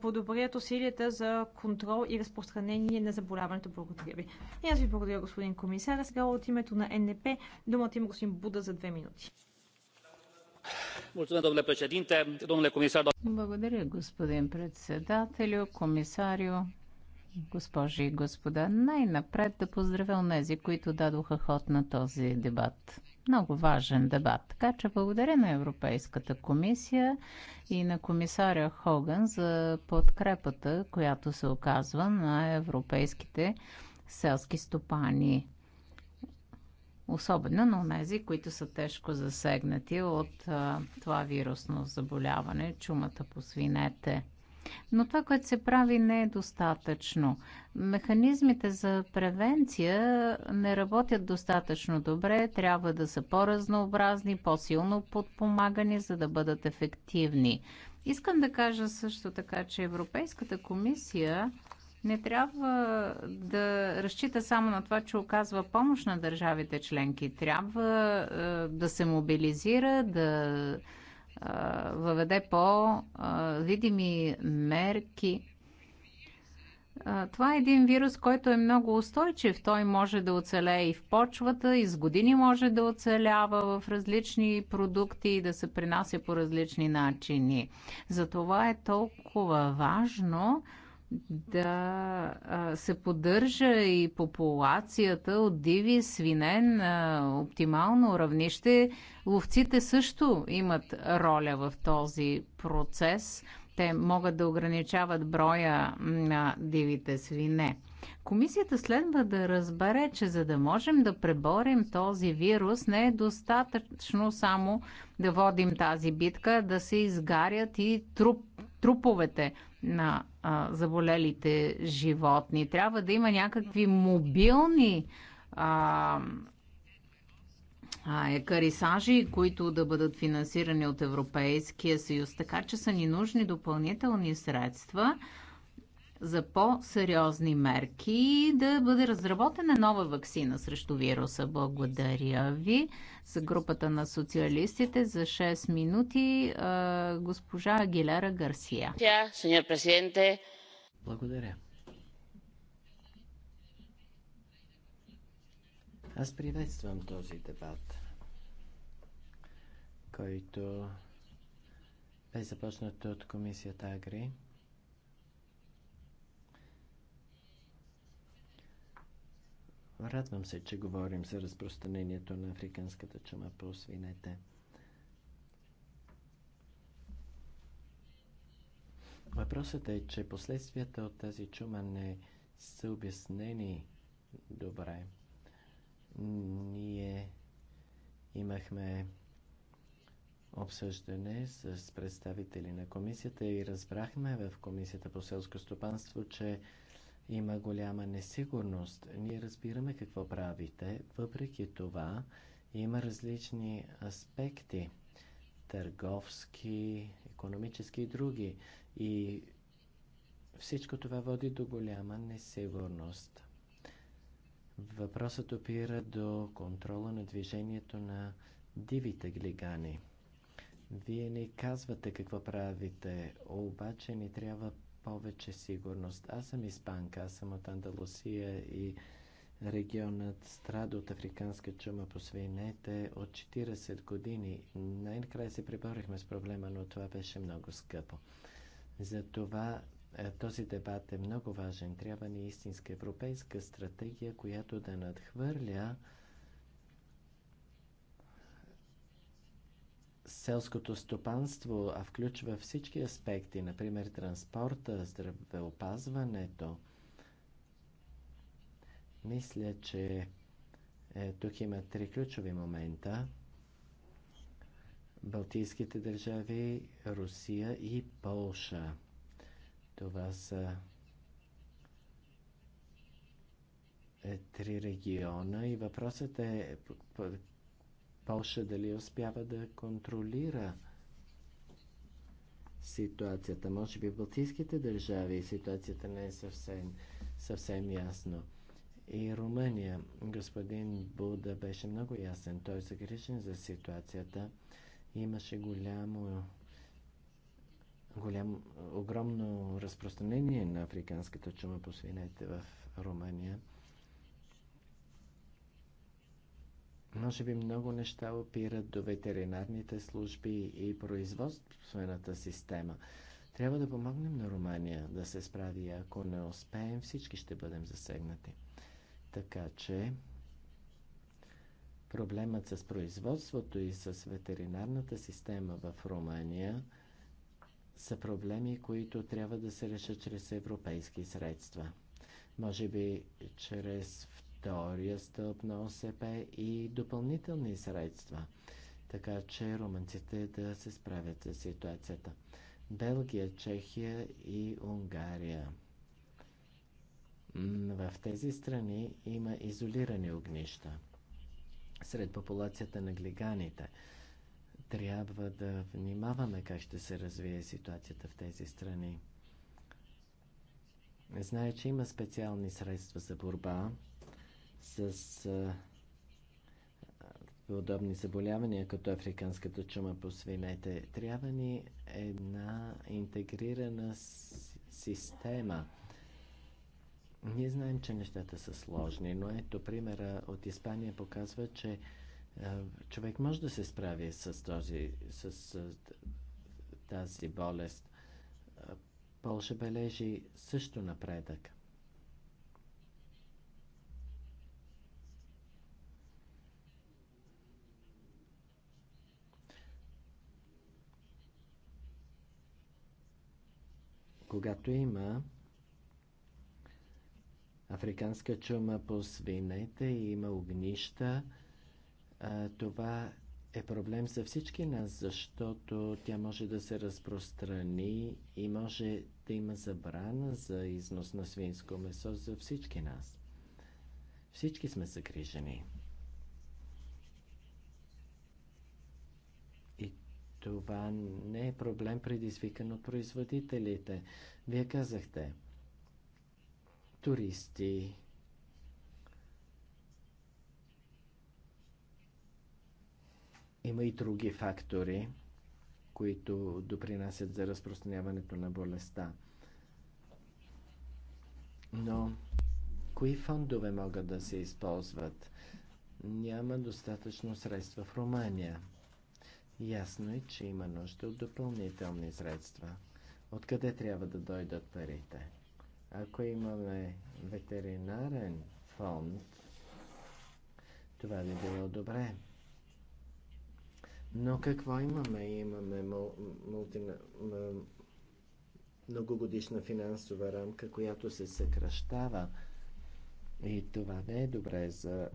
подобрят усилията за контрол и разпространение на заболяването. Благодаря ви. И аз ви благодаря, господин комисар. Сега от името на НП думата има господин Буда за две минути domnule președinte domnule comisar Благодаря, господин председателю, комисарио, госпожи и господа. Най-напред да поздравя нези, които дадоха ход на този дебат. Много важен дебат. Така че благодаря на Европейската комисия и на комисаря Хоган за подкрепата, която се оказва на европейските селски стопани особено на тези, които са тежко засегнати от а, това вирусно заболяване, чумата по свинете. Но това, което се прави, не е достатъчно. Механизмите за превенция не работят достатъчно добре, трябва да са по-разнообразни, по-силно подпомагани, за да бъдат ефективни. Искам да кажа също така, че Европейската комисия не трябва да разчита само на това, че оказва помощ на държавите членки. Трябва е, да се мобилизира, да е, въведе по-видими мерки. Е, това е един вирус, който е много устойчив. Той може да оцелее и в почвата, и с години може да оцелява в различни продукти и да се принася по различни начини. Затова е толкова важно да се поддържа и популацията от диви свине на оптимално равнище. Ловците също имат роля в този процес. Те могат да ограничават броя на дивите свине. Комисията следва да разбере, че за да можем да преборим този вирус, не е достатъчно само да водим тази битка, да се изгарят и труп, труповете на а, заболелите животни. Трябва да има някакви мобилни а, а, екарисажи, които да бъдат финансирани от Европейския съюз. Така че са ни нужни допълнителни средства за по-сериозни мерки и да бъде разработена нова вакцина срещу вируса. Благодаря ви за групата на социалистите за 6 минути. Госпожа Агилера Гарсия. Благодаря. Аз приветствам този дебат, който бе започнат от комисията Агри. Радвам се, че говорим за разпространението на африканската чума по свинете. Въпросът е, че последствията от тази чума не са обяснени добре. Ние имахме обсъждане с представители на комисията и разбрахме в комисията по селско стопанство, че има голяма несигурност. Ние разбираме какво правите. Въпреки това, има различни аспекти търговски, економически и други. И всичко това води до голяма несигурност. Въпросът опира до контрола на движението на дивите глигани. Вие не казвате какво правите, обаче ни трябва повече сигурност. Аз съм испанка, аз съм от Андалусия и регионът страда от африканска чума по свинете от 40 години. Най-накрая се приборихме с проблема, но това беше много скъпо. Затова е, този дебат е много важен. Трябва ни истинска европейска стратегия, която да надхвърля селското стопанство, а включва всички аспекти, например транспорта, здравеопазването, мисля, че е, тук има три ключови момента. Балтийските държави, Русия и Полша. Това са е, три региона и въпросът е Полша дали успява да контролира ситуацията. Може би в Балтийските държави ситуацията не е съвсем, съвсем ясно. И Румъния, господин Буда беше много ясен. Той е загрижен за ситуацията. Имаше голямо голям, огромно разпространение на африканската чума по свинете в Румъния. Може би много неща опират до ветеринарните служби и производствената система. Трябва да помогнем на Румъния да се справи. Ако не успеем, всички ще бъдем засегнати. Така че проблемът с производството и с ветеринарната система в Румъния са проблеми, които трябва да се решат чрез европейски средства. Може би чрез втория стълб на ОСП и допълнителни средства, така че румънците да се справят с ситуацията. Белгия, Чехия и Унгария. В тези страни има изолирани огнища сред популацията на глиганите. Трябва да внимаваме как ще се развие ситуацията в тези страни. Знае, че има специални средства за борба с подобни заболявания, като африканската чума по свинете. Трябва ни една интегрирана система. Ние знаем, че нещата са сложни, но ето примера от Испания показва, че а, човек може да се справи с, този, с, с тази болест. Полша бележи също напредък. Когато има африканска чума по свинете и има огнища, това е проблем за всички нас, защото тя може да се разпространи и може да има забрана за износ на свинско месо за всички нас. Всички сме загрижени. това не е проблем предизвикан от производителите. Вие казахте, туристи, има и други фактори, които допринасят за разпространяването на болестта. Но кои фондове могат да се използват? Няма достатъчно средства в Румъния. Ясно е, че има нужда от допълнителни средства. Откъде трябва да дойдат парите? Ако имаме ветеринарен фонд, това би било добре. Но какво имаме? Имаме мултина, многогодишна финансова рамка, която се съкръщава. И това не е добре за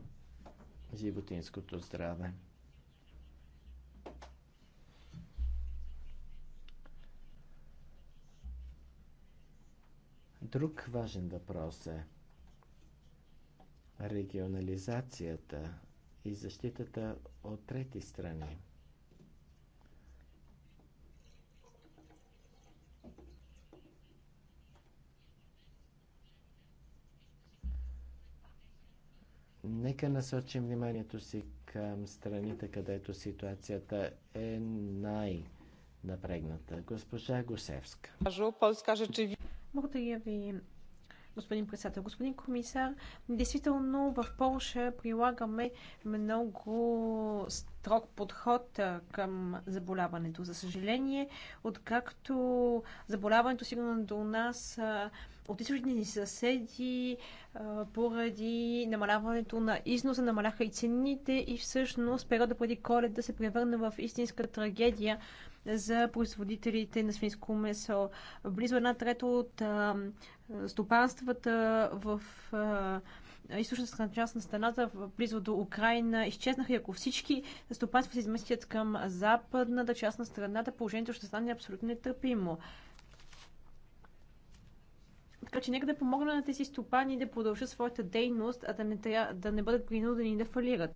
животинското здраве. Друг важен въпрос е регионализацията и защитата от трети страни. Нека насочим вниманието си към страните, където ситуацията е най-напрегната. Госпожа Гусевска. Благодаря ви, господин председател. Господин комисар, действително в Польша прилагаме много строг подход към заболяването. За съжаление, откакто заболяването сигурно до нас от източните ни съседи поради намаляването на износа намаляха и цените и всъщност периода преди колед да се превърна в истинска трагедия за производителите на свинско месо. Близо една трета от стопанствата в източната част на страната, близо до Украина, изчезнаха и ако всички стопанства се изместят към западната част на страната, положението ще стане абсолютно нетърпимо. Така че нека да помогна на тези стопани да продължат своята дейност, а да не, тря... да не бъдат принудени да фалират.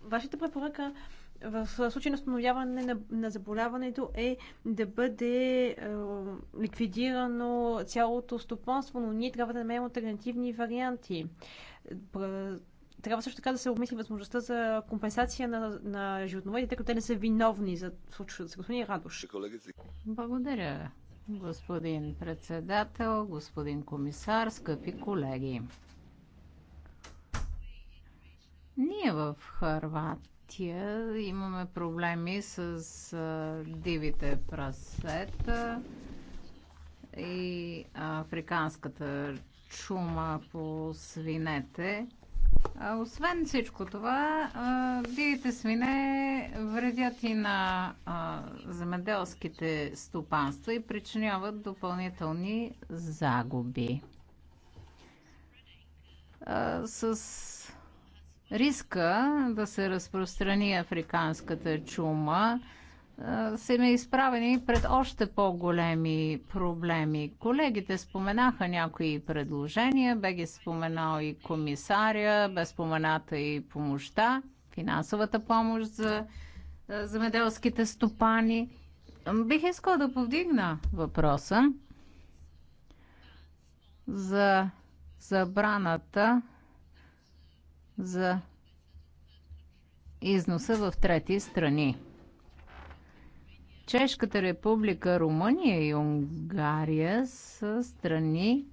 Вашата препоръка в случай на установяване на, на заболяването е да бъде е, ликвидирано цялото стопанство, но ние трябва да намерим альтернативни варианти. Трябва също така да се обмисли възможността за компенсация на, на животновъдите, тъй като те не са виновни за случващото се. Господин Радош. Благодаря, господин председател, господин комисар, скъпи колеги. Ние в Харват събития. имаме проблеми с а, дивите прасета и африканската чума по свинете. А, освен всичко това, а, дивите свине вредят и на а, земеделските стопанства и причиняват допълнителни загуби. А, с риска да се разпространи африканската чума, сме изправени пред още по-големи проблеми. Колегите споменаха някои предложения, бе ги споменал и комисаря, бе спомената и помощта, финансовата помощ за земеделските стопани. Бих искал да повдигна въпроса за забраната за износа в трети страни. Чешката република, Румъния и Унгария са страни,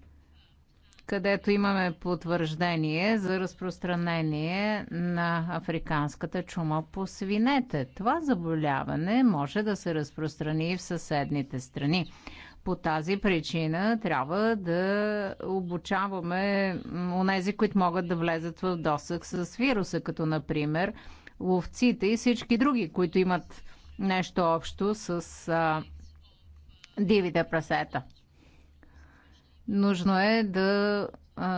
където имаме потвърждение за разпространение на африканската чума по свинете. Това заболяване може да се разпространи и в съседните страни. По тази причина трябва да обучаваме онези, които могат да влезат в досък с вируса, като например ловците и всички други, които имат нещо общо с а, дивите прасета. Нужно е да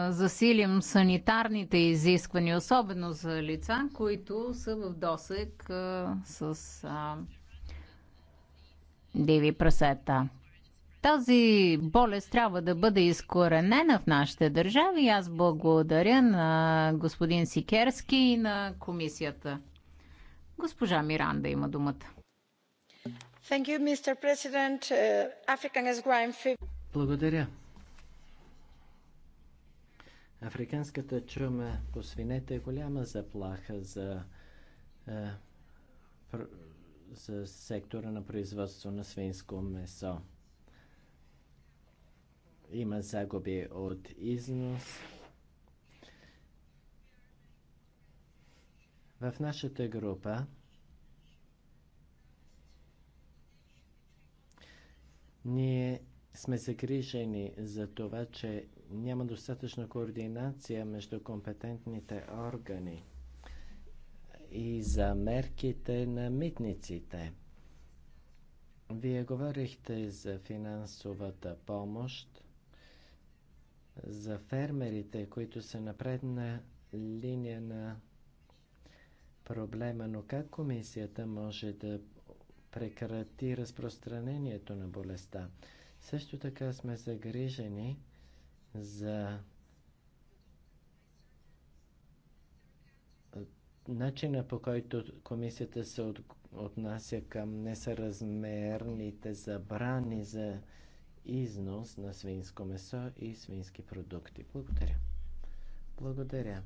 засилим санитарните изисквания, особено за лица, които са в досек с а, диви прасета. Тази болест трябва да бъде изкоренена в нашите държави. Аз благодаря на господин Сикерски и на комисията. Госпожа Миранда има думата. Uh, благодаря. Африканската чума по свинете е голяма заплаха за, е, за сектора на производство на свинско месо. Има загуби от износ. В нашата група ние сме загрижени за това, че няма достатъчно координация между компетентните органи и за мерките на митниците. Вие говорихте за финансовата помощ за фермерите, които са на предна линия на проблема, но как комисията може да прекрати разпространението на болестта? Също така сме загрижени за начина по който комисията се отнася към несъразмерните забрани за износ на свинско месо и свински продукти. Благодаря. Благодаря.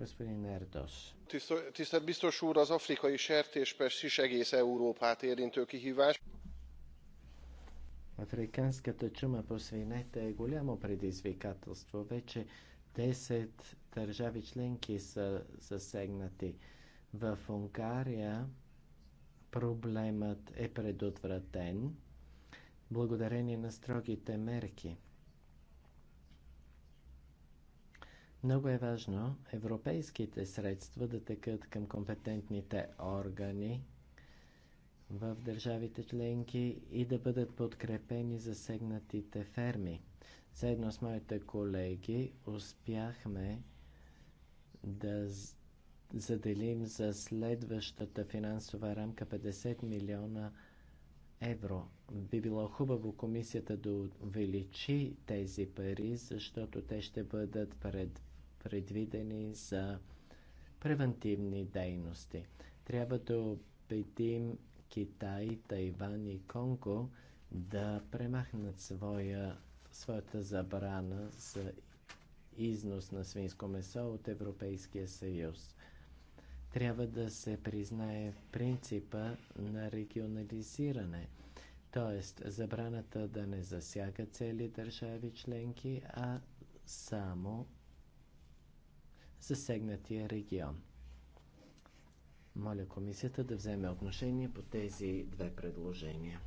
Господин Ердос. Tisztelt biztos úr, az afrikai sertéspest is egész Európát érintő kihívás. Африканската чума по свинете е голямо предизвикателство. Вече 10 държави членки са засегнати. В Унгария проблемът е предотвратен благодарение на строгите мерки. Много е важно европейските средства да текат към компетентните органи в държавите членки и да бъдат подкрепени засегнатите ферми. Заедно с моите колеги успяхме да заделим за следващата финансова рамка 50 милиона евро евро. Би било хубаво комисията да увеличи тези пари, защото те ще бъдат пред, предвидени за превентивни дейности. Трябва да убедим Китай, Тайван и Конго да премахнат своя, своята забрана за износ на свинско месо от Европейския съюз трябва да се признае принципа на регионализиране, т.е. забраната да не засяга цели държави членки, а само засегнатия регион. Моля комисията да вземе отношение по тези две предложения.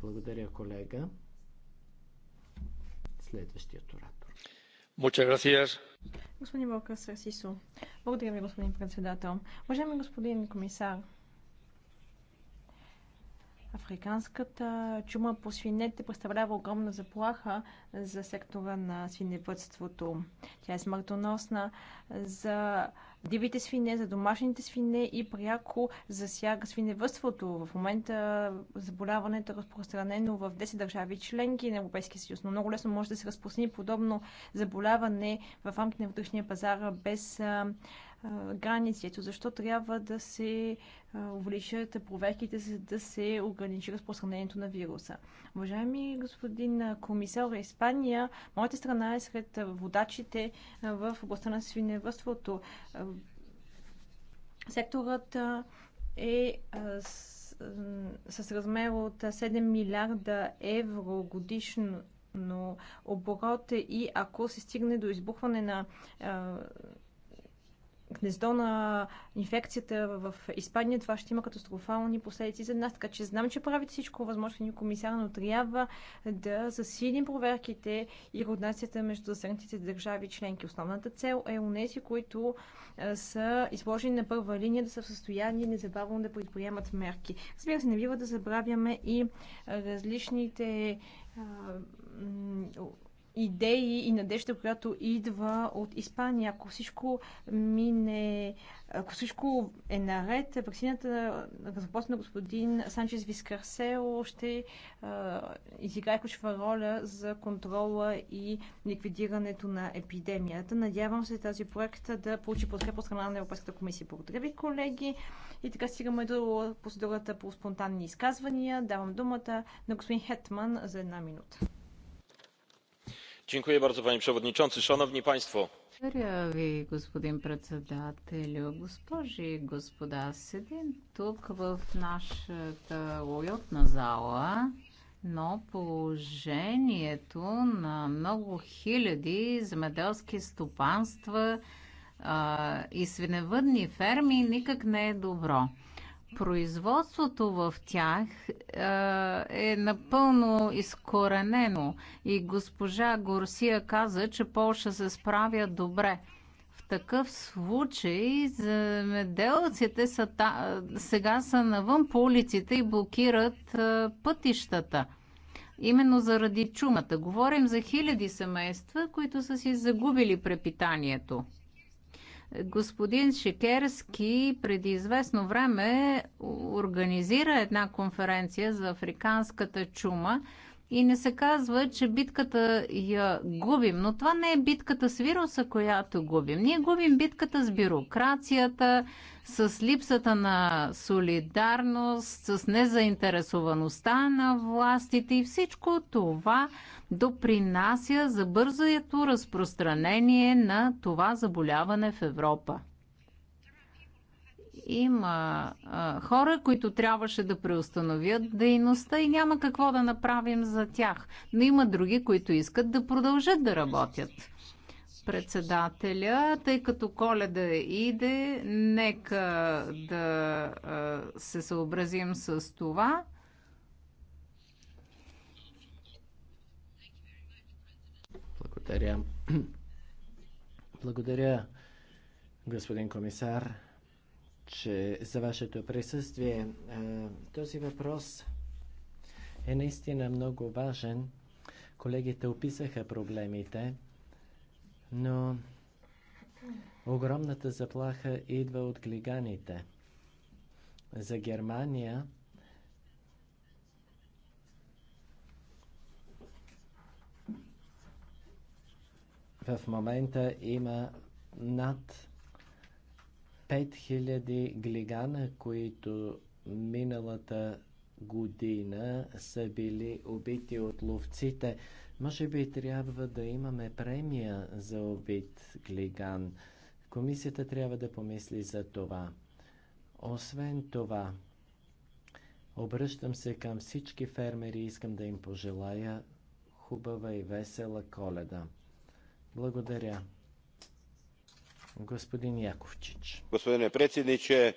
Благодаря, колега. Следващият оратор. Господин Болка Сърсисо. благодаря ви, господин председател. Уважаеми господин комисар, Африканската чума по свинете представлява огромна заплаха за сектора на свиневътството. Тя е смъртоносна за дивите свине, за домашните свине и пряко засяга свиневътството. В момента заболяването е разпространено в 10 държави членки на Европейския съюз, но много лесно може да се разпространи подобно заболяване в рамките на вътрешния пазар без граници. Ето защо трябва да се увеличат проверките, за да се ограничи разпространението на вируса. Уважаеми господин комисар, Испания, моята страна е сред водачите в областта на свиневъдството. Секторът е с, с размер от 7 милиарда евро годишно оборот и ако се стигне до избухване на гнездо на инфекцията в Испания, това ще има катастрофални последици за нас. Така че знам, че правите всичко възможно, ни комисар, но трябва да засилим проверките и роднацията между засегнатите държави и членки. Основната цел е унеси, които са изложени на първа линия, да са в състояние незабавно да предприемат мерки. Разбира се, не бива да забравяме и различните идеи и надежда, която идва от Испания. Ако всичко мине, ако всичко е наред, вакцината, разработена на господин Санчес Вискарсел, ще изиграе ключова роля за контрола и ликвидирането на епидемията. Надявам се тази проект да получи подкрепа от страна на Европейската комисия. Благодаря ви, колеги. И така стигаме до процедурата по спонтанни изказвания. Давам думата на господин Хетман за една минута panie ви, господин państwo! Госпожи и господа, седим тук в нашата зала, но положението на много хиляди земеделски стопанства а, и свиневъдни ферми никак не е добро производството в тях е, е напълно изкоренено и госпожа Горсия каза, че Полша се справя добре. В такъв случай земеделците са та, сега са навън по улиците и блокират е, пътищата. Именно заради чумата. Говорим за хиляди семейства, които са си загубили препитанието. Господин Шекерски преди известно време организира една конференция за африканската чума и не се казва, че битката я губим. Но това не е битката с вируса, която губим. Ние губим битката с бюрокрацията, с липсата на солидарност, с незаинтересоваността на властите и всичко това допринася за бързото разпространение на това заболяване в Европа. Има а, хора, които трябваше да преустановят дейността и няма какво да направим за тях. Но има други, които искат да продължат да работят председателя, тъй като коледа иде, нека да се съобразим с това. Благодаря. Благодаря, господин комисар, че за вашето присъствие. Е, този въпрос е наистина много важен. Колегите описаха проблемите, но огромната заплаха идва от глиганите. За Германия в момента има над 5000 глигана, които миналата година са били убити от ловците. Може би трябва да имаме премия за убит глиган. Комисията трябва да помисли за това. Освен това, обръщам се към всички фермери и искам да им пожелая хубава и весела коледа. Благодаря. Господин Яковчич. господин председниче.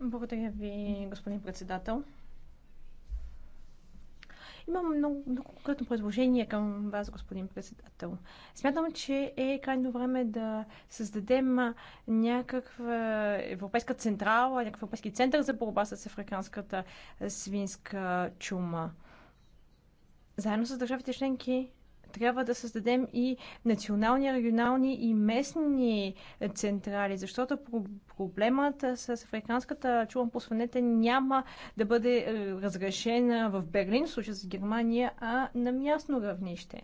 Благодаря ви, господин председател. Имам много, много конкретно предложение към вас, господин председател. Смятам, че е крайно време да създадем някаква европейска централа, някакъв европейски център за борба с африканската свинска чума. Заедно с държавите членки трябва да създадем и национални, регионални и местни е, централи, защото проблемът с африканската чума по свинете няма да бъде е, разрешена в Берлин, в случая с Германия, а на мястно равнище.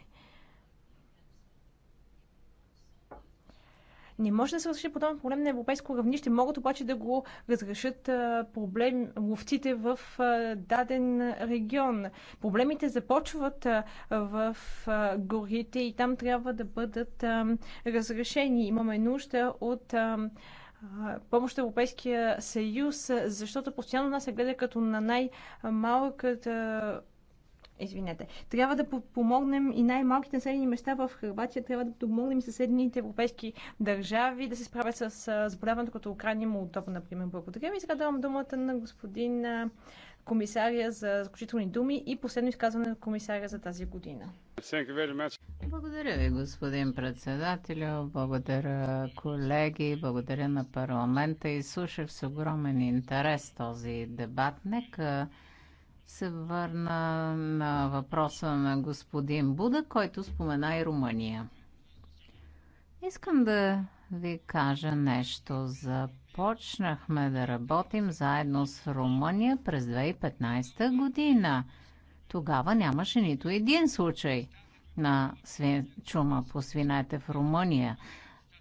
Не може да се разреши подобен проблем на европейско равнище, могат обаче да го разрешат проблем ловците в даден регион. Проблемите започват в горите и там трябва да бъдат разрешени. Имаме нужда от помощ Европейския съюз, защото постоянно нас се гледа като на най-малката Извинете. Трябва да помогнем и най-малките населени места в Хрватия, трябва да помогнем и съседните европейски държави да се справят с заболяването като Украина му Молдова, например. Благодаря ви. Сега давам думата на господин комисаря за заключителни думи и последно изказване на комисаря за тази година. Благодаря ви, господин председателю. Благодаря, колеги. Благодаря на парламента. И слушах с огромен интерес този дебат. Нека се върна на въпроса на господин Буда, който спомена и Румъния. Искам да ви кажа нещо. Започнахме да работим заедно с Румъния през 2015 година. Тогава нямаше нито един случай на свин... чума по свинете в Румъния.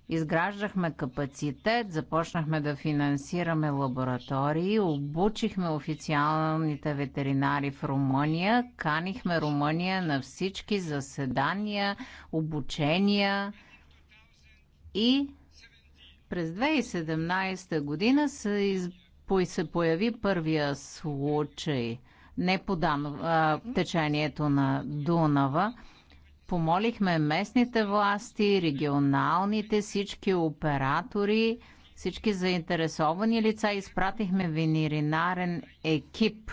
Изграждахме капацитет, започнахме да финансираме лаборатории, обучихме официалните ветеринари в Румъния, канихме Румъния на всички заседания, обучения и през 2017 година се, из... се появи първия случай не по дан... течението на Дунава. Помолихме местните власти, регионалните, всички оператори, всички заинтересовани лица. Изпратихме венеринарен екип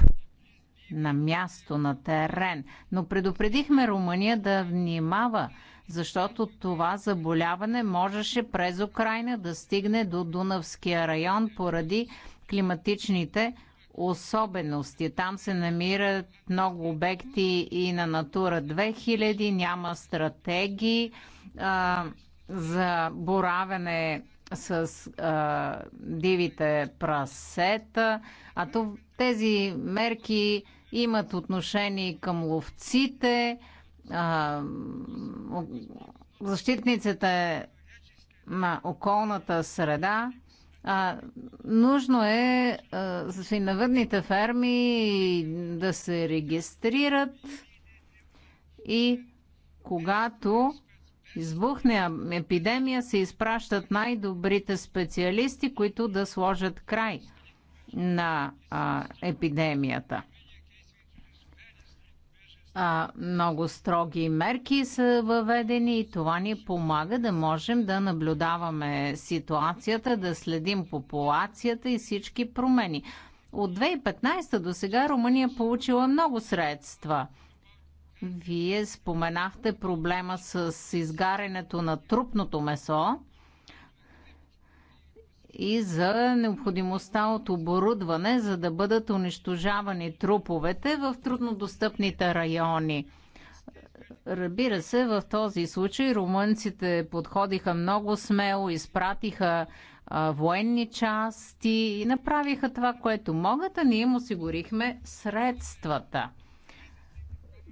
на място, на терен. Но предупредихме Румъния да внимава, защото това заболяване можеше през Украина да стигне до Дунавския район поради климатичните особености. Там се намират много обекти и на Натура 2000, няма стратегии а, за боравене с а, дивите прасета, а то тези мерки имат отношение към ловците, а, защитниците на околната среда. А, нужно е а, за свиневъдните ферми да се регистрират и когато избухне епидемия, се изпращат най-добрите специалисти, които да сложат край на а, епидемията а, много строги мерки са въведени и това ни помага да можем да наблюдаваме ситуацията, да следим популацията и всички промени. От 2015 до сега Румъния получила много средства. Вие споменахте проблема с изгарянето на трупното месо и за необходимостта от оборудване, за да бъдат унищожавани труповете в труднодостъпните райони. Разбира се, в този случай румънците подходиха много смело, изпратиха военни части и направиха това, което могат, а ние им осигурихме средствата.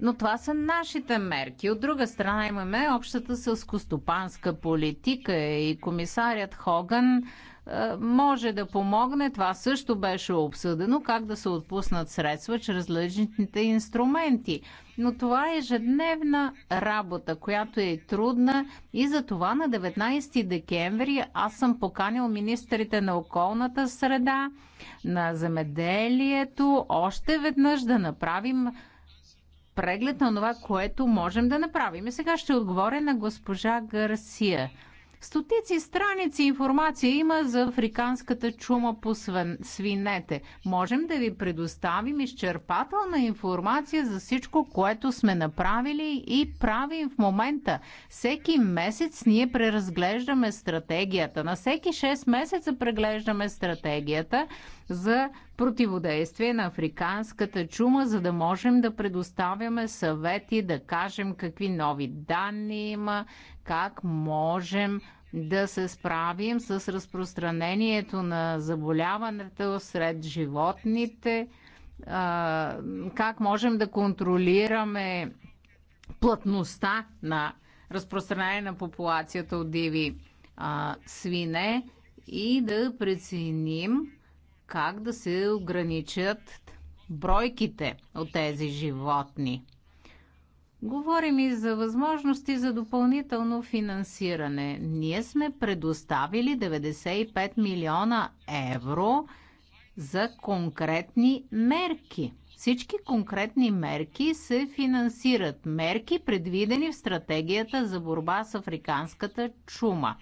Но това са нашите мерки. От друга страна имаме общата селскостопанска политика и комисарят Хоган е, може да помогне. Това също беше обсъдено, как да се отпуснат средства чрез различните инструменти. Но това е ежедневна работа, която е трудна и за това на 19 декември аз съм поканил министрите на околната среда, на земеделието, още веднъж да направим преглед на това, което можем да направим. И сега ще отговоря на госпожа Гарсия. Стотици страници информация има за африканската чума по свинете. Можем да ви предоставим изчерпателна информация за всичко, което сме направили и правим в момента. Всеки месец ние преразглеждаме стратегията. На всеки 6 месеца преглеждаме стратегията за противодействие на африканската чума, за да можем да предоставяме съвети, да кажем какви нови данни има, как можем да се справим с разпространението на заболяването сред животните, как можем да контролираме плътността на разпространение на популацията от диви свине и да преценим как да се ограничат бройките от тези животни. Говорим и за възможности за допълнително финансиране. Ние сме предоставили 95 милиона евро за конкретни мерки. Всички конкретни мерки се финансират. Мерки, предвидени в стратегията за борба с африканската чума.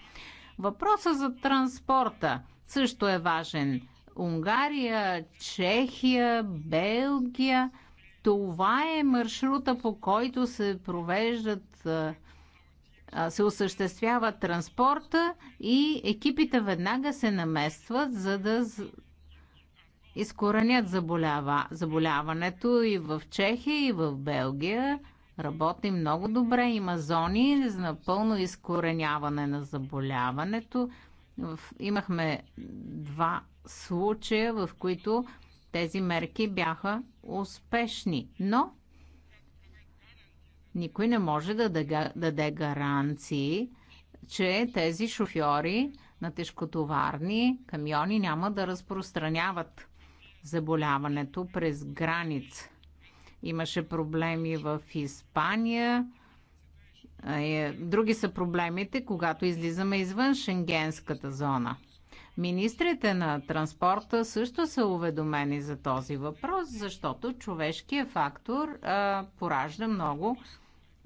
Въпросът за транспорта също е важен. Унгария, Чехия, Белгия – това е маршрута, по който се провеждат се осъществява транспорта и екипите веднага се наместват, за да изкоренят заболява, заболяването и в Чехия, и в Белгия. Работи много добре. Има зони за напълно изкореняване на заболяването. Имахме два случая, в които тези мерки бяха успешни, но никой не може да даде гаранции, че тези шофьори на тежкотоварни камиони няма да разпространяват заболяването през граница. Имаше проблеми в Испания. Е, други са проблемите, когато излизаме извън шенгенската зона. Министрите на транспорта също са уведомени за този въпрос, защото човешкият фактор а, поражда много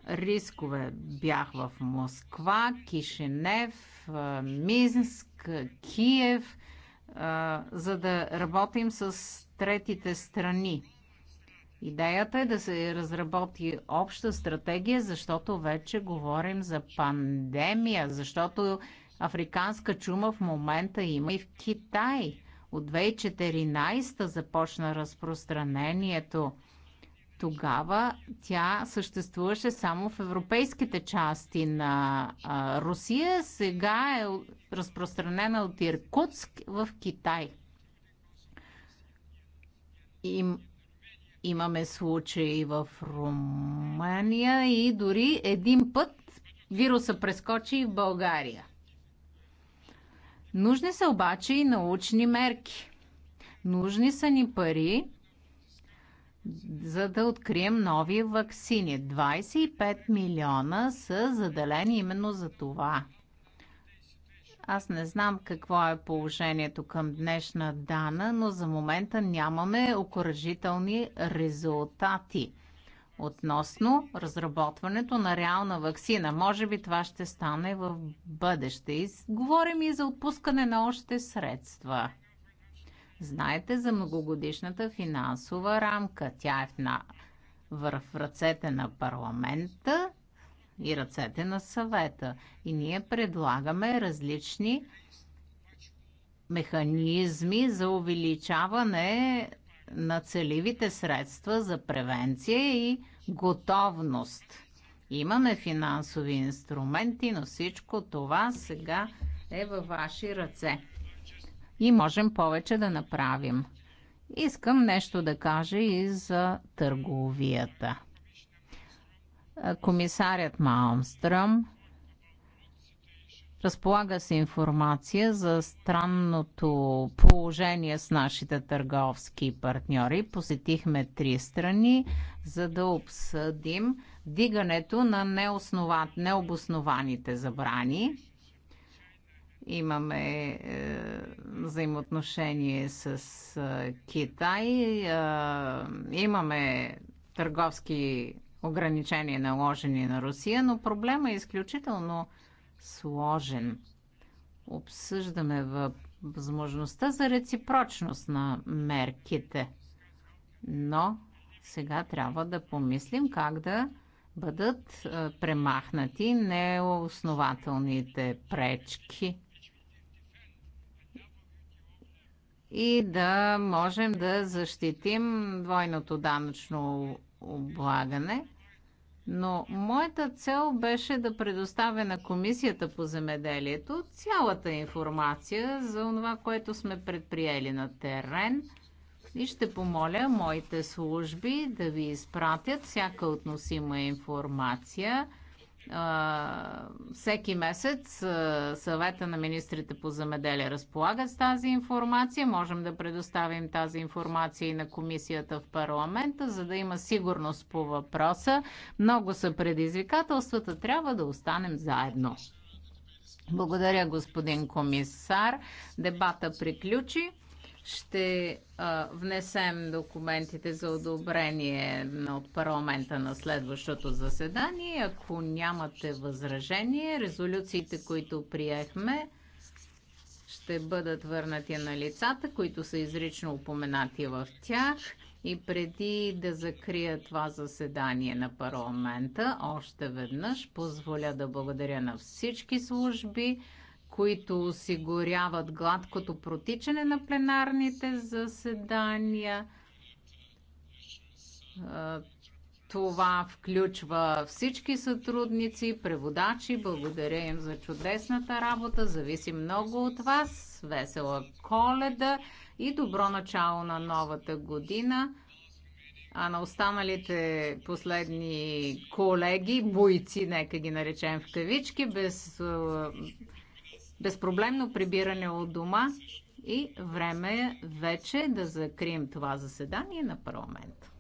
рискове. Бях в Москва, Кишинев, Минск, Киев, а, за да работим с третите страни. Идеята е да се разработи обща стратегия, защото вече говорим за пандемия, защото Африканска чума в момента има и в Китай. От 2014 започна разпространението. Тогава тя съществуваше само в европейските части на а, Русия. Сега е разпространена от Иркутск в Китай. Им, имаме случаи в Румъния и дори един път вируса прескочи в България. Нужни са обаче и научни мерки. Нужни са ни пари, за да открием нови вакцини. 25 милиона са заделени именно за това. Аз не знам какво е положението към днешна дана, но за момента нямаме окоръжителни резултати относно разработването на реална вакцина. Може би това ще стане в бъдеще. И говорим и за отпускане на още средства. Знаете за многогодишната финансова рамка. Тя е в, на... в ръцете на парламента и ръцете на съвета. И ние предлагаме различни механизми за увеличаване на целивите средства за превенция и готовност. Имаме финансови инструменти, но всичко това сега е във ваши ръце. И можем повече да направим. Искам нещо да кажа и за търговията. Комисарят Маумстръм Разполага се информация за странното положение с нашите търговски партньори. Посетихме три страни, за да обсъдим дигането на необоснованите забрани. Имаме е, взаимоотношение с е, Китай, е, имаме търговски ограничения наложени на Русия, но проблема е изключително сложен. Обсъждаме възможността за реципрочност на мерките. Но сега трябва да помислим как да бъдат премахнати неоснователните пречки и да можем да защитим двойното данъчно облагане – но моята цел беше да предоставя на Комисията по земеделието цялата информация за това, което сме предприели на терен и ще помоля моите служби да ви изпратят всяка относима информация – всеки месец съвета на министрите по замеделие разполага с тази информация. Можем да предоставим тази информация и на комисията в парламента, за да има сигурност по въпроса. Много са предизвикателствата, трябва да останем заедно. Благодаря, господин комисар. Дебата приключи ще а, внесем документите за одобрение от парламента на следващото заседание. Ако нямате възражение, резолюциите, които приехме, ще бъдат върнати на лицата, които са изрично упоменати в тях. И преди да закрия това заседание на парламента, още веднъж позволя да благодаря на всички служби, които осигуряват гладкото протичане на пленарните заседания. Това включва всички сътрудници, преводачи. Благодаря им за чудесната работа. Зависи много от вас. Весела коледа и добро начало на новата година. А на останалите последни колеги, бойци, нека ги наречем в кавички, без безпроблемно прибиране от дома и време е вече да закрием това заседание на парламента.